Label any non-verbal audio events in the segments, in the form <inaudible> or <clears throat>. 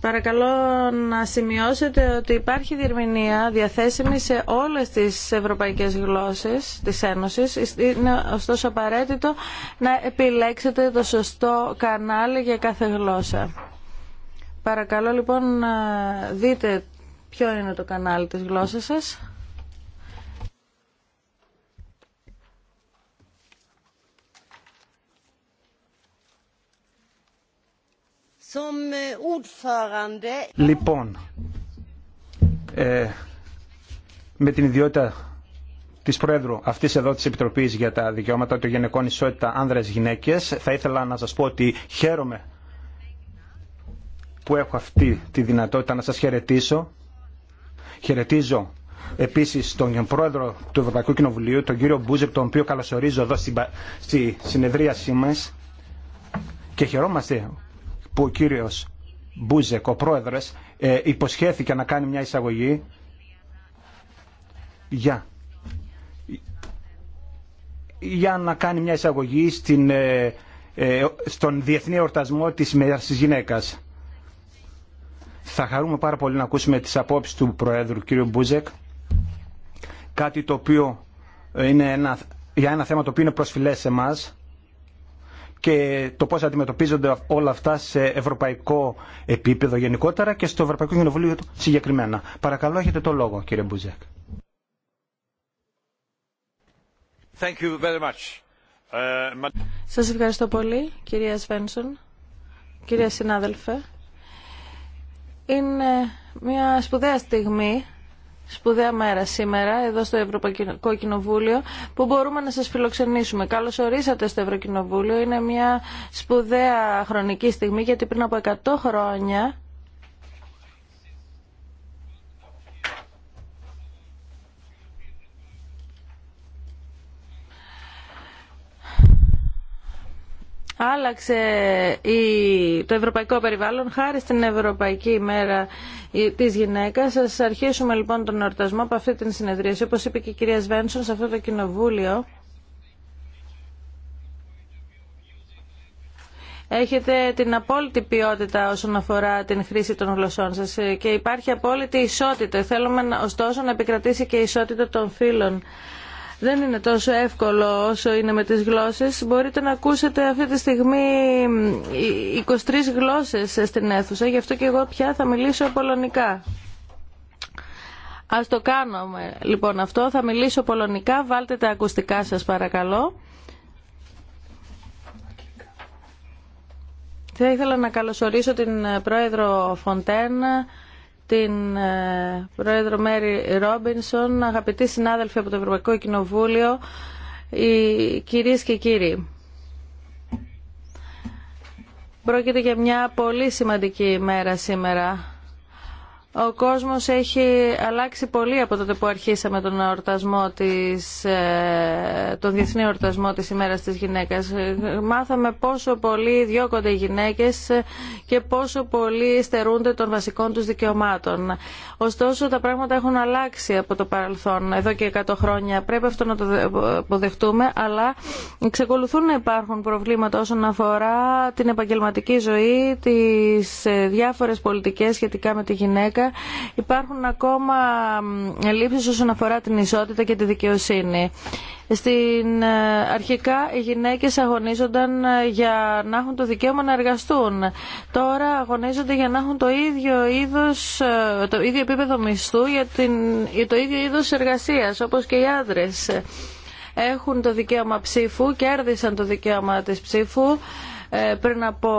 Παρακαλώ να σημειώσετε ότι υπάρχει διερμηνία διαθέσιμη σε όλες τις ευρωπαϊκές γλώσσες της Ένωσης. Είναι ωστόσο απαραίτητο να επιλέξετε το σωστό κανάλι για κάθε γλώσσα. Παρακαλώ λοιπόν να δείτε ποιο είναι το κανάλι της γλώσσας σας. Eh, λοιπόν, ε, με την ιδιότητα τη Πρόεδρου αυτή εδώ τη Επιτροπή για τα Δικαιώματα των Γενικών Ισότητα Άνδρε-Γυναίκε, θα ήθελα να σα πω ότι χαίρομαι που έχω αυτή τη δυνατότητα να σα χαιρετήσω. Χαιρετίζω επίση τον Πρόεδρο του Ευρωπαϊκού Κοινοβουλίου, τον κύριο Μπούζεκ, τον οποίο καλωσορίζω εδώ στη συνεδρίασή μα και χαιρόμαστε που ο κύριος Μπούζεκ, ο πρόεδρος, ε, υποσχέθηκε να κάνει μια εισαγωγή για, για να κάνει μια εισαγωγή στην, ε, ε, στον διεθνή Ορτασμό της ημέρας της γυναίκας. Θα χαρούμε πάρα πολύ να ακούσουμε τις απόψεις του Προέδρου κ. Μπούζεκ, κάτι το οποίο είναι ένα, για ένα θέμα το οποίο είναι προσφυλές σε μας και το πώς αντιμετωπίζονται όλα αυτά σε ευρωπαϊκό επίπεδο γενικότερα και στο Ευρωπαϊκό Κοινοβούλιο συγκεκριμένα. Παρακαλώ, έχετε το λόγο, κύριε Μπουζέκ. Thank ε, Σας ευχαριστώ πολύ, κυρία Σβένσον, κυρία συνάδελφε. Είναι μια σπουδαία στιγμή σπουδαία μέρα σήμερα εδώ στο Ευρωπαϊκό Κοινοβούλιο που μπορούμε να σας φιλοξενήσουμε. Καλώς ορίσατε στο Ευρωκοινοβούλιο. Είναι μια σπουδαία χρονική στιγμή γιατί πριν από 100 χρόνια άλλαξε το ευρωπαϊκό περιβάλλον χάρη στην Ευρωπαϊκή ημέρα τη γυναίκα. Α αρχίσουμε λοιπόν τον εορτασμό από αυτή την συνεδρίαση. Όπω είπε και η κυρία Σβένσον, σε αυτό το κοινοβούλιο έχετε την απόλυτη ποιότητα όσον αφορά την χρήση των γλωσσών σας και υπάρχει απόλυτη ισότητα. Θέλουμε ωστόσο να επικρατήσει και η ισότητα των φίλων δεν είναι τόσο εύκολο όσο είναι με τις γλώσσες. Μπορείτε να ακούσετε αυτή τη στιγμή 23 γλώσσες στην αίθουσα, γι' αυτό και εγώ πια θα μιλήσω πολωνικά. Ας το κάνουμε λοιπόν αυτό, θα μιλήσω πολωνικά, βάλτε τα ακουστικά σας παρακαλώ. Θα ήθελα να καλωσορίσω την ε, πρόεδρο Φοντέν, την ε, Πρόεδρο Μέρι Ρόμπινσον, αγαπητοί συνάδελφοι από το Ευρωπαϊκό Κοινοβούλιο, οι κυρίες και κύριοι. Πρόκειται για μια πολύ σημαντική μέρα σήμερα ο κόσμος έχει αλλάξει πολύ από τότε που αρχίσαμε τον εορτασμό της, ε, τον διεθνή εορτασμό της ημέρας της γυναίκας. Μάθαμε πόσο πολύ διώκονται οι γυναίκες και πόσο πολύ στερούνται των βασικών τους δικαιωμάτων. Ωστόσο τα πράγματα έχουν αλλάξει από το παρελθόν, εδώ και 100 χρόνια. Πρέπει αυτό να το αποδεχτούμε, αλλά ξεκολουθούν να υπάρχουν προβλήματα όσον αφορά την επαγγελματική ζωή, τις ε, διάφορες πολιτικές σχετικά με τη γυναίκα υπάρχουν ακόμα ελλείψεις όσον αφορά την ισότητα και τη δικαιοσύνη. Στην ε, αρχικά οι γυναίκες αγωνίζονταν ε, για να έχουν το δικαίωμα να εργαστούν. Τώρα αγωνίζονται για να έχουν το ίδιο, είδος, ε, το ίδιο επίπεδο μισθού για, την, το ίδιο είδος εργασίας, όπως και οι άντρες. Έχουν το δικαίωμα ψήφου, κέρδισαν το δικαίωμα της ψήφου πριν από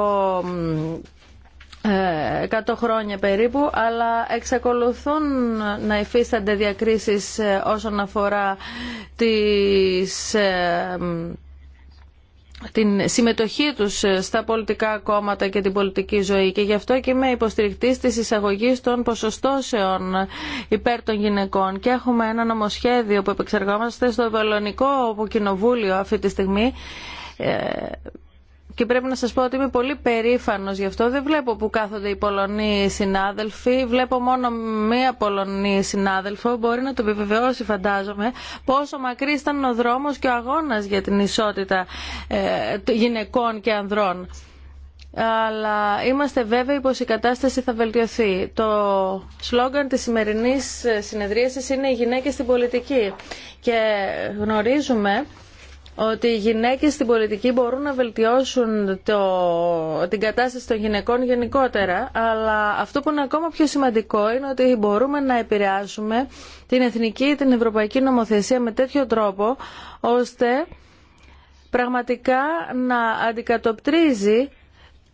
100 χρόνια περίπου, αλλά εξακολουθούν να υφίστανται διακρίσεις ε, όσον αφορά τη ε, την συμμετοχή τους ε, στα πολιτικά κόμματα και την πολιτική ζωή και γι' αυτό και είμαι υποστηρικτής της εισαγωγής των ποσοστώσεων υπέρ των γυναικών και έχουμε ένα νομοσχέδιο που επεξεργόμαστε στο Βελονικό Κοινοβούλιο αυτή τη στιγμή και πρέπει να σας πω ότι είμαι πολύ περήφανος γι' αυτό. Δεν βλέπω που κάθονται οι Πολωνοί συνάδελφοι. Βλέπω μόνο μία Πολωνή συνάδελφο. Μπορεί να το επιβεβαιώσει φαντάζομαι πόσο μακρύ ήταν ο δρόμος και ο αγώνας για την ισότητα ε, γυναικών και ανδρών. Αλλά είμαστε βέβαιοι πως η κατάσταση θα βελτιωθεί. Το σλόγγαν της σημερινής συνεδρίασης είναι «Οι γυναίκες στην πολιτική». Και γνωρίζουμε ότι οι γυναίκες στην πολιτική μπορούν να βελτιώσουν το, την κατάσταση των γυναικών γενικότερα, αλλά αυτό που είναι ακόμα πιο σημαντικό είναι ότι μπορούμε να επηρεάσουμε την εθνική ή την ευρωπαϊκή νομοθεσία με τέτοιο τρόπο, ώστε πραγματικά να αντικατοπτρίζει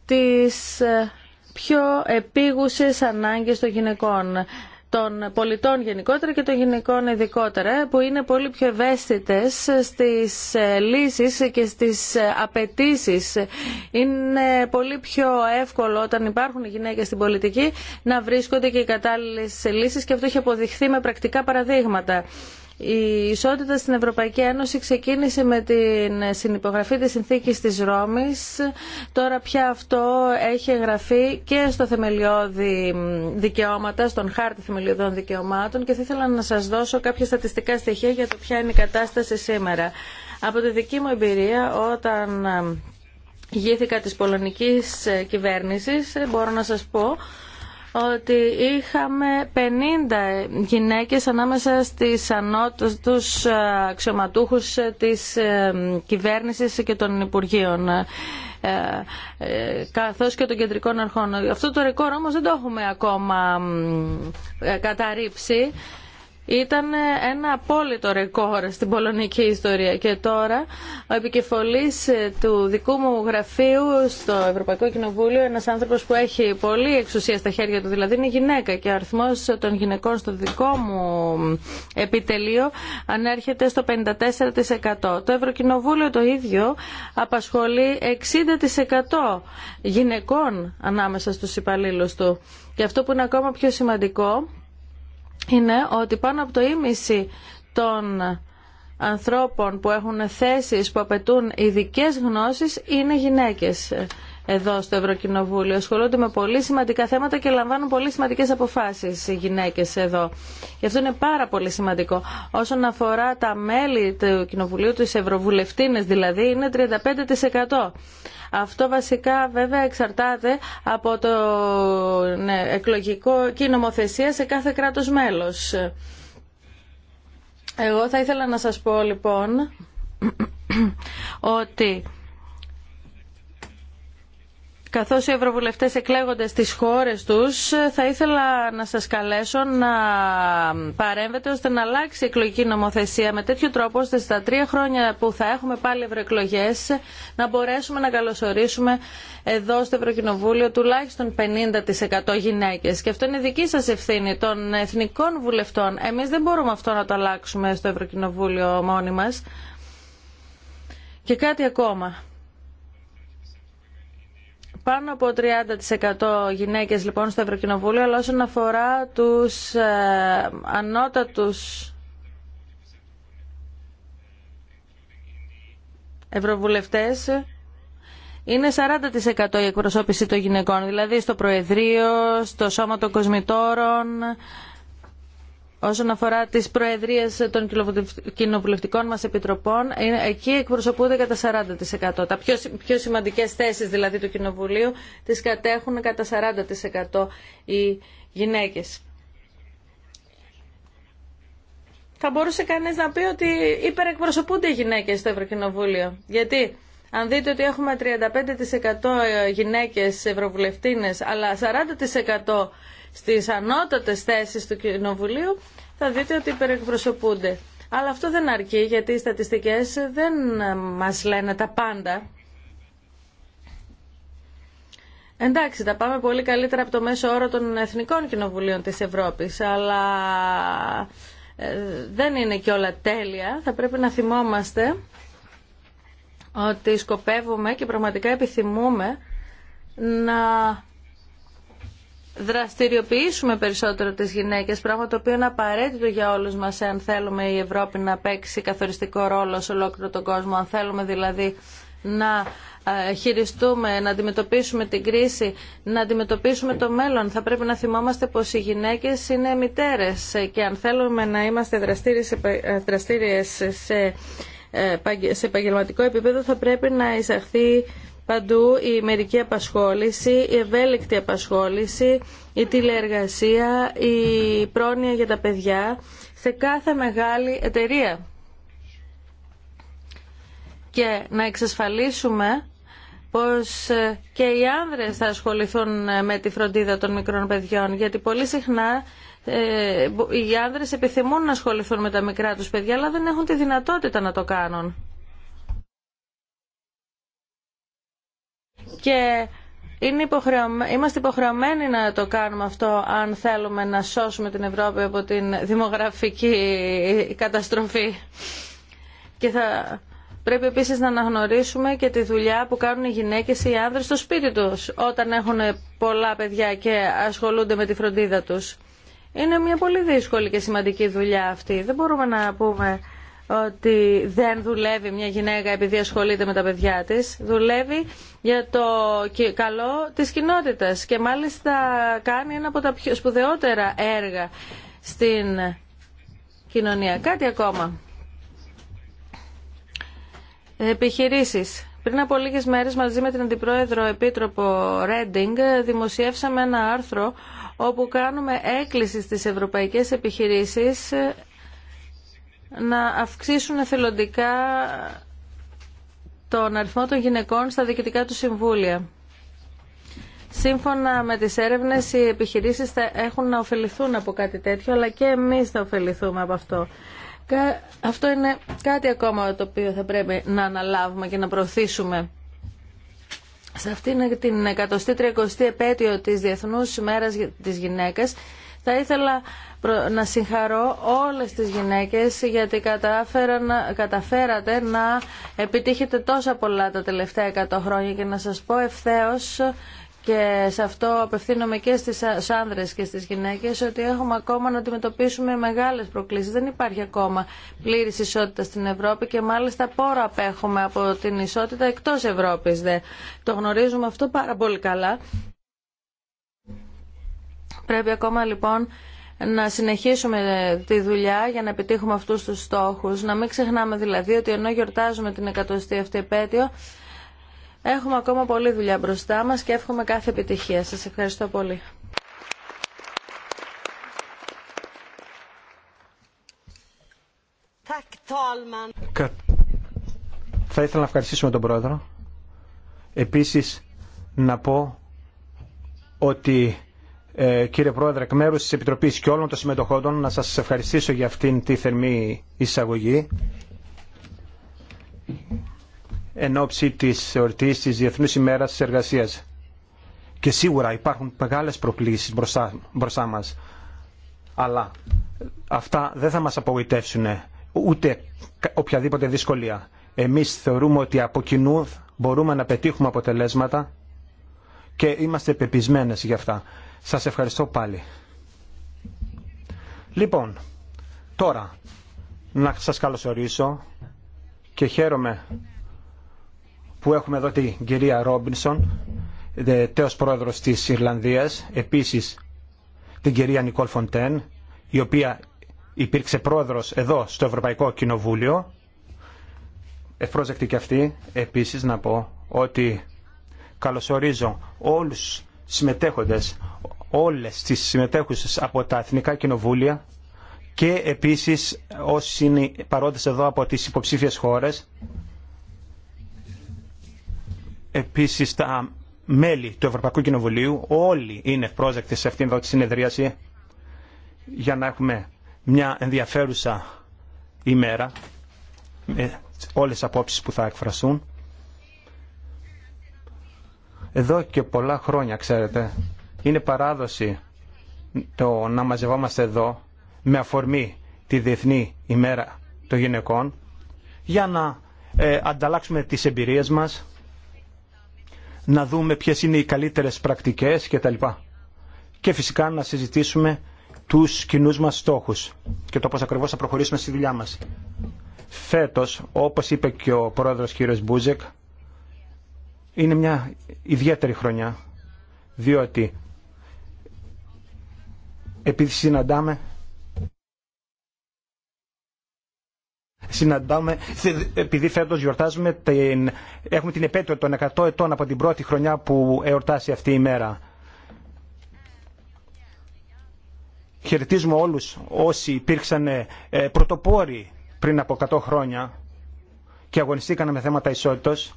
τις ε, πιο επίγουσες ανάγκες των γυναικών των πολιτών γενικότερα και των γυναικών ειδικότερα, ε, που είναι πολύ πιο ευαίσθητες στις ε, λύσεις και στις ε, απαιτήσει. Είναι πολύ πιο εύκολο όταν υπάρχουν γυναίκες στην πολιτική να βρίσκονται και οι κατάλληλες λύσεις και αυτό έχει αποδειχθεί με πρακτικά παραδείγματα. Η ισότητα στην Ευρωπαϊκή Ένωση ξεκίνησε με την συνυπογραφή της συνθήκης της Ρώμης. Τώρα πια αυτό έχει εγγραφεί και στο θεμελιώδη δικαιώματα, στον χάρτη θεμελιωδών δικαιωμάτων και θα ήθελα να σας δώσω κάποια στατιστικά στοιχεία για το ποια είναι η κατάσταση σήμερα. Από τη δική μου εμπειρία, όταν γήθηκα της πολωνικής κυβέρνησης, μπορώ να σας πω ότι είχαμε 50 γυναίκες ανάμεσα στις τους ε, αξιωματούχους ε, της ε, κυβέρνησης και των Υπουργείων καθώς και των κεντρικών αρχών. Αυτό το ρεκόρ όμως δεν το έχουμε ακόμα καταρρύψει ήταν ένα απόλυτο ρεκόρ στην πολωνική ιστορία και τώρα ο επικεφαλής ε, του δικού μου γραφείου στο Ευρωπαϊκό Κοινοβούλιο ένας άνθρωπος που έχει πολύ εξουσία στα χέρια του δηλαδή είναι γυναίκα και ο αριθμός των γυναικών στο δικό μου επιτελείο ανέρχεται στο 54% το Ευρωκοινοβούλιο το ίδιο απασχολεί 60% γυναικών ανάμεσα στους υπαλλήλους του και αυτό που είναι ακόμα πιο σημαντικό είναι ότι πάνω από το ίμιση των ανθρώπων που έχουν θέσεις που απαιτούν ειδικέ γνώσεις είναι γυναίκες εδώ στο Ευρωκοινοβούλιο. Ασχολούνται με πολύ σημαντικά θέματα και λαμβάνουν πολύ σημαντικές αποφάσεις οι γυναίκες εδώ. Γι' αυτό είναι πάρα πολύ σημαντικό. Όσον αφορά τα μέλη του Κοινοβουλίου, του Ευρωβουλευτίνες δηλαδή, είναι 35%. Αυτό βασικά βέβαια εξαρτάται από το ναι, εκλογικό και η νομοθεσία σε κάθε κράτος μέλος. Εγώ θα ήθελα να σας πω λοιπόν ότι Καθώς οι ευρωβουλευτέ εκλέγονται στις χώρες τους, θα ήθελα να σας καλέσω να παρέμβετε ώστε να αλλάξει η εκλογική νομοθεσία με τέτοιο τρόπο ώστε στα τρία χρόνια που θα έχουμε πάλι ευρωεκλογέ να μπορέσουμε να καλωσορίσουμε εδώ στο Ευρωκοινοβούλιο τουλάχιστον 50% γυναίκε. Και αυτό είναι δική σα ευθύνη των εθνικών βουλευτών. Εμεί δεν μπορούμε αυτό να το αλλάξουμε στο Ευρωκοινοβούλιο μόνοι μα Και κάτι ακόμα. Πάνω από 30% γυναίκες λοιπόν στο Ευρωκοινοβούλιο, αλλά όσον αφορά τους ε, ανώτατους ευρωβουλευτές, είναι 40% η εκπροσώπηση των γυναικών, δηλαδή στο Προεδρείο, στο Σώμα των Κοσμητόρων, όσον αφορά τις προεδρίες των κοινοβουλευτικών μας επιτροπών, εκεί εκπροσωπούνται κατά 40%. Τα πιο, πιο σημαντικές θέσεις δηλαδή του Κοινοβουλίου τις κατέχουν κατά 40% οι γυναίκες. Θα μπορούσε κανείς να πει ότι υπερεκπροσωπούνται οι γυναίκες στο Ευρωκοινοβούλιο. Γιατί αν δείτε ότι έχουμε 35% ε, γυναίκες ευρωβουλευτίνες αλλά 40% στις ανώτατες θέσεις του Κοινοβουλίου, θα δείτε ότι υπερεκπροσωπούνται. Αλλά αυτό δεν αρκεί γιατί οι στατιστικές δεν ε, μας λένε τα πάντα. Εντάξει, τα πάμε πολύ καλύτερα από το μέσο όρο των Εθνικών Κοινοβουλίων της Ευρώπης, αλλά ε, δεν είναι και όλα τέλεια. Θα πρέπει να θυμόμαστε ότι σκοπεύουμε και πραγματικά επιθυμούμε να δραστηριοποιήσουμε περισσότερο τις γυναίκες, πράγμα το οποίο είναι απαραίτητο για όλους μας αν θέλουμε η Ευρώπη να παίξει καθοριστικό ρόλο σε ολόκληρο τον κόσμο, αν θέλουμε δηλαδή να ε, χειριστούμε, να αντιμετωπίσουμε την κρίση, να αντιμετωπίσουμε το μέλλον. Θα πρέπει να θυμόμαστε πως οι γυναίκες είναι μητέρες και αν θέλουμε να είμαστε δραστήριες σε, ε, ε, σε επαγγελματικό επίπεδο θα πρέπει να εισαχθεί παντού η μερική απασχόληση, η ευέλικτη απασχόληση, η τηλεεργασία, η πρόνοια για τα παιδιά σε κάθε μεγάλη εταιρεία. Και να εξασφαλίσουμε πως ε, και οι άνδρες θα ασχοληθούν ε, με τη φροντίδα των μικρών παιδιών, γιατί πολύ συχνά ε, οι άνδρες επιθυμούν να ασχοληθούν με τα μικρά τους παιδιά, αλλά δεν έχουν τη δυνατότητα να το κάνουν. και είμαστε υποχρεωμένοι να το κάνουμε αυτό αν θέλουμε να σώσουμε την Ευρώπη από την δημογραφική καταστροφή. Και θα πρέπει επίσης να αναγνωρίσουμε και τη δουλειά που κάνουν οι γυναίκες ή οι άνδρες στο σπίτι τους όταν έχουν πολλά παιδιά και ασχολούνται με τη φροντίδα τους. Είναι μια πολύ δύσκολη και σημαντική δουλειά αυτή. Δεν μπορούμε να πούμε ότι δεν δουλεύει μια γυναίκα επειδή ασχολείται με τα παιδιά της. Δουλεύει για το καλό της κοινότητας και μάλιστα κάνει ένα από τα πιο σπουδαιότερα έργα στην κοινωνία. Κάτι ακόμα. Επιχειρήσεις. Πριν από λίγες μέρες μαζί με την Αντιπρόεδρο Επίτροπο Ρέντινγκ δημοσιεύσαμε ένα άρθρο όπου κάνουμε έκκληση στις ευρωπαϊκές επιχειρήσεις να αυξήσουν εθελοντικά τον αριθμό των γυναικών στα διοικητικά του συμβούλια. Σύμφωνα με τις έρευνες, οι επιχειρήσεις θα έχουν να ωφεληθούν από κάτι τέτοιο, αλλά και εμείς θα ωφεληθούμε από αυτό. Αυτό είναι κάτι ακόμα το οποίο θα πρέπει να αναλάβουμε και να προωθήσουμε. Σε αυτήν την 130η επέτειο της Διεθνούς ημέρας της Γυναίκας, θα ήθελα να συγχαρώ όλες τις γυναίκες γιατί καταφέρατε να επιτύχετε τόσα πολλά τα τελευταία 100 χρόνια και να σας πω ευθέως και σε αυτό απευθύνομαι και στις άνδρες και στις γυναίκες ότι έχουμε ακόμα να αντιμετωπίσουμε μεγάλες προκλήσεις. Δεν υπάρχει ακόμα πλήρης ισότητα στην Ευρώπη και μάλιστα πόρα απέχουμε από την ισότητα εκτός Ευρώπης. Το γνωρίζουμε αυτό πάρα πολύ καλά Πρέπει ακόμα λοιπόν να συνεχίσουμε τη δουλειά για να επιτύχουμε αυτούς τους στόχους. Να μην ξεχνάμε δηλαδή ότι ενώ γιορτάζουμε την εκατοστή αυτή επέτειο, έχουμε ακόμα πολλή δουλειά μπροστά μας και εύχομαι κάθε επιτυχία. Σας ευχαριστώ πολύ. Θα ήθελα να ευχαριστήσουμε τον Πρόεδρο. Επίσης να πω ότι ε, κύριε Πρόεδρε, εκ μέρου τη Επιτροπή και όλων των συμμετοχόντων, να σα ευχαριστήσω για αυτήν τη θερμή εισαγωγή εν ώψη τη εορτή τη Διεθνού ημέρα τη εργασία. Και σίγουρα υπάρχουν μεγάλε προκλήσει μπροστά, μα. Αλλά αυτά δεν θα μα απογοητεύσουν ούτε οποιαδήποτε δυσκολία. Εμείς θεωρούμε ότι από κοινού μπορούμε να πετύχουμε αποτελέσματα και είμαστε πεπισμένες γι' αυτά. Σας ευχαριστώ πάλι. Λοιπόν, τώρα να σας καλωσορίσω και χαίρομαι που έχουμε εδώ την κυρία Ρόμπινσον, τέος πρόεδρος της Ιρλανδίας, επίσης την κυρία Νικόλ Φοντέν, η οποία υπήρξε πρόεδρος εδώ στο Ευρωπαϊκό Κοινοβούλιο. Ευπρόζεκτη και αυτή, επίσης να πω ότι καλωσορίζω όλους συμμετέχοντες, όλες τις συμμετέχουσες από τα Εθνικά Κοινοβούλια και επίσης όσοι είναι παρόντες εδώ από τις υποψήφιες χώρες, επίσης τα μέλη του Ευρωπαϊκού Κοινοβουλίου, όλοι είναι ευπρόσδεκτοι σε αυτήν εδώ τη συνεδρίαση για να έχουμε μια ενδιαφέρουσα ημέρα με όλες τις απόψεις που θα εκφραστούν εδώ και πολλά χρόνια, ξέρετε. Είναι παράδοση το να μαζευόμαστε εδώ με αφορμή τη Διεθνή ημέρα των γυναικών για να ε, ανταλλάξουμε τις εμπειρίες μας, να δούμε ποιες είναι οι καλύτερες πρακτικές κτλ. Και φυσικά να συζητήσουμε τους κοινού μας στόχους και το πώς ακριβώς θα προχωρήσουμε στη δουλειά μας. Φέτος, όπως είπε και ο πρόεδρος κ. Μπούζεκ, είναι μια ιδιαίτερη χρονιά, διότι επειδή συναντάμε συναντάμε, επειδή φέτος γιορτάζουμε την, έχουμε την επέτειο των 100 ετών από την πρώτη χρονιά που εορτάσει αυτή η μέρα. Χαιρετίζουμε όλους όσοι υπήρξαν ε, πρωτοπόροι πριν από 100 χρόνια και αγωνιστήκαν με θέματα ισότητας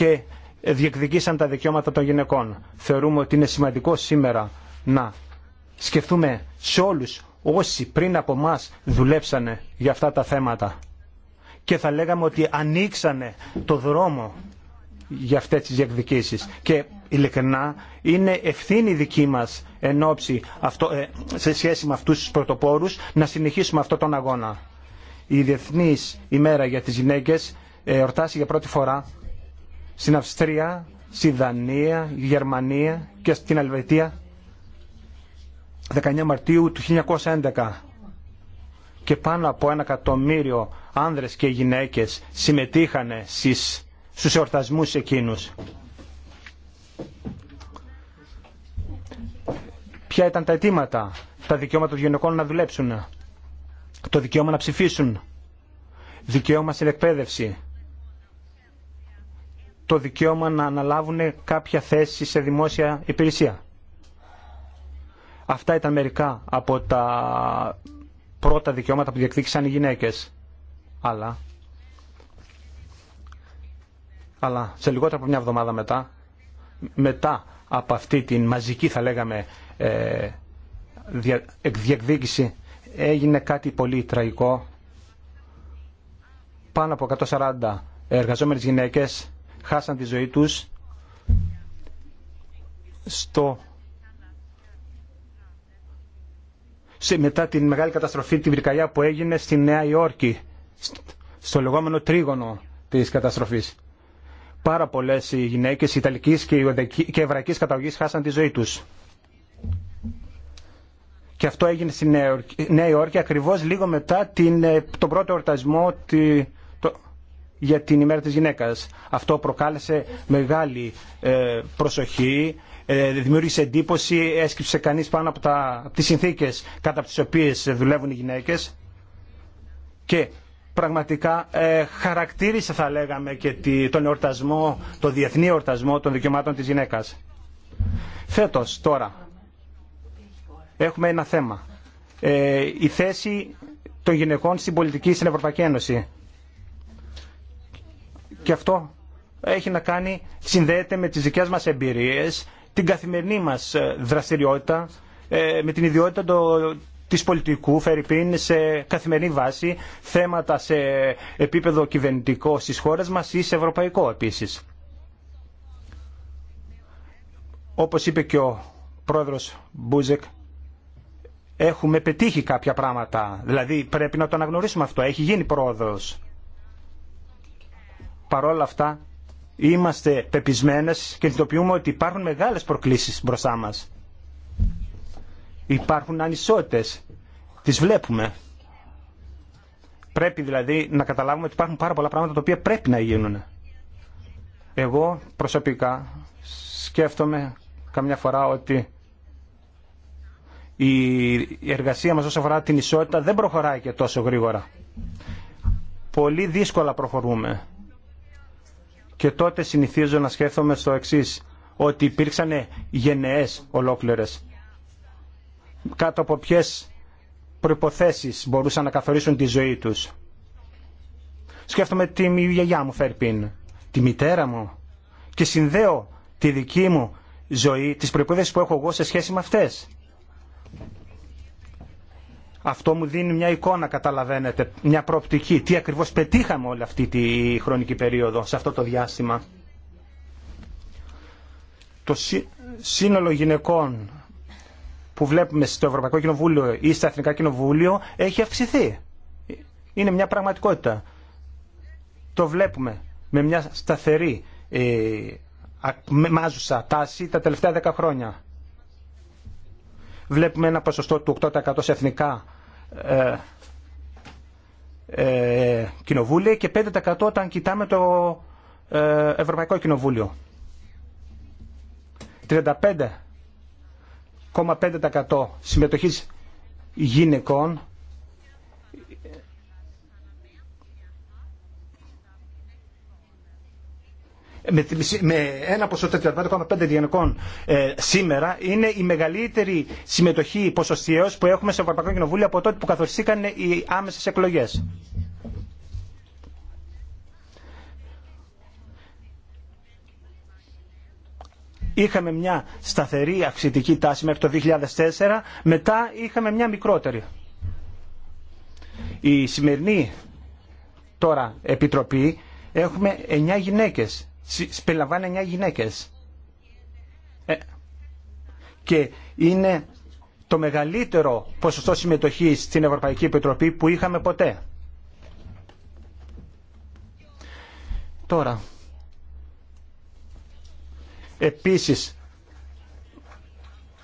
και διεκδικήσαν τα δικαιώματα των γυναικών. Θεωρούμε ότι είναι σημαντικό σήμερα να σκεφτούμε σε όλους όσοι πριν από εμά δουλέψανε για αυτά τα θέματα και θα λέγαμε ότι ανοίξανε το δρόμο για αυτές τις διεκδικήσεις και ειλικρινά είναι ευθύνη δική μας εν ε, σε σχέση με αυτούς τους πρωτοπόρους να συνεχίσουμε αυτόν τον αγώνα. Η Διεθνής ημέρα για τις γυναίκες ε, εορτάσει για πρώτη φορά στην Αυστρία, στη Δανία, Γερμανία και στην Αλβετία 19 Μαρτίου του 1911 και πάνω από ένα εκατομμύριο άνδρες και γυναίκες συμμετείχαν στις, στους εορτασμούς εκείνους. Ποια ήταν τα αιτήματα, τα δικαιώματα των γυναικών να δουλέψουν, το δικαίωμα να ψηφίσουν, δικαίωμα στην εκπαίδευση, το δικαίωμα να αναλάβουν κάποια θέση σε δημόσια υπηρεσία. Αυτά ήταν μερικά από τα πρώτα δικαιώματα που διεκδίκησαν οι γυναίκες. Αλλά, αλλά σε λιγότερο από μια εβδομάδα μετά, μετά από αυτή την μαζική θα λέγαμε ε, διεκδίκηση, έγινε κάτι πολύ τραγικό. Πάνω από 140 εργαζόμενες γυναίκες χάσαν τη ζωή τους στο... Σε, μετά την μεγάλη καταστροφή, την πυρκαγιά που έγινε στη Νέα Υόρκη, στο λεγόμενο τρίγωνο της καταστροφής. Πάρα πολλές οι γυναίκες Ιταλικής και Εβραϊκής καταγωγής χάσαν τη ζωή τους. Και αυτό έγινε στη Νέα Υόρκη ακριβώς λίγο μετά την, ε, τον πρώτο εορτασμό τη, για την ημέρα της γυναίκας. Αυτό προκάλεσε μεγάλη ε, προσοχή, ε, δημιούργησε εντύπωση, έσκυψε κανείς πάνω από, τα, από τις συνθήκες κατά τις οποίες δουλεύουν οι γυναίκες και πραγματικά ε, χαρακτήρισε θα λέγαμε και τον εορτασμό, το διεθνή εορτασμό των δικαιωμάτων της γυναίκας. Φέτος τώρα έχουμε ένα θέμα. η θέση των γυναικών στην πολιτική στην Ευρωπαϊκή Ένωση. Και αυτό έχει να κάνει, συνδέεται με τις δικές μας εμπειρίες, την καθημερινή μας ε, δραστηριότητα, ε, με την ιδιότητα το, της πολιτικού, Φερρυπίν, σε καθημερινή βάση, θέματα σε επίπεδο κυβερνητικό στις χώρες μας ή σε ευρωπαϊκό επίσης. Όπως είπε και ο πρόεδρος Μπούζεκ, έχουμε πετύχει κάποια πράγματα. Δηλαδή πρέπει να το αναγνωρίσουμε αυτό. Έχει γίνει πρόοδος παρόλα αυτά είμαστε πεπισμένες και συνειδητοποιούμε ότι υπάρχουν μεγάλες προκλήσεις μπροστά μας. Υπάρχουν ανισότητες. Τις βλέπουμε. Πρέπει δηλαδή να καταλάβουμε ότι υπάρχουν πάρα πολλά πράγματα τα οποία πρέπει να γίνουν. Εγώ προσωπικά σκέφτομαι καμιά φορά ότι η εργασία μας όσον αφορά την ισότητα δεν προχωράει και τόσο γρήγορα. Πολύ δύσκολα προχωρούμε. Και τότε συνηθίζω να σκέφτομαι στο εξή ότι υπήρξαν γενναίες ολόκληρες. Κάτω από ποιε προϋποθέσεις μπορούσαν να καθορίσουν τη ζωή τους. Σκέφτομαι τη γιαγιά μου Φερπίν, τη μητέρα μου και συνδέω τη δική μου ζωή, τις προϋποθέσεις που έχω εγώ σε σχέση με αυτές. Αυτό μου δίνει μια εικόνα, καταλαβαίνετε, μια προοπτική. Τι ακριβώς πετύχαμε όλη αυτή τη χρονική περίοδο, σε αυτό το διάστημα. Το σύνολο γυναικών που βλέπουμε στο Ευρωπαϊκό Κοινοβούλιο ή στα Εθνικά Κοινοβούλιο έχει αυξηθεί. Είναι μια πραγματικότητα. Το βλέπουμε με μια σταθερή ε, μάζουσα τάση τα τελευταία δέκα χρόνια βλέπουμε ένα ποσοστό του 8% σε εθνικά ε, ε, κοινοβούλια και 5% όταν κοιτάμε το ε, Ευρωπαϊκό Κοινοβούλιο. 35,5% συμμετοχής γυναικών με ένα ποσό 35,5 διγενικών ε, σήμερα είναι η μεγαλύτερη συμμετοχή ποσοστιαίως που έχουμε σε Ευρωπαϊκό Κοινοβούλιο από τότε που καθοριστήκαν οι άμεσες εκλογές. Είχαμε μια σταθερή αυξητική τάση μέχρι το 2004, μετά είχαμε μια μικρότερη. Η σημερινή τώρα επιτροπή έχουμε 9 γυναίκες συμπεριλαμβάνει 9 γυναίκες. Ε, και είναι το μεγαλύτερο ποσοστό συμμετοχής στην Ευρωπαϊκή Επιτροπή που είχαμε ποτέ. Τώρα, επίσης,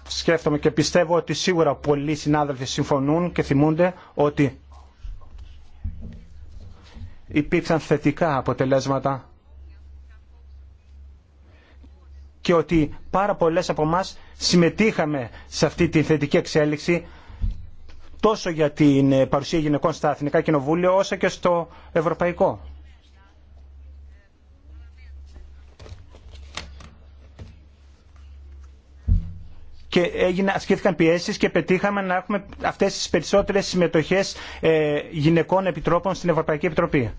σκέφτομαι και πιστεύω ότι σίγουρα πολλοί συνάδελφοι συμφωνούν και θυμούνται ότι υπήρξαν θετικά αποτελέσματα και ότι πάρα πολλές από εμά συμμετείχαμε σε αυτή τη θετική εξέλιξη τόσο για την ε, παρουσία γυναικών στα Εθνικά Κοινοβούλια όσο και στο Ευρωπαϊκό. και έγινε, ασκήθηκαν πιέσεις και πετύχαμε να έχουμε αυτέ τι περισσότερε συμμετοχέ ε, γυναικών επιτρόπων στην Ευρωπαϊκή Επιτροπή.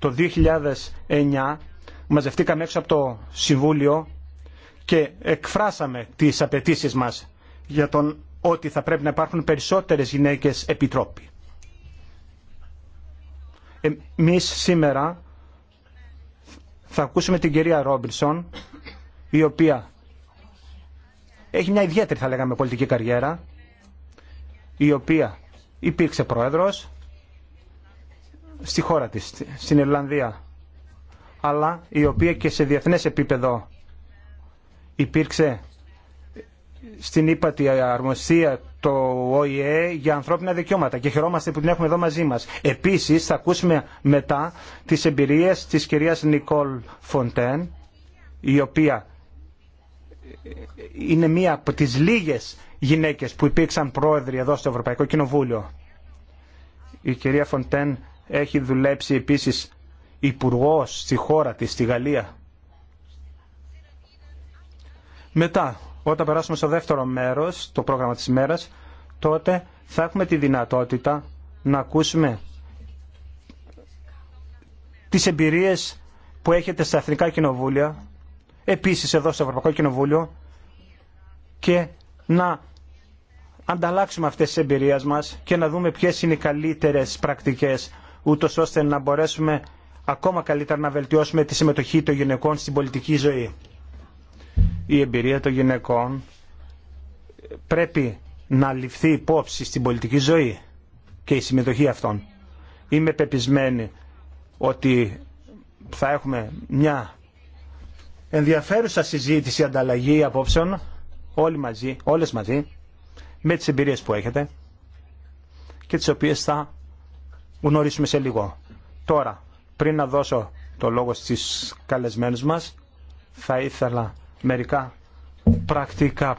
Το 2009 μαζευτήκαμε έξω από το Συμβούλιο και εκφράσαμε τις απαιτήσεις μας για τον ότι θα πρέπει να υπάρχουν περισσότερες γυναίκες επιτρόποι. Εμείς σήμερα θα ακούσουμε την κυρία Ρόμπινσον, η οποία έχει μια ιδιαίτερη θα λέγαμε πολιτική καριέρα, η οποία υπήρξε πρόεδρος, στη χώρα της, στην Ιρλανδία, αλλά η οποία και σε διεθνές επίπεδο υπήρξε στην ύπατη Αρμοσία το ΟΗΕ για ανθρώπινα δικαιώματα και χαιρόμαστε που την έχουμε εδώ μαζί μας. Επίσης θα ακούσουμε μετά τις εμπειρίες της κυρίας Νικόλ Φοντέν η οποία είναι μία από τις λίγες γυναίκες που υπήρξαν πρόεδροι εδώ στο Ευρωπαϊκό Κοινοβούλιο. Η κυρία Φοντέν έχει δουλέψει επίσης υπουργό στη χώρα της, στη Γαλλία. Μετά, όταν περάσουμε στο δεύτερο μέρος, το πρόγραμμα της ημέρας, τότε θα έχουμε τη δυνατότητα να ακούσουμε τις εμπειρίες που έχετε στα Εθνικά Κοινοβούλια, επίσης εδώ στο Ευρωπαϊκό Κοινοβούλιο και να ανταλλάξουμε αυτές τις εμπειρίες μας και να δούμε ποιες είναι οι καλύτερες πρακτικές ούτω ώστε να μπορέσουμε ακόμα καλύτερα να βελτιώσουμε τη συμμετοχή των γυναικών στην πολιτική ζωή. Η εμπειρία των γυναικών πρέπει να ληφθεί υπόψη στην πολιτική ζωή και η συμμετοχή αυτών. Είμαι πεπισμένη ότι θα έχουμε μια ενδιαφέρουσα συζήτηση, ανταλλαγή απόψεων όλοι μαζί, όλες μαζί με τις εμπειρίες που έχετε και τις οποίες θα γνωρίσουμε σε λίγο. Τώρα, πριν να δώσω το λόγο στις καλεσμένους μας, θα ήθελα μερικά πρακτικά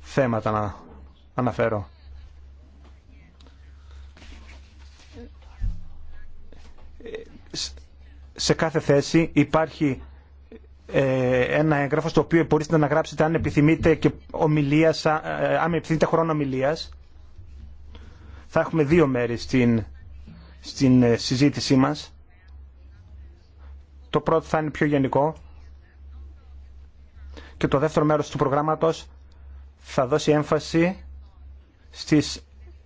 θέματα να αναφέρω. Σε κάθε θέση υπάρχει ε, ένα έγγραφο στο οποίο μπορείτε να γράψετε αν επιθυμείτε και ομιλίας, ε, αν επιθυμείτε χρόνο ομιλίας. Θα έχουμε δύο μέρη στην στην ε, συζήτησή μας. Το πρώτο θα είναι πιο γενικό και το δεύτερο μέρος του προγράμματος θα δώσει έμφαση στις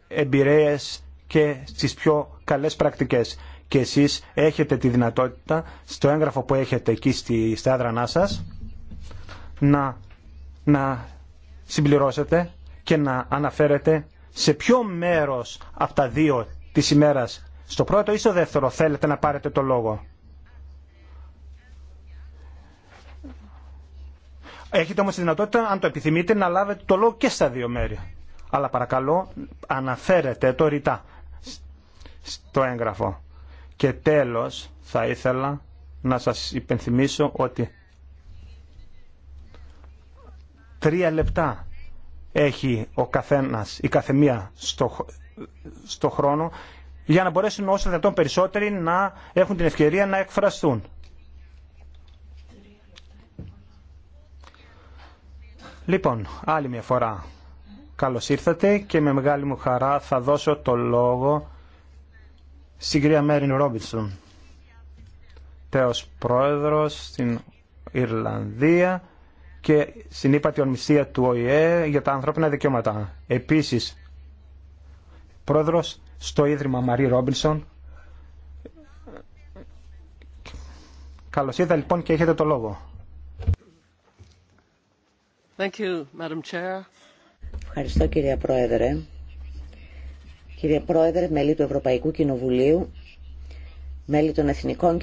εμπειρίες και στις πιο καλές πρακτικές. Και εσείς έχετε τη δυνατότητα στο έγγραφο που έχετε εκεί στη, στα σας να, να συμπληρώσετε και να αναφέρετε σε ποιο μέρος από τα δύο της ημέρας στο πρώτο ή στο δεύτερο θέλετε να πάρετε το λόγο. Έχετε όμως τη δυνατότητα, αν το επιθυμείτε, να λάβετε το λόγο και στα δύο μέρη. Αλλά παρακαλώ, αναφέρετε το ρητά στο έγγραφο. Και τέλος, θα ήθελα να σας υπενθυμίσω ότι τρία λεπτά έχει ο καθένας, η καθεμία στο, στο χρόνο για να μπορέσουν όσο δυνατόν περισσότεροι να έχουν την ευκαιρία να εκφραστούν. Λοιπόν, άλλη μια φορά καλώς ήρθατε και με μεγάλη μου χαρά θα δώσω το λόγο στην κυρία Μέριν Ρόμπινσον, τέος πρόεδρος στην Ιρλανδία και συνήπατη ορμησία του ΟΗΕ για τα ανθρώπινα δικαιώματα. Επίσης, πρόεδρος στο Ίδρυμα Μαρή Ρόμπινσον. Καλώς ήρθα λοιπόν και έχετε το λόγο. Thank you, Madam Ευχαριστώ κυρία Πρόεδρε. Κύριε Πρόεδρε, μέλη του Ευρωπαϊκού Κοινοβουλίου, μέλη των Εθνικών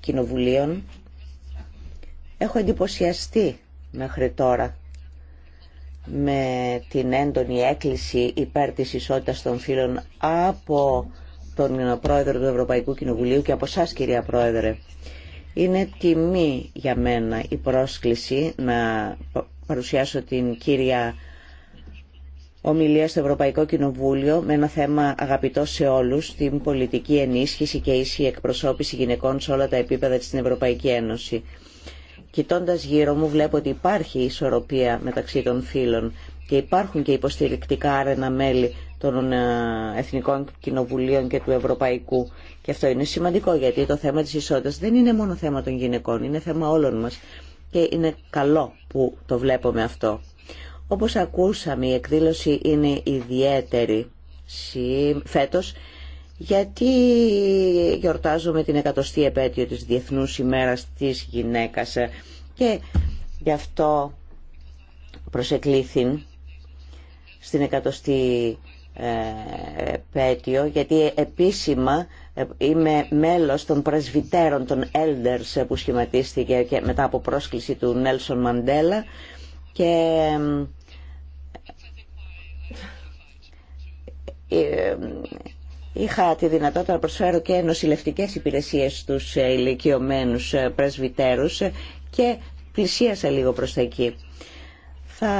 Κοινοβουλίων, έχω εντυπωσιαστεί μέχρι τώρα με την έντονη έκκληση υπέρ της ισότητας των φύλων από τον Πρόεδρο του Ευρωπαϊκού Κοινοβουλίου και από εσά κυρία Πρόεδρε. Είναι τιμή για μένα η πρόσκληση να παρουσιάσω την κύρια ομιλία στο Ευρωπαϊκό Κοινοβούλιο με ένα θέμα αγαπητό σε όλους, την πολιτική ενίσχυση και ίση εκπροσώπηση γυναικών σε όλα τα επίπεδα της Ευρωπαϊκή Ένωση. Κοιτώντας γύρω μου βλέπω ότι υπάρχει ισορροπία μεταξύ των φύλων και υπάρχουν και υποστηρικτικά άρενα μέλη των ε, Εθνικών Κοινοβουλίων και του Ευρωπαϊκού. Και αυτό είναι σημαντικό γιατί το θέμα της ισότητας δεν είναι μόνο θέμα των γυναικών, είναι θέμα όλων μας. Και είναι καλό που το βλέπουμε αυτό. Όπως ακούσαμε η εκδήλωση είναι ιδιαίτερη φέτος γιατί γιορτάζουμε την εκατοστή επέτειο της Διεθνούς ημέρας της γυναίκας ε, και γι' αυτό προσεκλήθην στην εκατοστή ε, επέτειο γιατί επίσημα ε, είμαι μέλος των πρεσβυτέρων των Elders που σχηματίστηκε μετά από πρόσκληση του Νέλσον Μαντέλα και Είχα τη δυνατότητα να προσφέρω και νοσηλευτικές υπηρεσίες στους ε, ηλικιωμένους ε, πρεσβυτέρους ε, και πλησίασα λίγο προς τα εκεί. Θα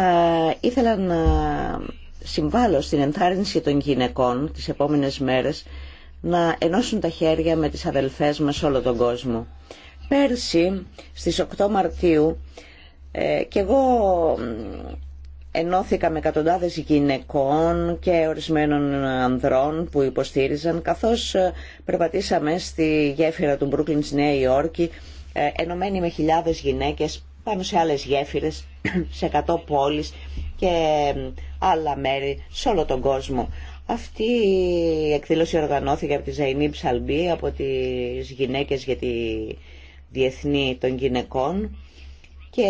ήθελα να συμβάλλω στην ενθάρρυνση των γυναικών τις επόμενες μέρες να ενώσουν τα χέρια με τις αδελφές μας όλο τον κόσμο. Πέρσι στις 8 Μαρτίου και εγώ ενώθηκα με εκατοντάδες γυναικών και ορισμένων ανδρών που υποστήριζαν καθώς ε, περπατήσαμε στη γέφυρα του Μπρούκλιν στη Νέα Υόρκη ε, ενωμένοι με χιλιάδες γυναίκες πάνω σε άλλες γέφυρες, <clears throat> σε 100 πόλεις και άλλα μέρη σε όλο τον κόσμο. Αυτή η εκδήλωση οργανώθηκε από τη Ζαϊνή Ψαλμπή, από τις γυναίκες για τη Διεθνή των Γυναικών και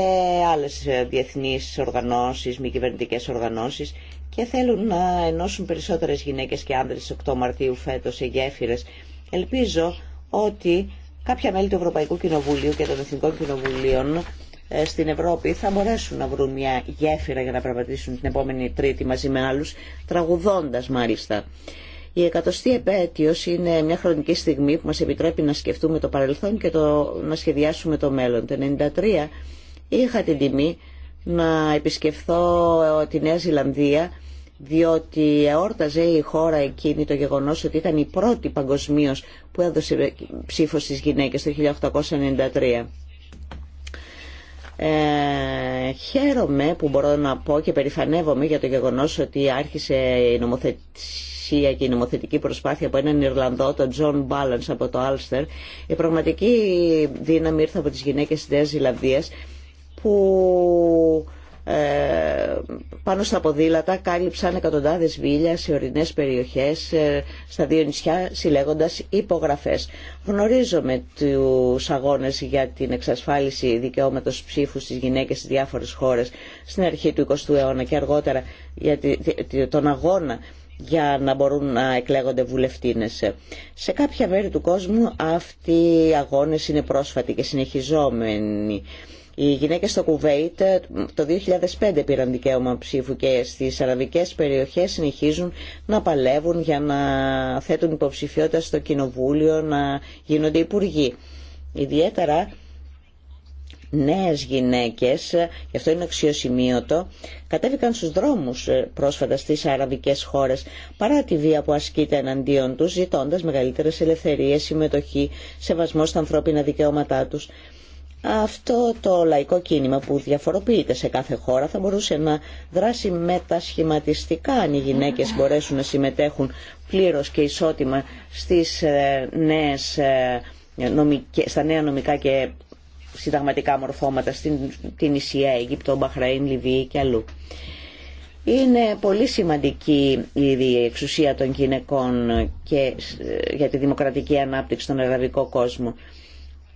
άλλες ε, διεθνείς οργανώσεις, μη κυβερνητικέ οργανώσεις και θέλουν να ενώσουν περισσότερες γυναίκες και άνδρες 8 Μαρτίου φέτος σε γέφυρες. Ελπίζω ότι κάποια μέλη του Ευρωπαϊκού Κοινοβουλίου και των Εθνικών Κοινοβουλίων ε, στην Ευρώπη θα μπορέσουν να βρουν μια γέφυρα για να πραγματήσουν την επόμενη Τρίτη μαζί με άλλους, τραγουδώντας μάλιστα. Η εκατοστή επέτειος είναι μια χρονική στιγμή που μας επιτρέπει να σκεφτούμε το παρελθόν και το, να σχεδιάσουμε το μέλλον. Το 93. Είχα την τιμή να επισκεφθώ ε, τη Νέα Ζηλανδία διότι εόρταζε η χώρα εκείνη το γεγονός ότι ήταν η πρώτη παγκοσμίως που έδωσε ψήφο στις γυναίκες το 1893. Ε, χαίρομαι που μπορώ να πω και περηφανεύομαι για το γεγονός ότι άρχισε η νομοθεσία και η νομοθετική προσπάθεια από έναν Ιρλανδό, τον Τζον Μπάλανς από το Άλστερ. Η πραγματική δύναμη ήρθε από τις γυναίκες της Νέας Ζηλανδίας που ε, πάνω στα ποδήλατα κάλυψαν εκατοντάδες βίλια σε ορεινές περιοχές ε, στα δύο νησιά συλλέγοντας υπογραφές. Γνωρίζομαι τους αγώνες για την εξασφάλιση δικαιώματος ψήφου στις γυναίκες στις διάφορες χώρες στην αρχή του 20ου αιώνα και αργότερα για τον αγώνα για να μπορούν να εκλέγονται βουλευτίνες. Σε κάποια μέρη του κόσμου αυτοί οι αγώνες είναι πρόσφατοι και συνεχιζόμενοι. Οι γυναίκες στο Κουβέιτ ε, το 2005 πήραν δικαίωμα ψήφου και στις αραβικές περιοχές συνεχίζουν να παλεύουν για να θέτουν υποψηφιότητα στο κοινοβούλιο, να γίνονται υπουργοί. Ιδιαίτερα νέες γυναίκες, γι' αυτό είναι αξιοσημείωτο, κατέβηκαν στους δρόμους ε, πρόσφατα στις αραβικές χώρες παρά τη βία που ασκείται εναντίον τους, ζητώντας μεγαλύτερες ελευθερίες, συμμετοχή, σεβασμό στα ανθρώπινα δικαιώματά τους. Αυτό το λαϊκό κίνημα που διαφοροποιείται σε κάθε χώρα θα μπορούσε να δράσει μετασχηματιστικά αν οι γυναίκες μπορέσουν να συμμετέχουν πλήρως και ισότιμα στις ε, νέες, ε, στα νέα νομικά και συνταγματικά μορφώματα στην την Ισία, Αίγυπτο, Μπαχραήν, Λιβύη και αλλού. Είναι πολύ σημαντική η εξουσία των γυναικών και ε, για τη δημοκρατική ανάπτυξη στον αραβικό κόσμο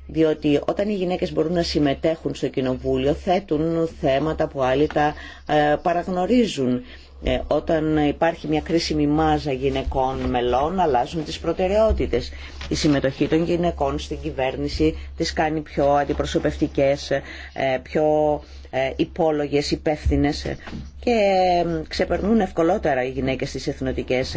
διότι όταν οι γυναίκες μπορούν να συμμετέχουν στο κοινοβούλιο θέτουν θέματα που άλλοι τα ε, παραγνωρίζουν. Ε, όταν υπάρχει μια κρίσιμη μάζα γυναικών μελών αλλάζουν τις προτεραιότητες. Η συμμετοχή των γυναικών στην κυβέρνηση τις κάνει πιο αντιπροσωπευτικές, ε, πιο υπόλογες, υπεύθυνε και ξεπερνούν ευκολότερα οι γυναίκες στις εθνοτικές,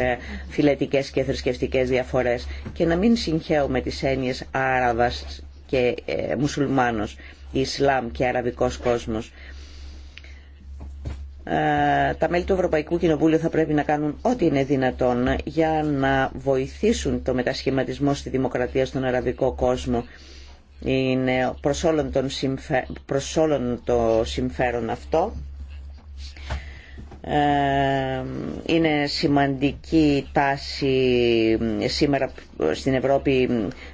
φιλετικές και θρησκευτικές διαφορές. Και να μην συγχαίουμε τις έννοιες άραβας και ε, μουσουλμάνος, Ισλάμ και αραβικός κόσμος. Ε, τα μέλη του Ευρωπαϊκού Κοινοβούλιο θα πρέπει να κάνουν ό,τι είναι δυνατόν για να βοηθήσουν το μετασχηματισμό στη δημοκρατία στον αραβικό κόσμο. Είναι προς όλων, τον το συμφέρον αυτό ε, είναι σημαντική τάση σήμερα στην Ευρώπη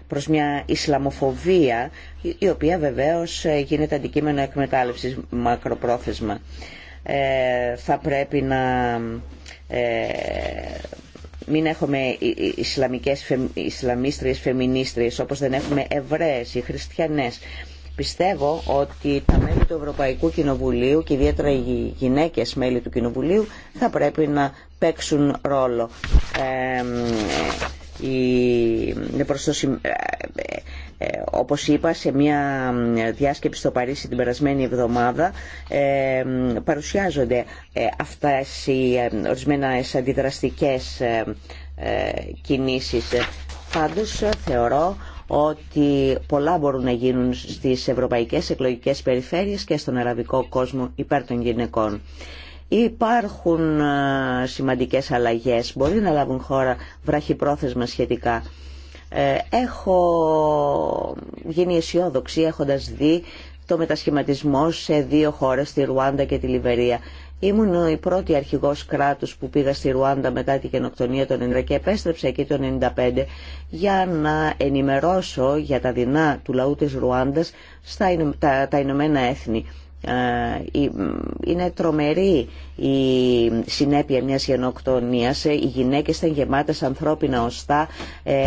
προς μια Ισλαμοφοβία η οποία βεβαίως ε, γίνεται αντικείμενο εκμετάλλευσης μακροπρόθεσμα. Ε, θα πρέπει να ε, μην έχουμε Ισλαμικές, Ισλαμίστριες, Φεμινίστριες όπως δεν έχουμε Εβραίες ή Χριστιανές Πιστεύω ότι τα μέλη του Ευρωπαϊκού Κοινοβουλίου και ιδιαίτερα οι γυναίκες μέλη του Κοινοβουλίου θα πρέπει να παίξουν ρόλο. Ε, η, ε, ε, όπως είπα σε μια διάσκεψη στο Παρίσι την περασμένη εβδομάδα παρουσιάζονται ε, αυτές οι ε, ορισμένες αντιδραστικές κινήσεις. Πάντως θεωρώ ότι πολλά μπορούν να γίνουν στις ευρωπαϊκές εκλογικές περιφέρειες και στον αραβικό κόσμο υπέρ των γυναικών. Υπάρχουν σημαντικές αλλαγές, μπορεί να λάβουν χώρα βραχυπρόθεσμα σχετικά. Ε, έχω γίνει αισιόδοξη έχοντας δει το μετασχηματισμό σε δύο χώρες, τη Ρουάντα και τη Λιβερία. Ήμουν η πρώτη αρχηγός κράτους που πήγα στη Ρουάντα μετά την γενοκτονία των 90 και επέστρεψα εκεί το 95 για να ενημερώσω για τα δεινά του λαού της Ρουάντας στα τα, τα Ηνωμένα Έθνη. Ε, είναι τρομερή η συνέπεια μιας γενοκτονίας. Ε, οι γυναίκες ήταν γεμάτες ανθρώπινα οστά, ε,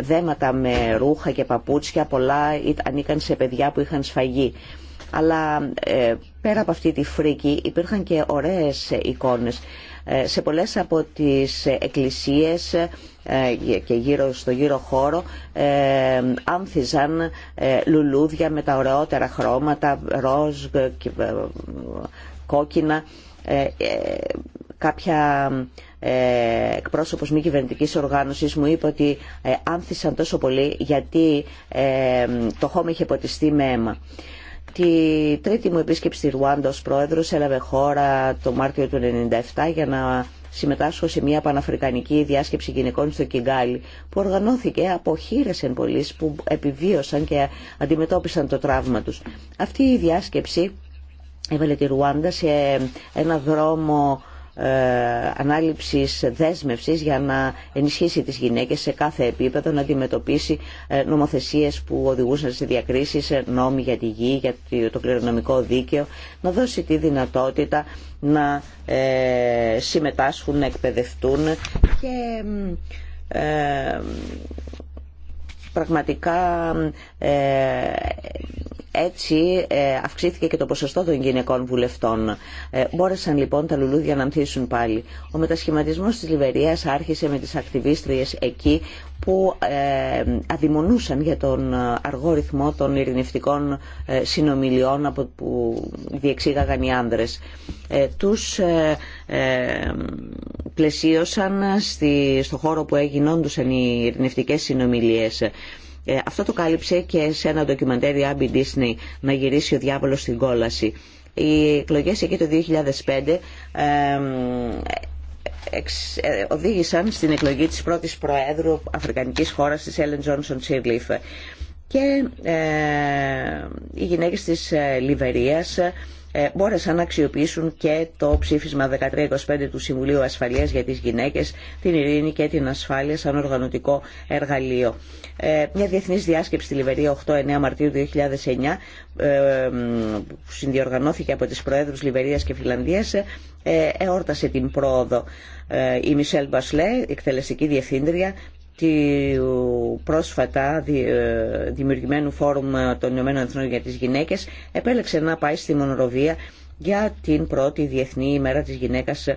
δέματα με ρούχα και παπούτσια, πολλά ανήκαν σε παιδιά που είχαν σφαγεί. Αλλά ε, πέρα από αυτή τη φρίκη υπήρχαν και ωραίες εικόνες. Ε, σε πολλές από τις εκκλησίες ε, και γύρω στο γύρο χώρο άνθιζαν λουλούδια με τα ωραιότερα χρώματα, ροζ, κόκκινα, κάποια εκπρόσωπος μη κυβερνητικής οργάνωσης μου είπε ότι άνθησαν τόσο πολύ γιατί το χώμα είχε ποτιστεί με αίμα. Τη τρίτη μου επίσκεψη στη Ρουάντα ως πρόεδρος έλαβε χώρα το Μάρτιο του 1997 για να συμμετάσχω σε μια παναφρικανική διάσκεψη γυναικών στο Κιγκάλι που οργανώθηκε από χείρες εν που επιβίωσαν και αντιμετώπισαν το τραύμα τους. Αυτή η διάσκεψη έβαλε τη Ρουάντα σε ένα δρόμο ε, ανάληψης δέσμευσης για να ενισχύσει τις γυναίκες σε κάθε επίπεδο να αντιμετωπίσει ε, νομοθεσίες που οδηγούσαν σε διακρίσεις ε, νόμοι για τη γη, για το κληρονομικό δίκαιο να δώσει τη δυνατότητα να συμμετάσχουν, να εκπαιδευτούν και πραγματικά έτσι ε, αυξήθηκε και το ποσοστό των γυναικών βουλευτών. Ε, μπόρεσαν λοιπόν τα λουλούδια να ανθίσουν πάλι. Ο μετασχηματισμός της Λιβερίας άρχισε με τις ακτιβίστριες εκεί που ε, αδειμονούσαν για τον αργό ρυθμό των ειρηνευτικών συνομιλιών που διεξήγαγαν οι άνδρες. Τους πλαισίωσαν στο χώρο που έγινόντουσαν οι ειρηνευτικές συνομιλίες. Ε, αυτό το κάλυψε και σε ένα ντοκιμαντέρι Άμπι Disney να γυρίσει ο διάβολος στην κόλαση. Οι εκλογέ εκεί το 2005 ε, οδήγησαν στην εκλογή της πρώτης προέδρου αφρικανικής χώρας της Έλεν Τζόνσον Τσίρλιφ και ε, οι γυναίκες της Λιβερίας ε, μπόρεσαν να αξιοποιήσουν και το ψήφισμα 1325 του Συμβουλίου Ασφαλείας για τις γυναίκες, την ειρήνη και την ασφάλεια σαν οργανωτικό εργαλείο. Ε, μια διεθνής διάσκεψη στη Λιβερία 8-9 Μαρτίου 2009 ε, που συνδιοργανώθηκε από τις Προέδρους Λιβερίας και Φιλανδίας εόρτασε την πρόοδο. Η Μισελ Μπασλέ, εκτελεστική διευθύντρια, του πρόσφατα ε, δημιουργημένου φόρουμ των Ηνωμένων Εθνών για τις γυναίκες επέλεξε να πάει στη Μονοροβία για την πρώτη Διεθνή ημέρα της γυναίκας ε,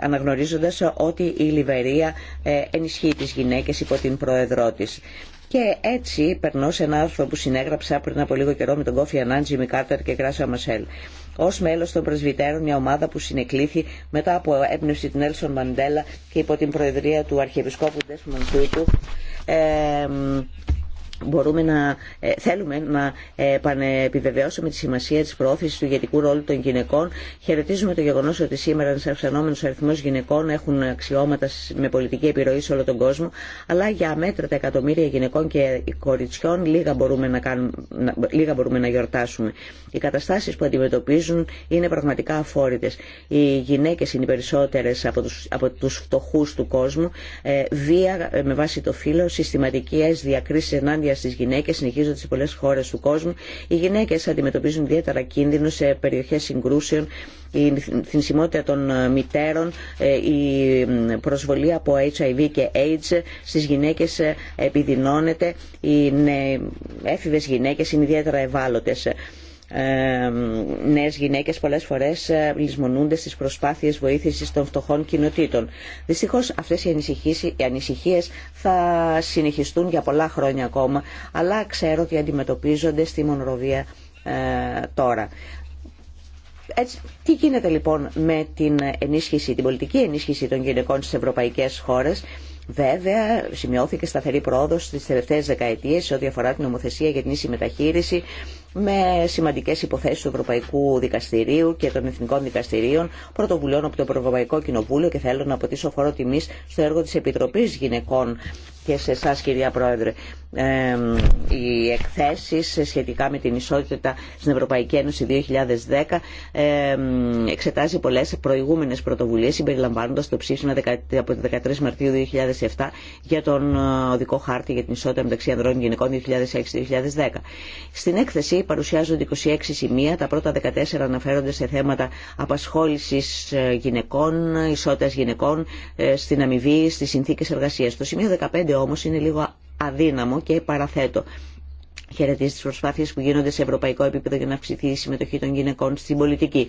αναγνωρίζοντας ότι η Λιβερία ε, ενισχύει τις γυναίκες υπό την πρόεδρό της. Και έτσι περνώ σε ένα άρθρο που συνέγραψα πριν από λίγο καιρό με τον Κόφι Ανάντζη Μικάρτερ και Γκράσα Μασέλ ω μέλο των Πρεσβυτέρων μια ομάδα που συνεκλήθη μετά από έμπνευση την Έλσον Μαντέλα και υπό την προεδρία του Αρχιεπισκόπου Ντέσμον Τούτου ε, μπορούμε να, ε, θέλουμε να επανεπιβεβαιώσουμε τη σημασία της προώθησης του ηγετικού ρόλου των γυναικών. Χαιρετίζουμε το γεγονός ότι σήμερα ένα αυξανόμενος αριθμό γυναικών έχουν αξιώματα με πολιτική επιρροή σε όλο τον κόσμο, αλλά για μέτρα τα εκατομμύρια γυναικών και κοριτσιών λίγα μπορούμε να, κάνουμε, λίγα μπορούμε να γιορτάσουμε. Οι καταστάσεις που αντιμετωπίζουν είναι πραγματικά αφόρητες. Οι γυναίκες είναι οι περισσότερες από τους, από τους του κόσμου. Ε, βία ε, με βάση το φύλλο, συστηματικές διακρίσεις ενάντια στις γυναίκες συνεχίζονται σε πολλέ χώρε του κόσμου. Οι γυναίκες αντιμετωπίζουν ιδιαίτερα κίνδυνο σε περιοχές συγκρούσεων, η θνησιμότητα των ε, μητέρων, ε, η προσβολή από HIV και AIDS στις γυναίκες ε, επιδεινώνεται. Οι έφηβες γυναίκες είναι ιδιαίτερα ευάλωτες νέες γυναίκες πολλές φορές ε, λησμονούνται στις προσπάθειες βοήθησης των φτωχών κοινοτήτων. Δυστυχώς αυτές οι ανησυχίες θα συνεχιστούν για πολλά χρόνια ακόμα, αλλά ξέρω ότι αντιμετωπίζονται στη Μονροβία ε, τώρα. τι γίνεται λοιπόν με την ενίσχυση, την πολιτική ενίσχυση των γυναικών στις ευρωπαϊκές χώρες. Βέβαια, σημειώθηκε σταθερή πρόοδο στι τελευταίε δεκαετίες σε ό,τι αφορά την νομοθεσία για την ίση μεταχείριση, με σημαντικέ υποθέσει του Ευρωπαϊκού Δικαστηρίου και των Εθνικών Δικαστηρίων, πρωτοβουλειών από το Ευρωπαϊκό Κοινοβούλιο και θέλω να αποτύσω φορό τιμή στο έργο τη Επιτροπή Γυναικών και σε εσά, κυρία Πρόεδρε. Ε, οι εκθέσει σχετικά με την ισότητα στην Ευρωπαϊκή Ένωση 2010 εξετάζει πολλέ προηγούμενε πρωτοβουλίε, συμπεριλαμβάνοντα το ψήφισμα από το 13 Μαρτίου 2007 για τον ε, οδικό χάρτη για την ισότητα μεταξύ ανδρών και γυναικών 2006-2010. Στην έκθεση παρουσιάζονται 26 σημεία. Τα πρώτα 14 αναφέρονται σε θέματα απασχόλησης ε, γυναικών, ισότητας γυναικών, ε, στην αμοιβή, στι συνθήκε εργασία. Το σημείο 15 όμως είναι λίγο αδύναμο και παραθέτω. Χαιρετίζει τι προσπάθειε που γίνονται σε ευρωπαϊκό επίπεδο για να αυξηθεί η συμμετοχή των γυναικών στην πολιτική.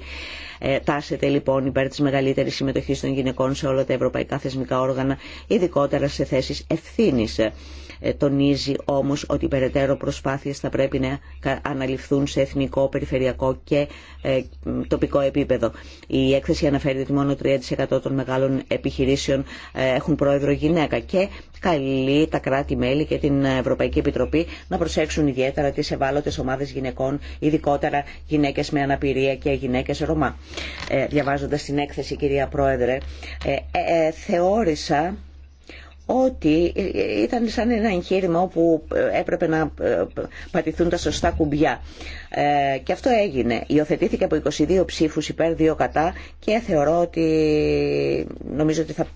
Ε, τάσεται λοιπόν υπέρ τη μεγαλύτερη συμμετοχή των γυναικών σε όλα τα ευρωπαϊκά θεσμικά όργανα, ειδικότερα σε θέσει ευθύνη τονίζει όμως ότι περαιτέρω προσπάθειες θα πρέπει να αναλυφθούν σε εθνικό, περιφερειακό και ε, τοπικό επίπεδο. Η έκθεση αναφέρει ότι μόνο 3% των μεγάλων επιχειρήσεων ε, έχουν πρόεδρο γυναίκα και καλεί τα κράτη-μέλη και την Ευρωπαϊκή Επιτροπή να προσέξουν ιδιαίτερα τις ευάλωτες ομάδες γυναικών, ειδικότερα γυναίκες με αναπηρία και γυναίκες Ρωμά. Ε, διαβάζοντας την έκθεση, κυρία Πρόεδρε, ε, θεώρησα ότι ήταν σαν ένα εγχείρημα όπου έπρεπε να ε, πατηθούν τα σωστά κουμπιά. Ε, και αυτό έγινε. Υιοθετήθηκε από 22 ψήφους υπέρ 2 κατά και θεωρώ ότι νομίζω ότι θα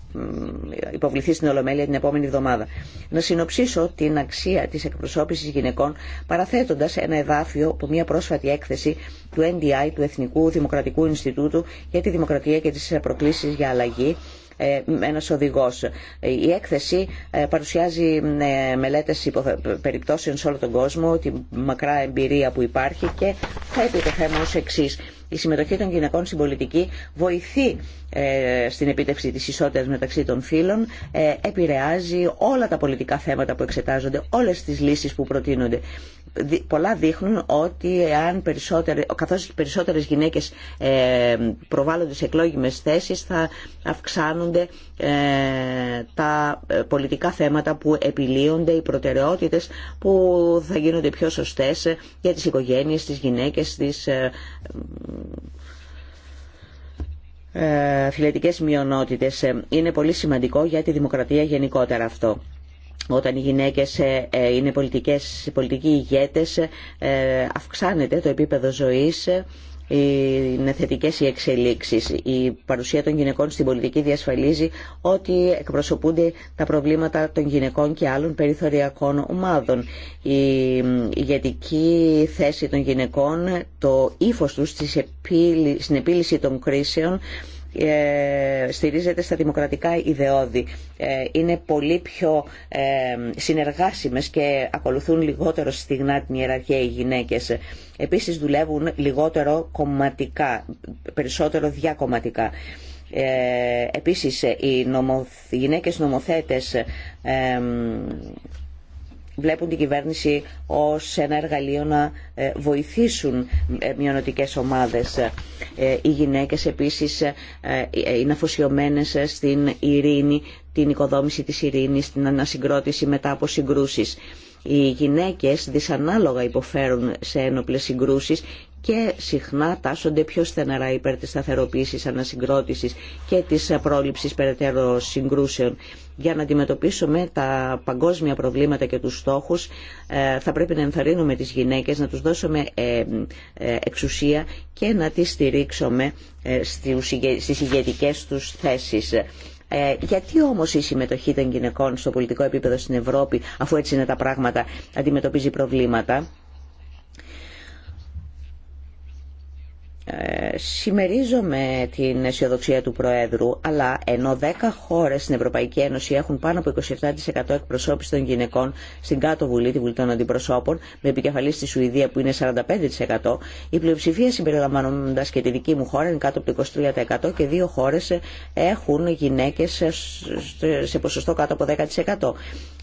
υποβληθεί στην Ολομέλεια την επόμενη εβδομάδα. Να συνοψίσω την αξία της εκπροσώπησης γυναικών παραθέτοντας ένα εδάφιο από μια πρόσφατη έκθεση του NDI, του Εθνικού Δημοκρατικού Ινστιτούτου για τη Δημοκρατία και τις Προκλήσεις για Αλλαγή ε, ένας οδηγός. Η έκθεση ε, παρουσιάζει ε, μελέτες περιπτώσεων σε όλο τον κόσμο, τη μακρά εμπειρία που υπάρχει και θα το θέμα ως εξής η συμμετοχή των γυναικών στην πολιτική βοηθεί ε, στην επίτευξη της ισότητας μεταξύ των φύλων, ε, επηρεάζει όλα τα πολιτικά θέματα που εξετάζονται, όλες τις λύσεις που προτείνονται. Πολλά δείχνουν ότι εάν περισσότερες, καθώς περισσότερες γυναίκες ε, προβάλλονται σε εκλόγιμες θέσεις θα αυξάνονται ε, τα ε, πολιτικά θέματα που επιλύονται, οι προτεραιότητες που θα γίνονται πιο σωστές για τις οικογένειες, τις γυναίκες, τις ε, φιλετικές μειονότητες. Είναι πολύ σημαντικό για τη δημοκρατία γενικότερα αυτό όταν οι γυναίκες είναι πολιτικές, πολιτικοί ηγέτες αυξάνεται το επίπεδο ζωής είναι θετικέ οι εξελίξει. Η παρουσία των γυναικών στην πολιτική διασφαλίζει ότι εκπροσωπούνται τα προβλήματα των γυναικών και άλλων περιθωριακών ομάδων. Η ηγετική θέση των γυναικών, το ύφο του στην επίλυση των κρίσεων ε, στηρίζεται στα δημοκρατικά ιδεώδη. Ε, είναι πολύ πιο ε, συνεργάσιμες και ακολουθούν λιγότερο στιγνά την ιεραρχία οι γυναίκες. Επίσης δουλεύουν λιγότερο κομματικά, περισσότερο διακομματικά. Επίσης οι γυναίκες νομοθέτες βλέπουν την κυβέρνηση ως ένα εργαλείο να ε, βοηθήσουν ε, μειονοτικές ομάδες. Ε, οι γυναίκες επίσης είναι αφοσιωμένες στην ειρήνη, την οικοδόμηση της ειρήνης, την ανασυγκρότηση μετά από συγκρούσεις. Οι γυναίκες δυσανάλογα υποφέρουν σε ένοπλες συγκρούσεις και συχνά τάσσονται πιο στεναρά υπέρ της σταθεροποίησης, ανασυγκρότησης και της πρόληψης περαιτέρω συγκρούσεων για να αντιμετωπίσουμε τα παγκόσμια προβλήματα και τους στόχους ε, θα πρέπει να ενθαρρύνουμε τις γυναίκες, να τους δώσουμε ε, ε, εξουσία και να τις στηρίξουμε στις ηγετικές τους θέσεις. Γιατί όμως η συμμετοχή των γυναικών στο πολιτικό επίπεδο στην Ευρώπη, αφού έτσι είναι τα πράγματα, αντιμετωπίζει προβλήματα. Ε, Σημερίζομαι την αισιοδοξία του Προέδρου, αλλά ενώ 10 χώρες στην Ευρωπαϊκή Ένωση έχουν πάνω από 27% εκπροσώπηση των γυναικών στην κάτω βουλή, τη Βουλή των Αντιπροσώπων, με επικεφαλή στη Σουηδία που είναι 45%, η πλειοψηφία συμπεριλαμβάνοντας και τη δική μου χώρα είναι κάτω από το 23% και δύο χώρες έχουν γυναίκες σε ποσοστό κάτω από 10%.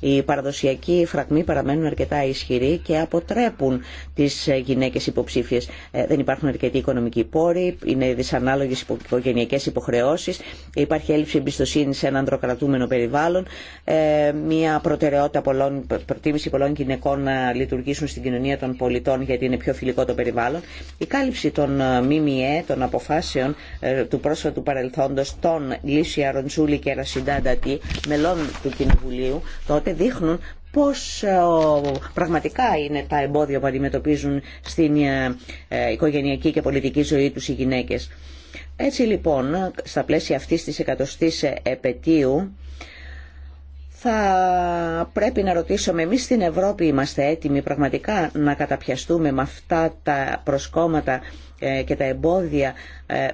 Οι παραδοσιακοί φραγμοί παραμένουν αρκετά ισχυροί και αποτρέπουν τις γυναίκες υποψήφιες. Ε, δεν υπάρχουν αρκετοί οικονομικοί οικονομικοί πόροι, είναι δυσανάλογε οικογενειακέ υποχρεώσει, υπάρχει έλλειψη εμπιστοσύνη σε ένα ανδροκρατούμενο περιβάλλον, ε, μια προτεραιότητα πολλών, προτίμηση πολλών γυναικών να λειτουργήσουν στην κοινωνία των πολιτών γιατί είναι πιο φιλικό το περιβάλλον. Η κάλυψη των ε, ΜΜΕ, των αποφάσεων ε, του πρόσφατου παρελθόντο των Λύσια Ροντσούλη και Ρασιντάντα μελών του Κοινοβουλίου, τότε δείχνουν πώς πραγματικά είναι τα εμπόδια που αντιμετωπίζουν στην ε, ε, οικογενειακή και πολιτική ζωή τους οι γυναίκες. Έτσι λοιπόν, στα πλαίσια αυτής της εκατοστής επαιτίου, θα πρέπει να ρωτήσουμε, εμείς στην Ευρώπη είμαστε έτοιμοι πραγματικά να καταπιαστούμε με αυτά τα προσκόμματα ε, και τα εμπόδια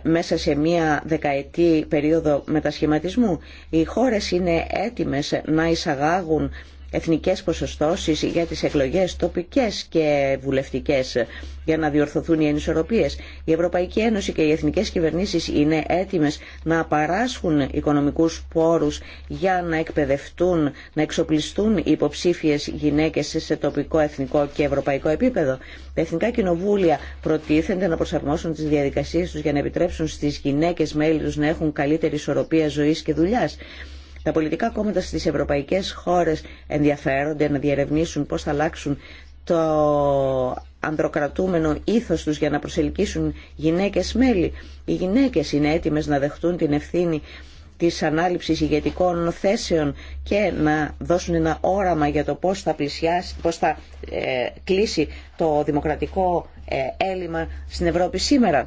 μέσα σε μία δεκαετή περίοδο μετασχηματισμού. Οι χώρες είναι έτοιμες να εισαγάγουν εθνικές ποσοστώσεις για τις εκλογές τοπικές και βουλευτικές για να διορθωθούν οι ενισορροπίες. Η Ευρωπαϊκή Ένωση και οι εθνικές κυβερνήσεις είναι έτοιμες να παράσχουν οικονομικούς πόρους για να εκπαιδευτούν, να εξοπλιστούν οι υποψήφιες γυναίκες σε τοπικό, εθνικό και ευρωπαϊκό επίπεδο. Τα εθνικά κοινοβούλια προτίθενται να προσαρμόσουν τις διαδικασίες τους για να επιτρέψουν στις γυναίκες μέλη τους να έχουν καλύτερη ισορροπία ζωής και δουλειάς. Τα πολιτικά κόμματα στις ευρωπαϊκές χώρες ενδιαφέρονται να διερευνήσουν πώς θα αλλάξουν το ανδροκρατούμενο ήθος τους για να προσελκύσουν γυναίκες μέλη. Οι γυναίκες είναι έτοιμες να δεχτούν την ευθύνη της ανάληψης ηγετικών θέσεων και να δώσουν ένα όραμα για το πώς θα, πλησιάσει, πώς θα ε, κλείσει το δημοκρατικό ε, έλλειμμα στην Ευρώπη σήμερα.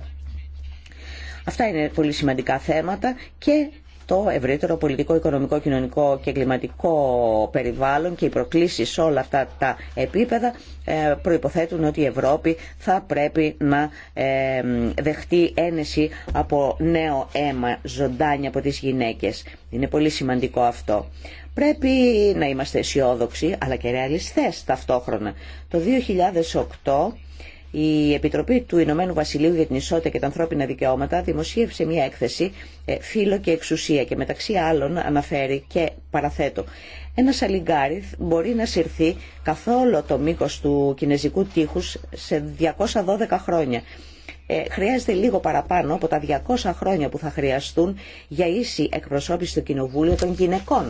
Αυτά είναι πολύ σημαντικά θέματα και το ευρύτερο πολιτικό, οικονομικό, κοινωνικό και κλιματικό περιβάλλον και οι προκλήσεις σε όλα αυτά τα επίπεδα ε, προϋποθέτουν ότι η Ευρώπη θα πρέπει να ε, δεχτεί ένεση από νέο αίμα ζωντάνια από τις γυναίκες. Είναι πολύ σημαντικό αυτό. Πρέπει να είμαστε αισιόδοξοι αλλά και ρεαλιστές ταυτόχρονα. Το 2008 η Επιτροπή του Ηνωμένου Βασιλείου για την Ισότητα και τα Ανθρώπινα Δικαιώματα δημοσίευσε μια έκθεση ε, φίλο και εξουσία» και μεταξύ άλλων αναφέρει και παραθέτω «Ένας αλιγκάριθ μπορεί να συρθεί καθόλου το μήκος του κινέζικου τείχους σε 212 χρόνια». Ε, χρειάζεται λίγο παραπάνω από τα 200 χρόνια που θα χρειαστούν για ίση εκπροσώπηση στο Κοινοβούλιο των γυναικών.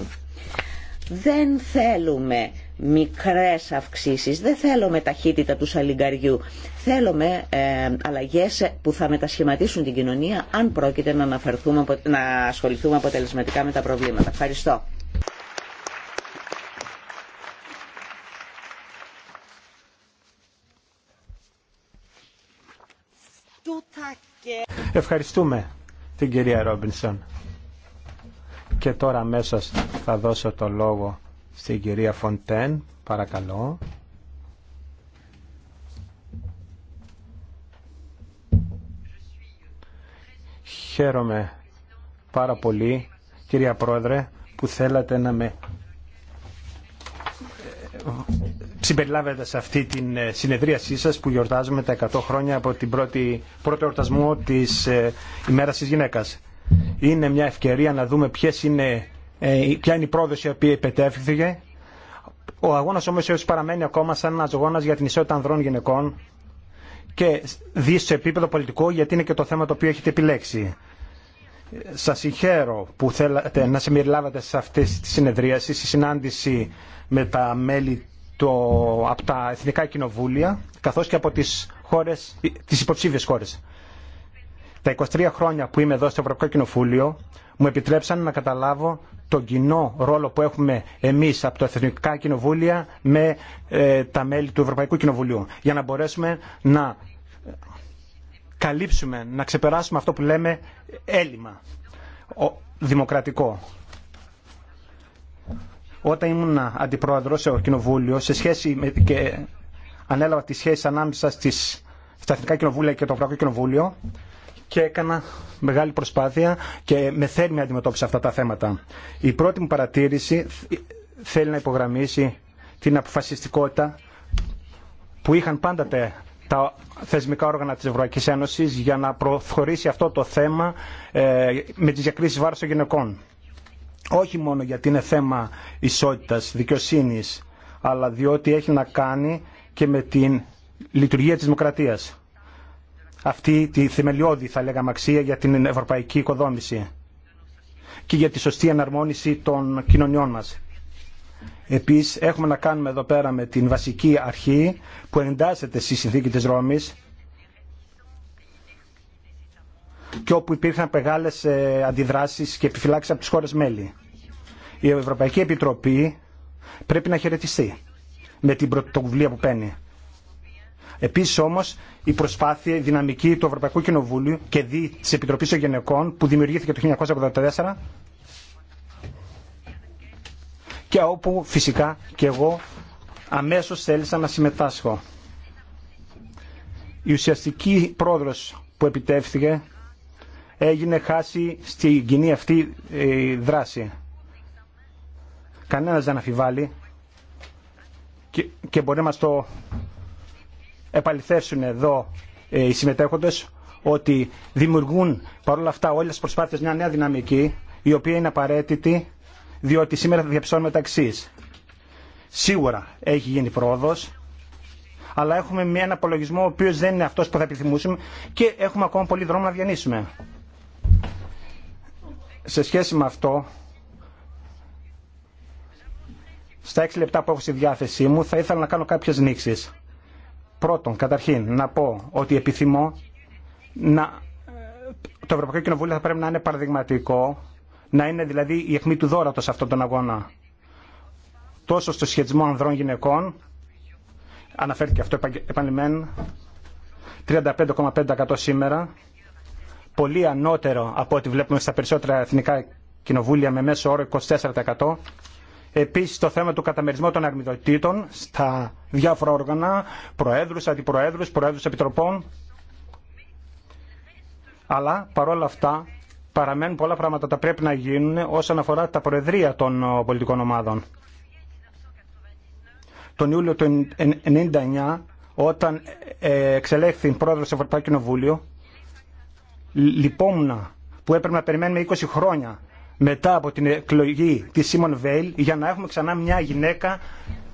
Δεν θέλουμε μικρές αυξήσεις. Δεν θέλουμε ταχύτητα του σαλιγκαριού. Θέλουμε ε, αλλαγές που θα μετασχηματίσουν την κοινωνία αν πρόκειται να, αναφερθούμε, να ασχοληθούμε αποτελεσματικά με τα προβλήματα. Ευχαριστώ. Ευχαριστούμε την κυρία Ρόμπινσον. Και τώρα αμέσως θα δώσω το λόγο στην κυρία Φοντέν, παρακαλώ. Χαίρομαι πάρα πολύ, κυρία Πρόεδρε, που θέλατε να με ε, συμπεριλάβετε σε αυτή την ε, συνεδρίασή σας που γιορτάζουμε τα 100 χρόνια από την πρώτη, πρώτο της ε, ημέρας της γυναίκας. Είναι μια ευκαιρία να δούμε ποιες είναι ε, ποια είναι η πρόδοση η οποία υπετέφθηκε. Ο αγώνας όμως παραμένει ακόμα σαν ένας αγώνας για την ισότητα ανδρών γυναικών και δει σε επίπεδο πολιτικό γιατί είναι και το θέμα το οποίο έχετε επιλέξει. Σα συγχαίρω που θέλατε να συμμεριλάβατε σε αυτή τη συνεδρίαση, στη συνάντηση με τα μέλη το, από τα Εθνικά Κοινοβούλια, καθώς και από τις, χώρες, τις υποψήφιες χώρες. Τα 23 χρόνια που είμαι εδώ στο Ευρωπαϊκό Κοινοβούλιο μου επιτρέψαν να καταλάβω τον κοινό ρόλο που έχουμε εμείς από τα Εθνικά Κοινοβούλια με ε, τα μέλη του Ευρωπαϊκού Κοινοβουλίου για να μπορέσουμε να καλύψουμε, να ξεπεράσουμε αυτό που λέμε έλλειμμα Ο, δημοκρατικό. Όταν ήμουν αντιπρόεδρος στο Κοινοβούλιο σε σχέση με, και ανέλαβα τις σχέσεις ανάμεσα στις, στα Εθνικά Κοινοβούλια και το Ευρωπαϊκό Κοινοβούλιο και έκανα μεγάλη προσπάθεια και με θέρμη αντιμετώπισα αυτά τα θέματα. Η πρώτη μου παρατήρηση θέλει να υπογραμμίσει την αποφασιστικότητα που είχαν πάντα τα θεσμικά όργανα της Ευρωπαϊκής Ένωσης για να προχωρήσει αυτό το θέμα ε, με τις διακρίσεις βάρους των γυναικών. Όχι μόνο γιατί είναι θέμα ισότητας, δικαιοσύνης, αλλά διότι έχει να κάνει και με την λειτουργία της δημοκρατίας αυτή τη θεμελιώδη θα λέγαμε αξία για την ευρωπαϊκή οικοδόμηση και για τη σωστή εναρμόνιση των κοινωνιών μας. Επίσης έχουμε να κάνουμε εδώ πέρα με την βασική αρχή που εντάσσεται στη συνθήκη της Ρώμης και όπου υπήρχαν μεγάλες ε, αντιδράσεις και επιφυλάξεις από τις χώρες μέλη. Η Ευρωπαϊκή Επιτροπή πρέπει να χαιρετιστεί με την πρωτοβουλία που παίρνει. Επίσης όμως η προσπάθεια δυναμική του Ευρωπαϊκού Κοινοβούλιου και δι της Επιτροπής των Γενικών που δημιουργήθηκε το 1984 και όπου φυσικά και εγώ αμέσως θέλησα να συμμετάσχω. Η ουσιαστική πρόδρος που επιτεύχθηκε έγινε χάση στην κοινή αυτή ε, δράση. Κανένας δεν αφιβάλλει και, και μπορεί να μας το επαληθεύσουν εδώ ε, οι συμμετέχοντες ότι δημιουργούν παρόλα αυτά όλες τις προσπάθειες μια νέα δυναμική η οποία είναι απαραίτητη διότι σήμερα θα διαψώνουμε τα Σίγουρα έχει γίνει πρόοδος αλλά έχουμε μια, ένα απολογισμό ο οποίος δεν είναι αυτός που θα επιθυμούσουμε και έχουμε ακόμα πολύ δρόμο να διανύσουμε. Σε σχέση με αυτό, στα έξι λεπτά που έχω στη διάθεσή μου θα ήθελα να κάνω κάποιες νήξεις. Πρώτον, καταρχήν, να πω ότι επιθυμώ να... το Ευρωπαϊκό Κοινοβούλιο θα πρέπει να είναι παραδειγματικό, να είναι δηλαδή η αιχμή του δόρατος αυτόν τον αγώνα. Τόσο στο σχετισμό ανδρών-γυναικών, αναφέρθηκε αυτό επανειμένο, 35,5% σήμερα, πολύ ανώτερο από ό,τι βλέπουμε στα περισσότερα εθνικά κοινοβούλια με μέσο όρο 24%. Επίσης το θέμα του καταμερισμού των αρμιδοτήτων στα διάφορα όργανα, προέδρους, αντιπροέδρους, προέδρους επιτροπών. Αλλά παρόλα αυτά παραμένουν πολλά πράγματα τα πρέπει να γίνουν όσον αφορά τα προεδρία των πολιτικών ομάδων. Τον Ιούλιο του 1999 όταν ε, εξελέχθη πρόεδρος του Ευρωπαϊκού Κοινοβούλιο λυπόμουνα που έπρεπε να περιμένουμε 20 χρόνια μετά από την εκλογή της Σίμων Βέιλ για να έχουμε ξανά μια γυναίκα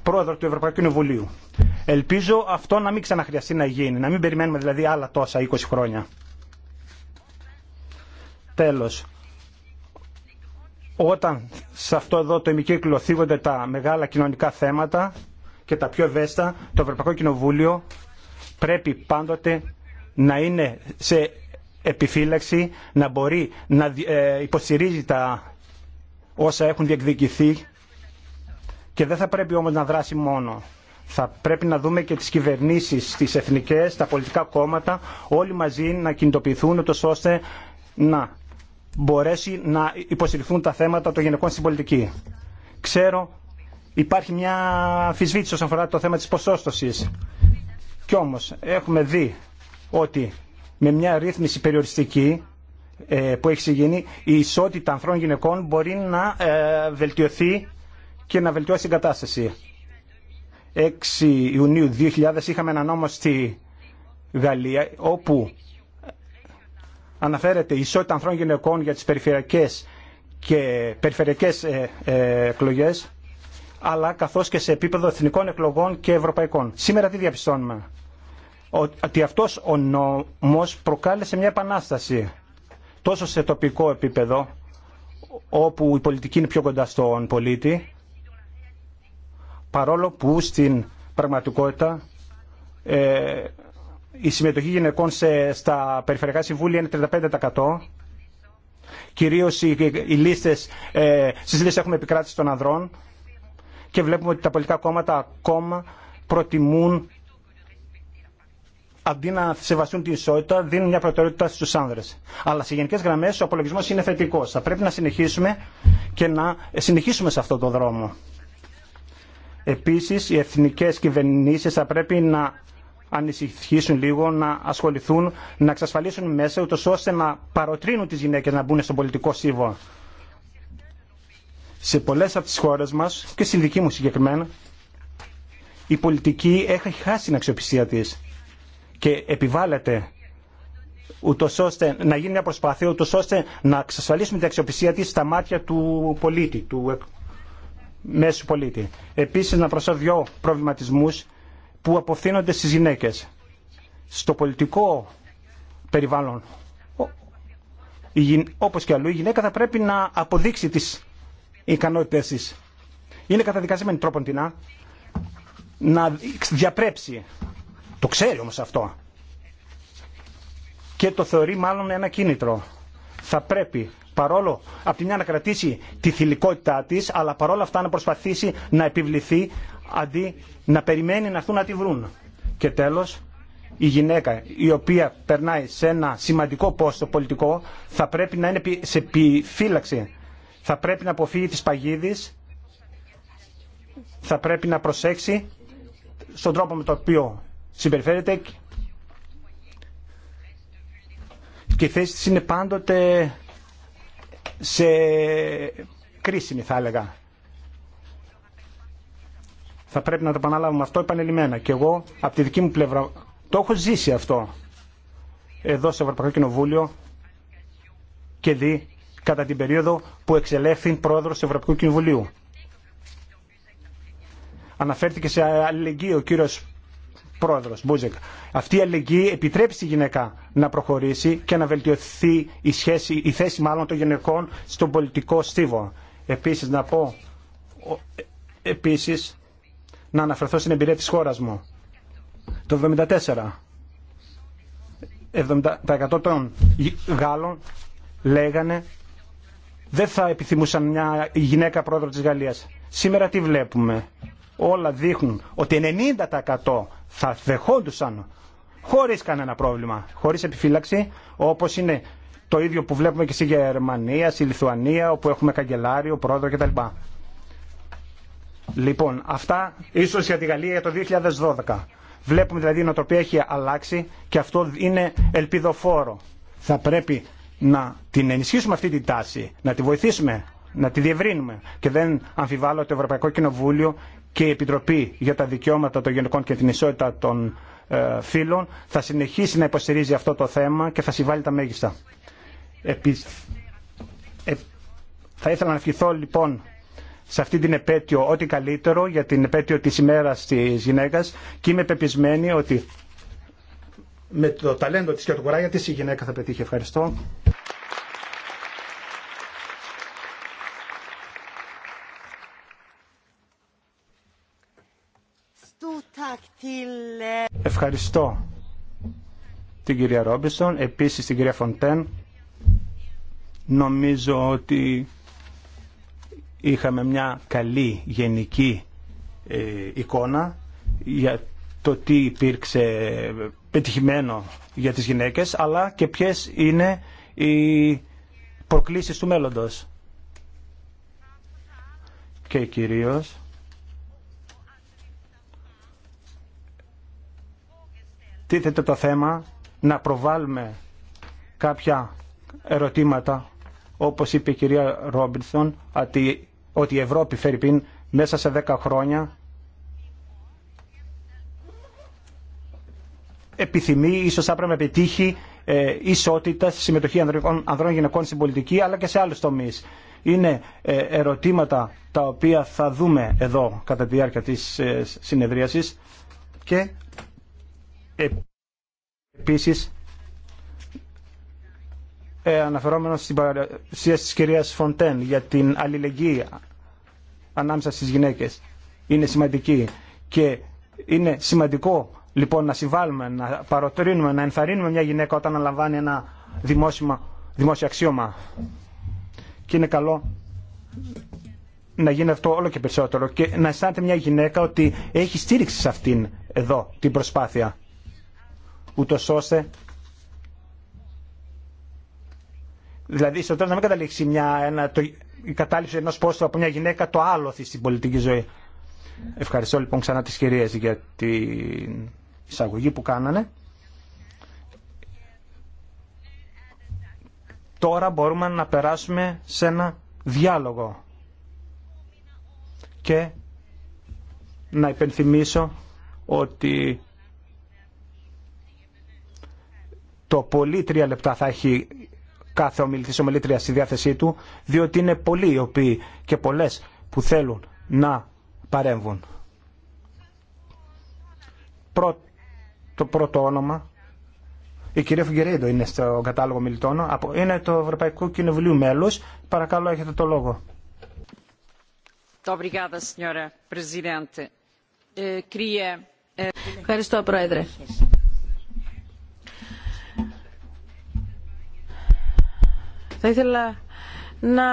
πρόεδρο του Ευρωπαϊκού Κοινοβουλίου. Ελπίζω αυτό να μην ξαναχρειαστεί να γίνει, να μην περιμένουμε δηλαδή άλλα τόσα 20 χρόνια. Τέλος, όταν σε αυτό εδώ το ημικύκλο θίγονται τα μεγάλα κοινωνικά θέματα και τα πιο ευαίσθητα, το Ευρωπαϊκό Κοινοβούλιο πρέπει πάντοτε να είναι σε επιφύλαξη να μπορεί να ε, υποστηρίζει τα όσα έχουν διεκδικηθεί και δεν θα πρέπει όμως να δράσει μόνο. Θα πρέπει να δούμε και τις κυβερνήσεις, τις εθνικές, τα πολιτικά κόμματα, όλοι μαζί να κινητοποιηθούν ώστε να μπορέσει να υποστηριχθούν τα θέματα των γυναικών στην πολιτική. Ξέρω, υπάρχει μια αμφισβήτηση όσον αφορά το θέμα της ποσόστοσης. Κι όμως έχουμε δει ότι με μια ρύθμιση περιοριστική ε, που έχει γίνει, η ισότητα ανθρώπων γυναικών μπορεί να ε, βελτιωθεί και να βελτιώσει την κατάσταση. 6 Ιουνίου 2000 είχαμε ένα νόμο στη Γαλλία όπου αναφέρεται η ισότητα ανθρώπων γυναικών για τις περιφερειακές και περιφερειακές ε, εκλογές αλλά καθώς και σε επίπεδο εθνικών εκλογών και ευρωπαϊκών. Σήμερα τι διαπιστώνουμε ότι αυτός ο νόμος προκάλεσε μια επανάσταση τόσο σε τοπικό επίπεδο όπου η πολιτική είναι πιο κοντά στον πολίτη παρόλο που στην πραγματικότητα ε, η συμμετοχή γυναικών στα περιφερειακά συμβούλια είναι 35% κυρίως οι, οι λίστες, ε, στις λίστες έχουμε επικράτηση των ανδρών και βλέπουμε ότι τα πολιτικά κόμματα ακόμα προτιμούν αντί να σεβαστούν την ισότητα, δίνουν μια προτεραιότητα στου άνδρε. Αλλά σε γενικέ γραμμέ ο απολογισμό είναι θετικό. Θα πρέπει να συνεχίσουμε και να συνεχίσουμε σε αυτόν τον δρόμο. Επίση, οι εθνικέ κυβερνήσει θα πρέπει να ανησυχήσουν λίγο, να ασχοληθούν, να εξασφαλίσουν μέσα, ούτω ώστε να παροτρύνουν τι γυναίκε να μπουν στον πολιτικό σύμβο. Σε πολλέ από τι χώρε μα, και στη δική μου συγκεκριμένα, η πολιτική έχει χάσει την αξιοπιστία της και επιβάλλεται ώστε να γίνει μια προσπάθεια ούτως ώστε να εξασφαλίσουμε την αξιοπιστία της στα μάτια του πολίτη, του μέσου πολίτη. Επίσης να προσθέσω δύο προβληματισμούς που αποφθύνονται στις γυναίκες. Στο πολιτικό περιβάλλον, όπως και αλλού, η γυναίκα θα πρέπει να αποδείξει τις ικανότητες της. Είναι καταδικασμένη τρόπον την να διαπρέψει το ξέρει όμως αυτό. Και το θεωρεί μάλλον ένα κίνητρο. Θα πρέπει παρόλο από τη μια να κρατήσει τη θηλυκότητά της, αλλά παρόλα αυτά να προσπαθήσει να επιβληθεί αντί να περιμένει να έρθουν να τη βρουν. Και τέλος, η γυναίκα η οποία περνάει σε ένα σημαντικό πόστο πολιτικό θα πρέπει να είναι σε επιφύλαξη. Θα πρέπει να αποφύγει τις παγίδες, θα πρέπει να προσέξει στον τρόπο με τον οποίο συμπεριφέρεται και η θέση της είναι πάντοτε σε κρίσιμη θα έλεγα. Θα πρέπει να το επαναλάβουμε αυτό επανελειμμένα. Και εγώ από τη δική μου πλευρά το έχω ζήσει αυτό εδώ στο Ευρωπαϊκό Κοινοβούλιο και δει κατά την περίοδο που εξελέχθη πρόεδρος του Ευρωπαϊκού Κοινοβουλίου. Αναφέρθηκε σε αλληλεγγύη ο κύριος πρόεδρο Μπούζεκ. Αυτή η αλληλεγγύη επιτρέπει στη γυναίκα να προχωρήσει και να βελτιωθεί η, σχέση, η θέση μάλλον των γυναικών στον πολιτικό στίβο. Επίσης να πω, επίσης να αναφερθώ στην εμπειρία της χώρας μου. Το 1974, 70% των Γάλλων λέγανε δεν θα επιθυμούσαν μια γυναίκα πρόεδρο της Γαλλίας. Σήμερα τι βλέπουμε όλα δείχνουν ότι 90% θα δεχόντουσαν χωρίς κανένα πρόβλημα, χωρίς επιφύλαξη, όπως είναι το ίδιο που βλέπουμε και στη Γερμανία, στη Λιθουανία, όπου έχουμε καγκελάριο, πρόεδρο κτλ. Λοιπόν, αυτά ίσως για τη Γαλλία για το 2012. Βλέπουμε δηλαδή η νοοτροπία έχει αλλάξει και αυτό είναι ελπιδοφόρο. Θα πρέπει να την ενισχύσουμε αυτή τη τάση, να τη βοηθήσουμε, να τη διευρύνουμε. Και δεν αμφιβάλλω το Ευρωπαϊκό Κοινοβούλιο και η Επιτροπή για τα Δικαιώματα των Γενικών και την Ισότητα των ε, Φίλων θα συνεχίσει να υποστηρίζει αυτό το θέμα και θα συμβάλλει τα μέγιστα. Επι... Ε, θα ήθελα να ευχηθώ λοιπόν σε αυτή την επέτειο ό,τι καλύτερο για την επέτειο της ημέρας της γυναίκας και είμαι πεπισμένη ότι με το ταλέντο της και το κουράγιο της η γυναίκα θα πετύχει. Ευχαριστώ. Ευχαριστώ την κυρία Ρόμπισον, επίσης την κυρία Φοντέν. Νομίζω ότι είχαμε μια καλή γενική ε, εικόνα για το τι υπήρξε πετυχημένο για τις γυναίκες, αλλά και ποιες είναι οι προκλήσεις του μέλλοντος. Και κυρίως τίθεται το θέμα να προβάλλουμε κάποια ερωτήματα όπως είπε η κυρία Ρόμπινσον ότι η Ευρώπη φέρει μέσα σε 10 χρόνια επιθυμεί, ίσως θα πρέπει να πετύχει ε, ισότητα στη συμμετοχή ανδρών, ανδρών γυναικών στην πολιτική αλλά και σε άλλους τομείς. Είναι ε, ερωτήματα τα οποία θα δούμε εδώ κατά τη διάρκεια της ε, συνεδρίασης και Επίσης, ε, αναφερόμενο στην παρουσίαση της κυρίας Φοντέν για την αλληλεγγύη ανάμεσα στις γυναίκες είναι σημαντική και είναι σημαντικό λοιπόν να συμβάλλουμε, να παροτρύνουμε, να ενθαρρύνουμε μια γυναίκα όταν αναλαμβάνει ένα δημόσιο, δημόσιο αξίωμα και είναι καλό να γίνει αυτό όλο και περισσότερο και να αισθάνεται μια γυναίκα ότι έχει στήριξη σε αυτήν εδώ την προσπάθεια ούτως ώστε δηλαδή στο τέλο να μην καταλήξει μια, ένα, το, η κατάληψη ενό πόστου από μια γυναίκα το άλοθη στην πολιτική ζωή. Ευχαριστώ λοιπόν ξανά τις κυρίες για την εισαγωγή που κάνανε. Τώρα μπορούμε να περάσουμε σε ένα διάλογο και να υπενθυμίσω ότι το πολύ τρία λεπτά θα έχει κάθε ομιλητή ομιλήτρια στη διάθεσή του, διότι είναι πολλοί οι οποίοι και πολλέ που θέλουν να παρέμβουν. το πρώτο όνομα, η κυρία Φιγκερίδο είναι στο κατάλογο μιλητών, είναι το Ευρωπαϊκό Κοινοβουλίο μέλος. Παρακαλώ, έχετε το λόγο. Eh, eh, Ευχαριστώ, Πρόεδρε. Θα ήθελα να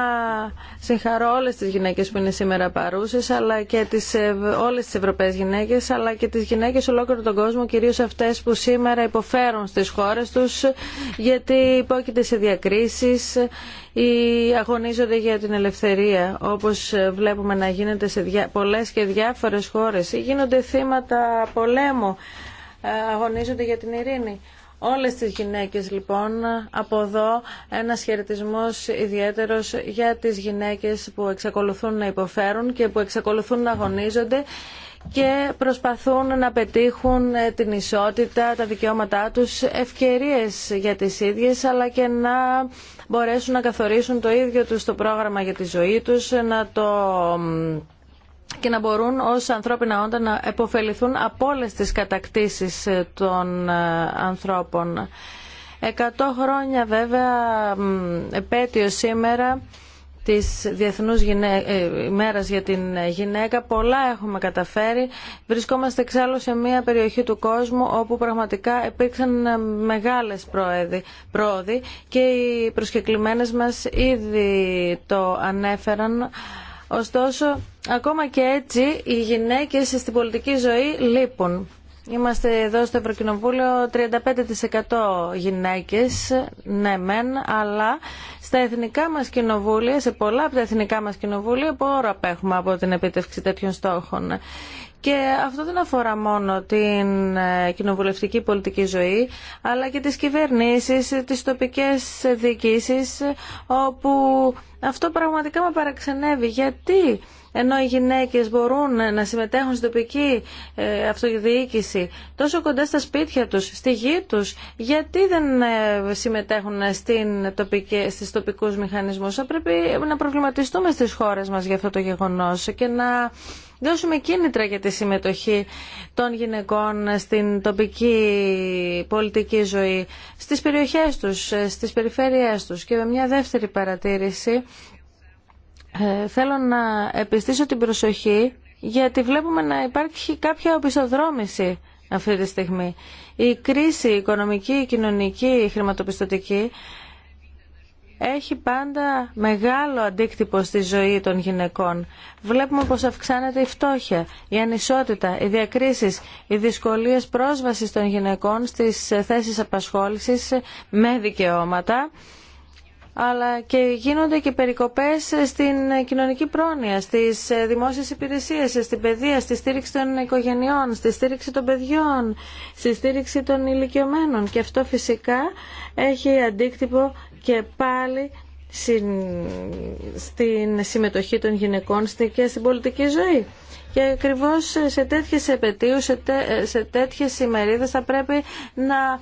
συγχαρώ όλες τις γυναίκες που είναι σήμερα παρούσες αλλά και τις, όλες τις ευρωπαίες γυναίκες αλλά και τις γυναίκες ολόκληρο τον κόσμο κυρίως αυτές που σήμερα υποφέρουν στις χώρες τους γιατί υπόκειται σε διακρίσεις ή αγωνίζονται για την ελευθερία όπως βλέπουμε να γίνεται σε πολλές και διάφορες χώρες ή γίνονται θύματα πολέμου ε, αγωνίζονται για την ειρήνη όλες τις γυναίκες λοιπόν από εδώ ένας χαιρετισμό ιδιαίτερος για τις γυναίκες που εξακολουθούν να υποφέρουν και που εξακολουθούν να αγωνίζονται και προσπαθούν να πετύχουν ε, την ισότητα, τα δικαιώματά τους, ευκαιρίες για τις ίδιες αλλά και να μπορέσουν να καθορίσουν το ίδιο τους το πρόγραμμα για τη ζωή τους, να το και να μπορούν ως ανθρώπινα όντα να επωφεληθούν από όλες τις κατακτήσεις ε, των ε, ανθρώπων. Εκατό χρόνια βέβαια επέτειο σήμερα της Διεθνούς ε, Μέρας για την Γυναίκα. Πολλά έχουμε καταφέρει. Βρισκόμαστε εξάλλου σε μια περιοχή του κόσμου όπου πραγματικά υπήρξαν μεγάλες πρόοδοι και οι προσκεκλημένες μας ήδη το ανέφεραν Ωστόσο, ακόμα και έτσι, οι γυναίκες στην πολιτική ζωή λείπουν. Είμαστε εδώ στο Ευρωκοινοβούλιο 35% γυναίκες, ναι μεν, αλλά στα εθνικά μας κοινοβούλια, σε πολλά από τα εθνικά μας κοινοβούλια, πόρο απέχουμε από την επίτευξη τέτοιων στόχων. Και αυτό δεν αφορά μόνο την ε, κοινοβουλευτική πολιτική ζωή, αλλά και τις κυβερνήσεις, ε, τις τοπικές διοικήσεις, ε, όπου αυτό πραγματικά με παραξενεύει. Γιατί ενώ οι γυναίκες μπορούν να συμμετέχουν στην τοπική αυτοδιοίκηση τόσο κοντά στα σπίτια τους, στη γη τους, γιατί δεν συμμετέχουν στην τοπική, στις τοπικούς μηχανισμούς. Θα πρέπει να προβληματιστούμε στις χώρες μας για αυτό το γεγονός και να δώσουμε κίνητρα για τη συμμετοχή των γυναικών στην τοπική πολιτική ζωή, στις περιοχές τους, στις περιφέρειές τους. Και με μια δεύτερη παρατήρηση ε, θέλω να επιστήσω την προσοχή γιατί βλέπουμε να υπάρχει κάποια οπισθοδρόμηση αυτή τη στιγμή. Η κρίση η οικονομική, η κοινωνική, η χρηματοπιστωτική έχει πάντα μεγάλο αντίκτυπο στη ζωή των γυναικών. Βλέπουμε πως αυξάνεται η φτώχεια, η ανισότητα, οι διακρίσεις, οι δυσκολίες πρόσβασης των γυναικών στις θέσεις απασχόλησης με δικαιώματα αλλά και γίνονται και περικοπές στην κοινωνική πρόνοια, στις δημόσιες υπηρεσίες, στην παιδεία, στη στήριξη των οικογενειών, στη στήριξη των παιδιών, στη στήριξη των ηλικιωμένων. Και αυτό φυσικά έχει αντίκτυπο και πάλι στην συμμετοχή των γυναικών και στην πολιτική ζωή. Και ακριβώς σε τέτοιες επαιτίου, σε, τέ, σε τέτοιες ημερίδες θα πρέπει να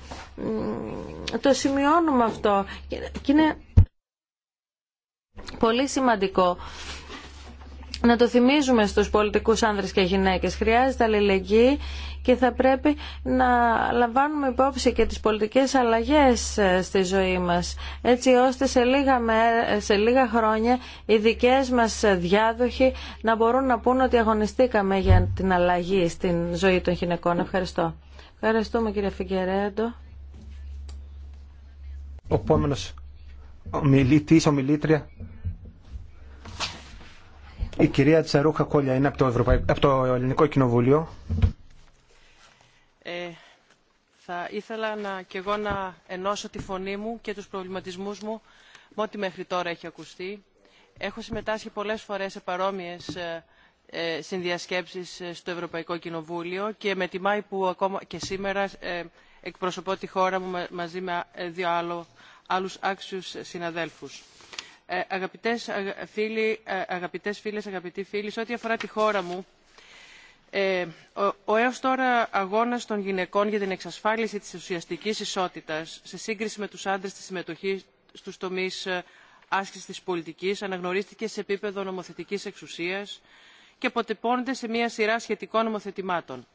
το σημειώνουμε αυτό. Και είναι πολύ σημαντικό να το θυμίζουμε στους πολιτικούς άνδρες και γυναίκες. Χρειάζεται αλληλεγγύη και θα πρέπει να λαμβάνουμε υπόψη και τις πολιτικές αλλαγές ε, στη ζωή μας έτσι ώστε σε λίγα, σε λίγα χρόνια οι δικές μας διάδοχοι να μπορούν να πούν ότι αγωνιστήκαμε για την αλλαγή στην ζωή των γυναικών. Ευχαριστώ. Ευχαριστούμε κύριε Φιγκερέντο. Ο η κυρία Τσαρούχα Κόλια είναι από το, από Ελληνικό Κοινοβούλιο. Ε, θα ήθελα να, και εγώ να ενώσω τη φωνή μου και τους προβληματισμούς μου με ό,τι μέχρι τώρα έχει ακουστεί. Έχω συμμετάσχει πολλές φορές σε παρόμοιες ε, ε συνδιασκέψεις ε, στο Ευρωπαϊκό Κοινοβούλιο και με τιμάει που ακόμα και σήμερα ε, εκπροσωπώ τη χώρα μου μαζί με δύο άλλο, άλλους άξιους συναδέλφους ε, αγαπητές φίλοι, ε, αγαπητές φίλες, αγαπητοί φίλοι, σε ό,τι αφορά τη χώρα μου, ε, ο έως τώρα αγώνας των γυναικών για την εξασφάλιση της ουσιαστικής ισότητας σε σύγκριση με τους άντρες στη συμμετοχή στους τομείς άσκησης της πολιτικής αναγνωρίστηκε σε επίπεδο νομοθετικής εξουσίας και αποτυπώνεται σε μια σειρά σχετικών νομοθετημάτων.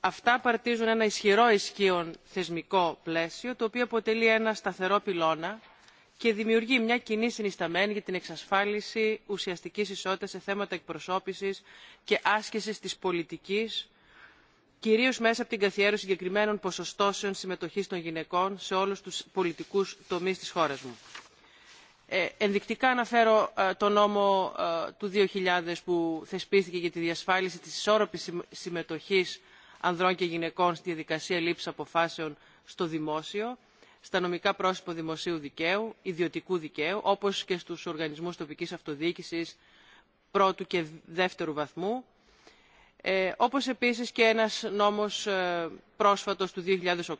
Αυτά παρτίζουν ένα ισχυρό ισχύον θεσμικό πλαίσιο, το οποίο αποτελεί ένα σταθερό πυλώνα και δημιουργεί μια κοινή συνισταμένη για την εξασφάλιση ουσιαστικής ισότητας σε θέματα εκπροσώπησης και άσκησης της πολιτικής, κυρίως μέσα από την καθιέρωση συγκεκριμένων ποσοστώσεων συμμετοχής των γυναικών σε όλους τους πολιτικούς τομείς της χώρας μου. Ε, ενδεικτικά αναφέρω ε, το νόμο ε, του 2000 που θεσπίστηκε για τη διασφάλιση της ισόρροπης συμμετοχής ανδρών και γυναικών στη διαδικασία λήψης αποφάσεων στο δημόσιο στα νομικά πρόσωπα δημοσίου δικαίου, ιδιωτικού δικαίου, όπως και στους οργανισμούς τοπικής αυτοδιοίκησης πρώτου και δεύτερου βαθμού, ε, όπως επίσης και ένας νόμος ε, πρόσφατος του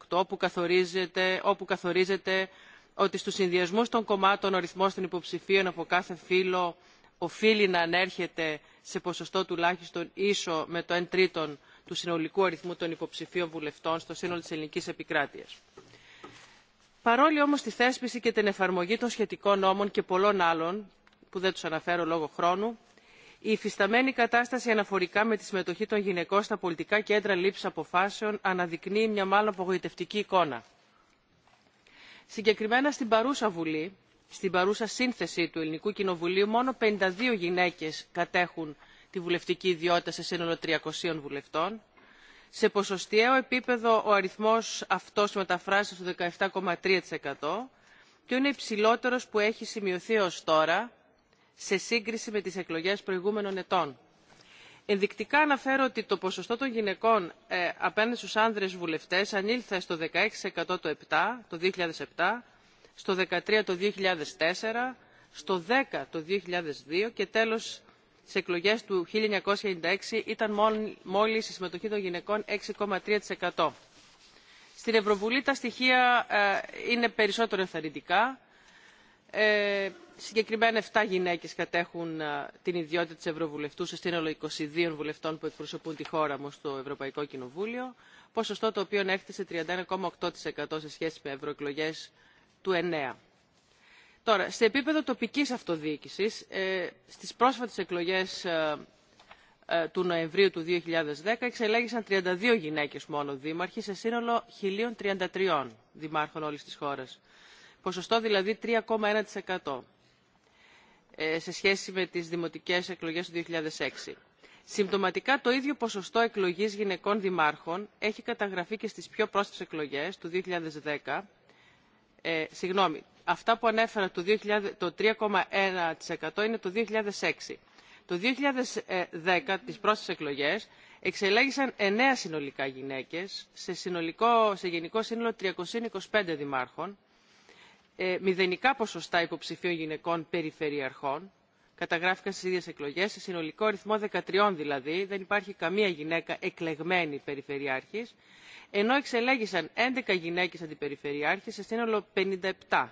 2008 που καθορίζεται, όπου καθορίζεται ότι στους συνδυασμούς των κομμάτων ο ρυθμός των υποψηφίων από κάθε φύλλο οφείλει να ανέρχεται σε ποσοστό τουλάχιστον ίσο με το 1 τρίτον του συνολικού αριθμού των υποψηφίων βουλευτών στο σύνολο της ελληνικής επικράτειας παρόλη όμως τη θέσπιση και την εφαρμογή των σχετικών νόμων και πολλών άλλων που δεν τους αναφέρω λόγω χρόνου η υφισταμένη κατάσταση αναφορικά με τη συμμετοχή των γυναικών στα πολιτικά κέντρα λήψης αποφάσεων αναδεικνύει μια μάλλον απογοητευτική εικόνα. Συγκεκριμένα στην παρούσα Βουλή, στην παρούσα σύνθεση του Ελληνικού Κοινοβουλίου, μόνο 52 γυναίκες κατέχουν τη βουλευτική ιδιότητα σε σύνολο 300 βουλευτών σε ποσοστιαίο επίπεδο ο αριθμός αυτός μεταφράζεται στο 17,3% και είναι υψηλότερος που έχει σημειωθεί ως τώρα σε σύγκριση με τις εκλογές προηγούμενων ετών. Ενδεικτικά αναφέρω ότι το ποσοστό των γυναικών ε, απέναντι στους άνδρες βουλευτές ανήλθε στο 16% το, 7, το 2007, στο 13% το 2004, στο 10% το 2002 και τέλος στις εκλογές του 1996 ήταν μόλις η συμμετοχή των γυναικών 6,3%. Στην Ευρωβουλή τα στοιχεία ε, είναι περισσότερο ενθαρρυντικά. Ε, συγκεκριμένα 7 γυναίκες κατέχουν ε, την ιδιότητα της Ευρωβουλευτού σε σύνολο 22 βουλευτών που εκπροσωπούν τη χώρα μου στο Ευρωπαϊκό Κοινοβούλιο, ποσοστό το οποίο έφτασε 31,8% σε σχέση με ευρωεκλογές του 9. Τώρα, σε επίπεδο τοπικής αυτοδιοίκησης, ε, στις πρόσφατες εκλογές ε, ε, του Νοεμβρίου του 2010 εξελέγησαν 32 γυναίκες μόνο δήμαρχοι σε σύνολο 1.033 δημάρχων όλης της χώρας. Ποσοστό δηλαδή 3,1% σε σχέση με τις δημοτικές εκλογές του 2006. Συμπτωματικά το ίδιο ποσοστό εκλογής γυναικών δημάρχων έχει καταγραφεί και στις πιο πρόσφατες εκλογές του 2010, συγγνώμη, αυτά που ανέφερα το, 3,1% είναι το 2006. Το 2010, τις πρώτες εκλογές, εξελέγησαν 9 συνολικά γυναίκες, σε, συνολικό, σε γενικό σύνολο 325 δημάρχων, ε, μηδενικά ποσοστά υποψηφίων γυναικών περιφερειαρχών, καταγράφηκαν στις ίδιες εκλογές, σε συνολικό ρυθμό 13 δηλαδή, δεν υπάρχει καμία γυναίκα εκλεγμένη περιφερειάρχης, ενώ εξελέγησαν 11 γυναίκες αντιπεριφερειάρχες, σε σύνολο 57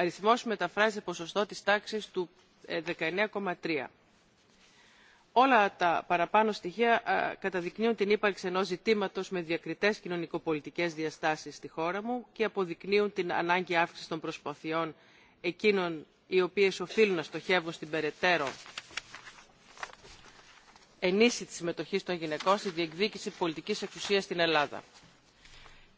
αριθμός μεταφράζει ποσοστό της τάξης του 19,3. Ε, Όλα τα παραπάνω στοιχεία καταδεικνύουν την ύπαρξη ενός ζητήματος με διακριτές κοινωνικοπολιτικές διαστάσεις στη χώρα μου και αποδεικνύουν την ανάγκη αύξησης των προσπαθειών εκείνων οι οποίες οφείλουν να στοχεύουν στην περαιτέρω ενίσχυση της συμμετοχής των γυναικών στη διεκδίκηση πολιτικής εξουσίας στην Ελλάδα.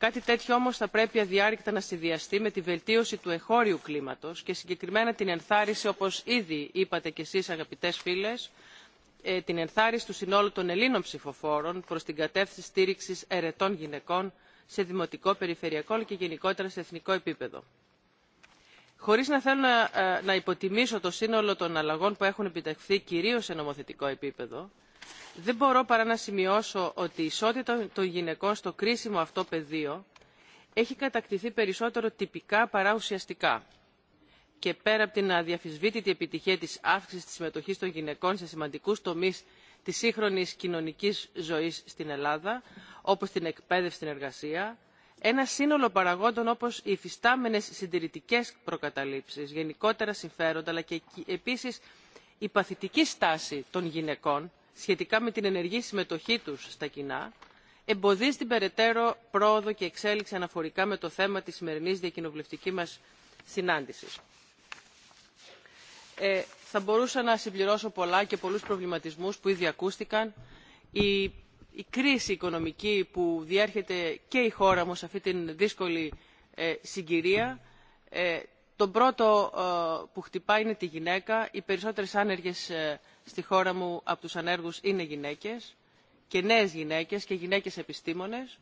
Κάτι τέτοιο όμως θα πρέπει αδιάρρηκτα να συνδυαστεί με τη βελτίωση του εχώριου κλίματος και συγκεκριμένα την ενθάρρυνση, όπως ήδη είπατε κι εσείς αγαπητές φίλες, ε, την ενθάρρυνση του συνόλου των Ελλήνων ψηφοφόρων προς την κατεύθυνση στήριξης ερετών γυναικών σε δημοτικό, περιφερειακό και γενικότερα σε εθνικό επίπεδο. Χωρίς να θέλω ε, να, υποτιμήσω το σύνολο των αλλαγών που έχουν επιτευχθεί κυρίως σε νομοθετικό επίπεδο, δεν μπορώ παρά να σημειώσω ότι η ισότητα των γυναικών στο κρίσιμο αυτό πεδίο έχει κατακτηθεί περισσότερο τυπικά παρά ουσιαστικά και πέρα από την αδιαφυσβήτητη επιτυχία της αύξησης της συμμετοχής των γυναικών σε σημαντικούς τομείς της σύγχρονης κοινωνικής ζωής στην Ελλάδα, όπως την εκπαίδευση στην εργασία, ένα σύνολο παραγόντων όπως οι υφιστάμενες συντηρητικές προκαταλήψεις, γενικότερα συμφέροντα, αλλά και επίσης η παθητική στάση των γυναικών σχετικά με την ενεργή συμμετοχή τους στα κοινά εμποδίζει την περαιτέρω πρόοδο και εξέλιξη αναφορικά με το θέμα της σημερινής διακοινοβουλευτικής μας συνάντησης. Ε, θα μπορούσα να συμπληρώσω πολλά και πολλούς προβληματισμούς που ήδη ακούστηκαν. Η, κρίση οικονομική που διέρχεται και η χώρα μου σε αυτή την δύσκολη ε, συγκυρία ε, πρώτο ε, που χτυπάει είναι τη γυναίκα. Οι περισσότερες άνεργες ε, στη χώρα μου από τους ανέργους είναι γυναίκες και νέες γυναίκες και γυναίκες επιστήμονες.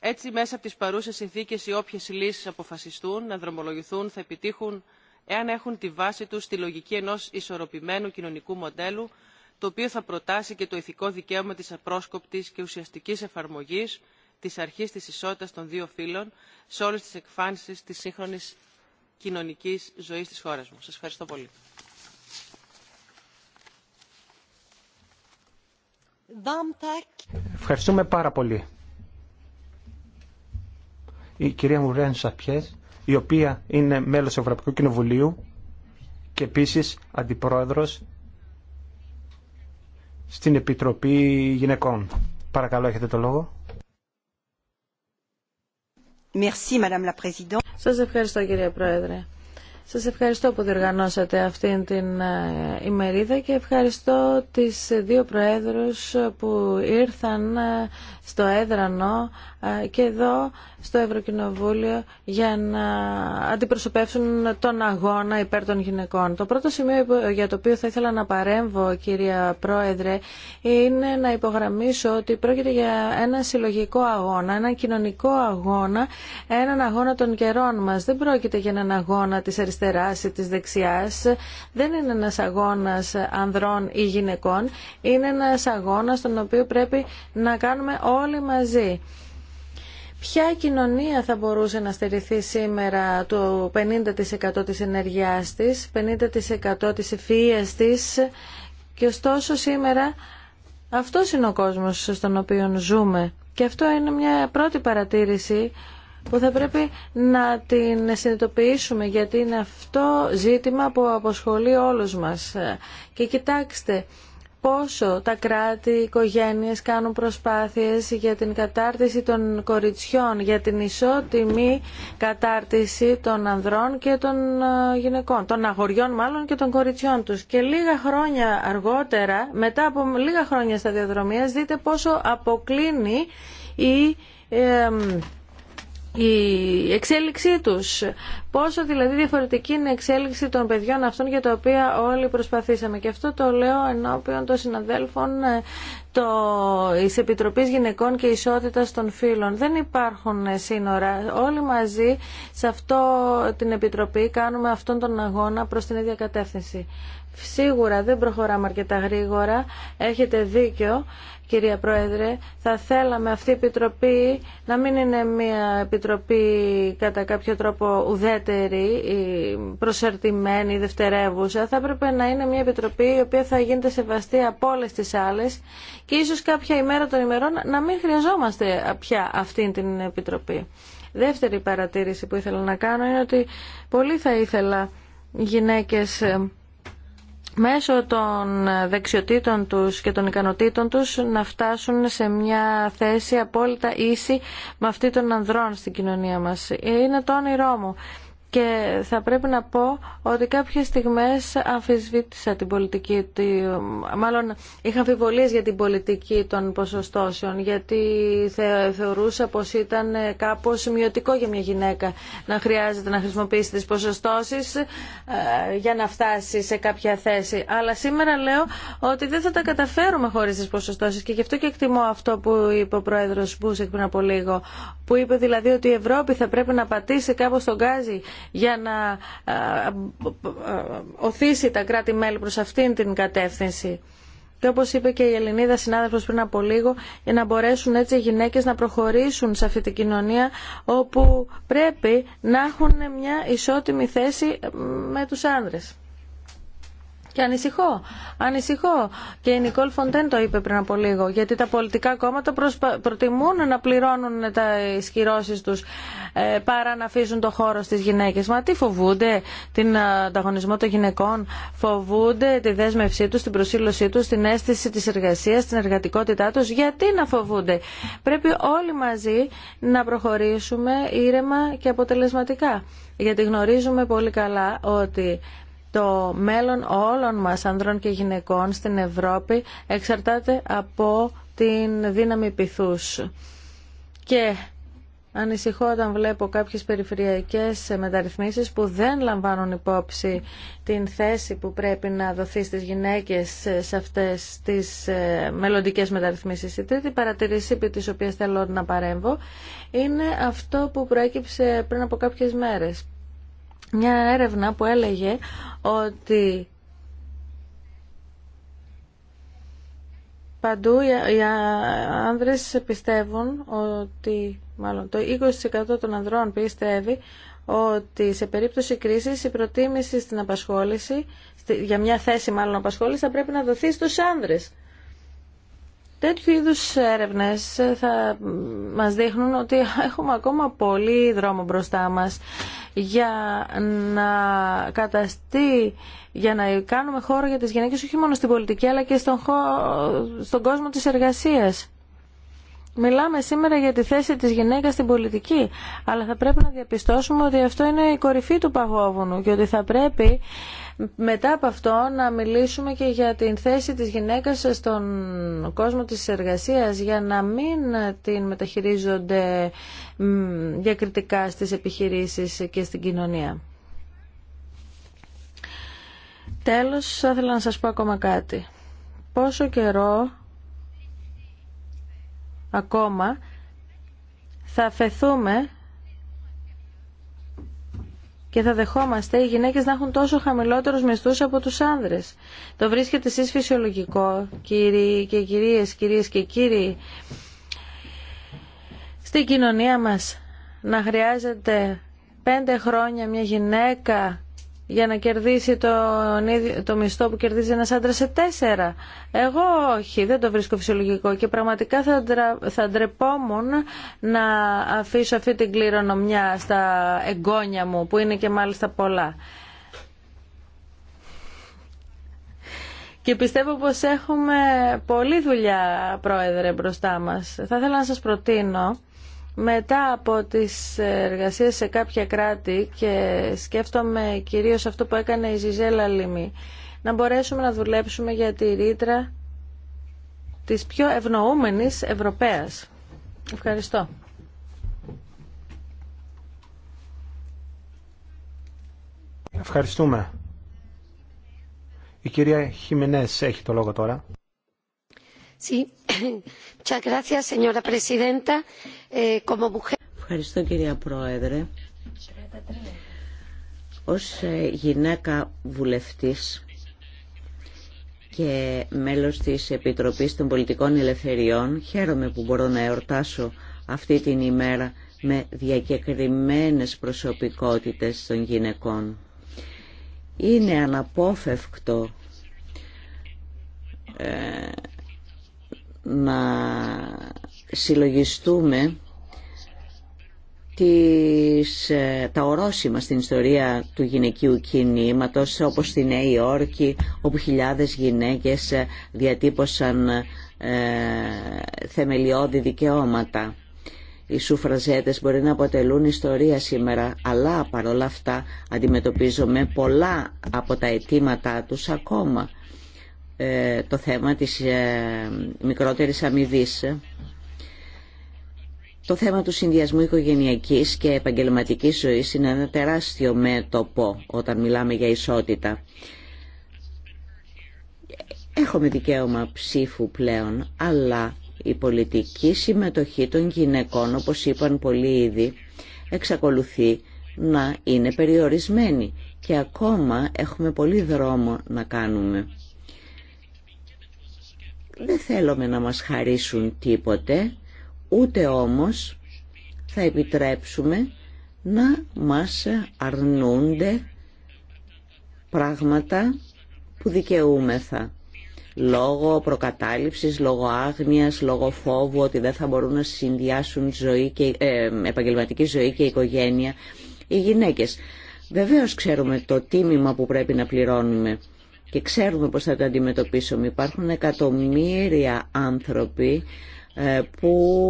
Έτσι, μέσα από τις παρούσες συνθήκες οι όποιες λύσεις αποφασιστούν να δρομολογηθούν θα επιτύχουν εάν έχουν τη βάση τους στη λογική ενός ισορροπημένου κοινωνικού μοντέλου το οποίο θα προτάσει και το ηθικό δικαίωμα της απρόσκοπτης και ουσιαστικής εφαρμογής της αρχής της ισότητας των δύο φύλων σε όλες τις εκφάνσεις της σύγχρονης κοινωνικής ζωής της χώρας μου. Σας ευχαριστώ πολύ. Ευχαριστούμε πάρα πολύ. Η κυρία Μουρέν Σαπιές, η οποία είναι μέλος Ευρωπαϊκού Κοινοβουλίου και επίσης αντιπρόεδρος στην Επιτροπή Γυναικών. Παρακαλώ, έχετε το λόγο. Merci, Σας ευχαριστώ, κύριε Πρόεδρε. Σας ευχαριστώ που διοργανώσατε αυτήν την ε, ημερίδα και ευχαριστώ τις δύο προέδρους που ήρθαν ε, στο έδρανο ε, και εδώ στο Ευρωκοινοβούλιο για να αντιπροσωπεύσουν τον αγώνα υπέρ των γυναικών. Το πρώτο σημείο για το οποίο θα ήθελα να παρέμβω, κυρία Πρόεδρε, είναι να υπογραμμίσω ότι πρόκειται για ένα συλλογικό αγώνα, ένα κοινωνικό αγώνα, έναν αγώνα των καιρών μας. Δεν πρόκειται για έναν αγώνα της αριστεράς ή της δεξιάς δεν είναι ένας αγώνας ανδρών ή γυναικών, είναι ένας αγώνας τον οποίο πρέπει να κάνουμε όλοι μαζί. Ποια κοινωνία θα μπορούσε να στερηθεί σήμερα το 50% της ενεργειάς της, 50% της ευφυΐας της και ωστόσο σήμερα αυτό είναι ο κόσμος στον οποίο ζούμε. Και αυτό είναι μια πρώτη παρατήρηση που θα πρέπει να την συνειδητοποιήσουμε γιατί είναι αυτό ζήτημα που αποσχολεί όλους μας. Ε, και κοιτάξτε, πόσο τα κράτη, οι οικογένειες κάνουν προσπάθειες για την κατάρτιση των κοριτσιών, για την ισότιμη κατάρτιση των ανδρών και των ε, γυναικών, των αγοριών μάλλον και των κοριτσιών τους. Και λίγα χρόνια αργότερα, μετά από λίγα χρόνια στα διαδρομίας, δείτε πόσο αποκλίνει η... Ε, η εξέλιξή τους. Πόσο δηλαδή διαφορετική είναι η εξέλιξη των παιδιών αυτών για τα οποία όλοι προσπαθήσαμε. Και αυτό το λέω ενώπιον των συναδέλφων ε, το, της Επιτροπής Γυναικών και Ισότητας των Φύλων. Δεν υπάρχουν ε, σύνορα. Όλοι μαζί σε αυτό την Επιτροπή κάνουμε αυτόν τον αγώνα προς την ίδια κατεύθυνση. Σίγουρα δεν προχωράμε αρκετά γρήγορα. Έχετε δίκιο, κυρία Πρόεδρε. Θα θέλαμε αυτή η Επιτροπή να μην είναι μια Επιτροπή κατά κάποιο τρόπο ουδέτερη, προσαρτημένη, δευτερεύουσα. Θα έπρεπε να είναι μια Επιτροπή η οποία θα γίνεται σεβαστή από όλε τι άλλε και ίσω κάποια ημέρα των ημερών να μην χρειαζόμαστε πια αυτή την Επιτροπή. Δεύτερη παρατήρηση που ήθελα να κάνω είναι ότι πολύ θα ήθελα γυναίκες ε, μέσω των δεξιοτήτων τους και των ικανοτήτων τους να φτάσουν σε μια θέση απόλυτα ίση με αυτή των ανδρών στην κοινωνία μας. Είναι το όνειρό μου και θα πρέπει να πω ότι κάποιες στιγμές αμφισβήτησα την πολιτική, τη, μάλλον είχα αμφιβολίες για την πολιτική των ποσοστώσεων, γιατί θεωρούσα πως ήταν κάπως μειωτικό για μια γυναίκα να χρειάζεται να χρησιμοποιήσει τις ποσοστώσεις ε, για να φτάσει σε κάποια θέση. Αλλά σήμερα λέω ότι δεν θα τα καταφέρουμε χωρίς τις ποσοστώσεις και γι' αυτό και εκτιμώ αυτό που είπε ο Πρόεδρος Μπούσεκ πριν από λίγο, που είπε δηλαδή ότι η Ευρώπη θα πρέπει να πατήσει κάπως τον γκάζι για να οθήσει τα κράτη-μέλη προς αυτήν την κατεύθυνση. Και όπως είπε και η Ελληνίδα συνάδελφος πριν από λίγο, για να μπορέσουν έτσι οι γυναίκες να προχωρήσουν σε αυτή την κοινωνία όπου πρέπει να έχουν μια ισότιμη θέση με τους άνδρες. Και ανησυχώ. Ανησυχώ. Και η Νικόλ Φοντέν το είπε πριν από λίγο. Γιατί τα πολιτικά κόμματα προτιμούν να πληρώνουν τα ισχυρώσει του ε, παρά να αφήσουν το χώρο στι γυναίκε. Μα τι φοβούνται την ε, ανταγωνισμό των γυναικών. Φοβούνται τη δέσμευσή του, την προσήλωσή του, την αίσθηση τη εργασία, την εργατικότητά του. Γιατί να φοβούνται. Πρέπει όλοι μαζί να προχωρήσουμε ήρεμα και αποτελεσματικά. Γιατί γνωρίζουμε πολύ καλά ότι το μέλλον όλων μας ανδρών και γυναικών στην Ευρώπη εξαρτάται από την δύναμη πυθούς. Και Ανησυχώ όταν βλέπω κάποιες περιφερειακές μεταρρυθμίσεις που δεν λαμβάνουν υπόψη την θέση που πρέπει να δοθεί στις γυναίκες σε αυτές τις ε, μελλοντικές μεταρρυθμίσεις. Η τρίτη παρατηρήση επί της οποίας θέλω να παρέμβω είναι αυτό που προέκυψε πριν από κάποιες μέρες μια έρευνα που έλεγε ότι παντού οι άνδρες πιστεύουν ότι, μάλλον το 20% των ανδρών πιστεύει ότι σε περίπτωση κρίσης η προτίμηση στην απασχόληση, για μια θέση μάλλον απασχόληση, θα πρέπει να δοθεί στους άνδρες. Τέτοιου είδους έρευνες ε, θα μας δείχνουν ότι <laughs> έχουμε ακόμα πολύ δρόμο μπροστά μας για να καταστεί, για να κάνουμε χώρο για τις γυναίκες όχι μόνο στην πολιτική αλλά και στον, χώ... στον κόσμο της εργασίας. Μιλάμε σήμερα για τη θέση της γυναίκας στην πολιτική, αλλά θα πρέπει να διαπιστώσουμε ότι αυτό είναι η κορυφή του παγόβουνου και ότι θα πρέπει μετά από αυτό να μιλήσουμε και για την θέση της γυναίκας στον κόσμο της εργασίας για να μην την μεταχειρίζονται διακριτικά στις επιχειρήσεις και στην κοινωνία. Τέλος, θα ήθελα να σας πω ακόμα κάτι. Πόσο καιρό ακόμα θα φεθούμε και θα δεχόμαστε οι γυναίκες να έχουν τόσο χαμηλότερου μισθού από τους άνδρες. Το βρίσκετε εσεί φυσιολογικό, κύριοι και κυρίες, κυρίες και κύριοι, στην κοινωνία μας να χρειάζεται πέντε χρόνια μια γυναίκα για να κερδίσει το, το μισθό που κερδίζει ένας άντρας σε τέσσερα. Εγώ όχι, δεν το βρίσκω φυσιολογικό και πραγματικά θα, ντρα, θα ντρεπόμουν να αφήσω αυτή την κληρονομιά στα εγγόνια μου που είναι και μάλιστα πολλά. Και πιστεύω πως έχουμε πολλή δουλειά, Πρόεδρε, μπροστά μας. Θα ήθελα να σας προτείνω μετά από τις εργασίες σε κάποια κράτη και σκέφτομαι κυρίως αυτό που έκανε η Ζιζέλα Λιμή να μπορέσουμε να δουλέψουμε για τη ρήτρα της πιο ευνοούμενης Ευρωπαίας. Ευχαριστώ. Ευχαριστούμε. Η κυρία Χιμενές έχει το λόγο τώρα. Sí. Eh, Ευχαριστώ κυρία Πρόεδρε. Ως ε, γυναίκα βουλευτής και μέλος της Επιτροπής των Πολιτικών Ελευθεριών χαίρομαι που μπορώ να εορτάσω αυτή την ημέρα με διακεκριμένες προσωπικότητες των γυναικών. Είναι αναπόφευκτο ε, να συλλογιστούμε τις, ε, τα ορόσημα στην ιστορία του γυναικείου κινήματος όπως στη Νέα Υόρκη όπου χιλιάδες γυναίκες ε, διατύπωσαν ε, θεμελιώδη δικαιώματα. Οι σουφραζέτες μπορεί να αποτελούν ιστορία σήμερα, αλλά παρόλα αυτά αντιμετωπίζουμε πολλά από τα αιτήματά τους ακόμα. Ε, το θέμα της ε, μικρότερης αμοιβή. Το θέμα του συνδυασμού οικογενειακής και επαγγελματικής ζωής είναι ένα τεράστιο μέτωπο όταν μιλάμε για ισότητα. Έχουμε δικαίωμα ψήφου πλέον, αλλά η πολιτική συμμετοχή των γυναικών, όπως είπαν πολλοί ήδη, εξακολουθεί να είναι περιορισμένη και ακόμα έχουμε πολύ δρόμο να κάνουμε. Δεν θέλουμε να μας χαρίσουν τίποτε, ούτε όμως θα επιτρέψουμε να μας αρνούνται πράγματα που δικαιούμεθα. Λόγω προκατάληψης, λόγω άγνοιας, λόγω φόβου ότι δεν θα μπορούν να συνδυάσουν ζωή και, ε, επαγγελματική ζωή και οικογένεια οι γυναίκες. Βεβαίως ξέρουμε το τίμημα που πρέπει να πληρώνουμε και ξέρουμε πώς θα το αντιμετωπίσουμε. Υπάρχουν εκατομμύρια άνθρωποι ε, που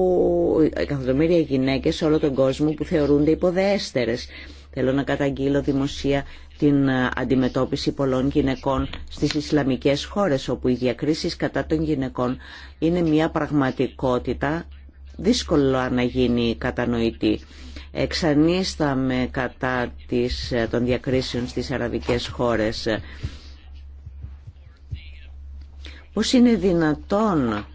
εκατομμύρια γυναίκες σε όλο τον κόσμο που θεωρούνται υποδέστερες. Θέλω να καταγγείλω δημοσία την ε, αντιμετώπιση πολλών γυναικών στις Ισλαμικές χώρες όπου οι διακρίσεις κατά των γυναικών είναι μια πραγματικότητα δύσκολο να γίνει κατανοητή. Εξανίσταμε κατά της, ε, των διακρίσεων στις αραβικές χώρες Πώς είναι δυνατόν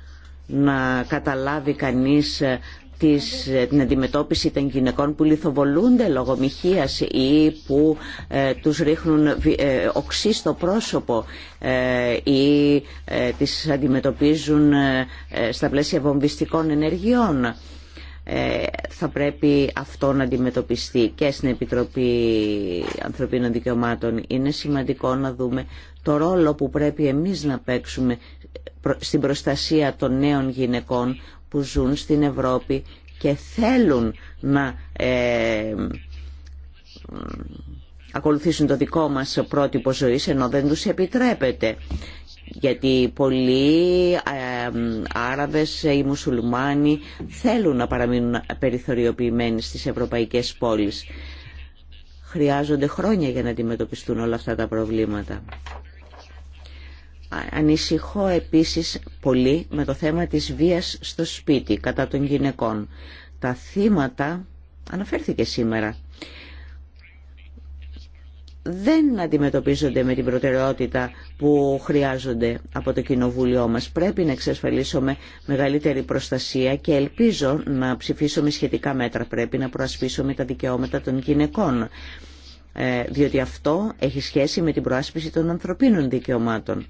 να καταλάβει κανείς ε, της, ε, την αντιμετώπιση των γυναικών που λιθοβολούνται λόγω ή που ε, τους ρίχνουν οξύ στο πρόσωπο ή τις αντιμετωπίζουν στα πλαίσια βομβιστικών ενεργειών. Ε, θα πρέπει αυτό να αντιμετωπιστεί και στην Επιτροπή Ανθρωπίνων Δικαιωμάτων. Είναι σημαντικό να δούμε το ρόλο που πρέπει εμείς να παίξουμε στην προστασία των νέων γυναικών που ζουν στην Ευρώπη και θέλουν να ε, ακολουθήσουν το δικό μας πρότυπο ζωής ενώ δεν τους επιτρέπεται γιατί πολλοί Άραβες ή Μουσουλμάνοι θέλουν να παραμείνουν περιθωριοποιημένοι στις ευρωπαϊκές πόλεις. Χρειάζονται χρόνια για να αντιμετωπιστούν όλα αυτά τα προβλήματα. Ανησυχώ επίσης πολύ με το θέμα της βίας στο σπίτι κατά των γυναικών. Τα θύματα αναφέρθηκε σήμερα δεν αντιμετωπίζονται με την προτεραιότητα που χρειάζονται από το Κοινοβούλιο μας. Πρέπει να εξασφαλίσουμε μεγαλύτερη προστασία και ελπίζω να ψηφίσουμε σχετικά μέτρα. Πρέπει να προασπίσουμε τα δικαιώματα των γυναικών, ε, διότι αυτό έχει σχέση με την προάσπιση των ανθρωπίνων δικαιωμάτων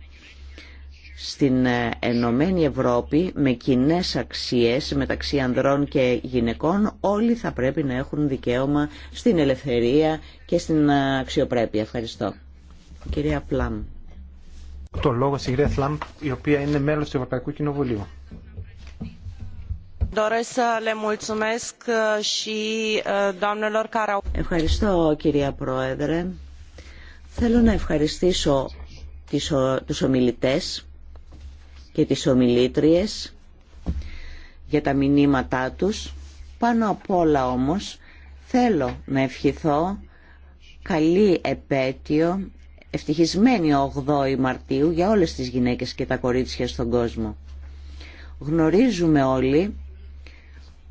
στην ε, Ενωμένη Ευρώπη με κοινέ αξίες μεταξύ ανδρών και γυναικών όλοι θα πρέπει να έχουν δικαίωμα στην ελευθερία και στην ε, αξιοπρέπεια. Ευχαριστώ. Κυρία Πλάμ. Το λόγο στην κυρία Πλάμ η οποία είναι μέλος του Ευρωπαϊκού Κοινοβουλίου. Ε, Ευχαριστώ κυρία Πρόεδρε. Θέλω να ευχαριστήσω τους ομιλητές και τις ομιλήτριες για τα μηνύματά τους. Πάνω απ' όλα όμως θέλω να ευχηθώ καλή επέτειο, ευτυχισμένη 8η Μαρτίου για όλες τις γυναίκες και τα κορίτσια στον κόσμο. Γνωρίζουμε όλοι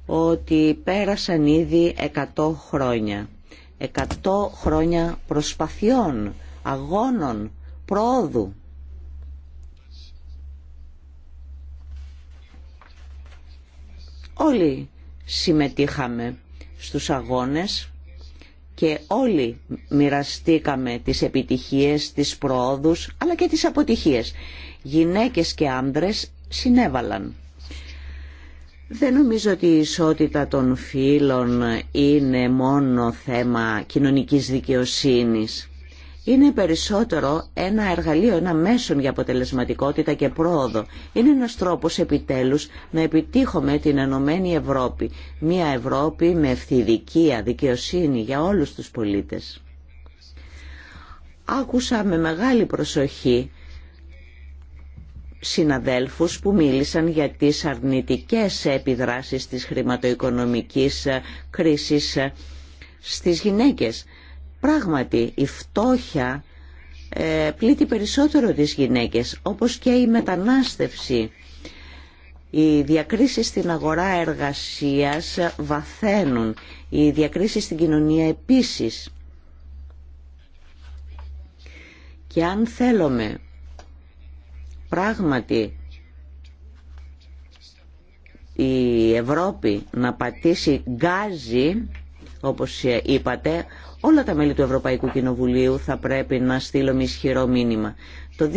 ότι πέρασαν ήδη 100 χρόνια. 100 χρόνια προσπαθειών, αγώνων, πρόοδου, Όλοι συμμετείχαμε στους αγώνες και όλοι μοιραστήκαμε τις επιτυχίες, τις προόδους αλλά και τις αποτυχίες. Γυναίκες και άνδρες συνέβαλαν. Δεν νομίζω ότι η ισότητα των φύλων είναι μόνο θέμα κοινωνικής δικαιοσύνης είναι περισσότερο ένα εργαλείο, ένα μέσον για αποτελεσματικότητα και πρόοδο. Είναι ένας τρόπος επιτέλους να επιτύχουμε την Ενωμένη Ευρώπη. Μια Ευρώπη με ευθυδικία, δικαιοσύνη για όλους τους πολίτες. Άκουσα με μεγάλη προσοχή συναδέλφους που μίλησαν για τις αρνητικές επιδράσεις της χρηματοοικονομικής κρίσης στις γυναίκες Πράγματι, η φτώχεια ε, πλήττει περισσότερο τις γυναίκες, όπως και η μετανάστευση. Οι διακρίσεις στην αγορά εργασίας βαθαίνουν, οι διακρίσεις στην κοινωνία επίσης. Και αν θέλουμε πράγματι η Ευρώπη να πατήσει γκάζι, όπως είπατε, όλα τα μέλη του Ευρωπαϊκού Κοινοβουλίου θα πρέπει να στείλουμε ισχυρό μήνυμα. Το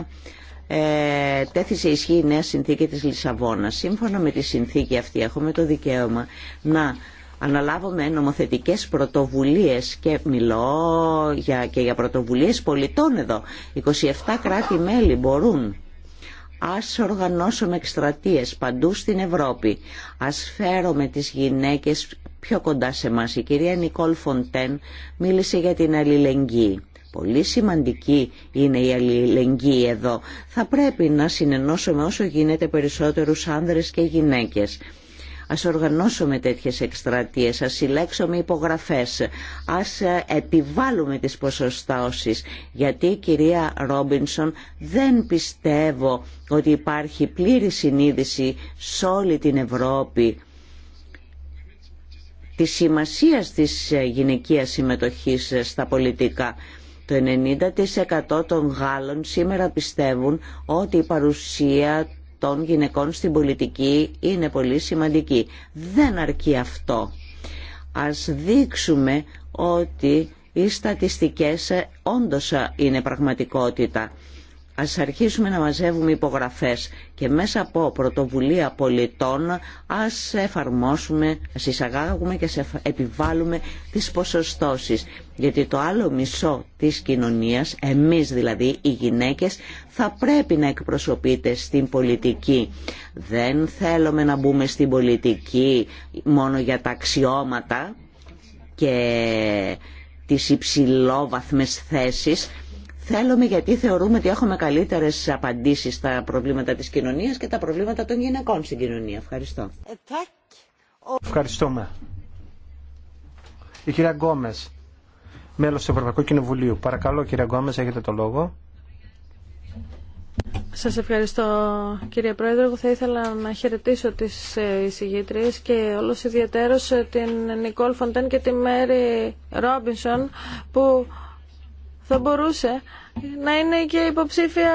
2009 ε, τέθησε ισχύ η νέα συνθήκη της Λισαβόνας. Σύμφωνα με τη συνθήκη αυτή έχουμε το δικαίωμα να αναλάβουμε νομοθετικές πρωτοβουλίες και μιλώ για, και για πρωτοβουλίες πολιτών εδώ. 27 κράτη-μέλη μπορούν. Ας οργανώσουμε εκστρατείες παντού στην Ευρώπη. Ας φέρουμε τις γυναίκες πιο κοντά σε μας. Η κυρία Νικόλ Φοντέν μίλησε για την αλληλεγγύη. Πολύ σημαντική είναι η αλληλεγγύη εδώ. Θα πρέπει να συνενώσουμε όσο γίνεται περισσότερους άνδρες και γυναίκες. Ας οργανώσουμε τέτοιες εκστρατείες, ας συλλέξουμε υπογραφές, ας ε, επιβάλλουμε τις ποσοστάωσεις. Γιατί, κυρία Ρόμπινσον, δεν πιστεύω ότι υπάρχει πλήρη συνείδηση σε όλη την Ευρώπη τη σημασία της γυναικείας συμμετοχής στα πολιτικά. Το 90% των Γάλλων σήμερα πιστεύουν ότι η παρουσία των γυναικών στην πολιτική είναι πολύ σημαντική. Δεν αρκεί αυτό. Ας δείξουμε ότι οι στατιστικές όντως είναι πραγματικότητα. Ας αρχίσουμε να μαζεύουμε υπογραφές και μέσα από πρωτοβουλία πολιτών ας εφαρμόσουμε, ας εισαγάγουμε και ας επιβάλλουμε τις ποσοστώσεις. Γιατί το άλλο μισό της κοινωνίας, εμείς δηλαδή οι γυναίκες, θα πρέπει να εκπροσωπείται στην πολιτική. Δεν θέλουμε να μπούμε στην πολιτική μόνο για τα αξιώματα και τις υψηλόβαθμες θέσεις θέλουμε γιατί θεωρούμε ότι έχουμε καλύτερες απαντήσεις στα προβλήματα της κοινωνίας και τα προβλήματα των γυναικών στην κοινωνία. Ευχαριστώ. Ευχαριστούμε. Η κυρία Γκόμες, μέλος του Ευρωπαϊκού Κοινοβουλίου. Παρακαλώ κυρία Γκόμες, έχετε το λόγο. Σας ευχαριστώ κύριε Πρόεδρε. θα ήθελα να χαιρετήσω τις ε, εισηγήτριες και όλο ιδιαίτερος ε, την Νικόλ Φοντέν και τη μέρη Ρόμπινσον που θα μπορούσε να είναι και υποψήφια,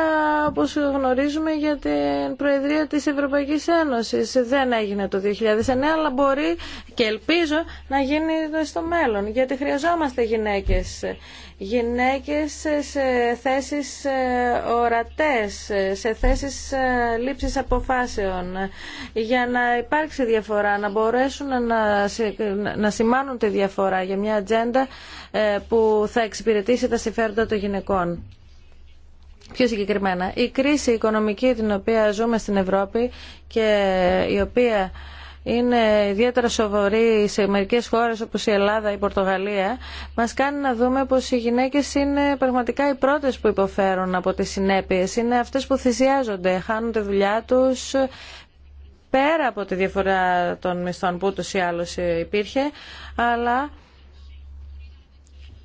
όπως γνωρίζουμε, για την Προεδρία της Ευρωπαϊκής Ένωσης. Δεν έγινε το 2009, αλλά μπορεί και ελπίζω να γίνει στο μέλλον, γιατί χρειαζόμαστε γυναίκες γυναίκες σε θέσεις ε, ορατές, σε θέσεις ε, λήψης αποφάσεων για να υπάρξει διαφορά, να μπορέσουν να σημάνουν τη διαφορά για μια ατζέντα ε, που θα εξυπηρετήσει τα συμφέροντα των γυναικών. Πιο συγκεκριμένα, η κρίση οικονομική την οποία ζούμε στην Ευρώπη και η οποία είναι ιδιαίτερα σοβαρή σε μερικές χώρες όπως η Ελλάδα, η Πορτογαλία, μας κάνει να δούμε πως οι γυναίκες είναι πραγματικά οι πρώτες που υποφέρουν από τις συνέπειες. Είναι αυτές που θυσιάζονται, χάνουν τη δουλειά τους, πέρα από τη διαφορά των μισθών που ούτως ή άλλως υπήρχε, αλλά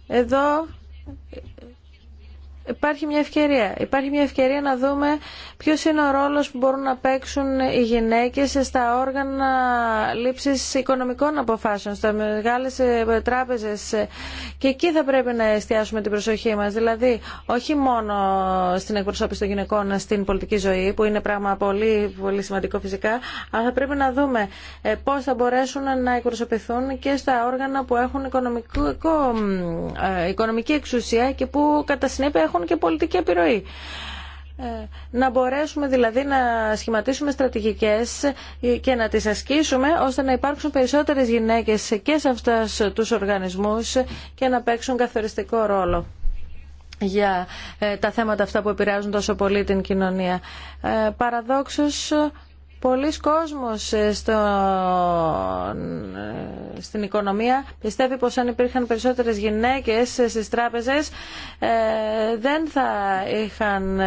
εδώ υπάρχει μια ευκαιρία. Υπάρχει μια ευκαιρία να δούμε ποιο είναι ο ρόλο που μπορούν να παίξουν οι γυναίκε στα όργανα λήψη οικονομικών αποφάσεων, στα μεγάλε τράπεζε και εκεί θα πρέπει να εστιάσουμε την προσοχή μα, Δηλαδή, όχι μόνο στην εκπροσώπηση των γυναικών στην πολιτική ζωή, που είναι πράγμα πολύ, πολύ σημαντικό φυσικά, αλλά θα πρέπει να δούμε ε, πώ θα μπορέσουν να εκπροσωπηθούν και στα όργανα που έχουν ε, οικονομική εξουσία και που κατά συνέπεια έχουν και πολιτική επιρροή. Ε, να μπορέσουμε δηλαδή να σχηματίσουμε στρατηγικές και να τις ασκήσουμε ώστε να υπάρξουν περισσότερες γυναίκες και σε αυτούς τους οργανισμούς και να παίξουν καθοριστικό ρόλο για ε, τα θέματα αυτά που επηρεάζουν τόσο πολύ την κοινωνία. Ε, παραδόξως Πολλοί κόσμος ε, στο... Ε, στην οικονομία πιστεύει πως αν υπήρχαν περισσότερες γυναίκες ε, στις τράπεζες δεν θα είχαν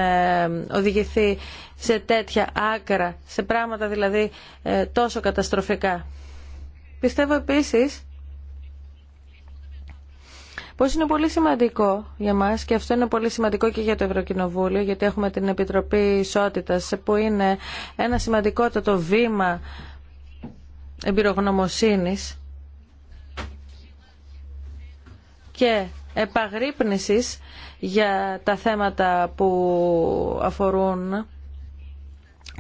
οδηγηθεί σε τέτοια άκρα, σε πράγματα δηλαδή τόσο καταστροφικά. Πιστεύω επίσης πως είναι πολύ σημαντικό για μας και αυτό είναι πολύ σημαντικό και για το Ευρωκοινοβούλιο γιατί έχουμε την Επιτροπή Ισότητας που είναι ένα σημαντικότατο βήμα εμπειρογνωμοσύνης και επαγρύπνησης για τα θέματα που αφορούν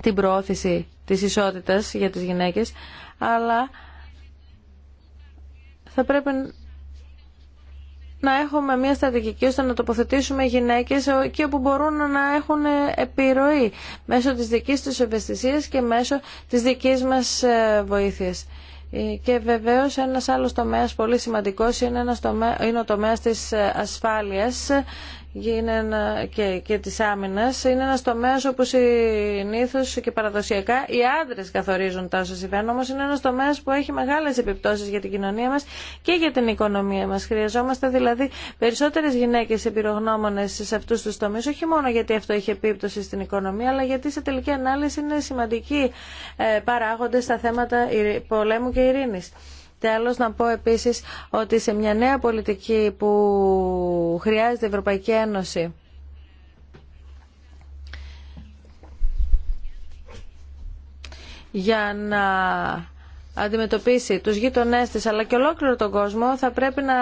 την προώθηση της ισότητας για τις γυναίκες αλλά θα πρέπει να έχουμε μια στρατηγική ώστε να τοποθετήσουμε γυναίκες εκεί όπου μπορούν να έχουν επιρροή μέσω της δικής τους ευαισθησίας και μέσω της δικής μας ε, βοήθειας. Ε, και βεβαίω ένα άλλο τομέα πολύ σημαντικό είναι, ένας είναι ο τομέα τη ε, ασφάλεια και, και της άμυνας είναι ένας τομέας όπου συνήθω και παραδοσιακά οι άντρες καθορίζουν τα όσα συμβαίνουν όμως είναι ένας τομέας που έχει μεγάλες επιπτώσεις για την κοινωνία μας και για την οικονομία μας χρειαζόμαστε δηλαδή περισσότερες γυναίκες επιρογνώμονες σε αυτούς τους τομείς όχι μόνο γιατί αυτό έχει επίπτωση στην οικονομία αλλά γιατί σε τελική ανάλυση είναι σημαντικοί ε, παράγοντες στα θέματα πολέμου και ειρήνης Τέλος, να πω επίσης ότι σε μια νέα πολιτική που χρειάζεται η Ευρωπαϊκή Ένωση για να αντιμετωπίσει τους γείτονές της αλλά και ολόκληρο τον κόσμο θα πρέπει να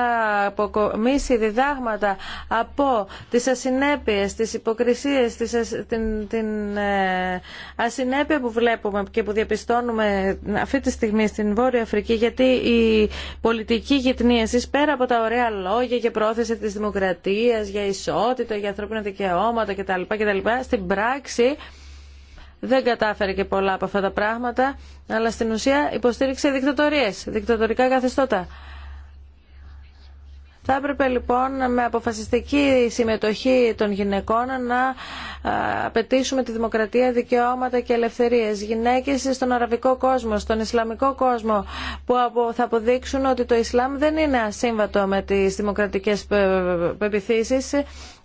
αποκομίσει διδάγματα από τις ασυνέπειες, τις υποκρισίες, τις την, την ε, ασυνέπεια που βλέπουμε και που διαπιστώνουμε αυτή τη στιγμή στην Βόρεια Αφρική γιατί η πολιτική γυτνίαση πέρα από τα ωραία λόγια για πρόθεση της δημοκρατίας, για ισότητα, για ανθρώπινα δικαιώματα κτλ στην πράξη δεν κατάφερε και πολλά από αυτά τα πράγματα, αλλά στην ουσία υποστήριξε δικτατορίες, δικτατορικά καθεστώτα. Θα έπρεπε λοιπόν με αποφασιστική συμμετοχή των γυναικών να απαιτήσουμε τη δημοκρατία, δικαιώματα και ελευθερίες. Γυναίκες στον αραβικό κόσμο, στον ισλαμικό κόσμο που θα αποδείξουν ότι το Ισλάμ δεν είναι ασύμβατο με τις δημοκρατικές πεπιθήσεις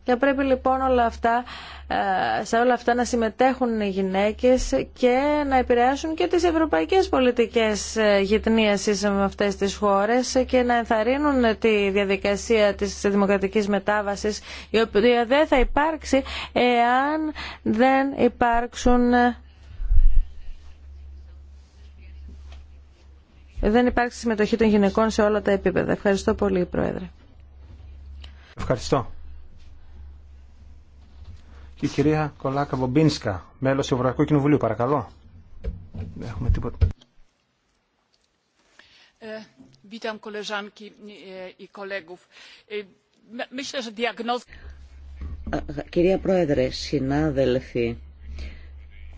θα πρέπει λοιπόν όλα αυτά, ε, σε όλα αυτά να συμμετέχουν οι γυναίκες και να επηρεάσουν και τις ευρωπαϊκές πολιτικές ε, γυτνίασης με αυτές τις χώρες και να ενθαρρύνουν τη διαδικασία της δημοκρατικής μετάβασης η οποία δεν θα υπάρξει εάν δεν υπάρξουν ε, δεν υπάρξει συμμετοχή των γυναικών σε όλα τα επίπεδα. Ευχαριστώ πολύ, Πρόεδρε. Ευχαριστώ η κυρία Κολάκα Βομπίνσκα, μέλος του Ευρωπαϊκού Κοινοβουλίου. Παρακαλώ. Δεν έχουμε τίποτα. Ε, ε, ε, κυρία Πρόεδρε, συνάδελφοι,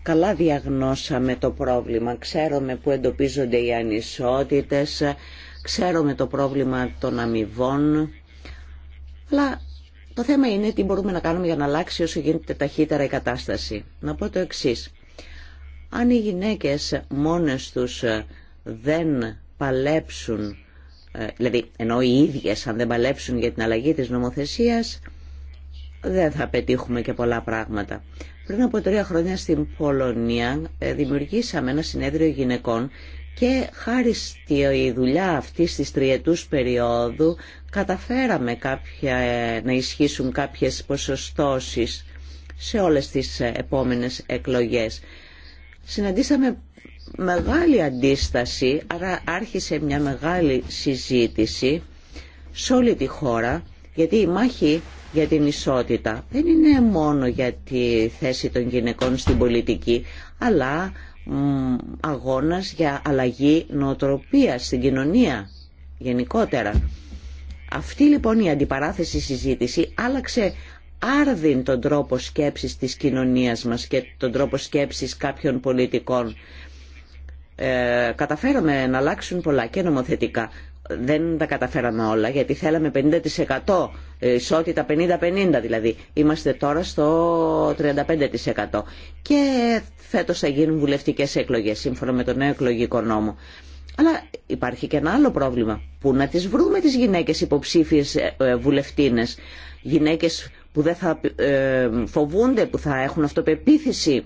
καλά διαγνώσαμε το πρόβλημα. Ξέρουμε που εντοπίζονται οι ανισότητες, ξέρουμε το πρόβλημα των αμοιβών, αλλά το θέμα είναι τι μπορούμε να κάνουμε για να αλλάξει όσο γίνεται ταχύτερα η κατάσταση. Να πω το εξή. Αν οι γυναίκες μόνες τους ε, δεν παλέψουν, ε, δηλαδή ενώ οι ίδιες αν δεν παλέψουν για την αλλαγή της νομοθεσίας, δεν θα πετύχουμε και πολλά πράγματα. Πριν από τρία χρόνια στην Πολωνία ε, δημιουργήσαμε ένα συνέδριο γυναικών και χάρη στη δουλειά αυτή τη τριετούς περίοδου καταφέραμε κάποια, να ισχύσουν κάποιες ποσοστώσεις σε όλες τις επόμενες εκλογές. Συναντήσαμε μεγάλη αντίσταση, άρα άρχισε μια μεγάλη συζήτηση σε όλη τη χώρα, γιατί η μάχη για την ισότητα δεν είναι μόνο για τη θέση των γυναικών στην πολιτική, αλλά αγώνας για αλλαγή νοοτροπίας στην κοινωνία γενικότερα. Αυτή λοιπόν η αντιπαράθεση συζήτηση άλλαξε άρδιν τον τρόπο σκέψης της κοινωνίας μας και τον τρόπο σκέψης κάποιων πολιτικών. Ε, καταφέραμε να αλλάξουν πολλά και νομοθετικά. Δεν τα καταφέραμε όλα γιατί θέλαμε 50% ισότητα 50-50 δηλαδή. Είμαστε τώρα στο 35% και φέτος θα γίνουν βουλευτικές εκλογές σύμφωνα με τον νέο εκλογικό νόμο. Αλλά υπάρχει και ένα άλλο πρόβλημα. Πού να τις βρούμε τις γυναίκες υποψήφιες ε, ε, βουλευτίνες. Γυναίκες που δεν θα ε, φοβούνται, που θα έχουν αυτοπεποίθηση,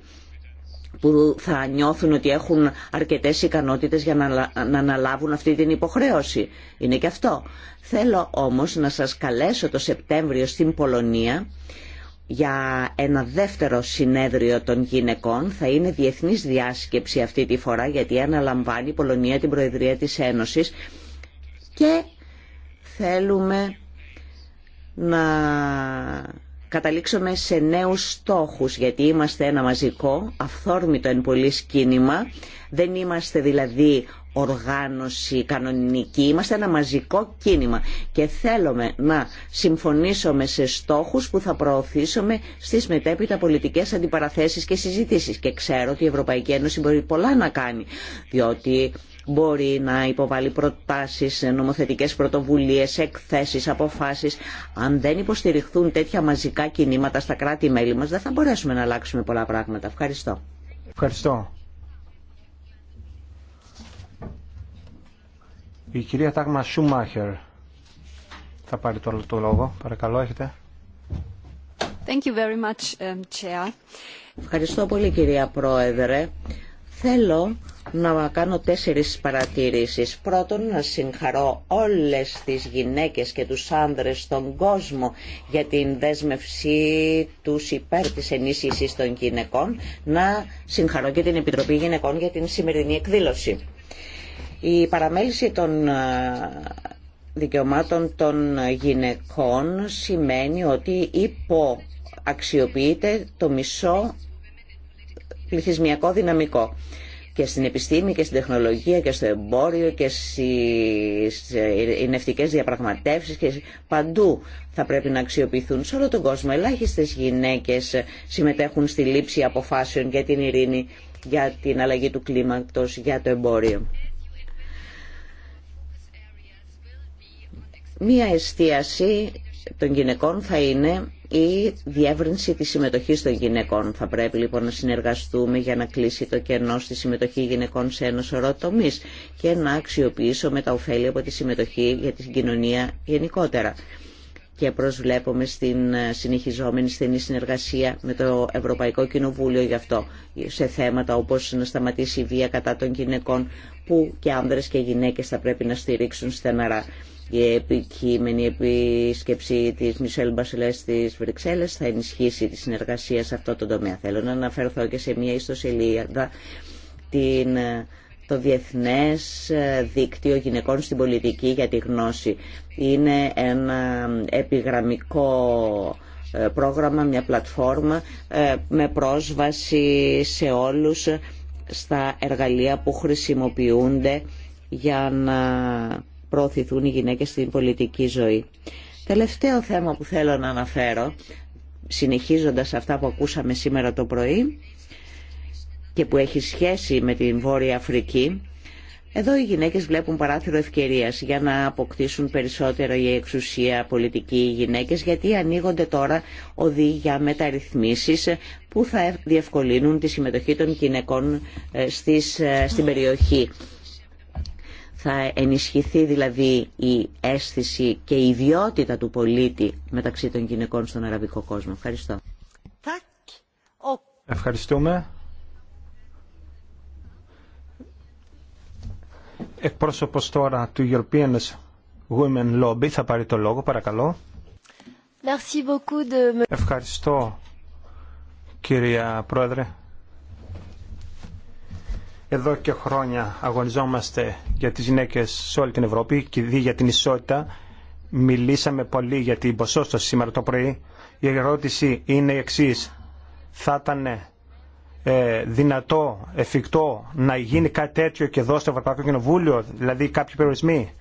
που θα νιώθουν ότι έχουν αρκετές ικανότητες για να αναλάβουν αυτή την υποχρέωση. Είναι και αυτό. Θέλω όμως να σας καλέσω το Σεπτέμβριο στην Πολωνία για ένα δεύτερο συνέδριο των γυναικών. Θα είναι διεθνής διάσκεψη αυτή τη φορά γιατί αναλαμβάνει η Πολωνία την Προεδρία της Ένωσης και θέλουμε να καταλήξουμε σε νέους στόχους, γιατί είμαστε ένα μαζικό, αυθόρμητο εν πολύ κίνημα, δεν είμαστε δηλαδή οργάνωση κανονική, είμαστε ένα μαζικό κίνημα και θέλουμε να συμφωνήσουμε σε στόχους που θα προωθήσουμε στις μετέπειτα πολιτικές αντιπαραθέσεις και συζητήσεις και ξέρω ότι η Ευρωπαϊκή Ένωση μπορεί πολλά να κάνει διότι μπορεί να υποβάλει προτάσεις, νομοθετικές πρωτοβουλίες, εκθέσεις, αποφάσεις. Αν δεν υποστηριχθούν τέτοια μαζικά κινήματα στα κράτη-μέλη μας, δεν θα μπορέσουμε να αλλάξουμε πολλά πράγματα. Ευχαριστώ. Ευχαριστώ. Η κυρία Τάγμα Σούμάχερ θα πάρει το, το λόγο. Παρακαλώ, έχετε. Thank you very much, um, Chair. Ευχαριστώ πολύ, κυρία Πρόεδρε. Θέλω να κάνω τέσσερις παρατηρήσεις. Πρώτον, να συγχαρώ όλες τις γυναίκες και τους άνδρες στον κόσμο για την δέσμευση τους υπέρ της ενίσχυσης των γυναικών. Να συγχαρώ και την Επιτροπή Γυναικών για την σημερινή εκδήλωση. Η παραμέληση των ε, δικαιωμάτων των γυναικών σημαίνει ότι υποαξιοποιείται το μισό πληθυσμιακό δυναμικό και στην επιστήμη και στην τεχνολογία και στο εμπόριο και στις ε, νευτικές διαπραγματεύσεις και παντού θα πρέπει να αξιοποιηθούν σε όλο τον κόσμο. Ελάχιστες γυναίκες συμμετέχουν στη λήψη αποφάσεων για την ειρήνη, για την αλλαγή του κλίματος, για το εμπόριο. Μία εστίαση των γυναικών θα είναι η διεύρυνση της συμμετοχής των γυναικών. Θα πρέπει λοιπόν να συνεργαστούμε για να κλείσει το κενό στη συμμετοχή γυναικών σε ένα σωρό τομείς και να αξιοποιήσουμε τα ωφέλη από τη συμμετοχή για την κοινωνία γενικότερα. Και προσβλέπουμε στην συνεχιζόμενη στενή συνεργασία με το Ευρωπαϊκό Κοινοβούλιο γι' αυτό σε θέματα όπως να σταματήσει η βία κατά των γυναικών που και άνδρες και γυναίκες θα πρέπει να στηρίξουν στεναρά. Η επικείμενη επίσκεψη της Μισελ Μπασιλέ στι Βρυξέλλες θα ενισχύσει τη συνεργασία σε αυτό το τομέα. Θέλω να αναφερθώ και σε μια ιστοσελίδα την, το Διεθνές Δίκτυο Γυναικών στην Πολιτική για τη Γνώση. Είναι ένα επιγραμμικό ε, πρόγραμμα, μια πλατφόρμα ε, με πρόσβαση σε όλους στα εργαλεία που χρησιμοποιούνται για να προωθηθούν οι γυναίκες στην πολιτική ζωή. Τελευταίο θέμα που θέλω να αναφέρω, συνεχίζοντας αυτά που ακούσαμε σήμερα το πρωί και που έχει σχέση με την Βόρεια Αφρική, εδώ οι γυναίκες βλέπουν παράθυρο ευκαιρίας για να αποκτήσουν περισσότερο η εξουσία πολιτική οι γυναίκες γιατί ανοίγονται τώρα οδοί για μεταρρυθμίσεις που θα διευκολύνουν τη συμμετοχή των γυναικών ε, ε, στην περιοχή θα ενισχυθεί δηλαδή η αίσθηση και η ιδιότητα του πολίτη μεταξύ των γυναικών στον αραβικό κόσμο. Ευχαριστώ. Ευχαριστούμε. Εκπρόσωπος τώρα του European Women Lobby θα πάρει το λόγο, παρακαλώ. Ευχαριστώ, κυρία Πρόεδρε. Εδώ και χρόνια αγωνιζόμαστε για τις γυναίκες σε όλη την Ευρώπη και δι για την ισότητα. Μιλήσαμε πολύ για την ποσόστοση σήμερα το πρωί. Η ερώτηση είναι η εξή. Θα ήταν ε, δυνατό, εφικτό να γίνει κάτι τέτοιο και εδώ στο Ευρωπαϊκό Κοινοβούλιο, δηλαδή κάποιοι περιορισμοί.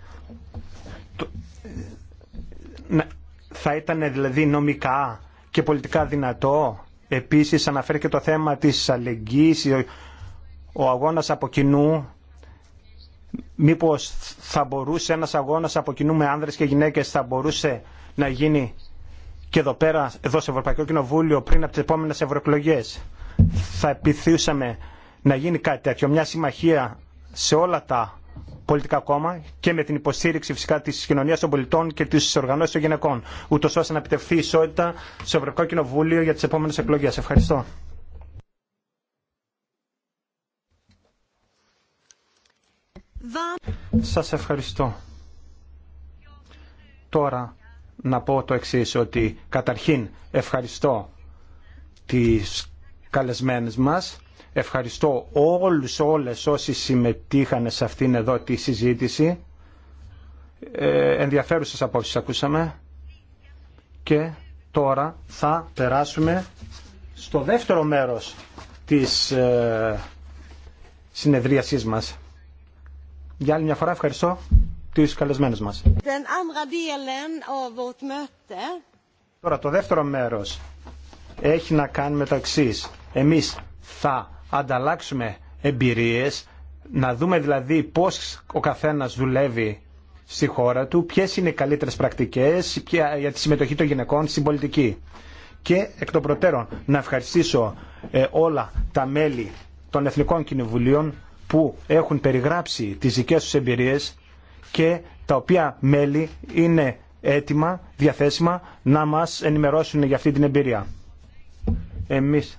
Ε, θα ήταν δηλαδή νομικά και πολιτικά δυνατό. Επίσης αναφέρει και το θέμα της αλληλεγγύης, ο αγώνας από κοινού μήπως θα μπορούσε ένας αγώνας από κοινού με άνδρες και γυναίκες θα μπορούσε να γίνει και εδώ πέρα, εδώ στο Ευρωπαϊκό Κοινοβούλιο πριν από τις επόμενες ευρωεκλογέ. Θα επιθύσαμε να γίνει κάτι τέτοιο, μια συμμαχία σε όλα τα πολιτικά κόμμα και με την υποστήριξη φυσικά της κοινωνία των πολιτών και της οργανώσει των γυναικών, ούτω ώστε να επιτευχθεί ισότητα στο Ευρωπαϊκό Κοινοβούλιο για τις επόμενες εκλογέ. Ευχαριστώ. Σας ευχαριστώ. Τώρα να πω το εξής, ότι καταρχήν ευχαριστώ τις καλεσμένες μας, ευχαριστώ όλους όλες όσοι συμμετείχαν σε αυτήν εδώ τη συζήτηση, ε, ενδιαφέρουσες απόψεις ακούσαμε και τώρα θα περάσουμε στο δεύτερο μέρος της ε, συνεδρίασής μας. Για άλλη μια φορά ευχαριστώ τους καλεσμένους μας. Τώρα το δεύτερο μέρος έχει να κάνει με το εξή. Εμείς θα ανταλλάξουμε εμπειρίες, να δούμε δηλαδή πώς ο καθένας δουλεύει στη χώρα του, ποιες είναι οι καλύτερες πρακτικές για τη συμμετοχή των γυναικών στην πολιτική. Και εκ των προτέρων να ευχαριστήσω ε, όλα τα μέλη των Εθνικών Κοινοβουλίων που έχουν περιγράψει τις δικές τους εμπειρίες και τα οποία μέλη είναι έτοιμα, διαθέσιμα να μας ενημερώσουν για αυτή την εμπειρία. Εμείς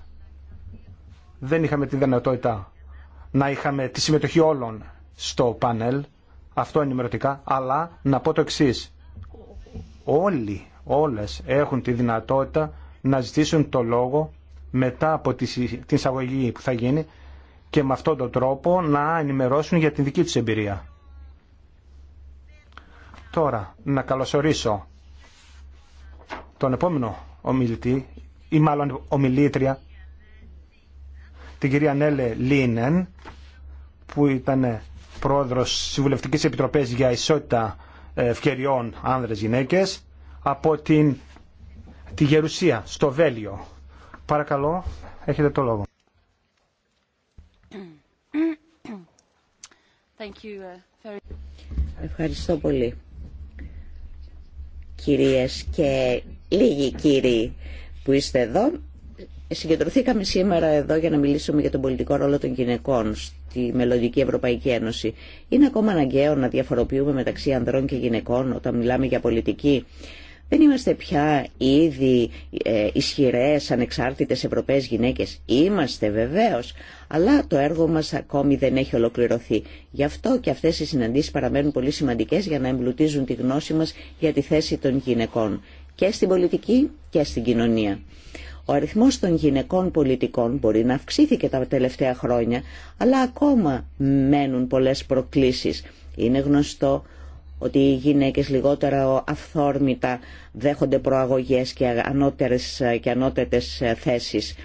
δεν είχαμε τη δυνατότητα να είχαμε τη συμμετοχή όλων στο πάνελ, αυτό ενημερωτικά, αλλά να πω το εξή. Όλοι, όλες έχουν τη δυνατότητα να ζητήσουν το λόγο μετά από την εισαγωγή που θα γίνει και με αυτόν τον τρόπο να ενημερώσουν για την δική τους εμπειρία. Τώρα, να καλωσορίσω τον επόμενο ομιλητή, ή μάλλον ομιλήτρια, την κυρία Νέλε Λίνεν, που ήταν πρόεδρος Συμβουλευτικής Επιτροπής για Ισότητα ε, Ευκαιριών Άνδρες-Γυναίκες, από την, τη Γερουσία, στο Βέλιο. Παρακαλώ, έχετε το λόγο. Uh, Ευχαριστώ πολύ. Κυρίες και λίγοι κύριοι που είστε εδώ, συγκεντρωθήκαμε σήμερα εδώ για να μιλήσουμε για τον πολιτικό ρόλο των γυναικών στη Μελλοντική Ευρωπαϊκή Ένωση. Είναι ακόμα αναγκαίο να διαφοροποιούμε μεταξύ ανδρών και γυναικών όταν μιλάμε για πολιτική δεν είμαστε πια ήδη ε, ισχυρές, ανεξάρτητες Ευρωπαίες γυναίκες. Είμαστε βεβαίως, αλλά το έργο μας ακόμη δεν έχει ολοκληρωθεί. Γι' αυτό και αυτές οι συναντήσεις παραμένουν πολύ σημαντικές για να εμπλουτίζουν τη γνώση μας για τη θέση των γυναικών και στην πολιτική και στην κοινωνία. Ο αριθμός των γυναικών πολιτικών μπορεί να αυξήθηκε τα τελευταία χρόνια, αλλά ακόμα μένουν πολλές προκλήσεις. Είναι γνωστό ότι οι γυναίκες λιγότερο αυθόρμητα δέχονται προαγωγές και ανώτερες και ανώτετες θέσεις.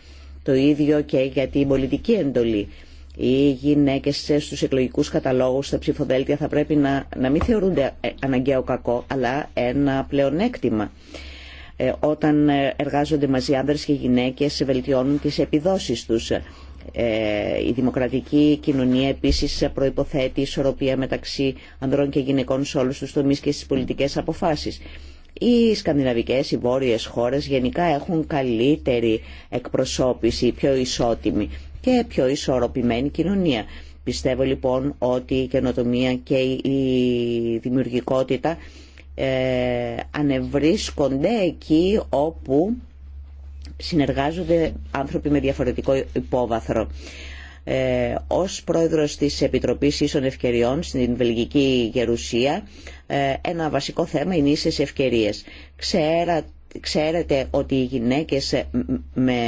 Το ίδιο και για την πολιτική εντολή. Οι γυναίκες στους εκλογικούς καταλόγους, στα ψηφοδέλτια θα πρέπει να, να μην θεωρούνται αναγκαίο κακό, αλλά ένα πλεονέκτημα. Ε, όταν εργάζονται μαζί άνδρες και γυναίκες βελτιώνουν τις επιδόσεις τους. Ε, η δημοκρατική κοινωνία επίσης προποθέτει ισορροπία μεταξύ ανδρών και γυναικών σε όλους του τομεί και στι πολιτικές αποφάσεις. Οι σκανδιναβικές, οι βόρειες χώρες γενικά έχουν καλύτερη εκπροσώπηση, πιο ισότιμη και πιο ισορροπημένη κοινωνία. Πιστεύω λοιπόν ότι η καινοτομία και η δημιουργικότητα ε, ανεβρίσκονται εκεί όπου συνεργάζονται άνθρωποι με διαφορετικό υπόβαθρο. Ε, ως πρόεδρος της Επιτροπής Ίσων Ευκαιριών στην Βελγική Γερουσία, ε, ένα βασικό θέμα είναι ίσες ευκαιρίες. ξέρετε ότι οι γυναίκες ε, με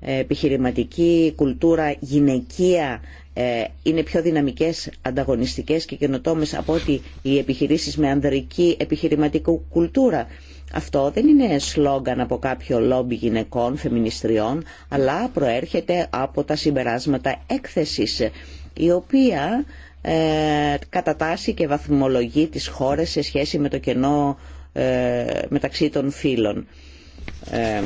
ε, επιχειρηματική κουλτούρα γυναικεία ε, είναι πιο δυναμικές, ανταγωνιστικές και καινοτόμες από ότι οι επιχειρήσεις με ανδρική επιχειρηματική κουλτούρα. Αυτό δεν είναι σλόγγαν από κάποιο λόμπι γυναικών, φεμινιστριών, αλλά προέρχεται από τα συμπεράσματα έκθεσης, η οποία ε, κατατάσσει και βαθμολογεί τις χώρες σε σχέση με το κενό ε, μεταξύ των φύλων. Ε,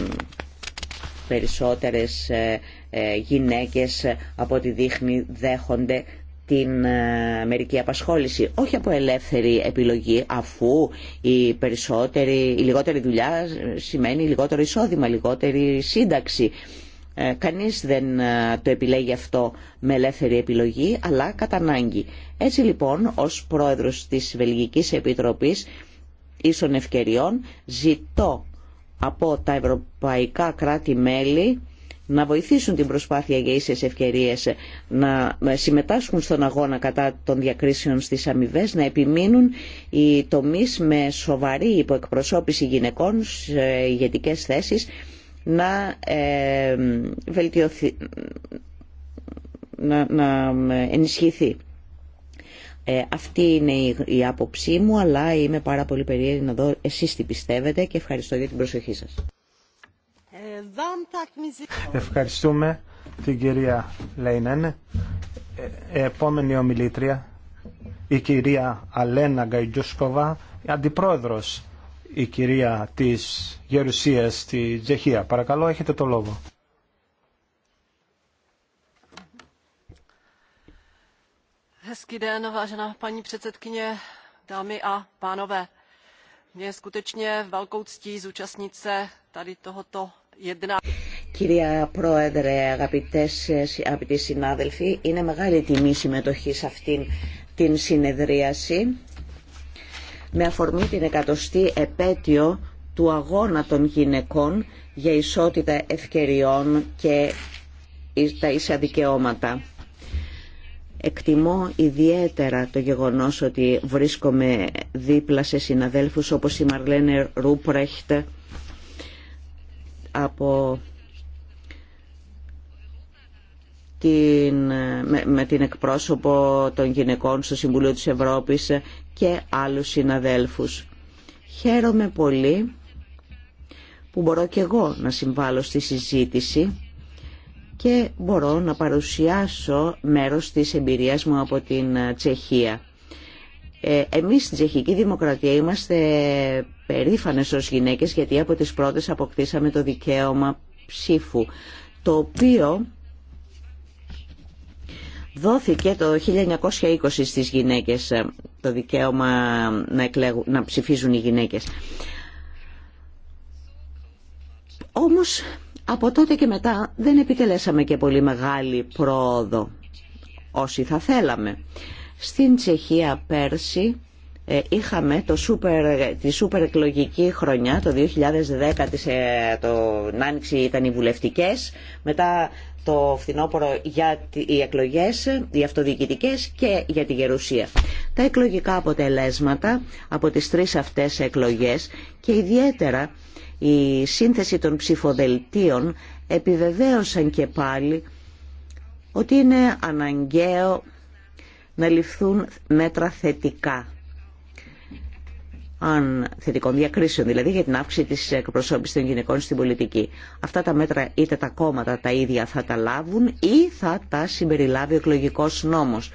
περισσότερες ε, ε, γυναίκες ε, από ό,τι δείχνει δέχονται την ε, μερική απασχόληση. Όχι από ελεύθερη επιλογή, αφού η, περισσότερη, η λιγότερη δουλειά σημαίνει λιγότερο εισόδημα, λιγότερη σύνταξη. Ε, κανείς δεν το επιλέγει αυτό με ελεύθερη επιλογή, αλλά κατά ανάγκη. Έτσι λοιπόν, ως πρόεδρος της Βελγικής Επιτροπής Ίσων Ευκαιριών, ζητώ από τα ευρωπαϊκά κράτη-μέλη να βοηθήσουν την προσπάθεια για ίσες ευκαιρίες, να συμμετάσχουν στον αγώνα κατά των διακρίσεων στις αμοιβέ, να επιμείνουν οι τομείς με σοβαρή υποεκπροσώπηση γυναικών σε ηγετικές θέσεις, να ε, να, ενισχυθεί. Ε, αυτή είναι η, η άποψή μου, αλλά είμαι πάρα πολύ περίεργη να δω εσείς τι πιστεύετε και ευχαριστώ για την προσοχή σας. Ευχαριστούμε την κυρία Λέινεν. Ε, επόμενη ομιλήτρια, η κυρία Αλένα Γκαϊτζούσκοβα, αντιπρόεδρος η κυρία της Γερουσίας στη Τσεχία. Παρακαλώ, έχετε το λόγο. Hezký den, vážená paní předsedkyně, dámy a pánové. Mě je skutečně velkou ctí zúčastnit se tady tohoto Κυρία Πρόεδρε, αγαπητές, αγαπητοί συνάδελφοι, είναι μεγάλη τιμή συμμετοχή σε αυτήν την συνεδρίαση με αφορμή την εκατοστή επέτειο του αγώνα των γυναικών για ισότητα ευκαιριών και τα ίσα δικαιώματα. Εκτιμώ ιδιαίτερα το γεγονός ότι βρίσκομαι δίπλα σε συναδέλφους όπως η Μαρλένε Ρούπρεχτ από την, με, με την εκπρόσωπο των γυναικών στο Συμβουλίο της Ευρώπης και άλλους συναδέλφους. Χαίρομαι πολύ που μπορώ και εγώ να συμβάλλω στη συζήτηση και μπορώ να παρουσιάσω μέρος της εμπειρίας μου από την Τσεχία. Ε, εμείς στην Τσεχική Δημοκρατία είμαστε περήφανες ως γυναίκες γιατί από τις πρώτες αποκτήσαμε το δικαίωμα ψήφου το οποίο δόθηκε το 1920 στις γυναίκες ε, το δικαίωμα να, εκλέγουν, να ψηφίζουν οι γυναίκες. Όμως από τότε και μετά δεν επιτελέσαμε και πολύ μεγάλη πρόοδο όσοι θα θέλαμε. Στην Τσεχία πέρσι ε, είχαμε το super, τη σούπερ εκλογική χρονιά το 2010 της, ε, το, την ήταν οι βουλευτικές μετά το φθινόπωρο για οι εκλογές, οι αυτοδιοικητικές και για τη γερουσία. Τα εκλογικά αποτελέσματα από τις τρεις αυτές εκλογές και ιδιαίτερα η σύνθεση των ψηφοδελτίων επιβεβαίωσαν και πάλι ότι είναι αναγκαίο να ληφθούν μέτρα θετικά αν θετικών διακρίσεων, δηλαδή για την αύξηση της εκπροσώπησης των γυναικών στην πολιτική. Αυτά τα μέτρα είτε τα κόμματα τα ίδια θα τα λάβουν ή θα τα συμπεριλάβει ο εκλογικό νόμος.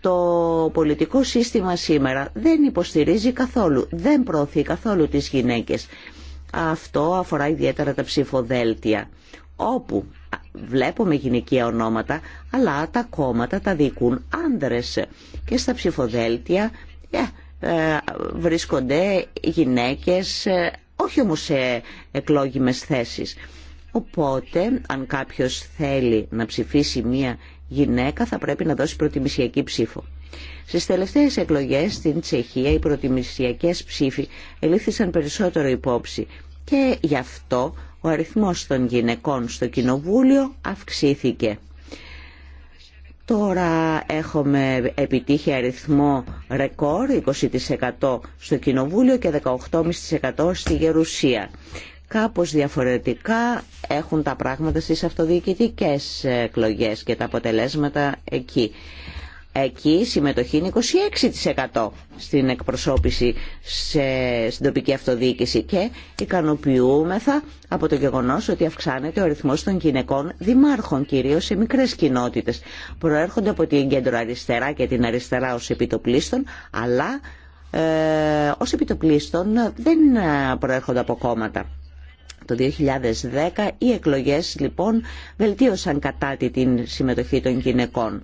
Το πολιτικό σύστημα σήμερα δεν υποστηρίζει καθόλου, δεν προωθεί καθόλου τις γυναίκες. Αυτό αφορά ιδιαίτερα τα ψηφοδέλτια, όπου βλέπουμε γυναικεία ονόματα, αλλά τα κόμματα τα δικούν άνδρες και στα ψηφοδέλτια ε, ε, βρίσκονται γυναίκες, ε, όχι όμως σε εκλόγιμες θέσεις. Οπότε, αν κάποιος θέλει να ψηφίσει μία γυναίκα, θα πρέπει να δώσει προτιμησιακή ψήφο. Στις τελευταίες εκλογές στην Τσεχία οι προτιμησιακές ψήφοι ελήφθησαν περισσότερο υπόψη και γι' αυτό ο αριθμός των γυναικών στο Κοινοβούλιο αυξήθηκε. Τώρα έχουμε επιτύχει αριθμό ρεκόρ 20% στο Κοινοβούλιο και 18,5% στη Γερουσία. Κάπως διαφορετικά έχουν τα πράγματα στις αυτοδιοικητικές εκλογές και τα αποτελέσματα εκεί. Εκεί η συμμετοχή είναι 26% στην εκπροσώπηση σε, στην τοπική αυτοδιοίκηση και ικανοποιούμεθα από το γεγονός ότι αυξάνεται ο αριθμός των γυναικών δημάρχων, κυρίως σε μικρές κοινότητες. Προέρχονται από την κέντρο αριστερά και την αριστερά ως επιτοπλίστων, αλλά ε, ως επιτοπλίστων δεν προέρχονται από κόμματα. Το 2010 οι εκλογές λοιπόν βελτίωσαν κατά τη την συμμετοχή των γυναικών.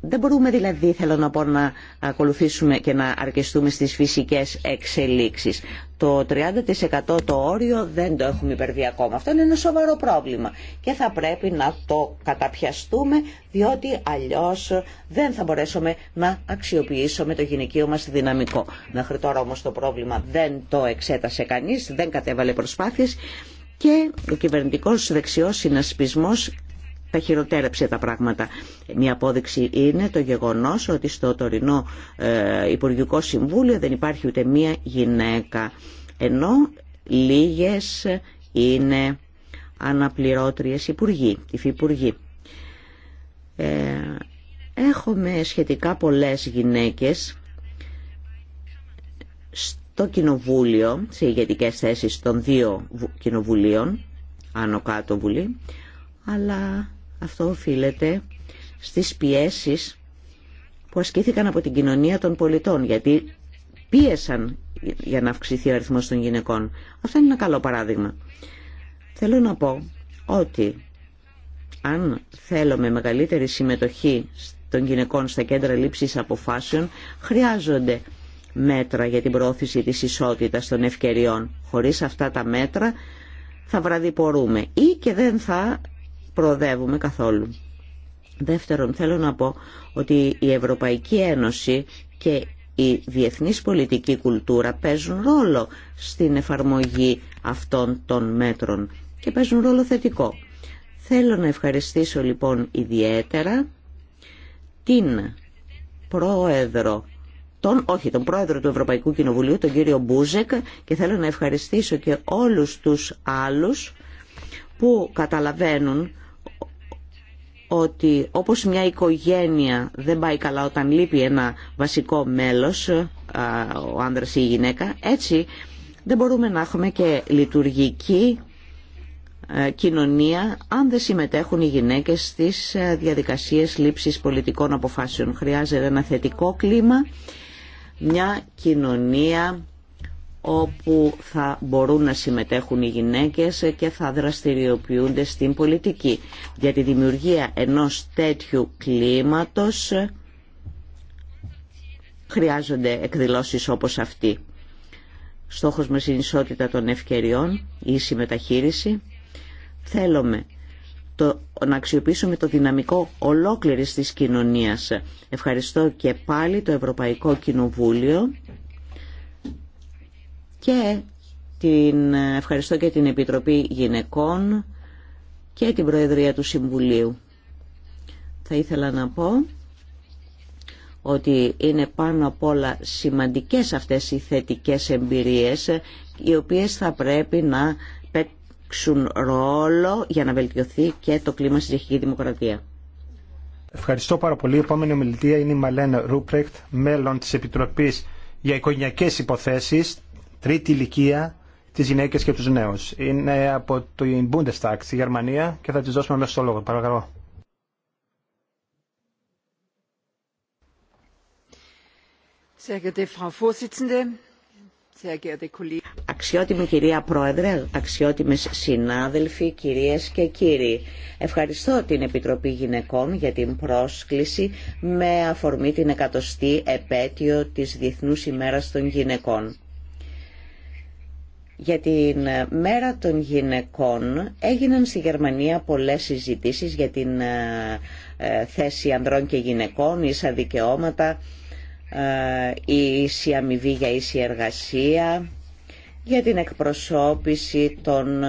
Δεν μπορούμε δηλαδή, θέλω να πω, να ακολουθήσουμε και να αρκεστούμε στις φυσικές εξελίξεις. Το 30% το όριο δεν το έχουμε υπερβεί ακόμα. Αυτό είναι ένα σοβαρό πρόβλημα και θα πρέπει να το καταπιαστούμε διότι αλλιώς δεν θα μπορέσουμε να αξιοποιήσουμε το γυναικείο μας δυναμικό. Μέχρι τώρα όμως το πρόβλημα δεν το εξέτασε κανείς, δεν κατέβαλε προσπάθειες και ο κυβερνητικός δεξιός συνασπισμός τα χειροτέρεψε τα πράγματα. Μια απόδειξη είναι το γεγονός ότι στο τωρινό ε, Υπουργικό Συμβούλιο δεν υπάρχει ούτε μία γυναίκα, ενώ λίγες είναι αναπληρώτριες υπουργοί, υφυπουργοί. Ε, έχουμε σχετικά πολλές γυναίκες στο κοινοβούλιο, σε ηγετικές θέσεις των δύο κοινοβουλίων, άνω κάτω βουλή, αλλά αυτό οφείλεται στις πιέσεις που ασκήθηκαν από την κοινωνία των πολιτών, γιατί πίεσαν για να αυξηθεί ο αριθμός των γυναικών. Αυτό είναι ένα καλό παράδειγμα. Θέλω να πω ότι αν θέλουμε μεγαλύτερη συμμετοχή των γυναικών στα κέντρα λήψης αποφάσεων, χρειάζονται μέτρα για την πρόθεση της ισότητας των ευκαιριών. Χωρίς αυτά τα μέτρα θα βραδιπορούμε ή και δεν θα προοδεύουμε καθόλου. Δεύτερον, θέλω να πω ότι η Ευρωπαϊκή Ένωση και η διεθνής πολιτική κουλτούρα παίζουν ρόλο στην εφαρμογή αυτών των μέτρων και παίζουν ρόλο θετικό. Θέλω να ευχαριστήσω λοιπόν ιδιαίτερα την πρόεδρο τον, όχι, τον πρόεδρο του Ευρωπαϊκού Κοινοβουλίου, τον κύριο Μπούζεκ και θέλω να ευχαριστήσω και όλους τους άλλους που καταλαβαίνουν ότι όπως μια οικογένεια δεν πάει καλά όταν λείπει ένα βασικό μέλος, ο άνδρας ή η γυναίκα, έτσι δεν μπορούμε να έχουμε και λειτουργική ε, κοινωνία αν δεν συμμετέχουν οι γυναίκες στις ε, διαδικασίες λήψης πολιτικών αποφάσεων. Χρειάζεται ένα θετικό κλίμα, μια κοινωνία όπου θα μπορούν να συμμετέχουν οι γυναίκες και θα δραστηριοποιούνται στην πολιτική. Για τη δημιουργία ενός τέτοιου κλίματος χρειάζονται εκδηλώσεις όπως αυτή. Στόχος μας είναι η ισότητα των ευκαιριών, η ίση μεταχείριση. Θέλουμε το, να αξιοποιήσουμε το δυναμικό ολόκληρης της κοινωνίας. Ευχαριστώ και πάλι το Ευρωπαϊκό Κοινοβούλιο και την ευχαριστώ και την Επιτροπή Γυναικών και την Προεδρία του Συμβουλίου. Θα ήθελα να πω ότι είναι πάνω απ' όλα σημαντικές αυτές οι θετικές εμπειρίες οι οποίες θα πρέπει να παίξουν ρόλο για να βελτιωθεί και το κλίμα στη ζεχική Δημοκρατία. Ευχαριστώ πάρα πολύ. Η επόμενη ομιλητία είναι η Μαλένα Ρούπρεκτ, μέλον της Επιτροπής για Οικογενειακές Υποθέσεις τρίτη ηλικία τι γυναίκε και του νέους. Είναι από το Bundestag στη Γερμανία και θα τη δώσουμε μέσα στο λόγο. Παρακαλώ. Αξιότιμη κυρία Πρόεδρε, αξιότιμες συνάδελφοι, κυρίες και κύριοι. Ευχαριστώ την Επιτροπή Γυναικών για την πρόσκληση με αφορμή την εκατοστή επέτειο της Διεθνούς ημέρας των Γυναικών. Για την ε, μέρα των γυναικών έγιναν στη Γερμανία πολλές συζητήσεις για την ε, ε, θέση ανδρών και γυναικών, ίσα δικαιώματα, ίση αμοιβή για ίση εργασία, για την εκπροσώπηση των,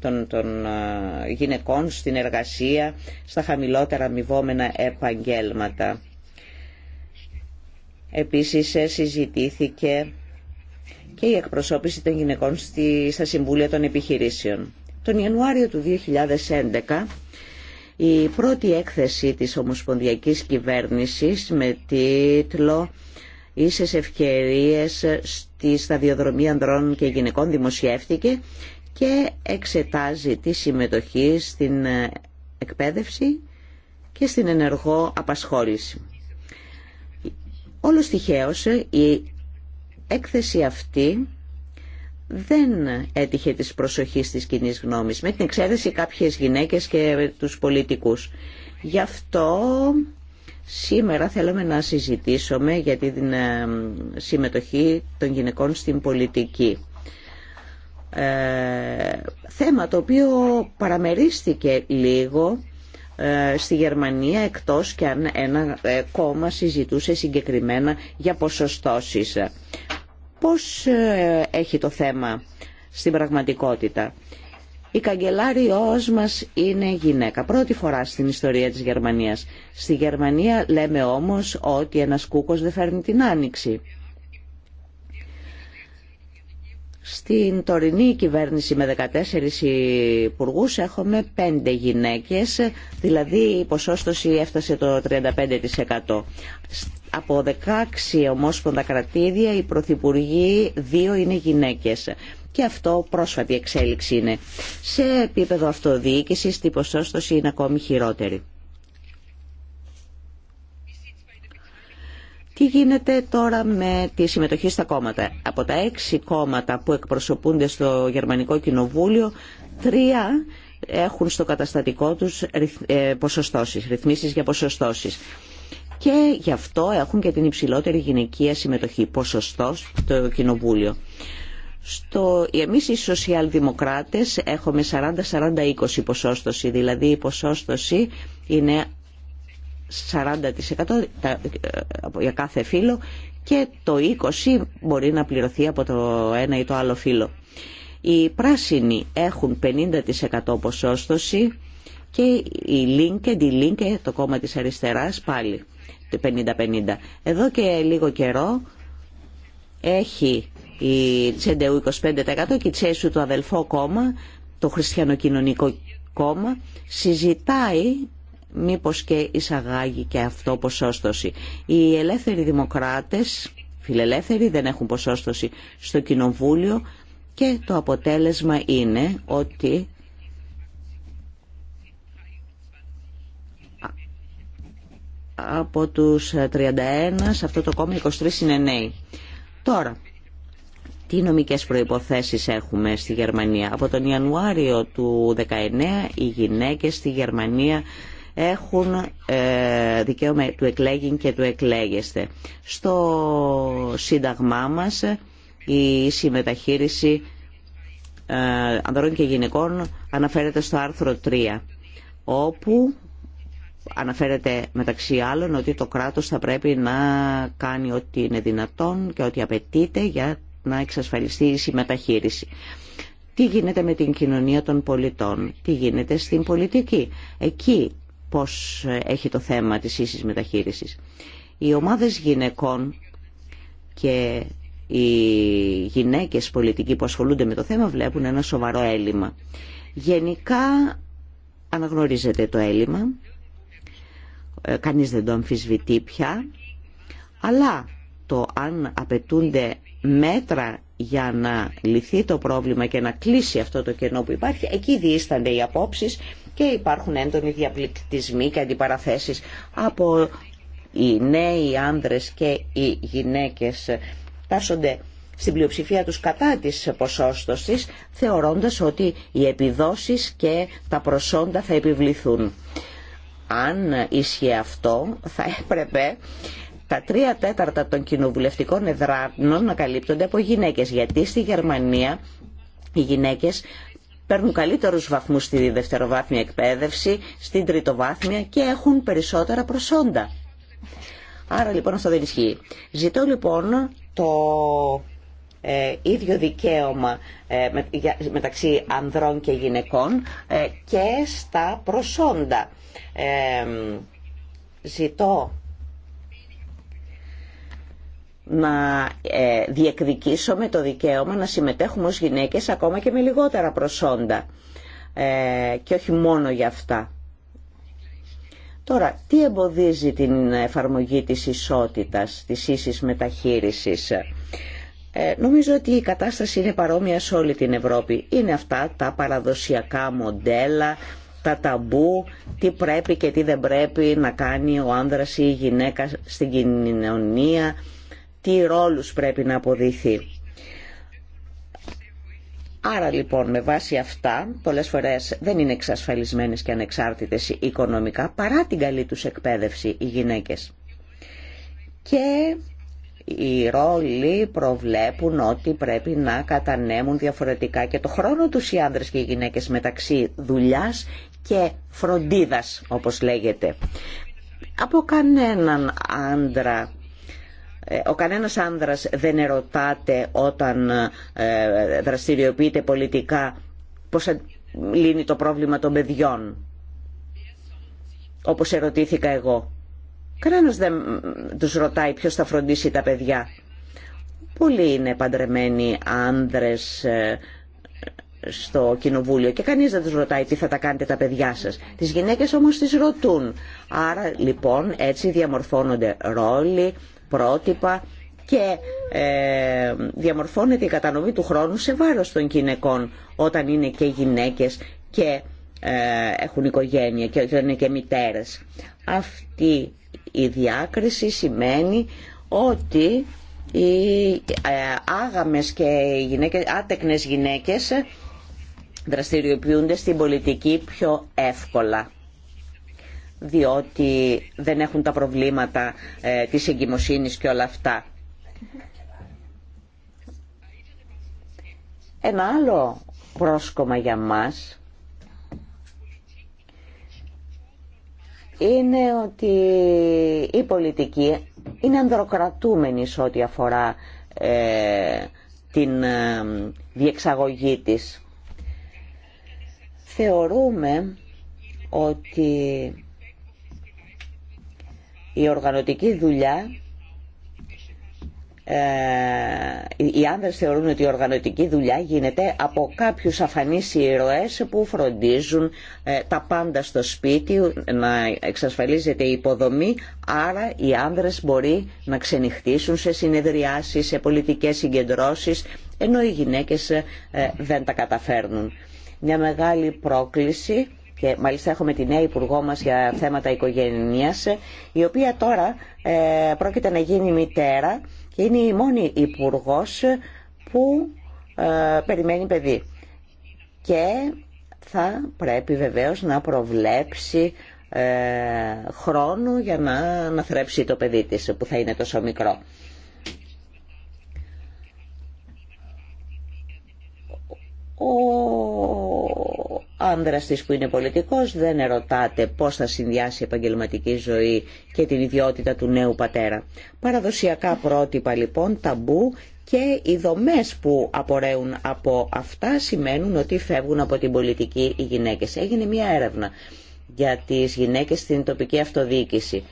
των, των γυναικών στην εργασία, στα χαμηλότερα αμοιβόμενα επαγγέλματα. Επίσης συζητήθηκε και η εκπροσώπηση των γυναικών στα Συμβούλια των Επιχειρήσεων. Τον Ιανουάριο του 2011 η πρώτη έκθεση της Ομοσπονδιακής Κυβέρνησης με τίτλο «Ίσες ευκαιρίες στη Σταδιοδρομή ανδρών και γυναικών» δημοσιεύτηκε και εξετάζει τη συμμετοχή στην εκπαίδευση και στην ενεργό απασχόληση. Όλος τυχαίως η έκθεση αυτή δεν έτυχε της προσοχής της κοινή γνώμης, με την εξαίρεση κάποιες γυναίκες και τους πολιτικούς. Γι' αυτό σήμερα θέλουμε να συζητήσουμε για την ε, συμμετοχή των γυναικών στην πολιτική. Ε, θέμα το οποίο παραμερίστηκε λίγο ε, στη Γερμανία εκτός και αν ένα ε, κόμμα συζητούσε συγκεκριμένα για ποσοστώσεις. Πώς ε, έχει το θέμα στην πραγματικότητα. Η καγκελάριος μας είναι γυναίκα. Πρώτη φορά στην ιστορία της Γερμανίας. Στη Γερμανία λέμε όμως ότι ένας κούκος δεν φέρνει την άνοιξη. Στην τωρινή κυβέρνηση με 14 υπουργού έχουμε 5 γυναίκες, δηλαδή η ποσόστοση έφτασε το 35%. Από 16 ομόσπονδα κρατήδια οι πρωθυπουργοί 2 είναι γυναίκες. Και αυτό πρόσφατη εξέλιξη είναι. Σε επίπεδο αυτοδιοίκησης η ποσόστοση είναι ακόμη χειρότερη. Τι γίνεται τώρα με τη συμμετοχή στα κόμματα. Από τα έξι κόμματα που εκπροσωπούνται στο Γερμανικό Κοινοβούλιο, τρία έχουν στο καταστατικό τους ε, ποσοστώσεις, ρυθμίσεις για ποσοστώσεις. Και γι' αυτό έχουν και την υψηλότερη γυναικεία συμμετοχή, ποσοστό στο Κοινοβούλιο. Στο, εμείς οι σοσιαλδημοκράτες έχουμε 40-40-20 ποσόστοση, δηλαδή η ποσόστοση είναι 40% ε, για κάθε φύλλο και το 20% μπορεί να πληρωθεί από το ένα ή το άλλο φύλλο. Οι πράσινοι έχουν 50% ποσόστοση και η Λίνκε η Λίνκε, το κόμμα της αριστεράς πάλι το 50-50. Εδώ και λίγο καιρό έχει η Τσεντεού 25% και η Τσέσου το αδελφό κόμμα, το χριστιανοκοινωνικό κόμμα, συζητάει μήπως και εισαγάγει και αυτό ποσόστοση. Οι ελεύθεροι δημοκράτες, φιλελεύθεροι, δεν έχουν ποσόστοση στο Κοινοβούλιο και το αποτέλεσμα είναι ότι από τους 31 αυτό το κόμμα 23 είναι νέοι. Τώρα, τι νομικές προϋποθέσεις έχουμε στη Γερμανία. Από τον Ιανουάριο του 19 οι γυναίκες στη Γερμανία έχουν ε, δικαίωμα του εκλέγην και του εκλέγεστε. Στο Σύνταγμά μας η συμμεταχείριση ε, ανδρών και γυναικών αναφέρεται στο άρθρο 3 όπου αναφέρεται μεταξύ άλλων ότι το κράτος θα πρέπει να κάνει ό,τι είναι δυνατόν και ό,τι απαιτείται για να εξασφαλιστεί η συμμεταχείριση. Τι γίνεται με την κοινωνία των πολιτών, τι γίνεται στην πολιτική. Εκεί πώς έχει το θέμα της ίσης μεταχείρισης. Οι ομάδες γυναικών και οι γυναίκες πολιτικοί που ασχολούνται με το θέμα βλέπουν ένα σοβαρό έλλειμμα. Γενικά αναγνωρίζεται το έλλειμμα, ε, κανείς δεν το αμφισβητεί πια, αλλά το αν απαιτούνται μέτρα για να λυθεί το πρόβλημα και να κλείσει αυτό το κενό που υπάρχει, εκεί διήστανται οι απόψεις και υπάρχουν έντονοι διαπληκτισμοί και αντιπαραθέσεις από οι νέοι άνδρες και οι γυναίκες τάσσονται στην πλειοψηφία τους κατά της ποσόστοσης θεωρώντας ότι οι επιδόσεις και τα προσόντα θα επιβληθούν. Αν ίσχυε αυτό θα έπρεπε τα τρία τέταρτα των κοινοβουλευτικών εδράνων να καλύπτονται από γυναίκες γιατί στη Γερμανία οι γυναίκες παίρνουν καλύτερους βαθμούς στη δευτεροβάθμια εκπαίδευση, στην τριτοβάθμια και έχουν περισσότερα προσόντα. Άρα λοιπόν αυτό δεν ισχύει. Ζητώ λοιπόν το ε, ίδιο δικαίωμα ε, μεταξύ ανδρών και γυναικών ε, και στα προσόντα. Ε, ζητώ να ε, διεκδικήσουμε το δικαίωμα να συμμετέχουμε ως γυναίκες ακόμα και με λιγότερα προσόντα ε, και όχι μόνο για αυτά. Τώρα, τι εμποδίζει την εφαρμογή της ισότητας, της ίσης μεταχείρισης. Ε, νομίζω ότι η κατάσταση είναι παρόμοια σε όλη την Ευρώπη. Είναι αυτά τα παραδοσιακά μοντέλα, τα ταμπού, τι πρέπει και τι δεν πρέπει να κάνει ο άνδρας ή η γυναίκα στην κοινωνία, τι ρόλους πρέπει να αποδειχθεί. Άρα λοιπόν με βάση αυτά πολλές φορές δεν είναι εξασφαλισμένες και ανεξάρτητες οικονομικά παρά την καλή τους εκπαίδευση οι γυναίκες. Και οι ρόλοι προβλέπουν ότι πρέπει να κατανέμουν διαφορετικά και το χρόνο τους οι άνδρες και οι γυναίκες μεταξύ δουλειάς και φροντίδας όπως λέγεται. Από κανέναν άντρα ε, ο κανένας άνδρας δεν ερωτάται όταν ε, δραστηριοποιείται πολιτικά πώς λύνει το πρόβλημα των παιδιών, όπως ερωτήθηκα εγώ. Κανένας δεν τους ρωτάει ποιος θα φροντίσει τα παιδιά. Πολλοί είναι παντρεμένοι άνδρες ε, στο κοινοβούλιο και κανείς δεν τους ρωτάει τι θα τα κάνετε τα παιδιά σας. Τις γυναίκες όμως τις ρωτούν. Άρα λοιπόν έτσι διαμορφώνονται ρόλοι, πρότυπα και ε, διαμορφώνεται η κατανομή του χρόνου σε βάρος των γυναικών όταν είναι και γυναίκες και ε, έχουν οικογένεια και όταν είναι και μητέρες. Αυτή η διάκριση σημαίνει ότι οι ε, άγαμες και οι άτεκνες γυναίκες δραστηριοποιούνται στην πολιτική πιο εύκολα διότι δεν έχουν τα προβλήματα ε, της εγκυμοσύνης και όλα αυτά. Ένα άλλο πρόσκομα για μας είναι ότι η πολιτική είναι ανδροκρατούμενη σε ό,τι αφορά ε, την ε, διεξαγωγή της. Θεωρούμε ότι η οργανωτική δουλειά ε, οι άνδρες θεωρούν ότι η οργανωτική δουλειά γίνεται από κάποιους αφανείς ηρωές που φροντίζουν ε, τα πάντα στο σπίτι να εξασφαλίζεται η υποδομή άρα οι άνδρες μπορεί να ξενυχτήσουν σε συνεδριάσεις σε πολιτικές συγκεντρώσεις ενώ οι γυναίκες ε, δεν τα καταφέρνουν. Μια μεγάλη πρόκληση και μάλιστα έχουμε τη νέα Υπουργό μας για θέματα οικογένειας, η οποία τώρα ε, πρόκειται να γίνει μητέρα και είναι η μόνη υπουργό που ε, περιμένει παιδί. Και θα πρέπει βεβαίως να προβλέψει ε, χρόνο για να αναθρέψει το παιδί της που θα είναι τόσο μικρό. Ο άνδρας της που είναι πολιτικός δεν ερωτάται πώς θα συνδυάσει επαγγελματική ζωή και την ιδιότητα του νέου πατέρα. Παραδοσιακά πρότυπα λοιπόν, ταμπού και οι δομές που απορρέουν από αυτά σημαίνουν ότι φεύγουν από την πολιτική οι γυναίκες. Έγινε μια έρευνα για τις γυναίκες στην τοπική αυτοδιοίκηση.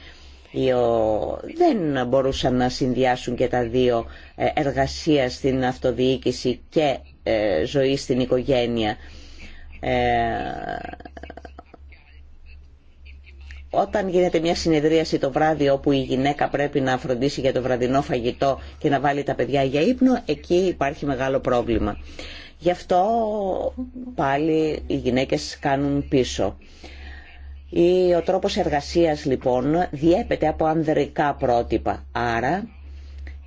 Δεν μπορούσαν να συνδυάσουν και τα δύο ε, εργασία στην αυτοδιοίκηση και ε, ζωή στην οικογένεια. Ε, όταν γίνεται μια συνεδρίαση το βράδυ όπου η γυναίκα πρέπει να φροντίσει για το βραδινό φαγητό και να βάλει τα παιδιά για ύπνο, εκεί υπάρχει μεγάλο πρόβλημα. Γι' αυτό πάλι οι γυναίκες κάνουν πίσω. Ο τρόπος εργασίας λοιπόν διέπεται από ανδρικά πρότυπα. Άρα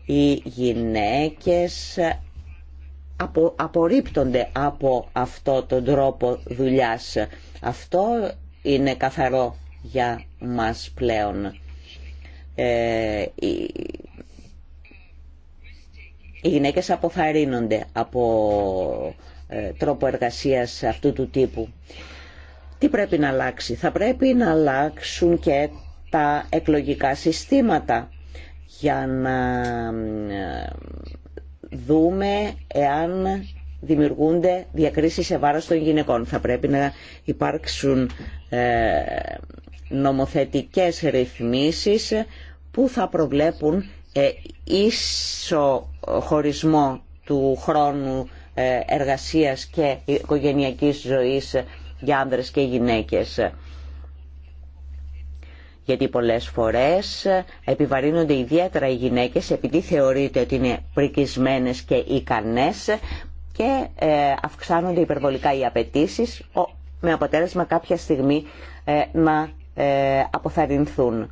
οι γυναίκες απο, απορρίπτονται από αυτό τον τρόπο δουλειάς. Αυτό είναι καθαρό για μας πλέον. Ε, οι, οι γυναίκες αποθαρρύνονται από ε, τρόπο εργασίας αυτού του τύπου. Τι πρέπει να αλλάξει. Θα πρέπει να αλλάξουν και τα εκλογικά συστήματα για να ε, δούμε εάν δημιουργούνται διακρίσεις σε βάρος των γυναικών. Θα πρέπει να υπάρξουν ε, νομοθετικές ρυθμίσεις που θα προβλέπουν ε, ίσο χωρισμό του χρόνου ε, εργασίας και οικογενειακής ζωής για άνδρες και γυναίκες γιατί πολλές φορές επιβαρύνονται ιδιαίτερα οι γυναίκες επειδή θεωρείται ότι είναι πρικισμένες και ικανές και ε, αυξάνονται υπερβολικά οι απαιτήσει με αποτέλεσμα κάποια στιγμή ε, να ε, αποθαρρυνθούν.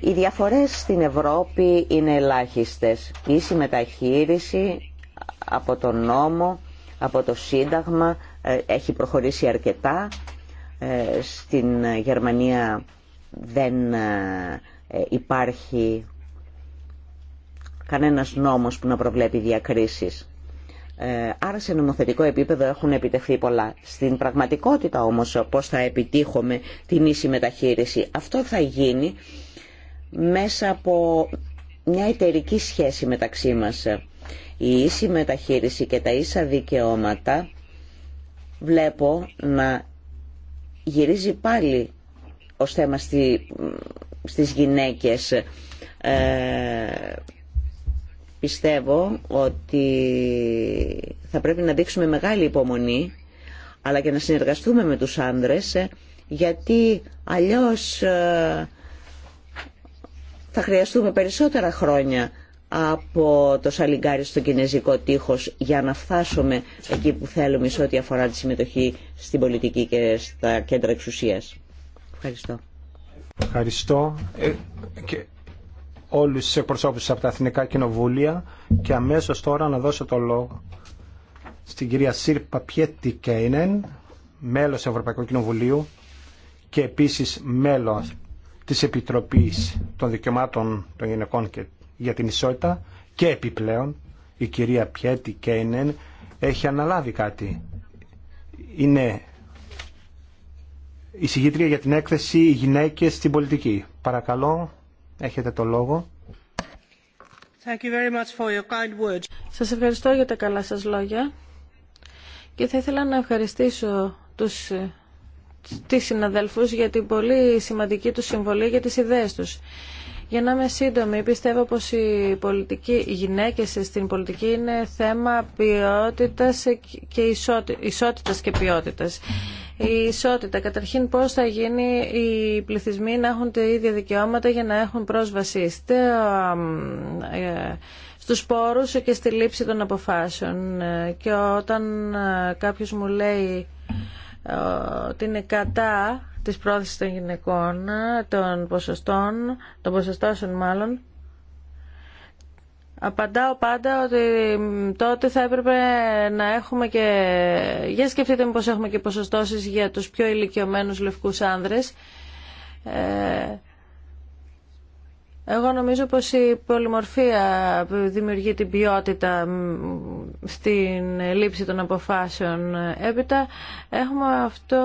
Οι διαφορές στην Ευρώπη είναι ελάχιστες. Η συμμεταχείριση από τον νόμο, από το Σύνταγμα έχει προχωρήσει αρκετά ε, στην Γερμανία δεν ε, ε, υπάρχει κανένας νόμος που να προβλέπει διακρίσεις. Άρα σε νομοθετικό επίπεδο έχουν επιτευχθεί πολλά. Στην πραγματικότητα όμως πώς θα επιτύχουμε την ίση μεταχείριση. Αυτό θα γίνει μέσα από μια εταιρική σχέση μεταξύ μας. Η ίση μεταχείριση και τα ίσα δικαιώματα βλέπω να γυρίζει πάλι ο θέμα στη, στις γυναίκες. Ε, πιστεύω ότι θα πρέπει να δείξουμε μεγάλη υπομονή αλλά και να συνεργαστούμε με τους άνδρες ε, γιατί αλλιώς ε, θα χρειαστούμε περισσότερα χρόνια από το σαλιγκάρι στο κινέζικο τείχος για να φτάσουμε εκεί που θέλουμε σε ό,τι αφορά τη συμμετοχή στην πολιτική και στα κέντρα εξουσίας. Ευχαριστώ. Ευχαριστώ ε, και όλους τους εκπροσώπους από τα Εθνικά Κοινοβούλια και αμέσως τώρα να δώσω το λόγο στην κυρία Σύρπα Πιέτη Κέινεν, μέλος Ευρωπαϊκού Κοινοβουλίου και επίσης μέλος της Επιτροπής των Δικαιωμάτων των Γυναικών και για την ισότητα και επιπλέον η κυρία Πιέτη Κέινεν έχει αναλάβει κάτι. Είναι η συγγήτρια για την έκθεση «Οι γυναίκες στην πολιτική». Παρακαλώ, έχετε το λόγο. Thank you very much for your kind words. Σας ευχαριστώ για τα καλά σας λόγια και θα ήθελα να ευχαριστήσω τους τις συναδέλφους για την πολύ σημαντική τους συμβολή για τις ιδέες τους. Για να είμαι σύντομη, πιστεύω πως η πολιτική, οι γυναίκες στην πολιτική είναι θέμα ποιότητας και ισότη, ισότητας και ποιότητας. Η ισότητα, καταρχήν πώς θα γίνει οι πληθυσμοί να έχουν τα ίδια δικαιώματα για να έχουν πρόσβαση ε, στους πόρους και στη λήψη των αποφάσεων. Και όταν ε, κάποιος μου λέει ε, ότι είναι κατά της πρόθεσης των γυναικών, των ποσοστών, των ποσοστώσεων μάλλον, Απαντάω πάντα ότι τότε θα έπρεπε να έχουμε και... Για σκεφτείτε μήπως έχουμε και ποσοστώσεις για τους πιο ηλικιωμένους λευκούς άνδρες. Ε, εγώ νομίζω πως η πολυμορφία δημιουργεί την ποιότητα στην λήψη των αποφάσεων. Έπειτα έχουμε αυτό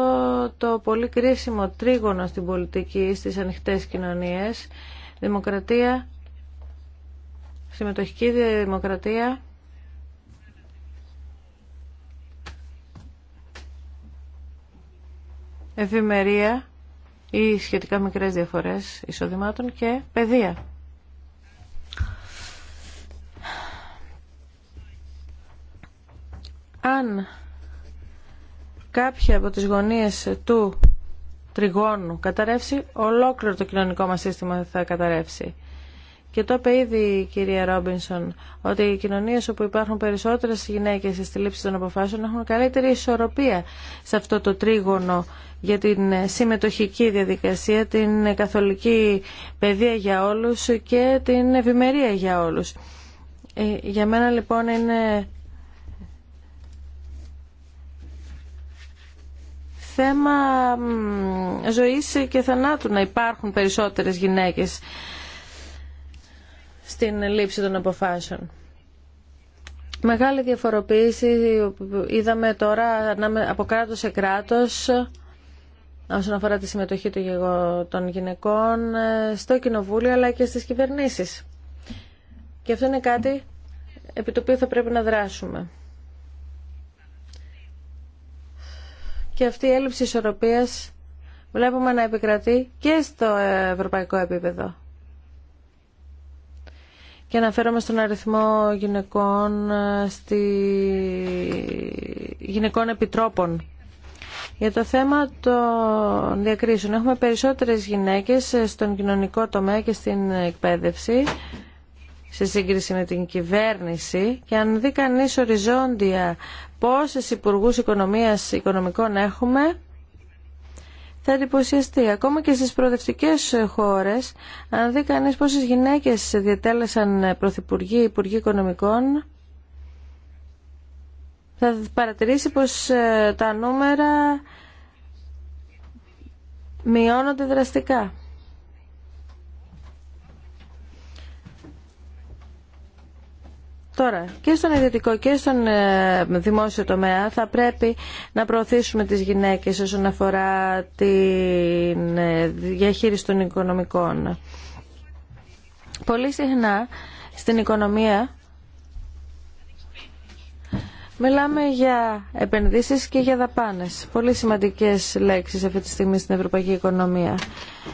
το πολύ κρίσιμο τρίγωνο στην πολιτική, στις ανοιχτές κοινωνίες, δημοκρατία, συμμετοχική δημοκρατία, ευημερία ή σχετικά μικρές διαφορές εισοδημάτων και παιδεία. Αν κάποια από τις γωνίες του τριγώνου καταρρεύσει, ολόκληρο το κοινωνικό μας σύστημα θα καταρρεύσει. Και το είπε ήδη η κυρία Ρόμπινσον ότι οι κοινωνίε όπου υπάρχουν περισσότερε γυναίκε στη λήψη των αποφάσεων έχουν καλύτερη ισορροπία σε αυτό το τρίγωνο για την συμμετοχική διαδικασία, την καθολική παιδεία για όλου και την ευημερία για όλου. Ε, για μένα λοιπόν είναι θέμα ζωής και θανάτου να υπάρχουν περισσότερες γυναίκες στην λήψη των αποφάσεων. Μεγάλη διαφοροποίηση είδαμε τώρα από κράτος σε κράτος όσον αφορά τη συμμετοχή των γυναικών ε, στο Κοινοβούλιο αλλά και στις κυβερνήσεις. Και αυτό είναι κάτι επί το οποίο θα πρέπει να δράσουμε. Και αυτή η έλλειψη ισορροπίας βλέπουμε να επικρατεί και στο ευρωπαϊκό επίπεδο και αναφέρομαι στον αριθμό γυναικών, ε, στη... γυναικών επιτρόπων. Για το θέμα των διακρίσεων, έχουμε περισσότερες γυναίκες ε, στον κοινωνικό τομέα και στην εκπαίδευση σε σύγκριση με την κυβέρνηση και αν δει κανείς οριζόντια πόσες υπουργούς οικονομίας, οικονομικών έχουμε, θα εντυπωσιαστεί. Ακόμα και στις προοδευτικές χώρες, αν δει κανείς πόσες γυναίκες διατέλεσαν πρωθυπουργοί, υπουργοί οικονομικών, θα παρατηρήσει πως ε, τα νούμερα μειώνονται δραστικά. Τώρα, και στον ιδιωτικό και στον ε, δημόσιο τομέα θα πρέπει να προωθήσουμε τις γυναίκες όσον αφορά τη ε, διαχείριση των οικονομικών. Πολύ συχνά στην οικονομία Μιλάμε για επενδύσεις και για δαπάνες. Πολύ σημαντικές λέξεις αυτή τη στιγμή στην ευρωπαϊκή οικονομία.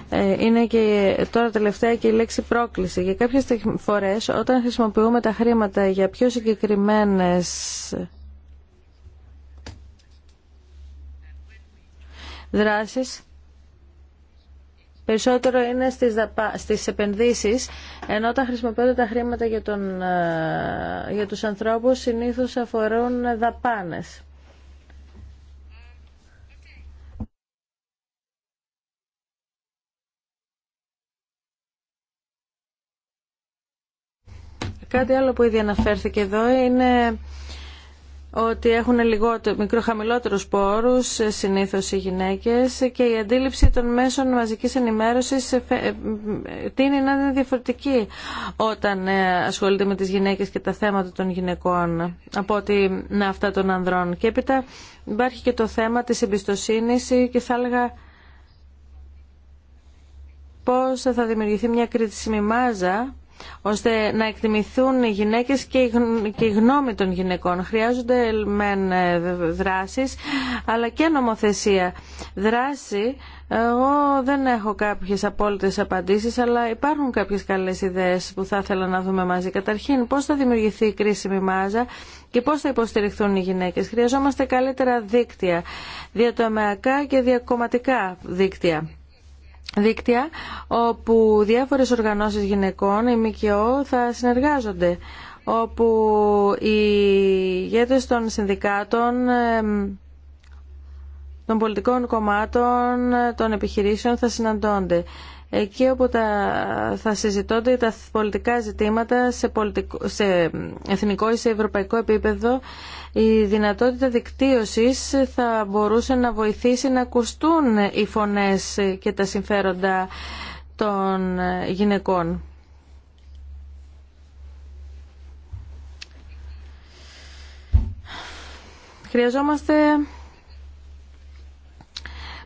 Ε, είναι και τώρα τελευταία και η λέξη πρόκληση. Για κάποιες φορές όταν χρησιμοποιούμε τα χρήματα για πιο συγκεκριμένες δράσεις Περισσότερο είναι στις, δαπα... στις επενδύσεις, ενώ όταν χρησιμοποιούνται τα χρήματα για, τον... Ε, για τους ανθρώπους συνήθως αφορούν δαπάνες. Κάτι άλλο που ήδη αναφέρθηκε εδώ είναι ότι έχουν λιγότερο, μικροχαμηλότερους πόρους συνήθως οι γυναίκες και η αντίληψη των μέσων μαζικής ενημέρωσης ε, τίνει να είναι διαφορετική όταν ε, ασχολείται με τις γυναίκες και τα θέματα των γυναικών από να αυτά των ανδρών. Και έπειτα υπάρχει και το θέμα της εμπιστοσύνης και θα έλεγα πώς θα δημιουργηθεί μια κρίτισιμη μάζα ώστε να εκτιμηθούν οι γυναίκες και η γνώμη των γυναικών. Χρειάζονται μεν ε, δράσεις, αλλά και νομοθεσία. Δράση, εγώ δεν έχω κάποιες απόλυτες απαντήσεις, αλλά υπάρχουν κάποιες καλές ιδέες που θα ήθελα να δούμε μαζί. Καταρχήν, πώς θα δημιουργηθεί η κρίσιμη μάζα και πώς θα υποστηριχθούν οι γυναίκες. Χρειαζόμαστε καλύτερα δίκτυα, διατομεακά και διακομματικά δίκτυα δίκτυα όπου διάφορες οργανώσεις γυναικών, η ΜΚΟ, θα συνεργάζονται όπου οι ηγέτες των συνδικάτων των πολιτικών κομμάτων, των επιχειρήσεων θα συναντώνται εκεί όπου τα, θα συζητώνται τα πολιτικά ζητήματα σε, πολιτικό, σε εθνικό ή σε ευρωπαϊκό επίπεδο η δυνατότητα δικτύωσης θα μπορούσε να βοηθήσει να ακουστούν οι φωνές και τα συμφέροντα των γυναικών. Χρειαζόμαστε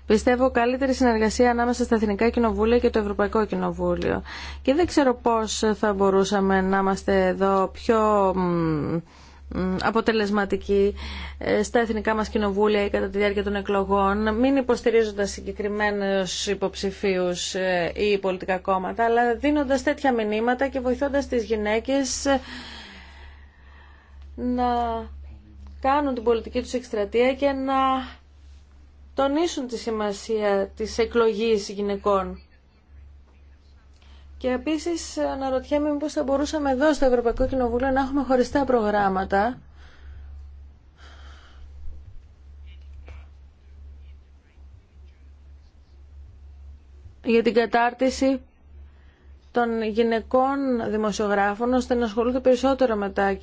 Πιστεύω καλύτερη συνεργασία ανάμεσα στα Εθνικά Κοινοβούλια και το Ευρωπαϊκό Κοινοβούλιο. Και δεν ξέρω πώς θα μπορούσαμε να είμαστε εδώ πιο αποτελεσματική ε, στα εθνικά μας κοινοβούλια ή κατά τη διάρκεια των εκλογών, μην υποστηρίζοντας συγκεκριμένους υποψηφίους ε, ή πολιτικά κόμματα, αλλά δίνοντας τέτοια μηνύματα και βοηθώντας τις γυναίκες ε, να κάνουν την πολιτική τους εκστρατεία και να τονίσουν τη σημασία της εκλογής γυναικών. Και επίσης αναρωτιέμαι μήπως θα μπορούσαμε εδώ στο Ευρωπαϊκό Κοινοβούλιο να έχουμε χωριστά προγράμματα για την κατάρτιση των γυναικών δημοσιογράφων ώστε να ασχολούνται περισσότερο με τα,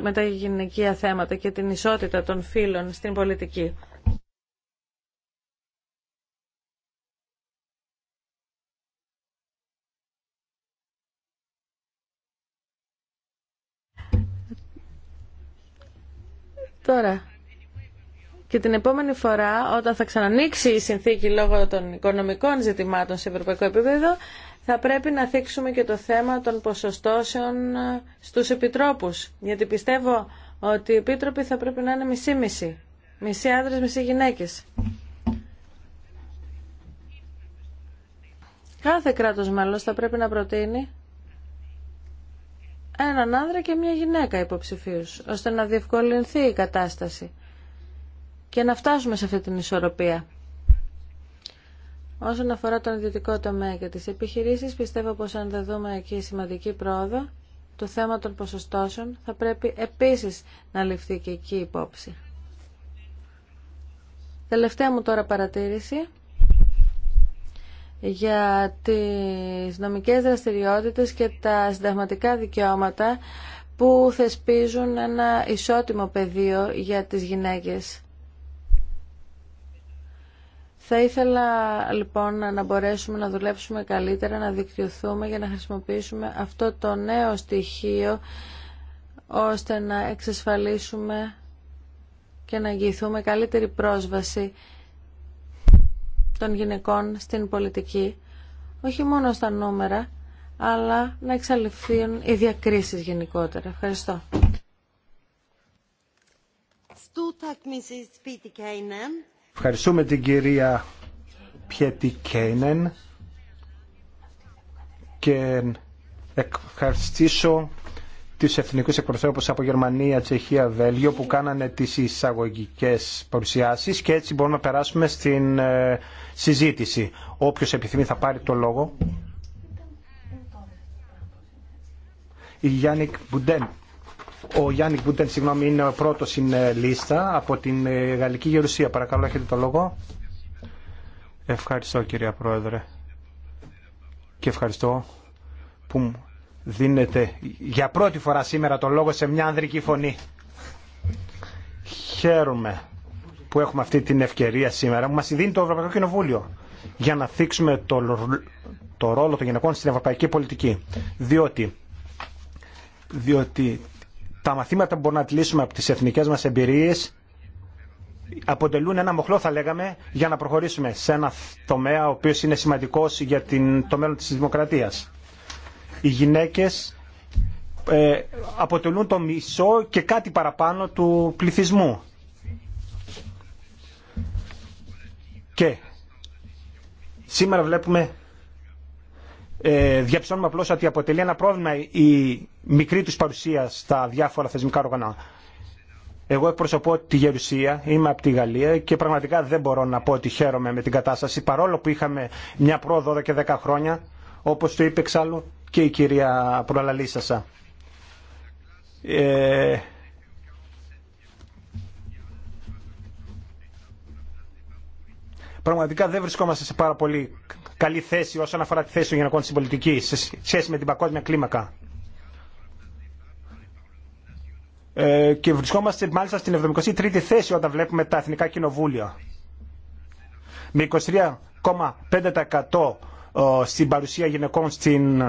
με τα γυναικεία θέματα και την ισότητα των φύλων στην πολιτική. Τώρα, και την επόμενη φορά όταν θα ξανανοίξει η συνθήκη λόγω των οικονομικών ζητημάτων σε ευρωπαϊκό επίπεδο, θα πρέπει να θίξουμε και το θέμα των ποσοστώσεων ε, στους επιτρόπους. Γιατί πιστεύω ότι οι επίτροποι θα πρέπει να είναι μισή-μισή. Μισή άντρες, μισή γυναίκες. Κάθε κράτος μάλλον θα πρέπει να προτείνει έναν άνδρα και μια γυναίκα υποψηφίους, ώστε να διευκολυνθεί η κατάσταση και να φτάσουμε σε αυτή την ισορροπία. Όσον αφορά τον ιδιωτικό τομέα και τις επιχειρήσεις, πιστεύω πως αν δεν δούμε εκεί σημαντική πρόοδο, το θέμα των ποσοστώσεων θα πρέπει επίσης να ληφθεί και εκεί υπόψη. Τελευταία μου τώρα παρατήρηση για τις νομικές δραστηριότητες και τα συνταγματικά δικαιώματα που θεσπίζουν ένα ισότιμο πεδίο για τις γυναίκες. Θα ήθελα λοιπόν να μπορέσουμε να δουλέψουμε καλύτερα, να δικτυωθούμε για να χρησιμοποιήσουμε αυτό το νέο στοιχείο ώστε να εξασφαλίσουμε και να εγγυηθούμε καλύτερη πρόσβαση των γυναικών στην πολιτική, όχι μόνο στα νούμερα, αλλά να εξαλειφθούν οι διακρίσεις γενικότερα. Ευχαριστώ. Ευχαριστούμε την κυρία Πιέτη Κέινεν και ευχαριστήσω τους εθνικούς εκπροσώπους από Γερμανία, Τσεχία, Βέλγιο που κάνανε τις εισαγωγικέ παρουσιάσεις και έτσι μπορούμε να περάσουμε στην ε, συζήτηση. Όποιος επιθυμεί θα πάρει το λόγο. Η Ο Γιάννη Μπουντέν, συγγνώμη, είναι ο πρώτος στην ε, λίστα από την ε, Γαλλική Γερουσία. Παρακαλώ, έχετε το λόγο. Ευχαριστώ, κυρία Πρόεδρε. Και ευχαριστώ που μου δίνεται για πρώτη φορά σήμερα το λόγο σε μια ανδρική φωνή. Χαίρομαι που έχουμε αυτή την ευκαιρία σήμερα που μας δίνει το Ευρωπαϊκό Κοινοβούλιο για να θίξουμε το, το ρόλο των γυναικών στην ευρωπαϊκή πολιτική. Διότι, διότι τα μαθήματα που μπορούμε να τλήσουμε από τις εθνικές μας εμπειρίες αποτελούν ένα μοχλό θα λέγαμε για να προχωρήσουμε σε ένα τομέα ο οποίος είναι σημαντικός για την, το μέλλον της δημοκρατίας οι γυναίκες ε, αποτελούν το μισό και κάτι παραπάνω του πληθυσμού. Και σήμερα βλέπουμε, ε, διαψώνουμε απλώς ότι αποτελεί ένα πρόβλημα η μικρή τους παρουσία στα διάφορα θεσμικά οργανά. Εγώ εκπροσωπώ τη Γερουσία, είμαι από τη Γαλλία και πραγματικά δεν μπορώ να πω ότι χαίρομαι με την κατάσταση παρόλο που είχαμε μια πρόοδο και 10 χρόνια, όπως το είπε εξάλλου και η κυρία Προλαλήσασα. Ε, πραγματικά δεν βρισκόμαστε σε πάρα πολύ καλή θέση όσον αφορά τη θέση των γυναικών στην πολιτική σε σχέση με την παγκόσμια κλίμακα. Ε, και βρισκόμαστε μάλιστα στην 73η θέση όταν βλέπουμε τα εθνικά κοινοβούλια. Με 23,5% στην παρουσία γυναικών στην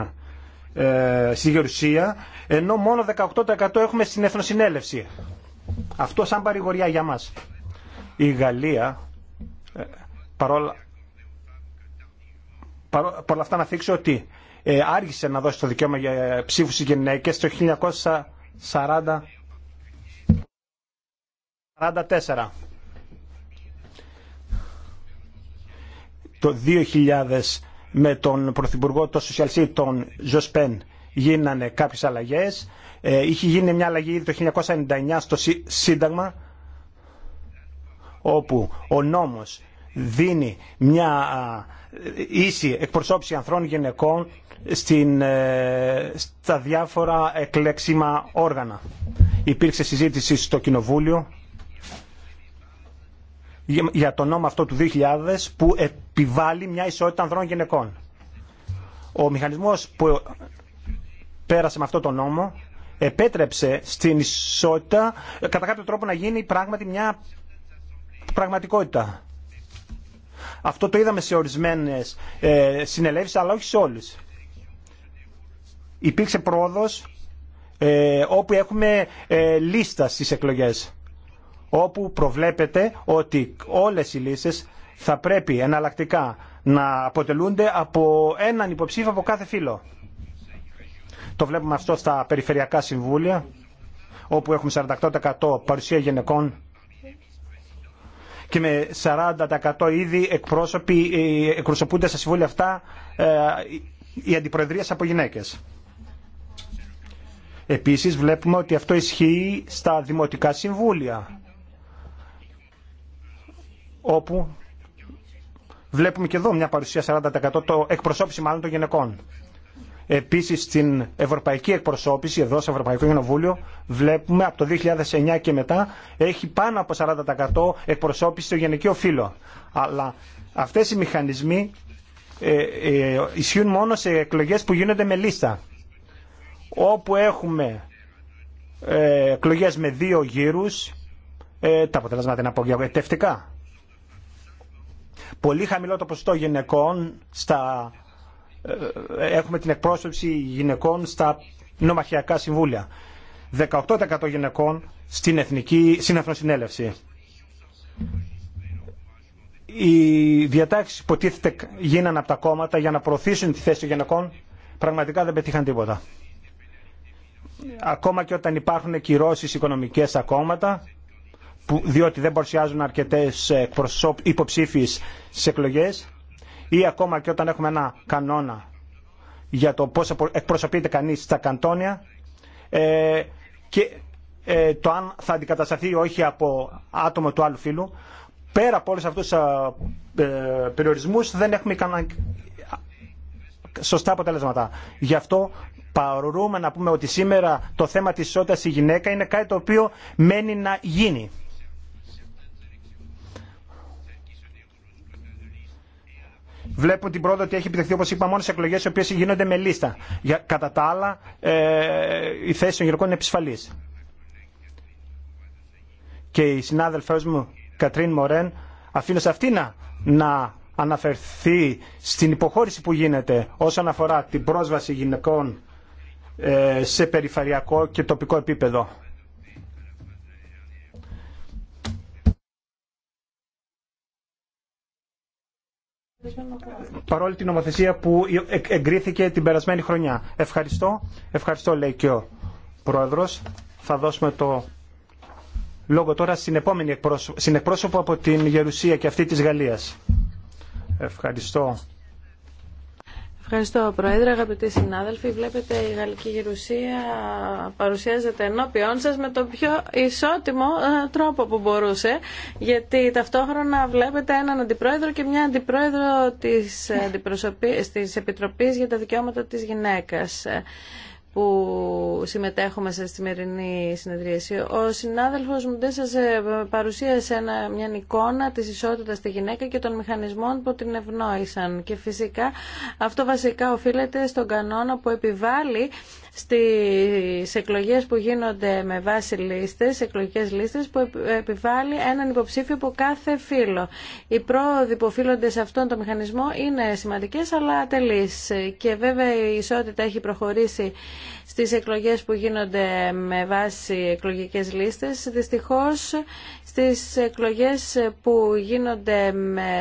ε, στη Γερουσία, ενώ μόνο 18% έχουμε στην Εθνοσυνέλευση. Αυτό σαν παρηγοριά για μας. Η Γαλλία, ε, παρόλα, παρόλα αυτά να θίξω ότι ε, άργησε να δώσει το δικαίωμα για ψήφους στις γυναίκες το 1940. Το 2000 με τον Πρωθυπουργό των τον Ζωσπέν, γίνανε κάποιες αλλαγές. Ε, είχε γίνει μια αλλαγή ήδη το 1999 στο Σύνταγμα, όπου ο νόμος δίνει μια ίση εκπροσώπηση ανθρώπων γυναικών στην, ε, στα διάφορα εκλέξιμα όργανα. Υπήρξε συζήτηση στο Κοινοβούλιο για το νόμο αυτό του 2000 που επιβάλλει μια ισότητα ανδρών γυναικών. Ο μηχανισμός που πέρασε με αυτό τον νόμο επέτρεψε στην ισότητα κατά κάποιο τρόπο να γίνει πράγματι μια πραγματικότητα. Αυτό το είδαμε σε ορισμένες ε, συνελεύσεις αλλά όχι σε όλες. Υπήρξε πρόοδος ε, όπου έχουμε ε, λίστα στις εκλογές όπου προβλέπεται ότι όλες οι λύσεις θα πρέπει εναλλακτικά να αποτελούνται από έναν υποψήφιο από κάθε φύλλο. Το βλέπουμε αυτό στα περιφερειακά συμβούλια, όπου έχουμε 48% παρουσία γυναικών και με 40% ήδη εκπρόσωποι, ε, εκπροσωπούνται στα συμβούλια αυτά ε, οι αντιπροεδρίες από γυναίκες. Επίσης βλέπουμε ότι αυτό ισχύει στα δημοτικά συμβούλια όπου βλέπουμε και εδώ μια παρουσία 40% το εκπροσώπηση μάλλον των γυναικών. Επίσης στην ευρωπαϊκή εκπροσώπηση εδώ στο Ευρωπαϊκό Γενοβούλιο βλέπουμε από το 2009 και μετά έχει πάνω από 40% εκπροσώπηση στο γενικό φύλλο. Αλλά αυτές οι μηχανισμοί ε, ε, ισχύουν μόνο σε εκλογές που γίνονται με λίστα. Όπου έχουμε ε, εκλογές με δύο γύρους, ε, τα αποτελέσματα είναι απογευτευτικά πολύ χαμηλό το ποσοστό γυναικών στα... Ε, ε, έχουμε την εκπρόσωψη γυναικών στα νομαχιακά συμβούλια. 18% γυναικών στην Εθνική Σύνεθνο Συνέλευση. Οι διατάξει που υποτίθεται γίνανε από τα κόμματα για να προωθήσουν τη θέση των γυναικών πραγματικά δεν πετύχαν τίποτα. Ακόμα και όταν υπάρχουν κυρώσει οικονομικές στα κόμματα, διότι δεν παρουσιάζουν αρκετέ ε, υποψήφιε στι εκλογές ή ακόμα και όταν έχουμε ένα κανόνα για το πώς εκπροσωπείται κανείς στα καντόνια ε, και ε, το αν θα αντικατασταθεί όχι από άτομο του άλλου φίλου Πέρα από όλου αυτούς του ε, περιορισμούς δεν έχουμε κανένα σωστά αποτελέσματα. Γι' αυτό παρορούμε να πούμε ότι σήμερα το θέμα της ισότητας η γυναίκα είναι κάτι το οποίο μένει να γίνει. Βλέπω την πρόοδο ότι έχει επιτευχθεί, όπω είπα, μόνο σε εκλογέ οι οποίε γίνονται με λίστα. Για, κατά τα άλλα, ε, η θέση των γυναικών είναι επισφαλή. Και η συνάδελφό μου, Κατρίν Μορέν, αφήνω σε αυτή να, να αναφερθεί στην υποχώρηση που γίνεται όσον αφορά την πρόσβαση γυναικών ε, σε περιφερειακό και τοπικό επίπεδο. παρόλη την νομοθεσία που ε- εγκρίθηκε την περασμένη χρονιά. Ευχαριστώ. Ευχαριστώ λέει και ο Πρόεδρος. Θα δώσουμε το λόγο τώρα στην επόμενη εκπρόσωπο, εκπρόσωπο από την Γερουσία και αυτή της Γαλλίας. Ευχαριστώ. Ευχαριστώ, Πρόεδρε. Αγαπητοί συνάδελφοι, βλέπετε η Γαλλική Γερουσία παρουσιάζεται ενώπιον σα με τον πιο ισότιμο ε, τρόπο που μπορούσε, γιατί ταυτόχρονα βλέπετε έναν αντιπρόεδρο και μια αντιπρόεδρο της, ε, της Επιτροπής για τα Δικαιώματα της Γυναίκας που συμμετέχουμε σε σημερινή συνεδρίαση. Ο συνάδελφος μου δεν σας ε, παρουσίασε μια εικόνα της ισότητας στη γυναίκα και των μηχανισμών που την ευνόησαν. Και φυσικά αυτό βασικά οφείλεται στον κανόνα που επιβάλλει στις εκλογές που γίνονται με βάση λίστες, εκλογικές λίστες που επιβάλλει έναν υποψήφιο από κάθε φύλλο. Οι πρόοδοι που οφείλονται σε αυτόν τον μηχανισμό είναι σημαντικές αλλά τελείς. και βέβαια η ισότητα έχει προχωρήσει στις εκλογές που γίνονται με βάση εκλογικές λίστες. Δυστυχώς στις εκλογές που γίνονται με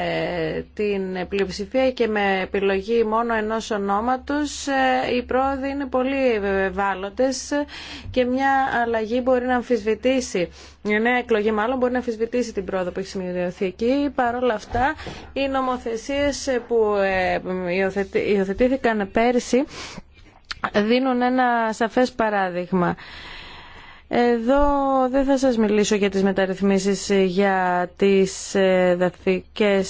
την πλειοψηφία και με επιλογή μόνο ενός ονόματος ε, οι πρόοδοι είναι πολύ ευάλωτες και μια αλλαγή μπορεί να αμφισβητήσει. Η νέα εκλογή μάλλον μπορεί να αμφισβητήσει την πρόοδο που έχει σημειωθεί εκεί. Παρ' όλα αυτά οι νομοθεσίες που ε, υιοθετήθηκαν πέρσι δίνουν ένα σαφές παράδειγμα. Εδώ δεν θα σας μιλήσω για τις μεταρρυθμίσεις για, τις ε, για,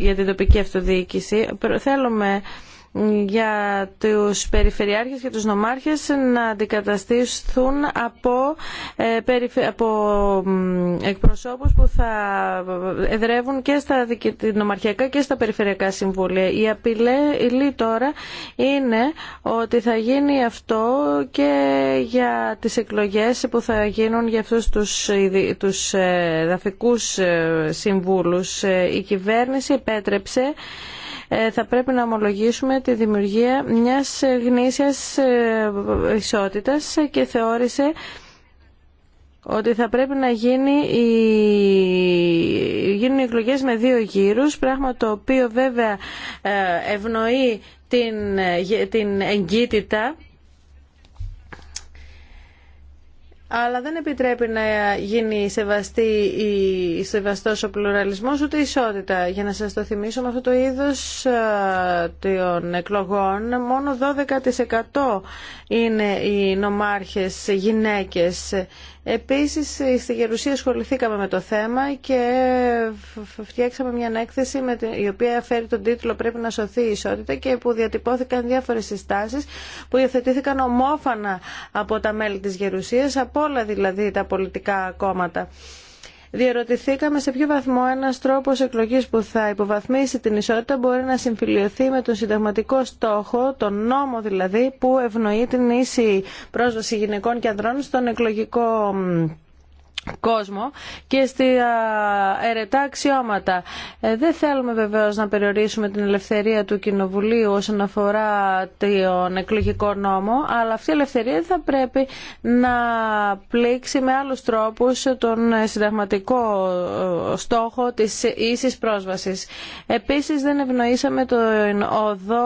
για την τοπική αυτοδιοίκηση. Θέλουμε για τους περιφερειάρχες και τους νομάρχες να αντικαταστήσουν από, ε, από εκπροσώπους που θα εδρεύουν και στα νομαρχιακά και στα περιφερειακά συμβούλια. Η απειλή τώρα είναι ότι θα γίνει αυτό και για τις εκλογές που θα γίνουν για αυτούς τους, τους ε, δαφικούς ε, συμβούλους. Η κυβέρνηση επέτρεψε ε, θα πρέπει να ομολογήσουμε τη δημιουργία μιας γνήσιας ε, ισότητας και θεώρησε ότι θα πρέπει να γίνει η... γίνουν οι εκλογές με δύο γύρους, πράγμα το οποίο βέβαια ε, ευνοεί την, την εγκύτητα αλλά δεν επιτρέπει να γίνει σεβαστή η, σεβαστός ο πλουραλισμός ούτε η ισότητα. Για να σας το θυμίσω με αυτό το είδος των εκλογών μόνο 12% είναι οι νομάρχες γυναίκες Επίσης, στη Γερουσία ασχοληθήκαμε με το θέμα και φτιάξαμε μια ανέκθεση με την, η οποία φέρει τον τίτλο «Πρέπει να σωθεί η ισότητα» και που διατυπώθηκαν διάφορες συστάσεις που υιοθετήθηκαν ομόφανα από τα μέλη της Γερουσίας, από όλα δηλαδή τα πολιτικά κόμματα. Διερωτηθήκαμε σε ποιο βαθμό ένα τρόπο εκλογή που θα υποβαθμίσει την ισότητα μπορεί να συμφιλειωθεί με τον συνταγματικό στόχο, τον νόμο δηλαδή, που ευνοεί την ίση πρόσβαση γυναικών και ανδρών στον εκλογικό κόσμο και στη ερετά αξιώματα. Ε, δεν θέλουμε βεβαίως να περιορίσουμε την ελευθερία του Κοινοβουλίου όσον αφορά τον εκλογικό νόμο, αλλά αυτή η ελευθερία θα πρέπει να πλήξει με άλλους τρόπους τον συνταγματικό ε, στόχο της ίσης πρόσβασης. Επίσης δεν ευνοήσαμε τον οδό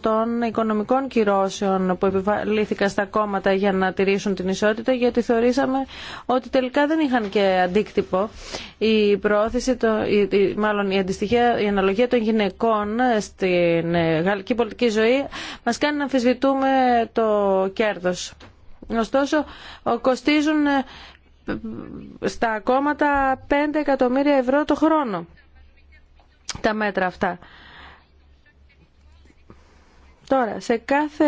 των οικονομικών κυρώσεων που επιβαλήθηκαν στα κόμματα για να τηρήσουν την ισότητα, γιατί θεωρήσαμε ότι τελικά δεν είχαν και αντίκτυπο. Η προώθηση, το, μάλλον η αντιστοιχεία, η αναλογία των γυναικών στην ε, γαλλική πολιτική ζωή μας κάνει να αμφισβητούμε το κέρδος. Ωστόσο, κοστίζουν ε, στα κόμματα 5 εκατομμύρια ευρώ το χρόνο τα μέτρα αυτά. Τώρα, σε κάθε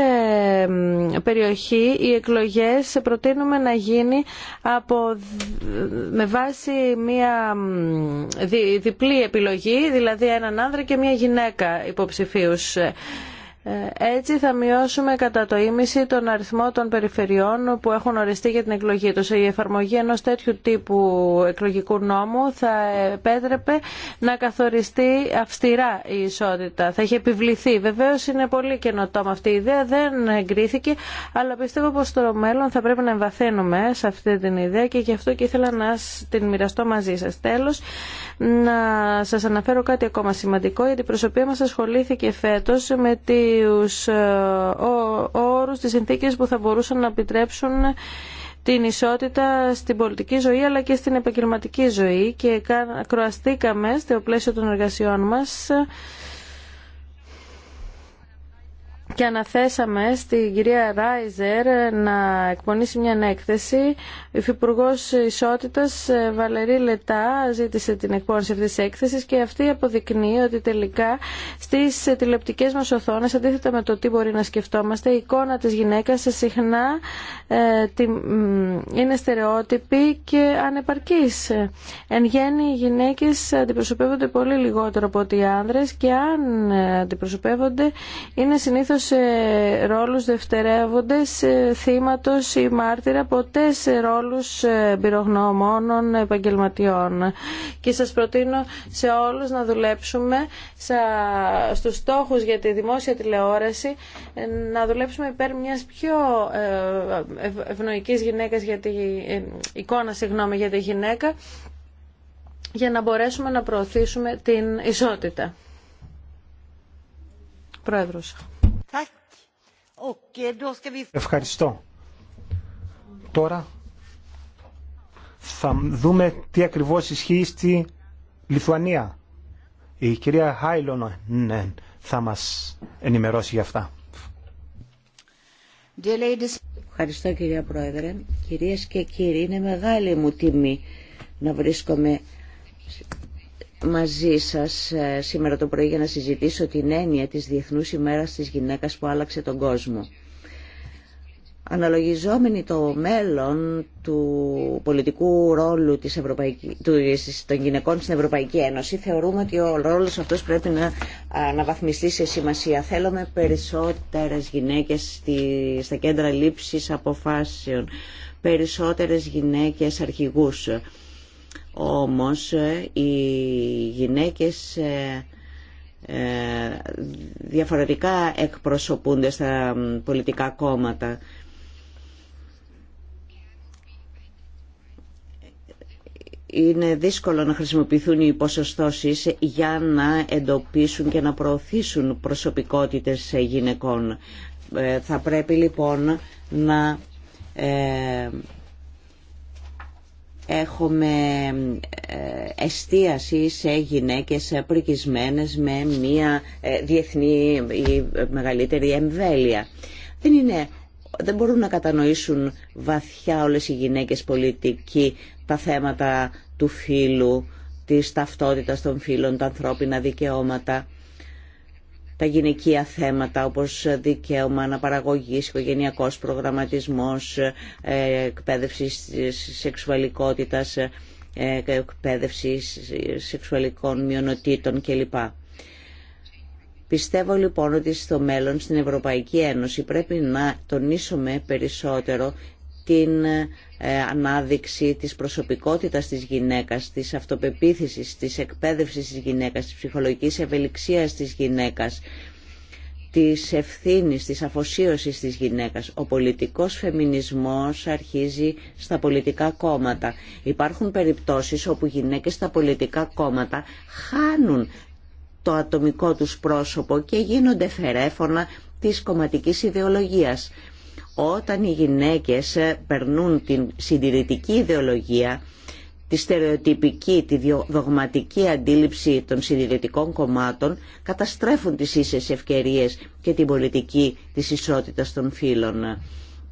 περιοχή οι εκλογές προτείνουμε να γίνει από, με βάση μια διπλή επιλογή, δηλαδή έναν άνδρα και μια γυναίκα υποψηφίους. Ε, έτσι θα μειώσουμε κατά το ίμιση τον αριθμό των περιφερειών που έχουν οριστεί για την εκλογή τους. Η εφαρμογή ενός τέτοιου τύπου εκλογικού νόμου θα επέτρεπε να καθοριστεί αυστηρά η ισότητα. Θα είχε επιβληθεί. Βεβαίως είναι πολύ καινοτόμα αυτή η ιδέα, δεν εγκρίθηκε, αλλά πιστεύω πως στο μέλλον θα πρέπει να εμβαθύνουμε σε αυτή την ιδέα και γι' αυτό και ήθελα να την μοιραστώ μαζί σας. Τέλος, να σας αναφέρω κάτι ακόμα σημαντικό, γιατί η προσωπία μας ασχολήθηκε φέτος με τη τους ε, όρους, τις συνθήκες που θα μπορούσαν να επιτρέψουν την ισότητα στην πολιτική ζωή αλλά και στην επαγγελματική ζωή και κροαστήκαμε στο πλαίσιο των εργασιών μας και αναθέσαμε στη κυρία Ράιζερ να εκπονήσει μια έκθεση. Ο Υφυπουργό Ισότητα ε, Βαλερή Λετά ζήτησε την εκπόνηση αυτή τη έκθεση και αυτή αποδεικνύει ότι τελικά στι τηλεοπτικέ μα οθόνε, αντίθετα με το τι μπορεί να σκεφτόμαστε, η εικόνα ε, τη γυναίκα συχνά είναι στερεότυπη και ανεπαρκή. Εν γέννη, οι γυναίκε αντιπροσωπεύονται πολύ λιγότερο από ότι οι άνδρε και αν ε, αντιπροσωπεύονται, είναι συνήθω σε ρόλους δευτερεύοντες ε, θύματος ή μάρτυρα, ποτέ σε ρόλους ε, πυρογνωμόνων επαγγελματιών. Και σας προτείνω σε όλους να δουλέψουμε στους στόχους για τη δημόσια τηλεόραση, ε, να δουλέψουμε υπέρ μιας πιο ευνοϊκής γυναίκας για τη, εικόνα συγγνώμη, για τη γυναίκα, για να μπορέσουμε να προωθήσουμε την ισότητα. Πρόεδρος. Eh, Ευχαριστώ. Τώρα θα δούμε τι ακριβώς ισχύει στη Λιθουανία. Η κυρία Χάιλον ναι, θα μας ενημερώσει για αυτά. Ευχαριστώ κυρία Πρόεδρε. Κυρίες και κύριοι, είναι μεγάλη μου τιμή να βρίσκομαι μαζί σας ε, σήμερα το πρωί για να συζητήσω την έννοια της Διεθνούς ημέρας της γυναίκας που άλλαξε τον κόσμο. Αναλογιζόμενοι το μέλλον του πολιτικού ρόλου της των γυναικών στην Ευρωπαϊκή Ένωση, θεωρούμε ότι ο ρόλος αυτός πρέπει να αναβαθμιστεί σε σημασία. Θέλουμε περισσότερες γυναίκες στη, στα κέντρα λήψης αποφάσεων, περισσότερες γυναίκες αρχηγούς όμως ε, οι γυναίκες ε, ε, διαφορετικά εκπροσωπούνται στα πολιτικά κόμματα. είναι δύσκολο να χρησιμοποιηθούν οι ποσοστώσεις για να εντοπίσουν και να προωθήσουν προσωπικότητες γυναικών. Θα πρέπει λοιπόν να έχουμε ε, εστίαση σε γυναίκες προκισμένες με μια ε, διεθνή ή μεγαλύτερη εμβέλεια. Δεν είναι δεν μπορούν να κατανοήσουν βαθιά όλες οι γυναίκες πολιτικοί τα θέματα του φύλου, της ταυτότητας των φύλων, τα ανθρώπινα δικαιώματα τα γυναικεία θέματα όπως δικαίωμα αναπαραγωγής, οικογενειακός προγραμματισμός, ε, εκπαίδευση σεξουαλικότητας, ε, εκπαίδευση σεξουαλικών μειονοτήτων κλπ. Πιστεύω λοιπόν ότι στο μέλλον στην Ευρωπαϊκή Ένωση πρέπει να τονίσουμε περισσότερο την ε, ανάδειξη της προσωπικότητας της γυναίκας, της αυτοπεποίθησης, της εκπαίδευσης της γυναίκας, της ψυχολογικής ευελιξίας της γυναίκας, της ευθύνης, της αφοσίωσης της γυναίκας. Ο πολιτικός φεμινισμός αρχίζει στα πολιτικά κόμματα. Υπάρχουν περιπτώσεις όπου γυναίκες στα πολιτικά κόμματα χάνουν το ατομικό τους πρόσωπο και γίνονται φερέφωνα της κομματικής ιδεολογίας. Όταν οι γυναίκες περνούν την συντηρητική ιδεολογία, τη στερεοτυπική, τη δογματική αντίληψη των συντηρητικών κομμάτων, καταστρέφουν τις ίσες ευκαιρίες και την πολιτική της ισότητας των φύλων.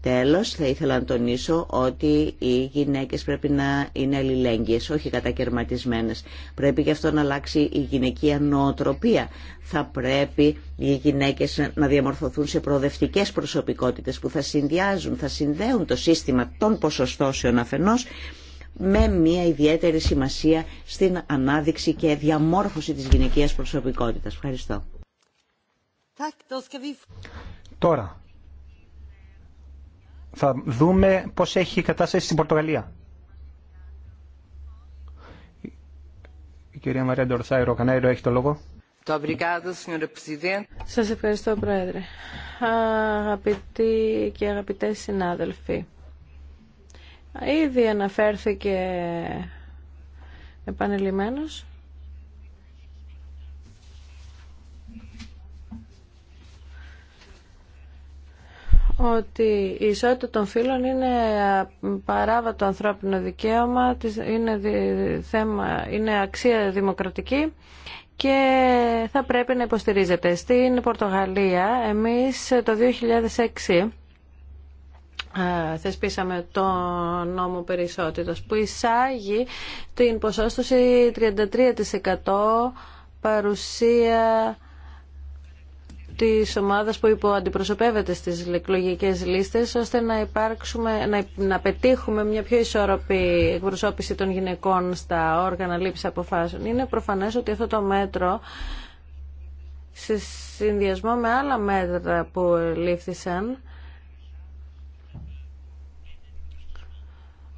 Τέλος, θα ήθελα να τονίσω ότι οι γυναίκες πρέπει να είναι αλληλέγγυες, όχι κατακαιρματισμένες. Πρέπει γι' αυτό να αλλάξει η γυναικεία νοοτροπία. Θα πρέπει οι γυναίκες να διαμορφωθούν σε προοδευτικές προσωπικότητες που θα συνδυάζουν, θα συνδέουν το σύστημα των ποσοστώσεων αφενός με μια ιδιαίτερη σημασία στην ανάδειξη και διαμόρφωση της γυναικείας προσωπικότητας. Ευχαριστώ. Τώρα θα δούμε πώς έχει η κατάσταση στην Πορτογαλία. Η κυρία Μαρία Ντορσάιρο Κανάιρο έχει το λόγο. Σας ευχαριστώ Πρόεδρε. Αγαπητοί και αγαπητές συνάδελφοι, ήδη αναφέρθηκε επανελειμμένος ότι η ισότητα των φύλων είναι παράβατο ανθρώπινο δικαίωμα, είναι, θέμα, είναι αξία δημοκρατική και θα πρέπει να υποστηρίζεται. Στην Πορτογαλία εμείς το 2006 θεσπίσαμε το νόμο περί που εισάγει την ποσόστοση 33% παρουσία της ομάδας που υποαντιπροσωπεύεται στις εκλογικέ λίστες ώστε να, υπάρξουμε, να, να πετύχουμε μια πιο ισορροπή εκπροσώπηση των γυναικών στα όργανα λήψης αποφάσεων. Είναι προφανές ότι αυτό το μέτρο σε συνδυασμό με άλλα μέτρα που λήφθησαν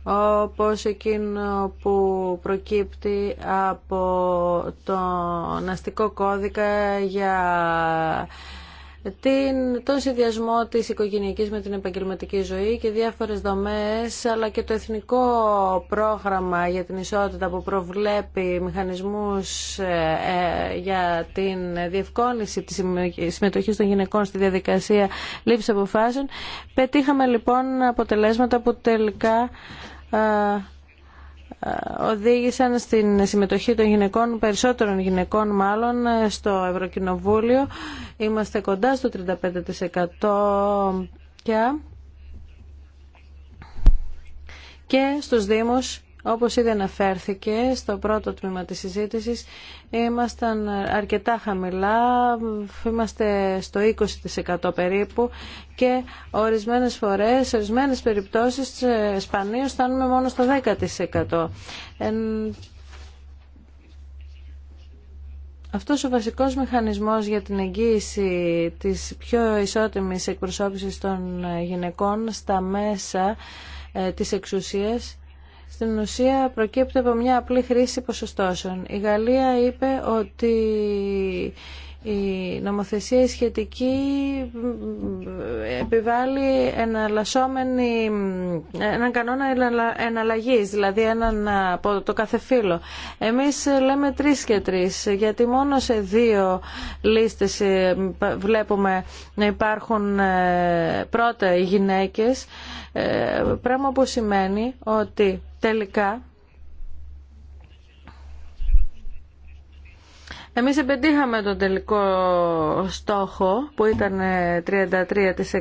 όπως εκείνο που προκύπτει από το Ναστικό κώδικα για την, τον συνδυασμό της οικογενειακής με την επαγγελματική ζωή και διάφορες δομές αλλά και το εθνικό πρόγραμμα για την ισότητα που προβλέπει μηχανισμούς ε, ε, για την διευκόλυνση της συμμετοχής των γυναικών στη διαδικασία λήψης αποφάσεων πετύχαμε λοιπόν αποτελέσματα που τελικά οδήγησαν στην συμμετοχή των γυναικών, περισσότερων γυναικών μάλλον, στο Ευρωκοινοβούλιο. Είμαστε κοντά στο 35% και, και στους Δήμους όπως ήδη αναφέρθηκε στο πρώτο τμήμα της συζήτησης, ήμασταν αρκετά χαμηλά, είμαστε στο 20% περίπου και ορισμένες φορές, σε ορισμένες περιπτώσεις, σπανίως φτάνουμε μόνο στο 10%. Αυτός ο βασικός μηχανισμός για την εγγύηση της πιο ισότιμης εκπροσώπησης των γυναικών στα μέσα ε, της εξουσίας στην ουσία προκύπτει από μια απλή χρήση ποσοστώσεων. Η Γαλλία είπε ότι η νομοθεσία σχετική επιβάλλει έναν κανόνα εναλλαγή, δηλαδή έναν από το κάθε φύλλο. Εμείς λέμε τρεις και τρεις, γιατί μόνο σε δύο λίστες ε, βλέπουμε να υπάρχουν ε, πρώτα οι γυναίκες, ε, πράγμα που σημαίνει ότι τελικά Εμείς επιτύχαμε τον τελικό στόχο που ήταν 33%. Ε,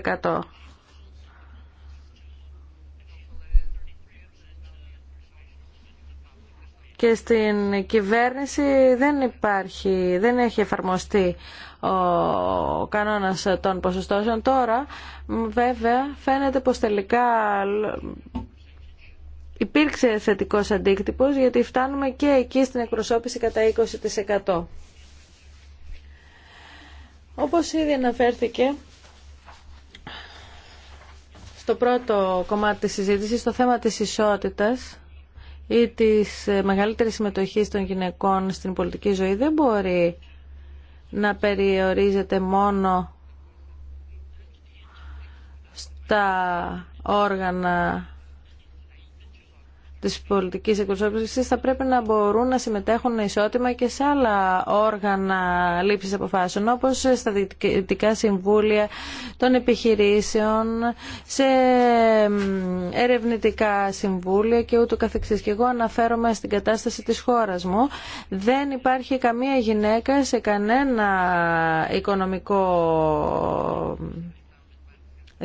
και στην κυβέρνηση δεν υπάρχει, δεν έχει εφαρμοστεί ο κανόνας των ποσοστώσεων. Τώρα βέβαια φαίνεται πως τελικά υπήρξε θετικός αντίκτυπος γιατί φτάνουμε και εκεί στην εκπροσώπηση κατά 20%. Όπως ήδη αναφέρθηκε στο πρώτο κομμάτι της συζήτησης, το θέμα της ισότητας ή της μεγαλύτερης συμμετοχής των γυναικών στην πολιτική ζωή δεν μπορεί να περιορίζεται μόνο στα όργανα Τη πολιτική εκπροσώπηση θα πρέπει να μπορούν να συμμετέχουν ισότιμα και σε άλλα όργανα λήψης αποφάσεων όπως στα διοικητικά συμβούλια των επιχειρήσεων, σε ερευνητικά συμβούλια και ούτω καθεξής. Και εγώ αναφέρομαι στην κατάσταση της χώρας μου. Δεν υπάρχει καμία γυναίκα σε κανένα οικονομικό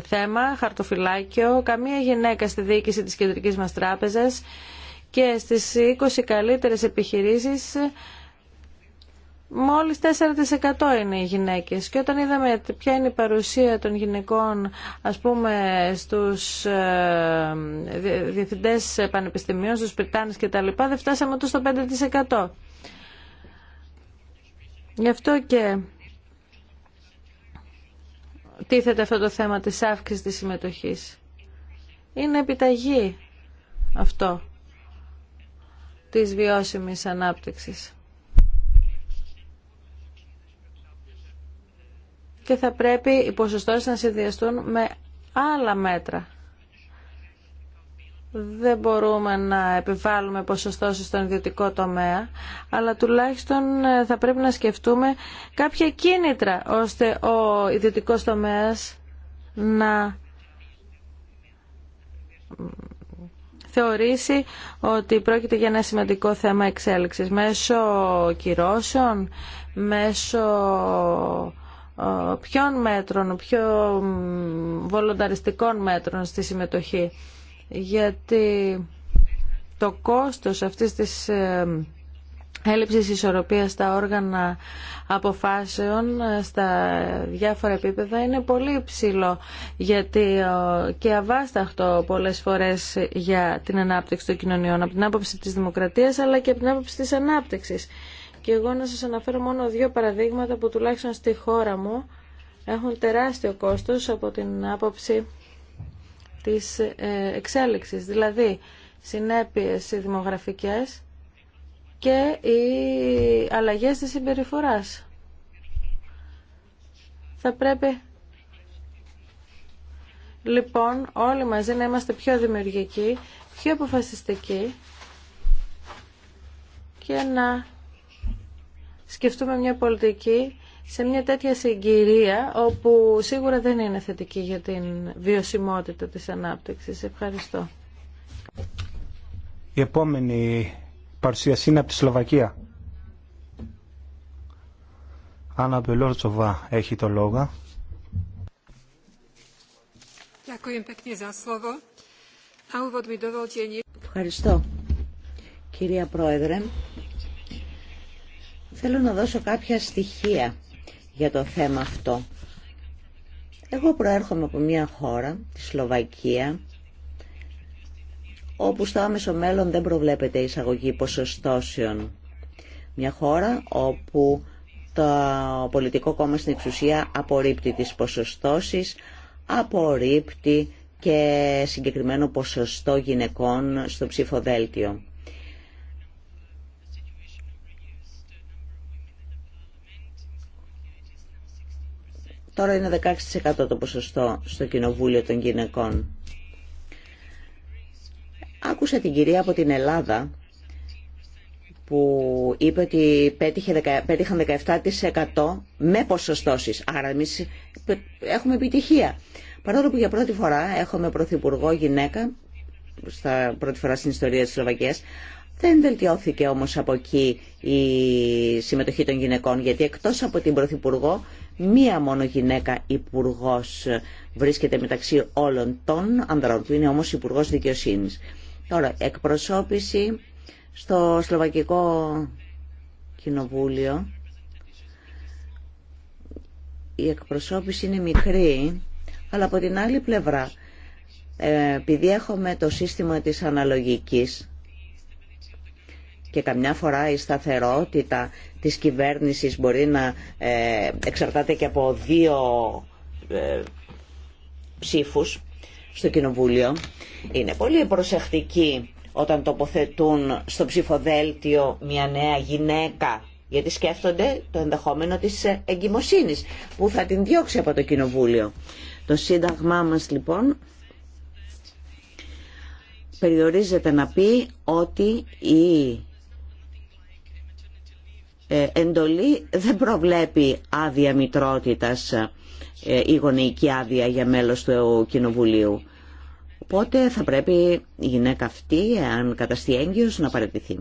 θέμα, χαρτοφυλάκιο. Καμία γυναίκα στη διοίκηση της κεντρικής μας τράπεζας και στις 20 καλύτερες επιχειρήσεις Μόλις 4% είναι οι γυναίκες και όταν είδαμε ποια είναι η παρουσία των γυναικών ας πούμε στους ε, διευθυντές πανεπιστημίων, στους πριτάνες και τα λοιπά δεν φτάσαμε ούτε στο 5%. Γι' αυτό και τίθεται αυτό το θέμα της αύξησης της συμμετοχής. Είναι επιταγή αυτό της βιώσιμης ανάπτυξης. Και θα πρέπει οι ποσοστώσεις να συνδυαστούν με άλλα μέτρα δεν μπορούμε να επιβάλλουμε ποσοστώσεις στον ιδιωτικό τομέα, αλλά τουλάχιστον ε, θα πρέπει να σκεφτούμε κάποια κίνητρα ώστε ο ιδιωτικός τομέας να θεωρήσει ότι πρόκειται για ένα σημαντικό θέμα εξέλιξης μέσω κυρώσεων, μέσω ε, ποιών μέτρων, πιο βολονταριστικών μέτρων στη συμμετοχή γιατί το κόστος αυτής της ε, έλλειψης ισορροπίας στα όργανα αποφάσεων ε, στα διάφορα επίπεδα είναι πολύ ψηλό γιατί ε, και αβάσταχτο πολλές φορές για την ανάπτυξη των κοινωνιών από την άποψη της δημοκρατίας αλλά και από την άποψη της ανάπτυξης. Και εγώ να σας αναφέρω μόνο δύο παραδείγματα που τουλάχιστον στη χώρα μου έχουν τεράστιο κόστος από την άποψη της ε, εξέλιξης, δηλαδή συνέπειες δημογραφικές και οι αλλαγές της συμπεριφοράς. Θα πρέπει λοιπόν όλοι μαζί να είμαστε πιο δημιουργικοί, πιο αποφασιστικοί και να σκεφτούμε μια πολιτική σε μια τέτοια συγκυρία όπου σίγουρα δεν είναι θετική για την βιωσιμότητα της ανάπτυξης. Ευχαριστώ. Η επόμενη παρουσίαση είναι από τη Σλοβακία. Άννα Μπελόρτσοβα έχει το λόγο. Ευχαριστώ. Κυρία Πρόεδρε, θέλω να δώσω κάποια στοιχεία για το θέμα αυτό. Εγώ προέρχομαι από μια χώρα, τη Σλοβακία, όπου στο άμεσο μέλλον δεν προβλέπεται εισαγωγή ποσοστώσεων. Μια χώρα όπου το πολιτικό κόμμα στην εξουσία απορρίπτει τις ποσοστώσεις, απορρίπτει και συγκεκριμένο ποσοστό γυναικών στο ψηφοδέλτιο. Τώρα είναι 16% το ποσοστό στο Κοινοβούλιο των Γυναικών. Άκουσα την κυρία από την Ελλάδα που είπε ότι πέτυχαν 17% με ποσοστώσεις. Άρα εμείς έχουμε επιτυχία. Παρόλο που για πρώτη φορά έχουμε πρωθυπουργό γυναίκα, στα πρώτη φορά στην ιστορία της Σλοβακίας, δεν βελτιώθηκε όμως από εκεί η συμμετοχή των γυναικών, γιατί εκτός από την πρωθυπουργό Μία μόνο γυναίκα υπουργό βρίσκεται μεταξύ όλων των ανδρών που Είναι όμως υπουργό δικαιοσύνη. Τώρα, εκπροσώπηση στο Σλοβακικό Κοινοβούλιο. Η εκπροσώπηση είναι μικρή, αλλά από την άλλη πλευρά, ε, επειδή έχουμε το σύστημα της αναλογικής και καμιά φορά η σταθερότητα της κυβέρνησης μπορεί να ε, εξαρτάται και από δύο ε, ψήφους στο Κοινοβούλιο. Είναι πολύ προσεκτικοί όταν τοποθετούν στο ψηφοδέλτιο μια νέα γυναίκα γιατί σκέφτονται το ενδεχόμενο της ε, εγκυμοσύνης που θα την διώξει από το Κοινοβούλιο. Το Σύνταγμά μας λοιπόν περιορίζεται να πει ότι η ε, εντολή δεν προβλέπει άδεια μητρότητας ε, ή γονεϊκή άδεια για μέλος του Κοινοβουλίου. Οπότε θα πρέπει η γυναίκα αυτή, αν καταστεί έγκυος, να παραιτηθεί.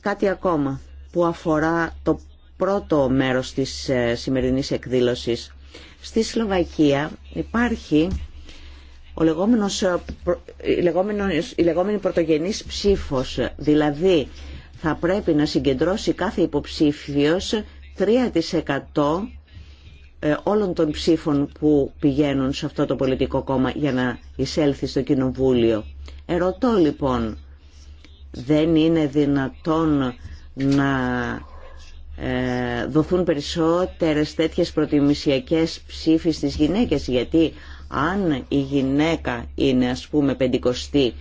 Κάτι ακόμα που αφορά το πρώτο μέρος της ε, σημερινής εκδήλωσης. Στη Σλοβακία υπάρχει ο λεγόμενος, ε, ε, η, λεγόμενος, η λεγόμενη πρωτογενής ψήφος, ε, δηλαδή θα πρέπει να συγκεντρώσει κάθε υποψήφιος 3% όλων των ψήφων που πηγαίνουν σε αυτό το πολιτικό κόμμα για να εισέλθει στο Κοινοβούλιο. Ερωτώ λοιπόν, δεν είναι δυνατόν να δοθούν περισσότερες τέτοιες προτιμησιακές ψήφοι στις γυναίκες γιατί αν η γυναίκα είναι ας πούμε πεντηκοστή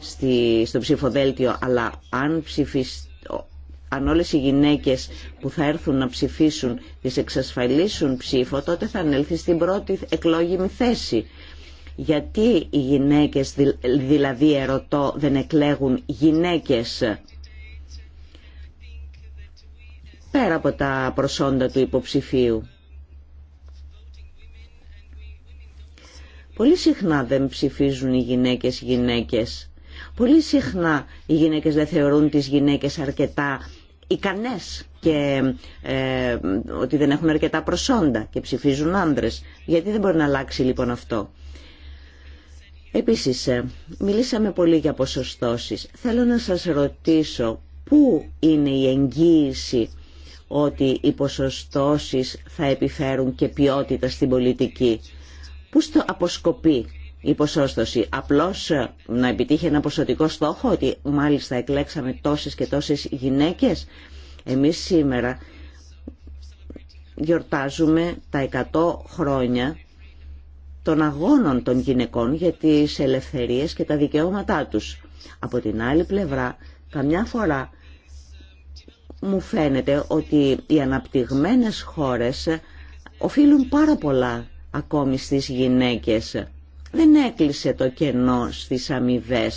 στη, στο ψηφοδέλτιο, αλλά αν, ψηφισ... αν όλες οι γυναίκες που θα έρθουν να ψηφίσουν τις εξασφαλίσουν ψήφο, τότε θα ανέλθει στην πρώτη εκλόγιμη θέση. Γιατί οι γυναίκες, δηλαδή ερωτώ, δεν εκλέγουν γυναίκες πέρα από τα προσόντα του υποψηφίου. Πολύ συχνά δεν ψηφίζουν οι γυναίκες γυναίκες. Πολύ συχνά οι γυναίκες δεν θεωρούν τις γυναίκες αρκετά ικανές και ε, ότι δεν έχουν αρκετά προσόντα και ψηφίζουν άντρες. Γιατί δεν μπορεί να αλλάξει λοιπόν αυτό. Επίσης, ε, μιλήσαμε πολύ για ποσοστώσεις. Θέλω να σας ρωτήσω πού είναι η εγγύηση ότι οι ποσοστώσεις θα επιφέρουν και ποιότητα στην πολιτική. Πού στο αποσκοπεί η ποσόστοση, απλώς ε, να επιτύχει ένα ποσοτικό στόχο ότι μάλιστα εκλέξαμε τόσες και τόσες γυναίκες. Εμείς σήμερα γιορτάζουμε τα 100 χρόνια των αγώνων των γυναικών για τις ελευθερίες και τα δικαιώματά τους. Από την άλλη πλευρά, καμιά φορά μου φαίνεται ότι οι αναπτυγμένες χώρες ε, οφείλουν πάρα πολλά ακόμη στις γυναίκες. Δεν έκλεισε το κενό στις αμοιβέ.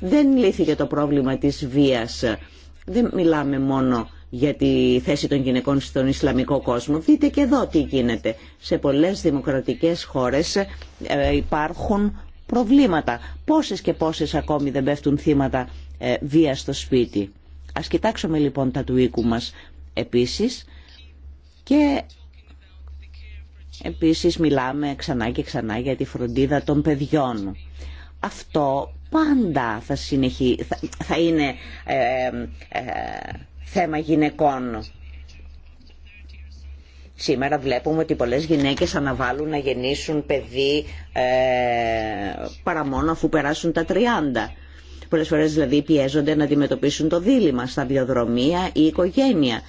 Δεν λύθηκε το πρόβλημα της βίας. Δεν μιλάμε μόνο για τη θέση των γυναικών στον Ισλαμικό κόσμο. Δείτε και εδώ τι γίνεται. Σε πολλές δημοκρατικές χώρες ε, υπάρχουν προβλήματα. Πόσες και πόσες ακόμη δεν πέφτουν θύματα ε, βία στο σπίτι. Ας κοιτάξουμε λοιπόν τα του οίκου μας επίσης και Επίσης μιλάμε ξανά και ξανά για τη φροντίδα των παιδιών. Αυτό πάντα θα, συνεχί... θα, είναι ε, ε, θέμα γυναικών. Σήμερα βλέπουμε ότι πολλές γυναίκες αναβάλουν να γεννήσουν παιδί ε, παρά μόνο αφού περάσουν τα 30. Πολλές φορές δηλαδή πιέζονται να αντιμετωπίσουν το δίλημα στα βιοδρομία ή οικογένεια.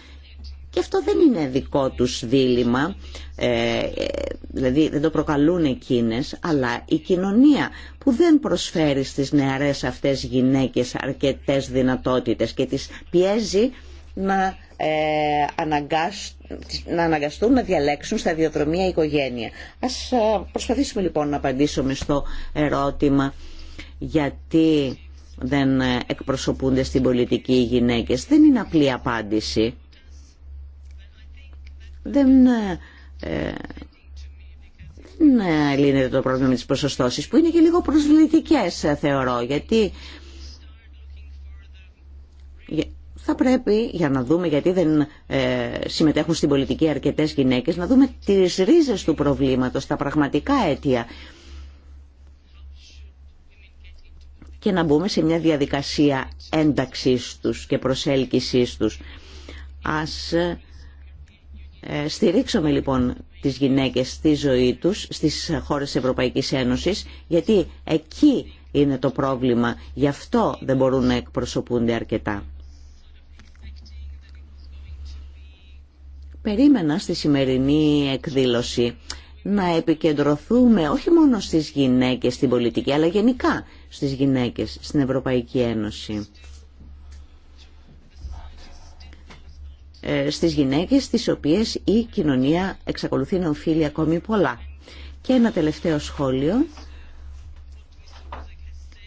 Και αυτό δεν είναι δικό τους δίλημα, ε, ε, δηλαδή δεν το προκαλούν εκείνες, αλλά η κοινωνία που δεν προσφέρει στις νεαρές αυτές γυναίκες αρκετές δυνατότητες και τις πιέζει να, ε, να αναγκαστούν να διαλέξουν στα διοδρομία οικογένεια. Ας προσπαθήσουμε λοιπόν να απαντήσουμε στο ερώτημα γιατί δεν εκπροσωπούνται στην πολιτική οι γυναίκες. Δεν είναι απλή απάντηση δεν ε, ε ναι, λύνεται το πρόβλημα με τις που είναι και λίγο προσβλητικές ε, θεωρώ γιατί θα πρέπει για να δούμε γιατί δεν ε, συμμετέχουν στην πολιτική αρκετές γυναίκες να δούμε τις ρίζες του προβλήματος, τα πραγματικά αίτια και να μπούμε σε μια διαδικασία ένταξής τους και προσέλκυσής τους. Ας ε, στηρίξουμε λοιπόν τις γυναίκες στη ζωή τους στις χώρες Ευρωπαϊκής Ένωσης γιατί εκεί είναι το πρόβλημα. Γι' αυτό δεν μπορούν να εκπροσωπούνται αρκετά. Περίμενα στη σημερινή εκδήλωση να επικεντρωθούμε όχι μόνο στις γυναίκες στην πολιτική αλλά γενικά στις γυναίκες στην Ευρωπαϊκή Ένωση. Ε, στις γυναίκες τις οποίες η κοινωνία εξακολουθεί να οφείλει ακόμη πολλά. Και ένα τελευταίο σχόλιο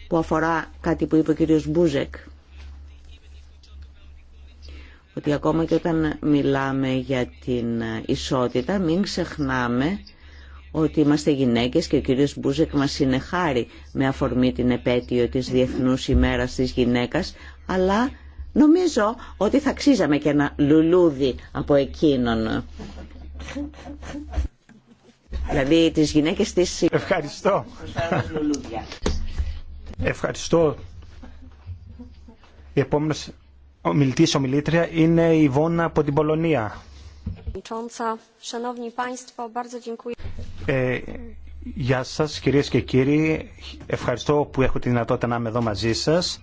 που αφορά κάτι που είπε ο κύριος Μπούζεκ ότι ακόμα και όταν μιλάμε για την ισότητα μην ξεχνάμε ότι είμαστε γυναίκες και ο κύριος Μπούζεκ μας συνεχάρει με αφορμή την επέτειο της Διεθνούς ημέρας της γυναίκας αλλά Νομίζω ότι θα ξύζαμε και ένα λουλούδι από εκείνον. Δηλαδή τις γυναίκες της... Ευχαριστώ. Ευχαριστώ. Η επόμενη ομιλητή ομιλήτρια είναι η Βόνα από την Πολωνία. Ε, γεια σας κυρίες και κύριοι. Ευχαριστώ που έχω τη δυνατότητα να είμαι εδώ μαζί σας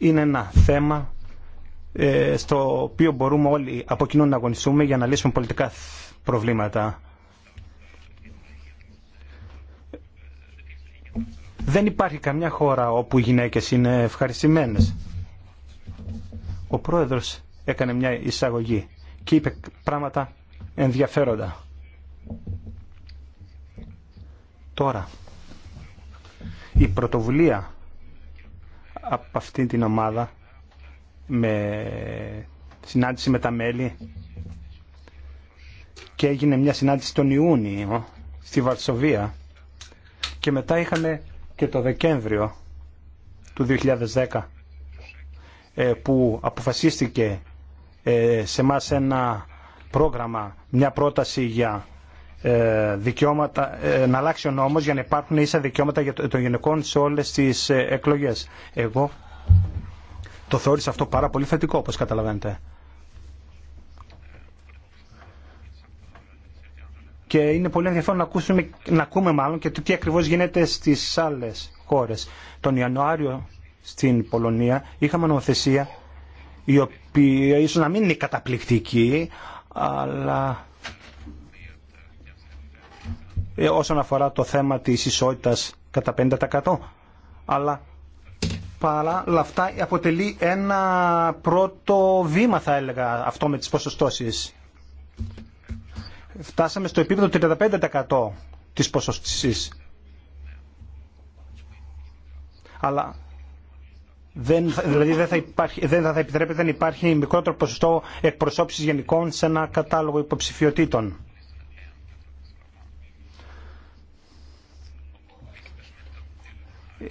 είναι ένα θέμα ε, στο οποίο μπορούμε όλοι από κοινού να αγωνιστούμε για να λύσουμε πολιτικά προβλήματα. Δεν υπάρχει καμιά χώρα όπου οι γυναίκες είναι ευχαριστημένες. Ο πρόεδρος έκανε μια εισαγωγή και είπε πράγματα ενδιαφέροντα. Τώρα, η πρωτοβουλία από αυτήν την ομάδα με συνάντηση με τα μέλη και έγινε μια συνάντηση τον Ιούνιο ε, στη Βαρσοβία και μετά είχαμε και το Δεκέμβριο του 2010 ε, που αποφασίστηκε ε, σε μας ένα πρόγραμμα, μια πρόταση για ε, δικαιώματα, ε, να αλλάξει ο νόμος για να υπάρχουν ίσα δικαιώματα για των γυναικών σε όλες τις ε, εκλογές. Εγώ το θεώρησα αυτό πάρα πολύ θετικό, όπως καταλαβαίνετε. Και είναι πολύ ενδιαφέρον να, ακούσουμε, να ακούμε μάλλον και το τι ακριβώς γίνεται στις άλλες χώρες. Τον Ιανουάριο στην Πολωνία είχαμε νομοθεσία η οποία ίσως να μην είναι καταπληκτική, αλλά ε, όσον αφορά το θέμα της ισότητας κατά 50% αλλά παρά αυτά αποτελεί ένα πρώτο βήμα θα έλεγα αυτό με τις ποσοστώσεις. Φτάσαμε στο επίπεδο 35% της ποσοστήσης. Αλλά δεν, δηλαδή δεν θα, υπάρχει, δεν θα επιτρέπεται να υπάρχει μικρότερο ποσοστό εκπροσώπησης γενικών σε ένα κατάλογο υποψηφιωτήτων.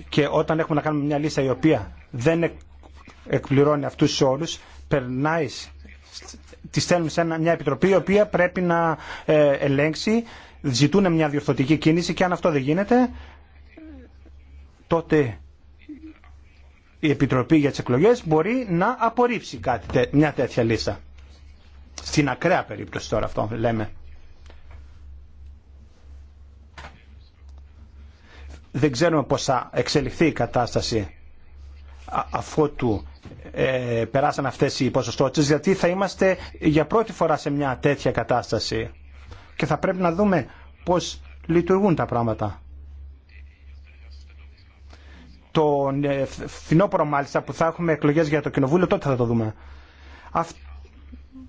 και όταν έχουμε να κάνουμε μια λίστα η οποία δεν εκπληρώνει αυτούς τους όρους, περνάει, τη στέλνουμε σε μια επιτροπή η οποία πρέπει να ε, ελέγξει, ζητούν μια διορθωτική κίνηση και αν αυτό δεν γίνεται, τότε η Επιτροπή για τις εκλογές μπορεί να απορρίψει κάτι, μια τέτοια λίστα. Στην ακραία περίπτωση τώρα αυτό λέμε. δεν ξέρουμε πώς θα εξελιχθεί η κατάσταση αφού ε, περάσαν αυτές οι ποσοστότητες γιατί θα είμαστε για πρώτη φορά σε μια τέτοια κατάσταση και θα πρέπει να δούμε πώς λειτουργούν τα πράγματα. Το ε, φθινόπωρο μάλιστα που θα έχουμε εκλογές για το κοινοβούλιο τότε θα το δούμε.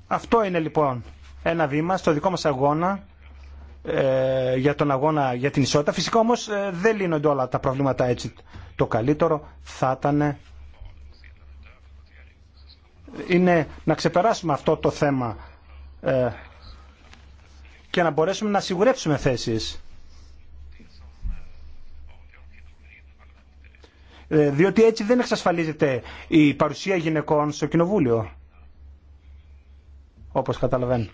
Αυτό είναι λοιπόν ένα βήμα στο δικό μας αγώνα ε, για τον αγώνα για την ισότητα. Φυσικά όμως ε, δεν λύνονται όλα τα προβλήματα έτσι. Το καλύτερο θα ήταν είναι να ξεπεράσουμε αυτό το θέμα ε, και να μπορέσουμε να σιγουρέψουμε θέσεις. διότι έτσι δεν εξασφαλίζεται η παρουσία γυναικών στο κοινοβούλιο. Όπως καταλαβαίνω.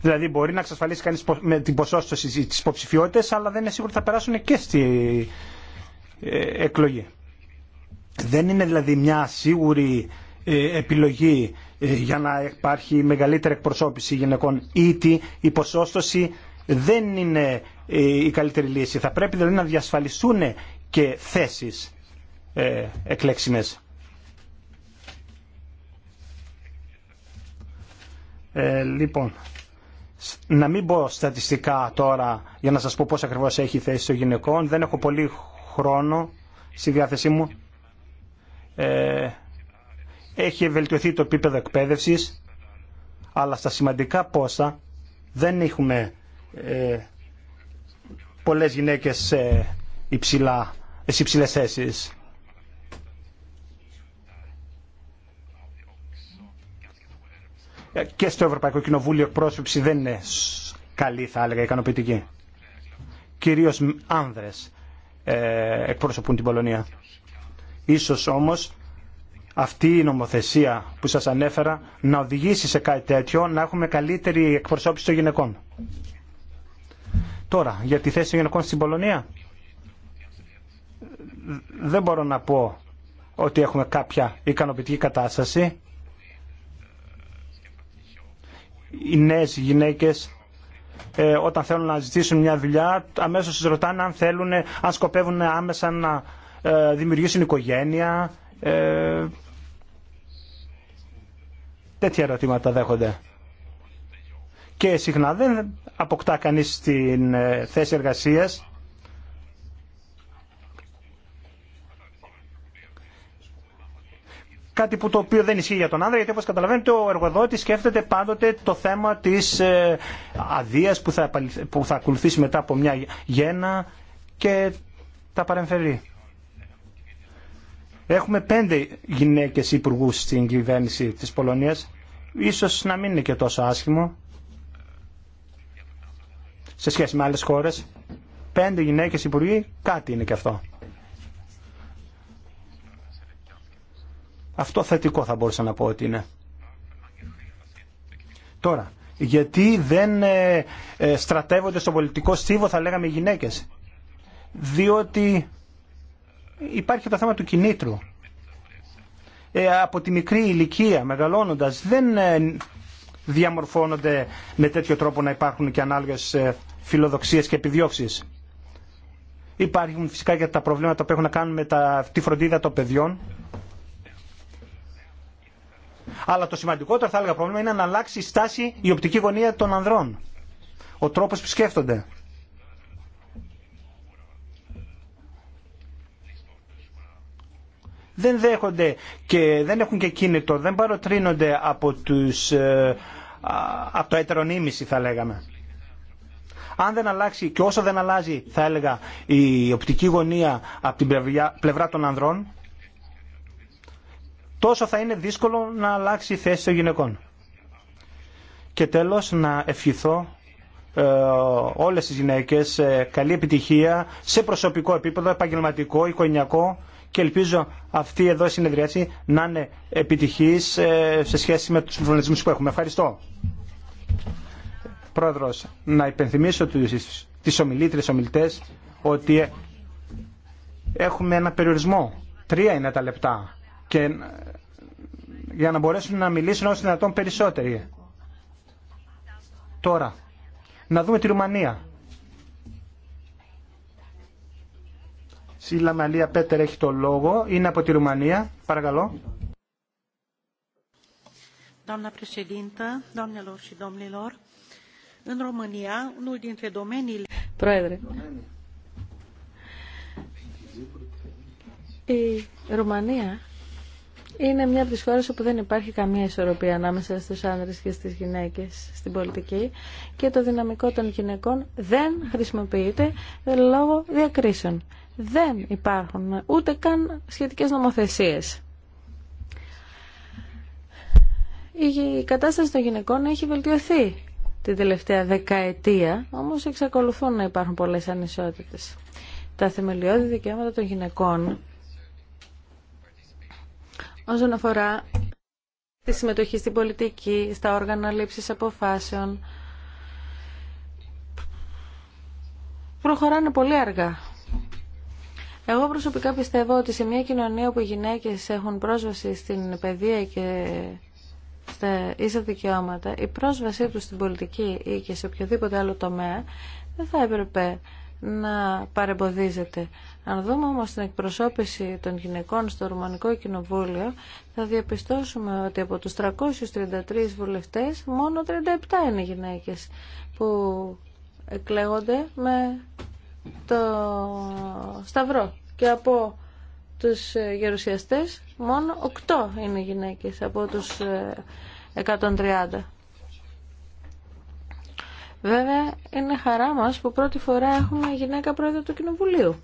Δηλαδή μπορεί να εξασφαλίσει κανείς με την ποσόστοση της υποψηφιότητες, αλλά δεν είναι σίγουρο ότι θα περάσουν και στη ε, εκλογή. Δεν είναι δηλαδή μια σίγουρη ε, επιλογή ε, για να υπάρχει μεγαλύτερη εκπροσώπηση γυναικών ή τι η ποσόστοση δεν είναι η καλύτερη λύση. Θα πρέπει δηλαδή να διασφαλιστούν και θέσεις εκλέξιμες. Ε, λοιπόν, να μην πω στατιστικά τώρα για να σας πω πώς ακριβώς έχει η θέση των γυναικών. Δεν έχω πολύ χρόνο στη διάθεσή μου. Ε, έχει βελτιωθεί το επίπεδο εκπαίδευση, αλλά στα σημαντικά πόσα δεν έχουμε ε, πολλές γυναίκες σε υψηλά, σε υψηλές και στο Ευρωπαϊκό Κοινοβούλιο εκπρόσωψη δεν είναι καλή θα έλεγα ικανοποιητική. Κυρίως άνδρες ε, εκπρόσωπουν την Πολωνία. Ίσως όμως αυτή η νομοθεσία που σα ανέφερα να οδηγήσει σε κάτι τέτοιο να έχουμε καλύτερη εκπροσώπηση των γυναικών. Τώρα, για τη θέση των γυναικών στην Πολωνία. Δεν μπορώ να πω ότι έχουμε κάποια ικανοποιητική κατάσταση οι νέες γυναίκες ε, όταν θέλουν να ζητήσουν μια δουλειά αμέσως ρωτάνε αν θέλουν, αν σκοπεύουν άμεσα να ε, δημιουργήσουν οικογένεια. Ε, τέτοια ερωτήματα δέχονται. Και συχνά δεν αποκτά κανείς την θέση εργασίας Κάτι που το οποίο δεν ισχύει για τον άνδρα, γιατί όπω καταλαβαίνετε ο εργοδότη σκέφτεται πάντοτε το θέμα της ε, αδεία που θα, που θα ακολουθήσει μετά από μια γένα και τα παρεμφερεί. Έχουμε πέντε γυναίκες υπουργού στην κυβέρνηση τη Πολωνία. Σω να μην είναι και τόσο άσχημο σε σχέση με άλλε χώρε. Πέντε γυναίκε υπουργοί, κάτι είναι και αυτό. Αυτό θετικό θα μπορούσα να πω ότι είναι. Τώρα, γιατί δεν ε, ε, στρατεύονται στο πολιτικό στίβο θα λέγαμε οι γυναίκες. Διότι υπάρχει το θέμα του κινήτρου. Ε, από τη μικρή ηλικία μεγαλώνοντας δεν διαμορφώνονται με τέτοιο τρόπο να υπάρχουν και ανάλογες φιλοδοξίες και επιδιώξεις. Υπάρχουν φυσικά και τα προβλήματα που έχουν να κάνουν με τη φροντίδα των παιδιών αλλά το σημαντικότερο θα έλεγα πρόβλημα είναι να αλλάξει η στάση, η οπτική γωνία των ανδρών. Ο τρόπος που σκέφτονται. δεν δέχονται και δεν έχουν και κίνητο, δεν παροτρύνονται από, τους, ε, από το θα λέγαμε. Αν δεν αλλάξει και όσο δεν αλλάζει θα έλεγα η οπτική γωνία από την πλευρά των ανδρών, όσο θα είναι δύσκολο να αλλάξει η θέση των γυναικών. Και τέλος να ευχηθώ ε, όλες τις γυναίκες ε, καλή επιτυχία σε προσωπικό επίπεδο, επαγγελματικό, οικογενειακό και ελπίζω αυτή εδώ η συνεδρίαση να είναι επιτυχής ε, σε σχέση με τους συμφωνισμούς που έχουμε. Ευχαριστώ. Πρόεδρος, να υπενθυμίσω τους, τις ομιλήτρες, ομιλητές ότι έχουμε ένα περιορισμό. Τρία είναι τα λεπτά και για να μπορέσουν να μιλήσουν όσο δυνατόν περισσότεροι. Τώρα, να δούμε τη Ρουμανία. Σίλα Μαλία Πέτερ έχει το λόγο. Είναι από τη Ρουμανία. Παρακαλώ. Doamna președintă, doamnelor și domnilor, în România, unul dintre domeniile... Proedre. Η România, είναι μια από τις χώρες όπου δεν υπάρχει καμία ισορροπία ανάμεσα στους άνδρες και στις γυναίκες στην πολιτική και το δυναμικό των γυναικών δεν χρησιμοποιείται λόγω διακρίσεων. Δεν υπάρχουν ούτε καν σχετικές νομοθεσίες. Η κατάσταση των γυναικών έχει βελτιωθεί την τελευταία δεκαετία, όμως εξακολουθούν να υπάρχουν πολλές ανισότητες. Τα θεμελιώδη δικαιώματα των γυναικών όσον αφορά τη συμμετοχή στην πολιτική, στα όργανα λήψη αποφάσεων. Προχωράνε πολύ αργά. Εγώ προσωπικά πιστεύω ότι σε μια κοινωνία όπου οι γυναίκες έχουν πρόσβαση στην παιδεία και στα ίσα δικαιώματα, η πρόσβασή τους στην πολιτική ή και σε οποιοδήποτε άλλο τομέα δεν θα έπρεπε να παρεμποδίζεται. Αν δούμε όμως την εκπροσώπηση των γυναικών στο Ρουμανικό Κοινοβούλιο, θα διαπιστώσουμε ότι από τους 333 βουλευτές, μόνο 37 είναι γυναίκες που εκλέγονται με το σταυρό. Και από τους γερουσιαστές, μόνο 8 είναι γυναίκες από τους 130. Ε, Βέβαια, είναι χαρά μας που πρώτη φορά έχουμε γυναίκα πρόεδρο του Κοινοβουλίου.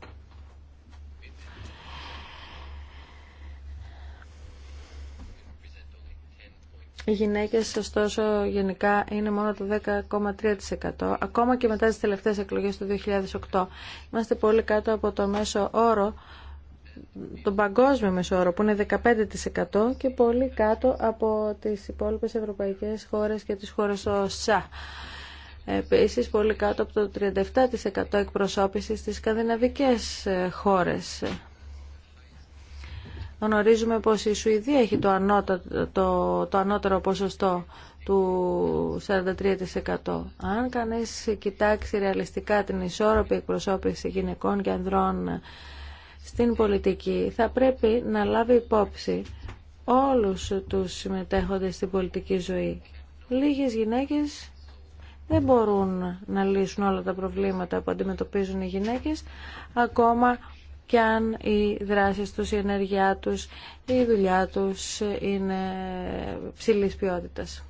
Οι γυναίκες, ωστόσο, γενικά είναι μόνο το 10,3%, ακόμα και μετά τις τελευταίες εκλογές του 2008. Είμαστε πολύ κάτω από το μέσο όρο, τον παγκόσμιο μέσο όρο, που είναι 15% και πολύ κάτω από τις υπόλοιπες ευρωπαϊκές χώρες και τις χώρες ΩΣΑ. Επίσης, πολύ κάτω από το 37% εκπροσώπηση στις σκανδιναβικές ε, χώρες. Γνωρίζουμε πως η Σουηδία έχει το, ανώτατο, το, το ανώτερο ποσοστό του 43%. Αν κανείς κοιτάξει ρεαλιστικά την ισόρροπη εκπροσώπηση γυναικών και ανδρών στην πολιτική, θα πρέπει να λάβει υπόψη όλους τους συμμετέχοντες στην πολιτική ζωή. Λίγες γυναίκες δεν μπορούν να λύσουν όλα τα προβλήματα που αντιμετωπίζουν οι γυναίκες, ακόμα και αν οι δράσεις τους, η ενέργειά τους, η δουλειά τους είναι ψηλής ποιότητας.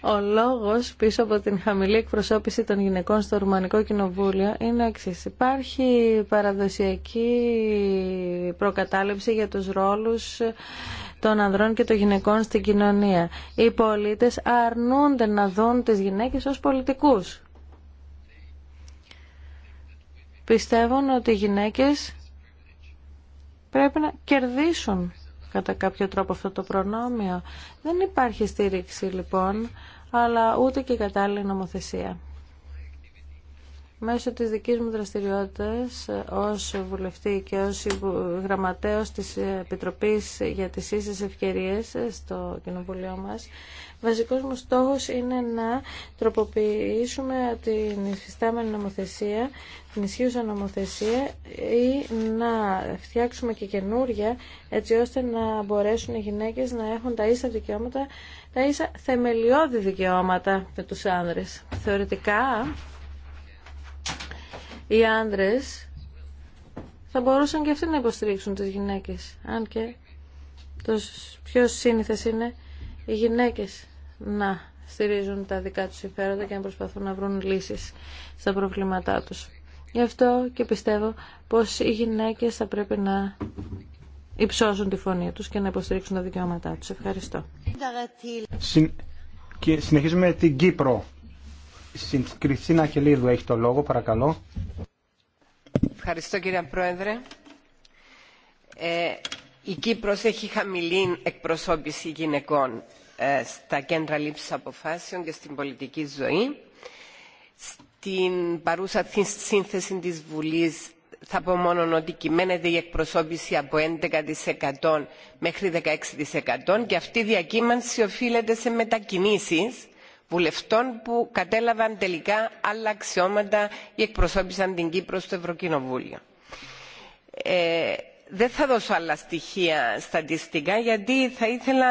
Ο λόγος πίσω από την χαμηλή εκπροσώπηση των γυναικών στο Ρουμανικό Κοινοβούλιο είναι ο εξής. Υπάρχει παραδοσιακή προκατάληψη για τους ρόλους των ανδρών και των γυναικών στην κοινωνία. Οι πολίτες αρνούνται να δουν τις γυναίκες ως πολιτικούς. Πιστεύουν ότι οι γυναίκες πρέπει να κερδίσουν κατά κάποιο τρόπο αυτό το προνόμιο. Δεν υπάρχει στήριξη λοιπόν, αλλά ούτε και κατάλληλη νομοθεσία. Μέσω της δικής μου δραστηριότητας ως βουλευτή και ως γραμματέος της Επιτροπής για τις Ίσες Ευκαιρίες στο Κοινοβουλίο μας, βασικός μου στόχος είναι να τροποποιήσουμε την υφιστάμενη νομοθεσία, την ισχύουσα νομοθεσία ή να φτιάξουμε και καινούρια έτσι ώστε να μπορέσουν οι γυναίκες να έχουν τα ίσα δικαιώματα, τα ίσα θεμελιώδη δικαιώματα με τους άνδρες. Θεωρητικά, οι άνδρες θα μπορούσαν και αυτοί να υποστηρίξουν τις γυναίκες. Αν και το πιο σύνηθες είναι οι γυναίκες να στηρίζουν τα δικά τους συμφέροντα και να προσπαθούν να βρουν λύσεις στα προβλήματά τους. Γι' αυτό και πιστεύω πως οι γυναίκες θα πρέπει να υψώσουν τη φωνή τους και να υποστηρίξουν τα δικαιώματά τους. Ευχαριστώ. Και συνεχίζουμε την Κύπρο. Στην Κριστίνα Χελίδου έχει το λόγο, παρακαλώ. Ευχαριστώ κύριε Πρόεδρε. Ε, η Κύπρος έχει χαμηλή εκπροσώπηση γυναικών ε, στα κέντρα λήψης αποφάσεων και στην πολιτική ζωή. Στην παρούσα σύνθεση της Βουλής θα πω μόνο ότι κυμαίνεται η εκπροσώπηση από 11% μέχρι 16% και αυτή η διακύμανση οφείλεται σε μετακινήσεις βουλευτών που κατέλαβαν τελικά άλλα αξιώματα ή εκπροσώπησαν την Κύπρο στο Ευρωκοινοβούλιο. Ε, δεν θα δώσω άλλα στοιχεία στατιστικά γιατί θα ήθελα,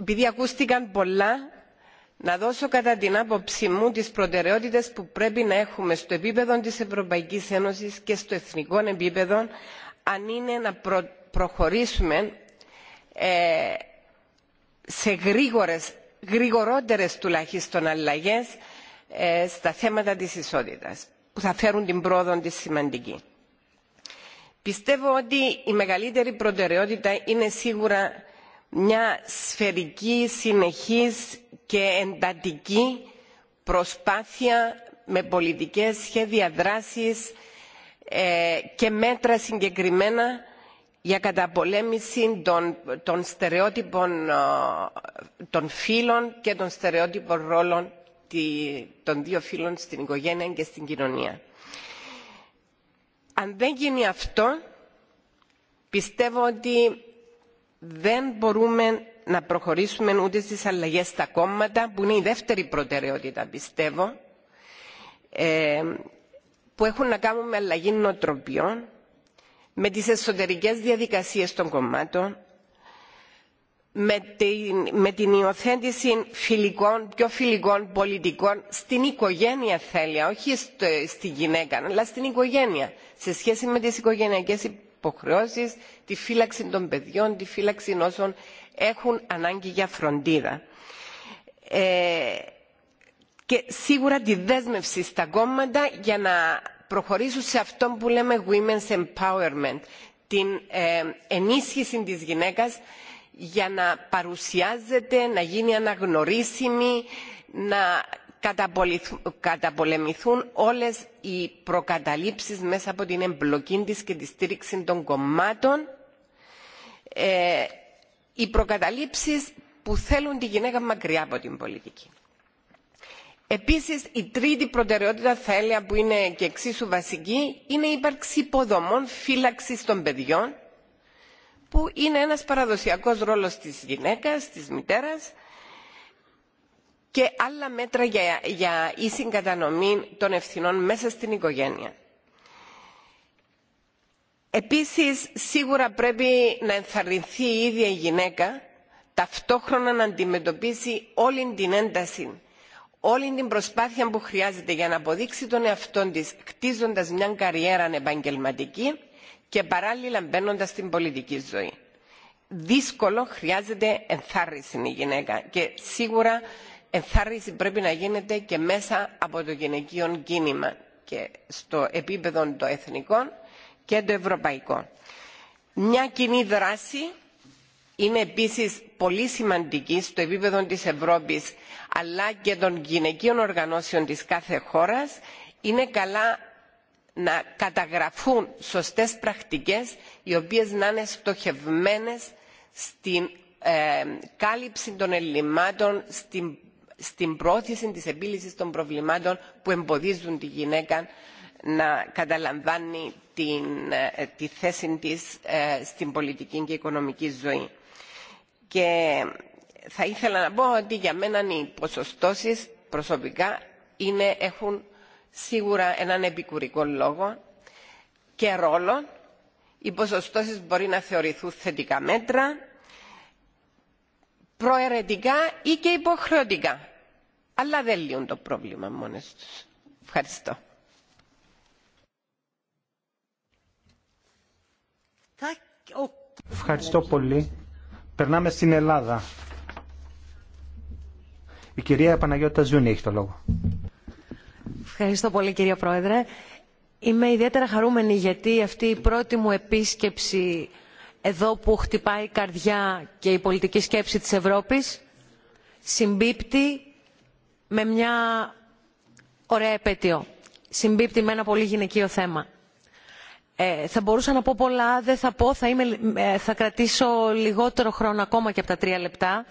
επειδή ακούστηκαν πολλά, να δώσω κατά την άποψή μου τις προτεραιότητες που πρέπει να έχουμε στο επίπεδο της Ευρωπαϊκής Ένωσης και στο εθνικό επίπεδο αν είναι να προχωρήσουμε ε, σε γρήγορες γρηγορότερες τουλάχιστον αλλαγές ε, στα θέματα της ισότητας που θα φέρουν την πρόοδο τη σημαντική. Πιστεύω ότι η μεγαλύτερη προτεραιότητα είναι σίγουρα μια σφαιρική, συνεχής και εντατική προσπάθεια με πολιτικές σχέδια δράσης ε, και μέτρα συγκεκριμένα για καταπολέμηση των, των στερεότυπων ε, των φύλων και των στερεότυπων ρόλων των δύο φίλων στην οικογένεια και στην κοινωνία. Αν δεν γίνει αυτό, πιστεύω ότι δεν μπορούμε να προχωρήσουμε ούτε στις αλλαγές στα κόμματα, που είναι η δεύτερη προτεραιότητα, πιστεύω, ε, που έχουν να κάνουν με αλλαγή νοοτροπιών, με τις εσωτερικές διαδικασίες των κομμάτων, με την, με την υιοθέτηση φιλικών, πιο φιλικών πολιτικών στην οικογένεια θέλει, όχι στο, στη γυναίκα, αλλά στην οικογένεια, σε σχέση με τις οικογενειακές υποχρεώσεις, τη φύλαξη των παιδιών, τη φύλαξη όσων έχουν ανάγκη για φροντίδα. Ε, και σίγουρα τη δέσμευση στα κόμματα για να προχωρήσουν σε αυτό που λέμε women's empowerment, την ε, ενίσχυση της γυναίκας για να παρουσιάζεται, να γίνει αναγνωρίσιμη, να καταπολεμηθούν όλες οι προκαταλήψεις μέσα από την εμπλοκή της και τη στήριξη των κομμάτων. Ε, οι προκαταλήψεις που θέλουν τη γυναίκα μακριά από την πολιτική. Επίσης, η τρίτη προτεραιότητα, θα έλεγα, που είναι και εξίσου βασική, είναι η ύπαρξη υποδομών φύλαξη των παιδιών, που είναι ένας παραδοσιακός ρόλος της γυναίκας, της μητέρας, και άλλα μέτρα για, για ίση κατανομή των ευθυνών μέσα στην οικογένεια. Επίσης, σίγουρα πρέπει να ενθαρρυνθεί η ίδια η γυναίκα ταυτόχρονα να αντιμετωπίσει όλη την ένταση όλη την προσπάθεια που χρειάζεται για να αποδείξει τον εαυτό της κτίζοντας μια καριέρα επαγγελματική και παράλληλα μπαίνοντα στην πολιτική ζωή. Δύσκολο χρειάζεται ενθάρρυνση η γυναίκα και σίγουρα ενθάρρυνση πρέπει να γίνεται και μέσα από το γυναικείο κίνημα και στο επίπεδο των εθνικών και το ευρωπαϊκό. Μια κοινή δράση είναι επίσης πολύ σημαντική στο επίπεδο της Ευρώπης αλλά και των γυναικείων οργανώσεων της κάθε χώρας είναι καλά να καταγραφούν σωστές πρακτικές οι οποίες να είναι στοχευμένες στην ε, κάλυψη των ελλημάτων, στην, στην πρόθεση της επίλυσης των προβλημάτων που εμποδίζουν τη γυναίκα να καταλαμβάνει ε, τη θέση της ε, στην πολιτική και οικονομική ζωή και θα ήθελα να πω ότι για μένα οι ποσοστώσει προσωπικά είναι, έχουν σίγουρα έναν επικουρικό λόγο και ρόλο. Οι ποσοστώσει μπορεί να θεωρηθούν θετικά μέτρα, προαιρετικά ή και υποχρεωτικά. Αλλά δεν λύουν το πρόβλημα μόνες τους. Ευχαριστώ. Ευχαριστώ πολύ. Περνάμε στην Ελλάδα. Η κυρία Παναγιώτα Ζούνι έχει το λόγο. Ευχαριστώ πολύ κύριε Πρόεδρε. Είμαι ιδιαίτερα χαρούμενη γιατί αυτή η πρώτη μου επίσκεψη εδώ που χτυπάει η καρδιά και η πολιτική σκέψη της Ευρώπης συμπίπτει με μια ωραία επέτειο. Συμπίπτει με ένα πολύ γυναικείο θέμα. Ε, θα μπορούσα να πω πολλά, δεν θα πω, ε, θα, κρατήσω λιγότερο χρόνο ακόμα και από τα τρία λεπτά,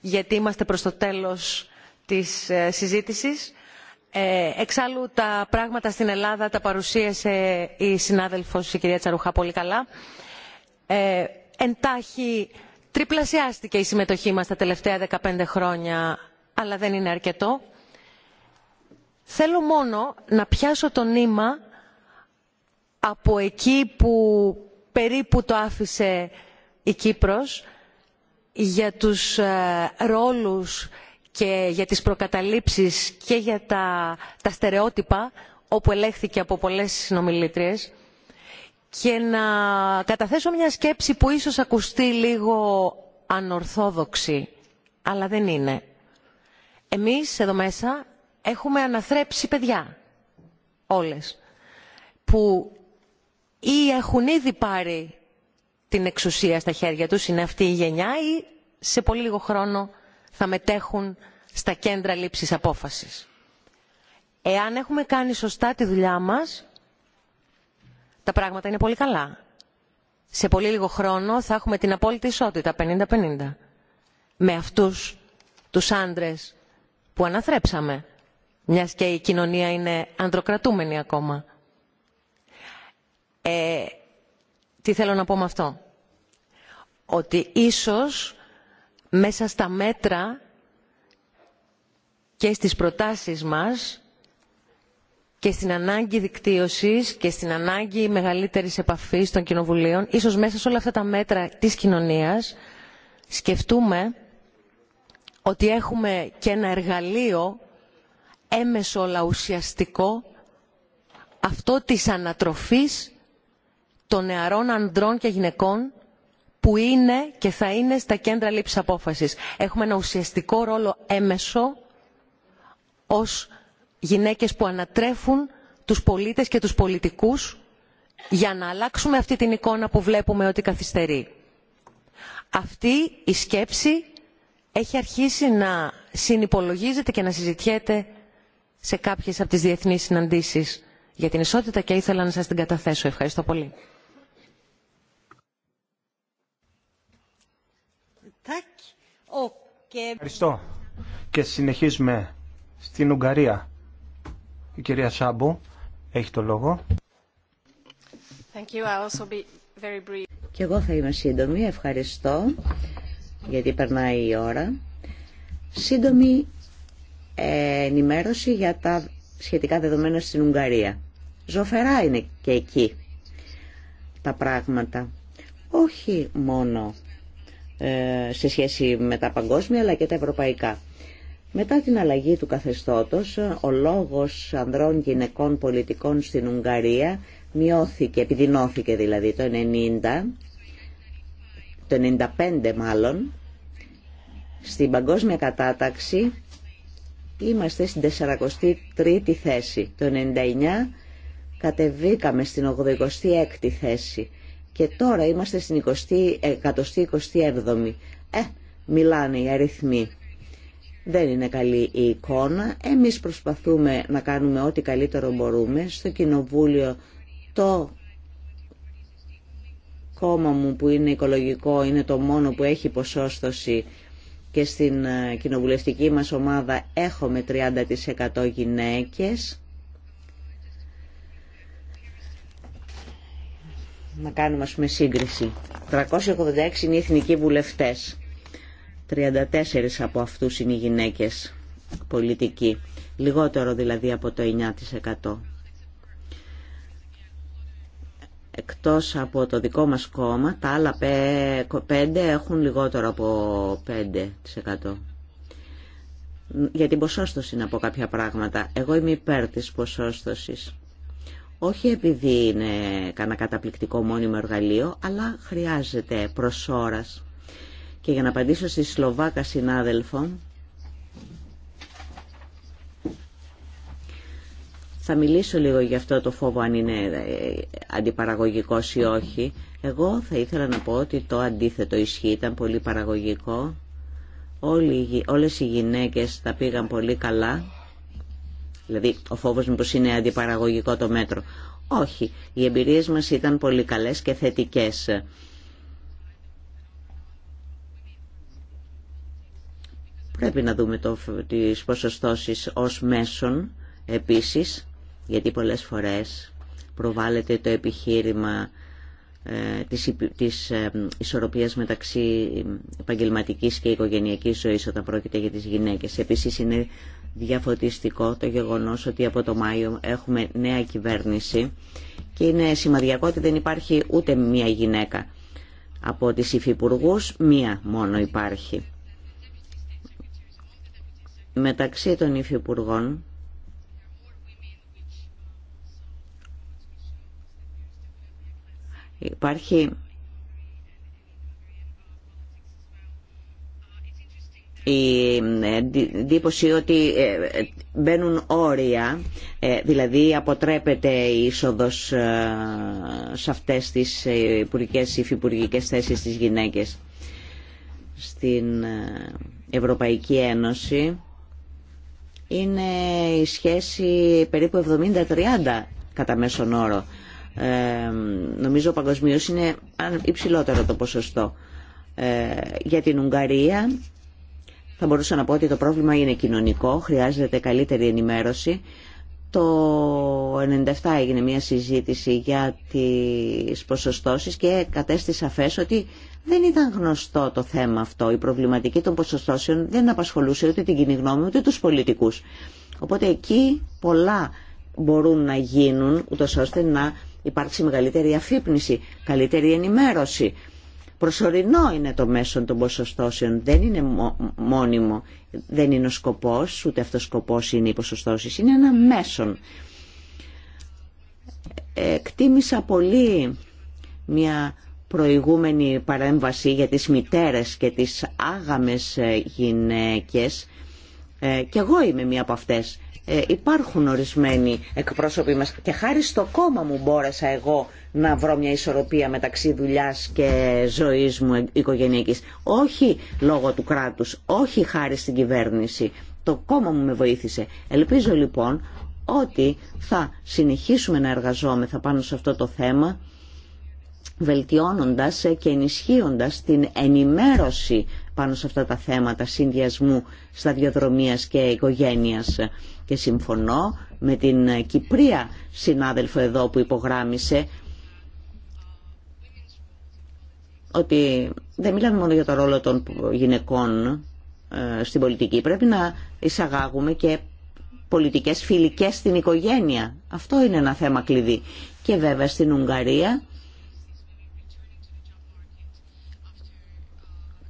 γιατί είμαστε προς το τέλος της ε, συζήτησης. εξάλλου τα πράγματα στην Ελλάδα τα παρουσίασε η συνάδελφος η κυρία Τσαρουχά πολύ καλά. Ε, εντάχει τριπλασιάστηκε η συμμετοχή μας τα τελευταία 15 χρόνια, αλλά δεν είναι αρκετό. Θέλω μόνο να πιάσω το νήμα από εκεί που περίπου το άφησε η Κύπρος για τους ε, ρόλους και για τις προκαταλήψεις και για τα, τα στερεότυπα όπου ελέγχθηκε από πολλές συνομιλήτριες και να καταθέσω μια σκέψη που ίσως ακουστεί λίγο ανορθόδοξη αλλά δεν είναι. Εμείς εδώ μέσα έχουμε αναθρέψει παιδιά όλες που ή έχουν ήδη πάρει την εξουσία στα χέρια τους, είναι αυτή η γενιά ή σε πολύ λίγο χρόνο θα μετέχουν στα κέντρα λήψης απόφασης. Εάν έχουμε κάνει σωστά τη δουλειά μας, τα πράγματα είναι πολύ καλά. Σε πολύ λίγο χρόνο θα έχουμε την απόλυτη ισότητα 50-50 με αυτούς τους άντρες που αναθρέψαμε, μιας και η κοινωνία είναι ανδροκρατούμενη ακόμα. Ε, τι θέλω να πω με αυτό. Ότι ίσως μέσα στα μέτρα και στις προτάσεις μας και στην ανάγκη δικτύωσης και στην ανάγκη μεγαλύτερης επαφής των κοινοβουλίων, ίσως μέσα σε όλα αυτά τα μέτρα της κοινωνίας, σκεφτούμε ότι έχουμε και ένα εργαλείο έμεσο αλλά ουσιαστικό αυτό της ανατροφής των νεαρών ανδρών και γυναικών που είναι και θα είναι στα κέντρα λήψης απόφασης. Έχουμε ένα ουσιαστικό ρόλο έμεσο ως γυναίκες που ανατρέφουν τους πολίτες και τους πολιτικούς για να αλλάξουμε αυτή την εικόνα που βλέπουμε ότι καθυστερεί. Αυτή η σκέψη έχει αρχίσει να συνυπολογίζεται και να συζητιέται σε κάποιες από τις διεθνείς συναντήσεις για την ισότητα και ήθελα να σας την καταθέσω. Ευχαριστώ πολύ. Ευχαριστώ. Και συνεχίζουμε στην Ουγγαρία. Η κυρία Σάμπου έχει το λόγο. Και εγώ θα είμαι σύντομη. Ευχαριστώ γιατί περνάει η ώρα. Σύντομη ε, ενημέρωση για τα σχετικά δεδομένα στην Ουγγαρία. Ζωφερά είναι και εκεί τα πράγματα. Όχι μόνο ε, σε σχέση με τα παγκόσμια αλλά και τα ευρωπαϊκά. Μετά την αλλαγή του καθεστώτος, ο λόγος ανδρών γυναικών πολιτικών στην Ουγγαρία μειώθηκε, επιδεινώθηκε δηλαδή το 90, το 95 μάλλον, στην παγκόσμια κατάταξη είμαστε στην 43η θέση. Το 99 κατεβήκαμε στην 86η θέση και τώρα είμαστε στην 127η. Ε, μιλάνε οι αριθμοί. Δεν είναι καλή η εικόνα. Εμείς προσπαθούμε να κάνουμε ό,τι καλύτερο μπορούμε. Στο Κοινοβούλιο το κόμμα μου που είναι οικολογικό είναι το μόνο που έχει ποσόστοση και στην ε, κοινοβουλευτική μας ομάδα έχουμε 30% γυναίκες να κάνουμε ας πούμε σύγκριση. 386 είναι οι εθνικοί βουλευτές. 34 από αυτούς είναι οι γυναίκες πολιτικοί. Λιγότερο δηλαδή από το 9%. Εκτός από το δικό μας κόμμα, τα άλλα 5 έχουν λιγότερο από 5%. Για την ποσόστοση να πω κάποια πράγματα. Εγώ είμαι υπέρ της ποσόστοσης όχι επειδή είναι κανένα καταπληκτικό μόνιμο εργαλείο, αλλά χρειάζεται προσώρας. Και για να απαντήσω στη Σλοβάκα συνάδελφο, θα μιλήσω λίγο για αυτό το φόβο αν είναι ε, αντιπαραγωγικός ή όχι. Εγώ θα ήθελα να πω ότι το αντίθετο ισχύει, ήταν πολύ παραγωγικό. Όλοι, όλες οι γυναίκες τα πήγαν πολύ καλά Δηλαδή ο φόβος πως είναι αντιπαραγωγικό το μέτρο. Όχι, οι εμπειρίες μας ήταν πολύ καλές και θετικές. Πρέπει να δούμε το, τις ποσοστώσεις ως μέσον επίσης, γιατί πολλές φορές προβάλλεται το επιχείρημα ε, της, της ε, ισορροπίας μεταξύ ε, επαγγελματικής και οικογενειακής ζωής όταν πρόκειται για τις γυναίκες. Επίσης είναι διαφωτιστικό το γεγονός ότι από το Μάιο έχουμε νέα κυβέρνηση και είναι σημαδιακό ότι δεν υπάρχει ούτε μία γυναίκα. Από τις υφυπουργού μία μόνο υπάρχει. Μεταξύ των υφυπουργών υπάρχει η εντύπωση ότι ε, μπαίνουν όρια, ε, δηλαδή αποτρέπεται η είσοδος ε, σε αυτές τις υπουργικές, υφυπουργικές θέσεις της γυναίκες στην Ευρωπαϊκή Ένωση είναι η σχέση περίπου 70-30 κατά μέσον όρο. Ε, νομίζω παγκοσμίω είναι υψηλότερο το ποσοστό. για την Ουγγαρία θα μπορούσα να πω ότι το πρόβλημα είναι κοινωνικό, χρειάζεται καλύτερη ενημέρωση. Το 1997 έγινε μια συζήτηση για τις ποσοστώσεις και κατέστη σαφές ότι δεν ήταν γνωστό το θέμα αυτό. Η προβληματική των ποσοστώσεων δεν απασχολούσε ούτε την κοινή γνώμη ούτε τους πολιτικούς. Οπότε εκεί πολλά μπορούν να γίνουν ούτως ώστε να υπάρξει μεγαλύτερη αφύπνιση, καλύτερη ενημέρωση Προσωρινό είναι το μέσο των ποσοστώσεων, δεν είναι μόνιμο, δεν είναι ο σκοπός, ούτε αυτός ο σκοπός είναι οι ποσοστώσεις, είναι ένα μέσον. Ε, εκτίμησα πολύ μια προηγούμενη παρέμβαση για τις μητέρες και τις άγαμες ε, γυναίκες ε, και εγώ είμαι μία από αυτές ε, υπάρχουν ορισμένοι εκπρόσωποι μας και χάρη στο κόμμα μου μπόρεσα εγώ να βρω μια ισορροπία μεταξύ δουλειάς και ζωής μου ε, οικογενειακής. Όχι λόγω του κράτους, όχι χάρη στην κυβέρνηση. Το κόμμα μου με βοήθησε. Ελπίζω λοιπόν ότι θα συνεχίσουμε να εργαζόμεθα πάνω σε αυτό το θέμα βελτιώνοντας ε, και ενισχύοντας την ενημέρωση πάνω σε αυτά τα θέματα συνδυασμού σταδιοδρομίας και οικογένειας και συμφωνώ με την Κυπρία συνάδελφο εδώ που υπογράμισε ότι δεν μιλάμε μόνο για το ρόλο των γυναικών ε, στην πολιτική. Πρέπει να εισαγάγουμε και πολιτικές φιλικές στην οικογένεια. Αυτό είναι ένα θέμα κλειδί. Και βέβαια στην Ουγγαρία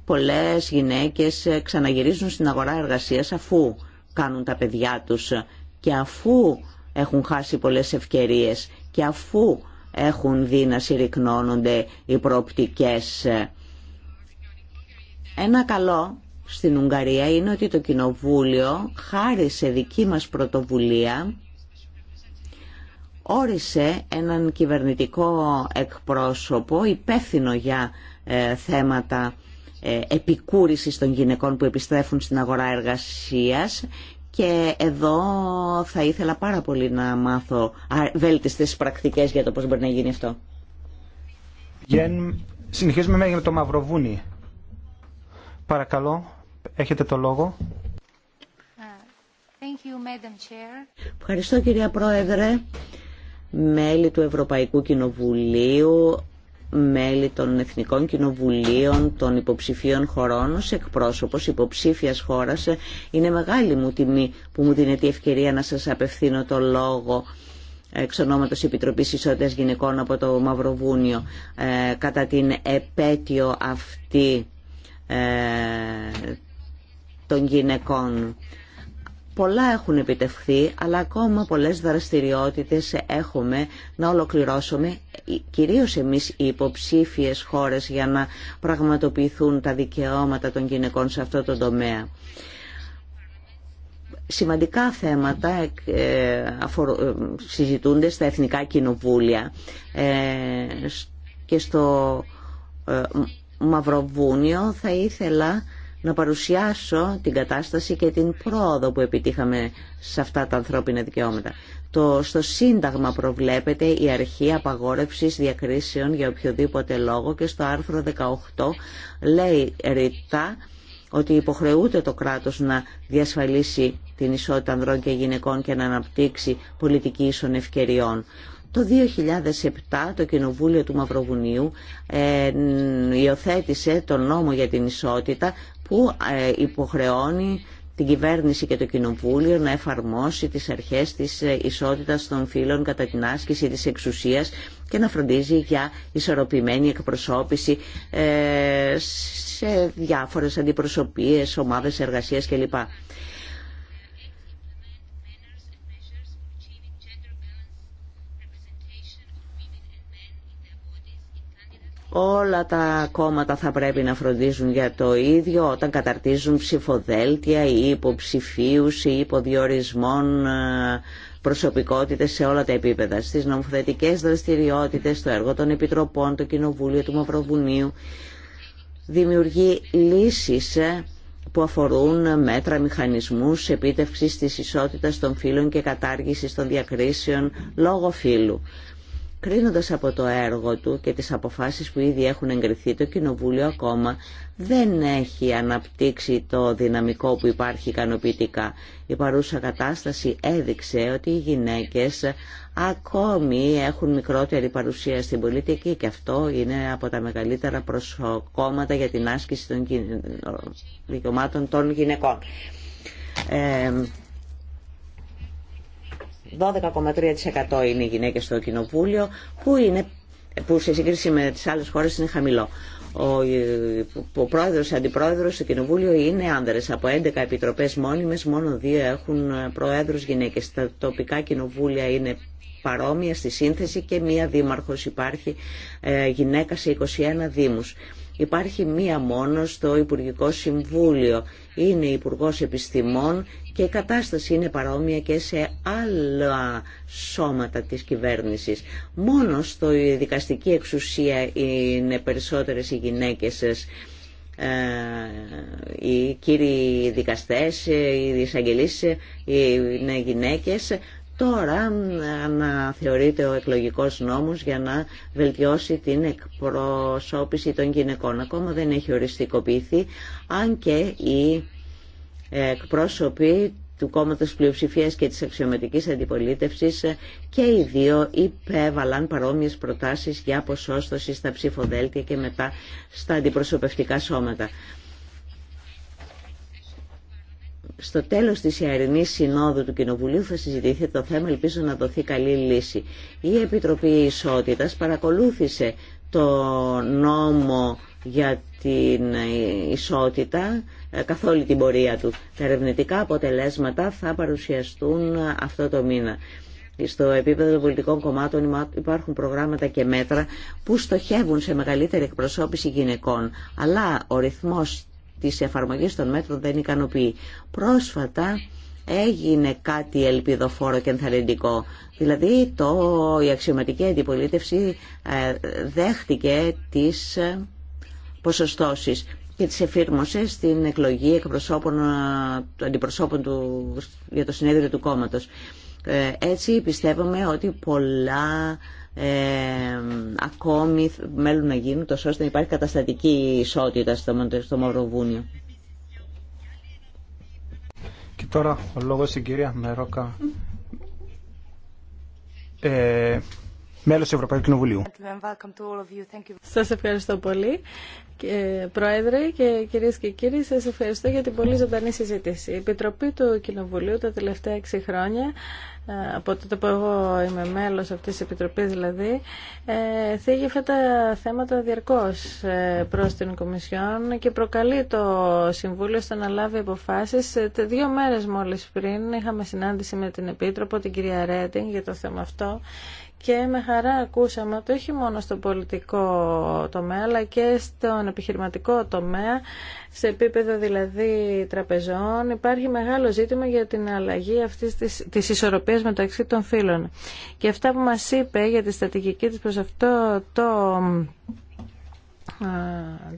πολλές γυναίκες ξαναγυρίζουν στην αγορά εργασίας αφού κάνουν τα παιδιά τους και αφού έχουν χάσει πολλές ευκαιρίες και αφού έχουν δει να συρρυκνώνονται οι προοπτικές. Ένα καλό στην Ουγγαρία είναι ότι το Κοινοβούλιο χάρη σε δική μας πρωτοβουλία όρισε έναν κυβερνητικό εκπρόσωπο υπεύθυνο για ε, θέματα ε, επικούρησης των γυναικών που επιστρέφουν στην αγορά εργασίας και εδώ θα ήθελα πάρα πολύ να μάθω βέλτιστες πρακτικές για το πώς μπορεί να γίνει αυτό. Συνεχίζουμε με το Μαυροβούνι. Παρακαλώ, έχετε το λόγο. Uh, Ευχαριστώ κυρία Πρόεδρε, μέλη του Ευρωπαϊκού Κοινοβουλίου, μέλη των Εθνικών Κοινοβουλίων των υποψηφίων χωρών ως εκπρόσωπος υποψήφιας χώρας. Ε, είναι μεγάλη μου τιμή που μου δίνεται η ευκαιρία να σας απευθύνω το λόγο ε, εξ ονόματος Επιτροπής Ισότητας Γυναικών από το Μαυροβούνιο ε, κατά την επέτειο αυτή των γυναικών. Πολλά έχουν επιτευχθεί, αλλά ακόμα πολλές δραστηριότητες έχουμε να ολοκληρώσουμε, ε, κυρίως εμείς οι υποψήφιες χώρες για να πραγματοποιηθούν τα δικαιώματα των γυναικών σε αυτό το τομέα. Σημαντικά θέματα ε, ε, συζητούνται στα Εθνικά Κοινοβούλια και στο Μαυροβούνιο θα ήθελα να παρουσιάσω την κατάσταση και την πρόοδο που επιτύχαμε σε αυτά τα ανθρώπινα δικαιώματα. Το, στο Σύνταγμα προβλέπεται η αρχή απαγόρευσης διακρίσεων για οποιοδήποτε λόγο και στο άρθρο 18 λέει ρητά ότι υποχρεούται το κράτος να διασφαλίσει την ισότητα ανδρών και γυναικών και να αναπτύξει πολιτική ίσων ευκαιριών. Το 2007 το Κοινοβούλιο του Μαυροβουνίου ε, υιοθέτησε τον νόμο για την ισότητα που ε, υποχρεώνει την κυβέρνηση και το κοινοβούλιο να εφαρμόσει τις αρχές της ε, ισότητας των φύλων κατά την άσκηση της εξουσίας και να φροντίζει για ισορροπημένη εκπροσώπηση ε, σε διάφορες αντιπροσωπείες, ομάδες εργασίας κλπ. Όλα τα κόμματα θα πρέπει να φροντίζουν για το ίδιο όταν καταρτίζουν ψηφοδέλτια ή υποψηφίου ή υποδιορισμών ε, προσωπικότητες σε όλα τα επίπεδα, στις νομοθετικές δραστηριότητες, στο έργο των Επιτροπών, το Κοινοβούλιο του Μαυροβουνίου. Δημιουργεί λύσεις ε, που αφορούν μέτρα μηχανισμούς επίτευξης της ισότητας των φύλων και κατάργησης των διακρίσεων λόγω φύλου. Κρίνοντας από το έργο του και τις αποφάσεις που ήδη έχουν εγκριθεί, το Κοινοβούλιο ακόμα δεν έχει αναπτύξει το δυναμικό που υπάρχει ικανοποιητικά. Η παρούσα κατάσταση έδειξε ότι οι γυναίκες ακόμη έχουν μικρότερη παρουσία στην πολιτική και αυτό είναι από τα μεγαλύτερα προσκόμματα για την άσκηση των δικαιωμάτων των γυναικών. Ε, 12,3% είναι οι γυναίκες στο κοινοβούλιο, που, είναι, που σε σύγκριση με τις άλλες χώρες είναι χαμηλό. Ο, ο πρόεδρος και αντιπρόεδρος στο κοινοβούλιο είναι άνδρες. Από 11 επιτροπές μόνιμες μόνο δύο έχουν προέδρους γυναίκες. Τα τοπικά κοινοβούλια είναι παρόμοια στη σύνθεση και μία δήμαρχος υπάρχει ε, γυναίκα σε 21 δήμους. Υπάρχει μία μόνο στο Υπουργικό Συμβούλιο. Είναι υπουργό Επιστημών και η κατάσταση είναι παρόμοια και σε άλλα σώματα της κυβέρνησης. Μόνο στο δικαστική εξουσία είναι περισσότερες οι γυναίκες σας. Ε, οι κύριοι δικαστές, οι εισαγγελίσει, είναι γυναίκες Τώρα να θεωρείται ο εκλογικός νόμος για να βελτιώσει την εκπροσώπηση των γυναικών. Ακόμα δεν έχει οριστικοποιηθεί, αν και οι ε, εκπρόσωποι του κόμματος πλειοψηφίας και της αξιωματικής αντιπολίτευσης ε, και οι δύο υπέβαλαν παρόμοιες προτάσεις για ποσόστοση στα ψηφοδέλτια και μετά στα αντιπροσωπευτικά σώματα στο τέλος της Ιαρινής Συνόδου του Κοινοβουλίου θα συζητηθεί το θέμα, ελπίζω να δοθεί καλή λύση. Η Επιτροπή Ισότητας παρακολούθησε το νόμο για την ισότητα ε, καθ' όλη την πορεία του. Τα ερευνητικά αποτελέσματα θα παρουσιαστούν αυτό το μήνα. Στο επίπεδο των πολιτικών κομμάτων υπάρχουν προγράμματα και μέτρα που στοχεύουν σε μεγαλύτερη εκπροσώπηση γυναικών, αλλά ο ρυθμός της εφαρμογή των μέτρων δεν ικανοποιεί. Πρόσφατα έγινε κάτι ελπιδοφόρο και ενθαρρυντικό. Δηλαδή το, η αξιωματική αντιπολίτευση ε, δέχτηκε τις ε, ποσοστώσεις και τις εφήρμοσε στην εκλογή εκπροσώπων, ε, αντιπροσώπων του, για το συνέδριο του κόμματος. Έτσι πιστεύουμε ότι πολλά ε, ακόμη μέλλον να γίνουν τόσο ώστε να υπάρχει καταστατική ισότητα στο, στο Μαυροβούνιο. Και τώρα ο λόγος στην κυρία Μερόκα, ε, μέλος Ευρωπαϊκού Κοινοβουλίου. Σας ευχαριστώ πολύ. Πρόεδρε και κυρίε και κύριοι, σα ευχαριστώ για την πολύ ζωντανή συζήτηση. Η Επιτροπή του Κοινοβουλίου τα τελευταία 6 χρόνια από τότε που εγώ είμαι μέλος αυτής της Επιτροπής δηλαδή, ε, θίγει αυτά τα θέματα διαρκώς ε, προς την Κομισιόν και προκαλεί το Συμβούλιο στο να λάβει αποφάσεις. Ε, δύο μέρες μόλις πριν είχαμε συνάντηση με την Επίτροπο, την κυρία Ρέντινγκ, για το θέμα αυτό και με χαρά ακούσαμε ότι όχι μόνο στον πολιτικό τομέα αλλά και στον επιχειρηματικό τομέα σε επίπεδο δηλαδή τραπεζών υπάρχει μεγάλο ζήτημα για την αλλαγή αυτής της, της ισορροπίας μεταξύ των φύλων και αυτά που μας είπε για τη στρατηγική της προς αυτό το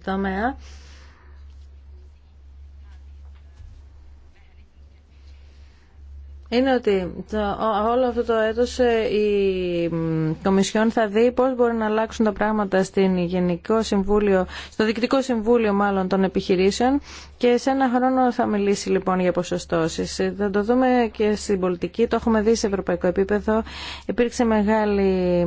τομέα είναι ότι όλο αυτό το έτος ε, η Κομισιόν θα δει πώς μπορεί να αλλάξουν τα πράγματα στην Γενικό Συμβούλιο, στο Διοικητικό Συμβούλιο μάλλον των επιχειρήσεων και σε ένα χρόνο θα μιλήσει λοιπόν για ποσοστώσεις. Ε, θα το δούμε και στην πολιτική, το έχουμε δει σε ευρωπαϊκό επίπεδο. Υπήρξε μεγάλη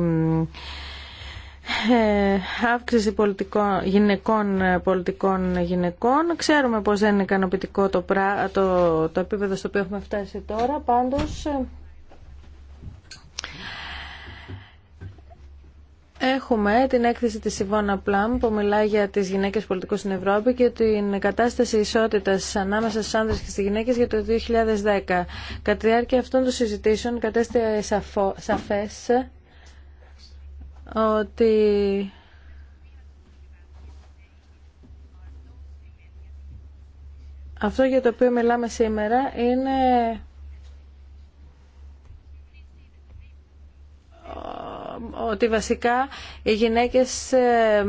ε, αύξηση πολιτικών, γυναικών ε, πολιτικών γυναικών. Ξέρουμε πως δεν είναι ικανοποιητικό το, πρά, το, το επίπεδο στο οποίο έχουμε φτάσει τώρα, πάντως... Ε, έχουμε την έκθεση της Σιβώνα Πλάμ που μιλάει για τις γυναίκες πολιτικούς στην Ευρώπη και την κατάσταση ισότητας ανάμεσα στους άνδρες και στις γυναίκες για το 2010. Κατά τη διάρκεια αυτών των συζητήσεων κατέστη σαφές ότι αυτό για το οποίο μιλάμε σήμερα είναι ότι βασικά οι γυναίκες ε,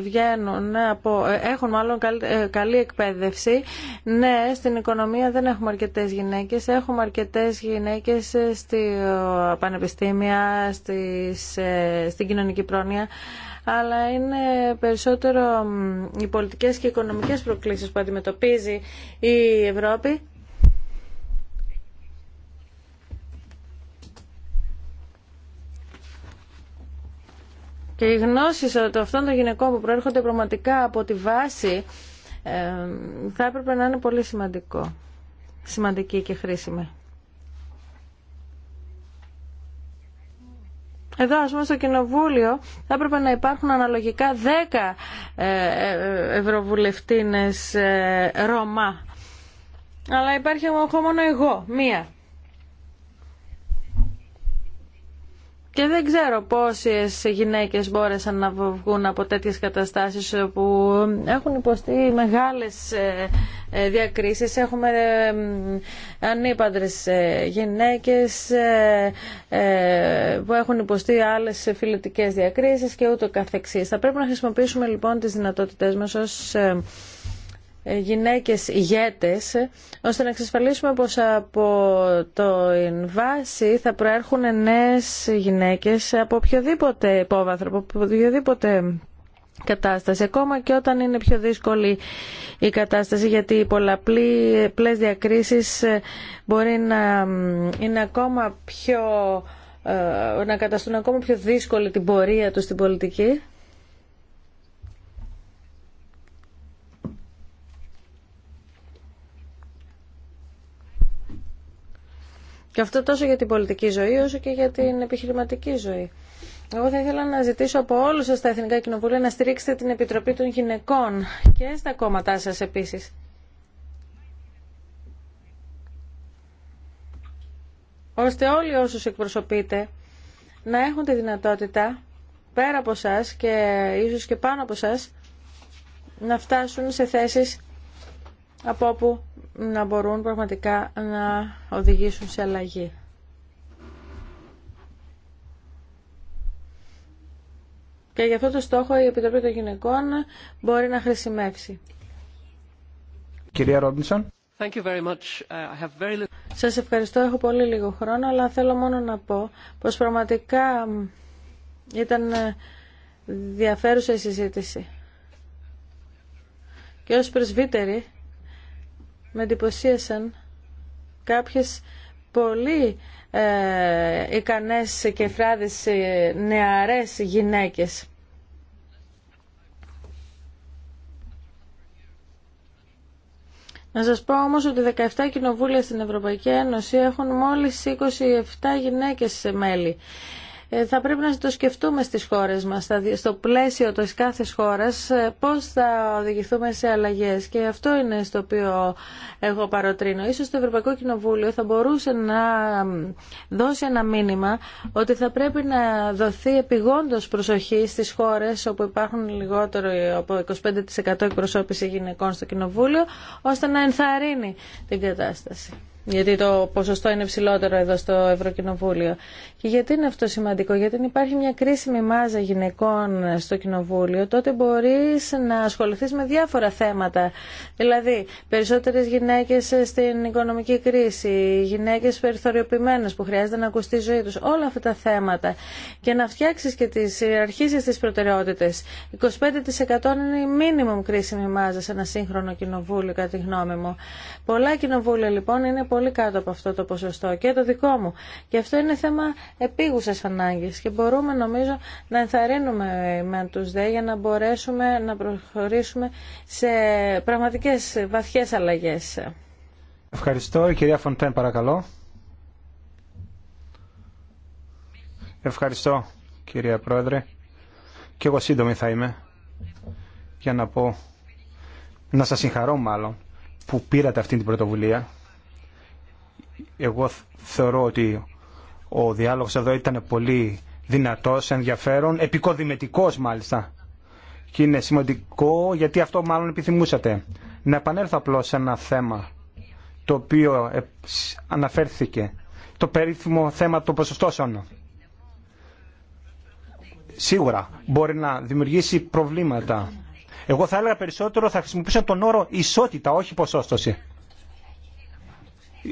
βγαίνουν από, ε, έχουν μάλλον ε, καλή εκπαίδευση. Ναι, στην οικονομία δεν έχουμε αρκετές γυναίκες. Έχουμε αρκετές γυναίκες στη πανεπιστήμια, στις, στην κοινωνική πρόνοια αλλά είναι περισσότερο οι πολιτικές και οι οικονομικές προκλήσεις που αντιμετωπίζει η Ευρώπη Οι γνώσει αυτών των γυναικών που προέρχονται πραγματικά από τη βάση θα έπρεπε να είναι πολύ σημαντικό. Σημαντική και χρήσιμη. Εδώ, ας πούμε, στο Κοινοβούλιο θα έπρεπε να υπάρχουν αναλογικά 10 ε, ε, ευρωβουλευτίνες ε, Ρωμά. Αλλά υπάρχει μόνο εγώ, μία. Και δεν ξέρω πόσες γυναίκες μπόρεσαν να βγουν από τέτοιες καταστάσεις που έχουν υποστεί μεγάλες ε, ε, διακρίσεις. Έχουμε ε, ανήπαντρες γυναίκες που έχουν υποστεί άλλες φιλετικές διακρίσεις και ούτω καθεξής. Θα πρέπει να χρησιμοποιήσουμε λοιπόν τις δυνατότητές μας ως γυναίκες ηγέτες, ώστε να εξασφαλίσουμε πως από το βάση θα προέρχουν νέες γυναίκες από οποιοδήποτε υπόβαθρο, από οποιοδήποτε κατάσταση, ακόμα και όταν είναι πιο δύσκολη η κατάσταση, γιατί οι πολλαπλές διακρίσεις μπορεί να είναι ακόμα πιο ε, να καταστούν ακόμα πιο δύσκολη την πορεία του στην πολιτική. Και αυτό τόσο για την πολιτική ζωή όσο και για την επιχειρηματική ζωή. Εγώ θα ήθελα να ζητήσω από όλους σας τα Εθνικά Κοινοβούλια να στηρίξετε την Επιτροπή των Γυναικών και στα κόμματά σας επίσης. Ώστε όλοι όσους εκπροσωπείτε να έχουν τη δυνατότητα πέρα από σας και ίσως και πάνω από σας να φτάσουν σε θέσεις από όπου να μπορούν πραγματικά να οδηγήσουν σε αλλαγή. Και για αυτό το στόχο η Επιτροπή των Γυναικών μπορεί να χρησιμεύσει. Κυρία Ρόμπινσον. Uh, Σας ευχαριστώ. Έχω πολύ λίγο χρόνο, αλλά θέλω μόνο να πω πως πραγματικά ήταν ε, διαφέρουσα η συζήτηση. Και ως πρεσβύτερη με εντυπωσίασαν κάποιες πολύ ε, ικανές και φράδες ε, νεαρές γυναίκες. Να σας πω όμως ότι 17 κοινοβούλια στην Ευρωπαϊκή Ένωση έχουν μόλις 27 γυναίκες μέλη. Ε, θα πρέπει να το σκεφτούμε στις χώρες μας, στο πλαίσιο της κάθε χώρας, ε, πώς θα οδηγηθούμε σε αλλαγές. Και αυτό είναι στο οποίο εγώ παροτρύνω. Ίσως το Ευρωπαϊκό Κοινοβούλιο θα μπορούσε να δώσει ένα μήνυμα ότι θα πρέπει να δοθεί επιγόντως προσοχή στις χώρες όπου υπάρχουν λιγότερο από 25% εκπροσώπηση γυναικών στο Κοινοβούλιο, ώστε να ενθαρρύνει την κατάσταση γιατί το ποσοστό είναι ψηλότερο εδώ στο Ευρωκοινοβούλιο. Και γιατί είναι αυτό σημαντικό, γιατί υπάρχει μια κρίσιμη μάζα γυναικών στο κοινοβούλιο, τότε μπορείς να ασχοληθείς με διάφορα θέματα. Δηλαδή, περισσότερες γυναίκες στην οικονομική κρίση, γυναίκες περιθωριοποιημένες που χρειάζεται να ακουστεί η ζωή τους, όλα αυτά τα θέματα. Και να φτιάξεις και τις ιεραρχήσεις τις προτεραιότητες. 25% είναι η μίνιμουμ κρίσιμη μάζα σε ένα σύγχρονο κοινοβούλιο, κατά τη γνώμη μου. Πολλά κοινοβούλια λοιπόν είναι πολύ κάτω από αυτό το ποσοστό και το δικό μου. Και αυτό είναι θέμα επίγουσες ανάγκες και μπορούμε νομίζω να ενθαρρύνουμε με τους ΔΕ για να μπορέσουμε να προχωρήσουμε σε πραγματικές βαθιές αλλαγές. Ευχαριστώ. κυρία Φοντέν παρακαλώ. Ευχαριστώ κυρία Πρόεδρε. Και εγώ σύντομη θα είμαι για να πω, να σας συγχαρώ μάλλον που πήρατε αυτή την πρωτοβουλία. Εγώ θεωρώ ότι ο διάλογος εδώ ήταν πολύ δυνατός, ενδιαφέρον, επικοδημητικός μάλιστα. Και είναι σημαντικό γιατί αυτό μάλλον επιθυμούσατε. Να επανέλθω απλώ σε ένα θέμα το οποίο αναφέρθηκε. Το περίφημο θέμα των ποσοστώσεων. Σίγουρα μπορεί να δημιουργήσει προβλήματα. Εγώ θα έλεγα περισσότερο θα χρησιμοποιήσω τον όρο ισότητα, όχι ποσόστοση.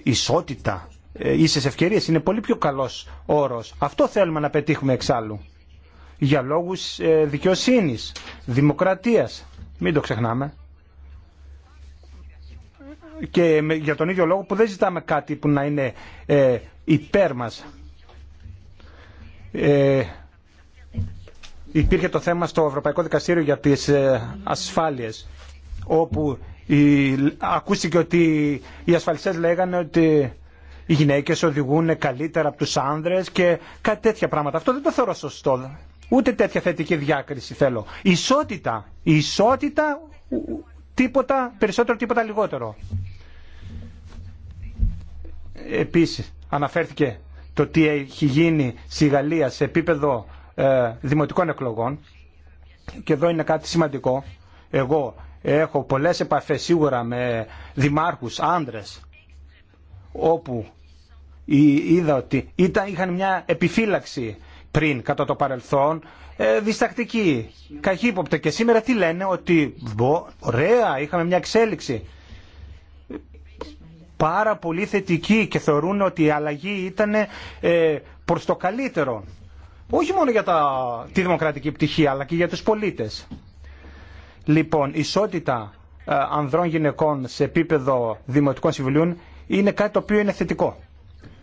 Ισότητα. Ε, ίσες ευκαιρίες. Είναι πολύ πιο καλός όρος. Αυτό θέλουμε να πετύχουμε εξάλλου. Για λόγους ε, δικαιοσύνης, δημοκρατίας. Μην το ξεχνάμε. Και για τον ίδιο λόγο που δεν ζητάμε κάτι που να είναι ε, υπέρ μας. Ε, υπήρχε το θέμα στο Ευρωπαϊκό Δικαστήριο για τις ασφάλειες όπου η, ακούστηκε ότι οι ασφαλιστές λέγανε ότι οι γυναίκες οδηγούν καλύτερα από τους άνδρες και κάτι τέτοια πράγματα. Αυτό δεν το θεωρώ σωστό. Ούτε τέτοια θετική διάκριση θέλω. Ισότητα. Ισότητα τίποτα περισσότερο, τίποτα λιγότερο. Επίσης αναφέρθηκε το τι έχει γίνει στη Γαλλία σε επίπεδο ε, δημοτικών εκλογών και εδώ είναι κάτι σημαντικό. Εγώ έχω πολλές επαφές σίγουρα με δημάρχους, άντρες όπου είδα ότι ήταν, είχαν μια επιφύλαξη πριν κατά το παρελθόν ε, διστακτική, καχύποπτα και σήμερα τι λένε ότι μπο, ωραία είχαμε μια εξέλιξη πάρα πολύ θετική και θεωρούν ότι η αλλαγή ήταν ε, προς το καλύτερο όχι μόνο για τα, τη δημοκρατική πτυχή αλλά και για τους πολίτες λοιπόν ισότητα ε, ανδρών γυναικών σε επίπεδο δημοτικών συμβουλίων είναι κάτι το οποίο είναι θετικό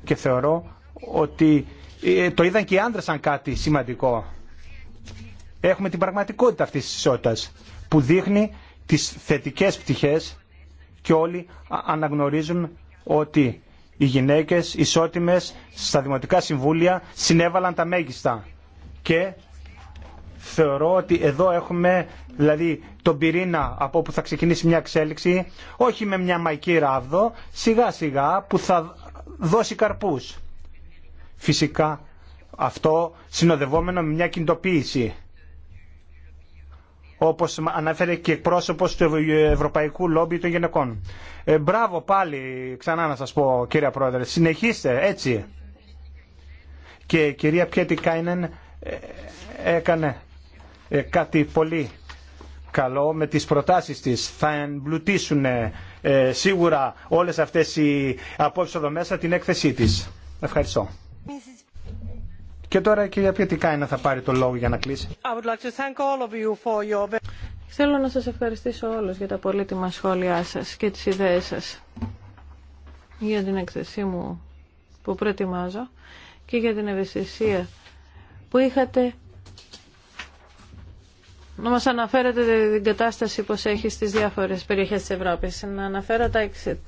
και θεωρώ ότι ε, το είδαν και οι άντρες σαν κάτι σημαντικό. Έχουμε την πραγματικότητα αυτής της ισότητας που δείχνει τις θετικές πτυχές και όλοι αναγνωρίζουν ότι οι γυναίκες ισότιμες στα δημοτικά συμβούλια συνέβαλαν τα μέγιστα και θεωρώ ότι εδώ έχουμε δηλαδή τον πυρήνα από όπου θα ξεκινήσει μια εξέλιξη όχι με μια μαϊκή ράβδο σιγά σιγά που θα δώσει καρπούς. Φυσικά αυτό συνοδευόμενο με μια κινητοποίηση όπως αναφέρεται και εκπρόσωπος του Ευρωπαϊκού Λόμπι των Γυναικών. Ε, μπράβο πάλι, ξανά να σας πω κύριε Πρόεδρε, συνεχίστε έτσι. Και η κυρία Πιέτη Κάινεν ε, έκανε ε, κάτι πολύ καλό με τις προτάσεις της. Θα εμπλουτίσουν ε, σίγουρα όλες αυτές οι απόψεις εδώ μέσα την έκθεσή της. Ευχαριστώ. Και τώρα η κυρία Πιετικάινα θα πάρει το λόγο για να κλείσει. Θέλω να σας ευχαριστήσω όλους για τα πολύτιμα σχόλιά σας και τις ιδέες σας για την εκθεσή μου που προετοιμάζω και για την ευαισθησία που είχατε να μας αναφέρετε την κατάσταση πως έχει στις διάφορες περιοχές της Ευρώπης. Να αναφέρω τα εξή.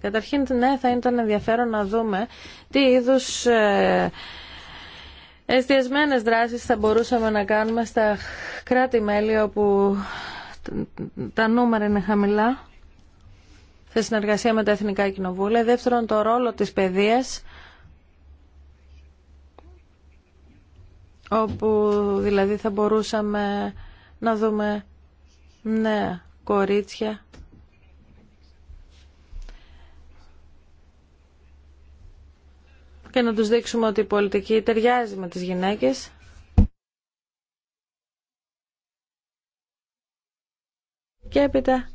Καταρχήν, ναι, θα ήταν ενδιαφέρον να δούμε τι είδους ε, εστιασμένες δράσεις θα μπορούσαμε να κάνουμε στα κράτη-μέλη όπου τα νούμερα είναι χαμηλά σε συνεργασία με τα Εθνικά Κοινοβούλια. Δεύτερον, το ρόλο της παιδείας όπου δηλαδή θα μπορούσαμε να δούμε νέα κορίτσια και να τους δείξουμε ότι η πολιτική ταιριάζει με τις γυναίκες. Και έπειτα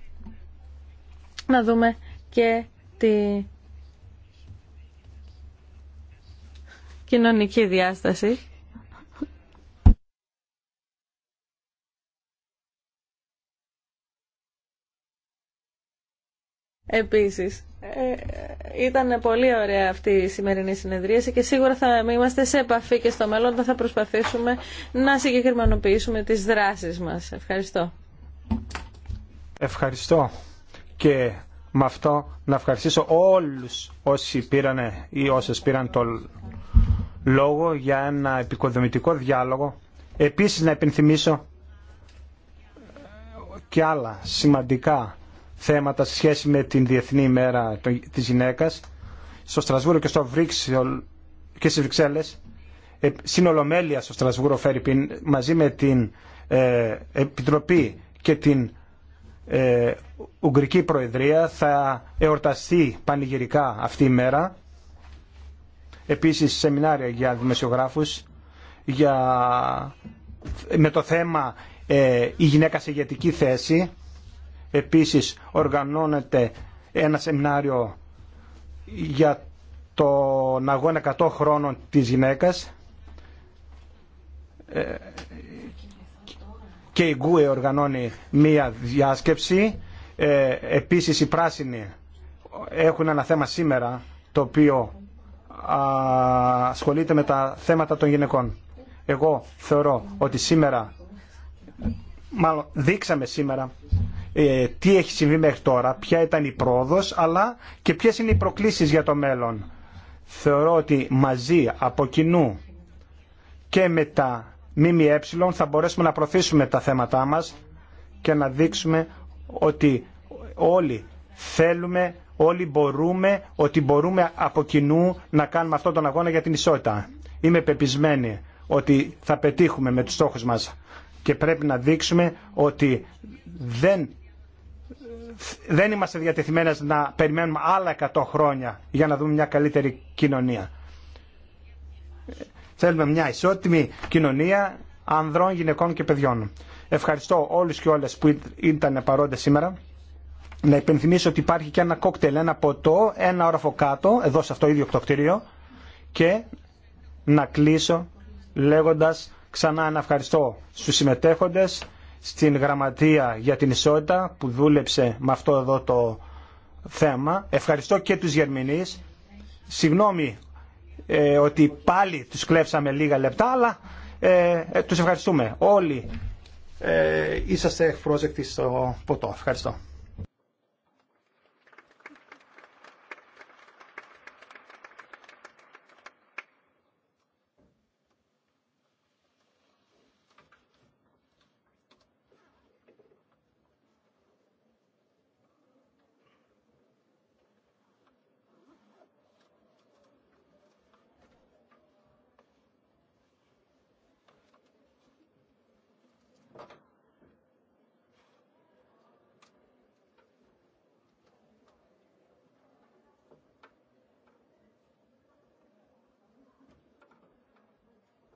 να δούμε και τη κοινωνική διάσταση. Επίσης, ε, ήταν πολύ ωραία αυτή η σημερινή συνεδρίαση και σίγουρα θα είμαστε σε επαφή και στο μέλλον θα προσπαθήσουμε να συγκεκριμενοποιήσουμε τις δράσεις μας. Ευχαριστώ. Ευχαριστώ και με αυτό να ευχαριστήσω όλους όσοι πήραν ή όσες πήραν το λόγο για ένα επικοδομητικό διάλογο. Επίσης να επενθυμίσω και άλλα σημαντικά θέματα σε σχέση με την Διεθνή ημέρα της γυναίκας στο Στρασβούργο και, στο Βρυξελ, και στις Βρυξέλλες ε, συνολομέλεια στο Στρασβούργο Φέρυπιν μαζί με την ε, Επιτροπή και την ε, Ουγγρική Προεδρία θα εορταστεί πανηγυρικά αυτή η μέρα επίσης σεμινάρια για δημοσιογράφους για, με το θέμα η γυναίκα σε ηγετική θέση Επίσης οργανώνεται ένα σεμινάριο για τον αγώνα 100 χρόνων της γυναίκας ε, και η Γκουε οργανώνει μία διάσκεψη. Ε, επίσης οι πράσινοι έχουν ένα θέμα σήμερα το οποίο ασχολείται με τα θέματα των γυναικών. Εγώ θεωρώ ότι σήμερα, μάλλον δείξαμε σήμερα ε, τι έχει συμβεί μέχρι τώρα, ποια ήταν η πρόοδος, αλλά και ποιες είναι οι προκλήσεις για το μέλλον. Θεωρώ ότι μαζί, από κοινού και με τα ΜΜΕ θα μπορέσουμε να προωθήσουμε τα θέματά μας και να δείξουμε ότι όλοι θέλουμε, όλοι μπορούμε, ότι μπορούμε από κοινού να κάνουμε αυτόν τον αγώνα για την ισότητα. Είμαι πεπισμένη ότι θα πετύχουμε με τους στόχους μας και πρέπει να δείξουμε ότι δεν δεν είμαστε διατεθειμένες να περιμένουμε άλλα 100 χρόνια για να δούμε μια καλύτερη κοινωνία. Θέλουμε μια ισότιμη κοινωνία ανδρών, γυναικών και παιδιών. Ευχαριστώ όλους και όλες που ήταν παρόντες σήμερα. Να υπενθυμίσω ότι υπάρχει και ένα κόκτελ, ένα ποτό, ένα όροφο κάτω, εδώ σε αυτό το ίδιο το Και να κλείσω λέγοντας ξανά να ευχαριστώ στους συμμετέχοντες, στην Γραμματεία για την Ισότητα που δούλεψε με αυτό εδώ το θέμα. Ευχαριστώ και τους Γερμινείς. Συγγνώμη ε, ότι πάλι τους κλέψαμε λίγα λεπτά, αλλά ε, ε, τους ευχαριστούμε. Όλοι ε, είσαστε εκπρόσεκτοι στο ποτό. Ευχαριστώ.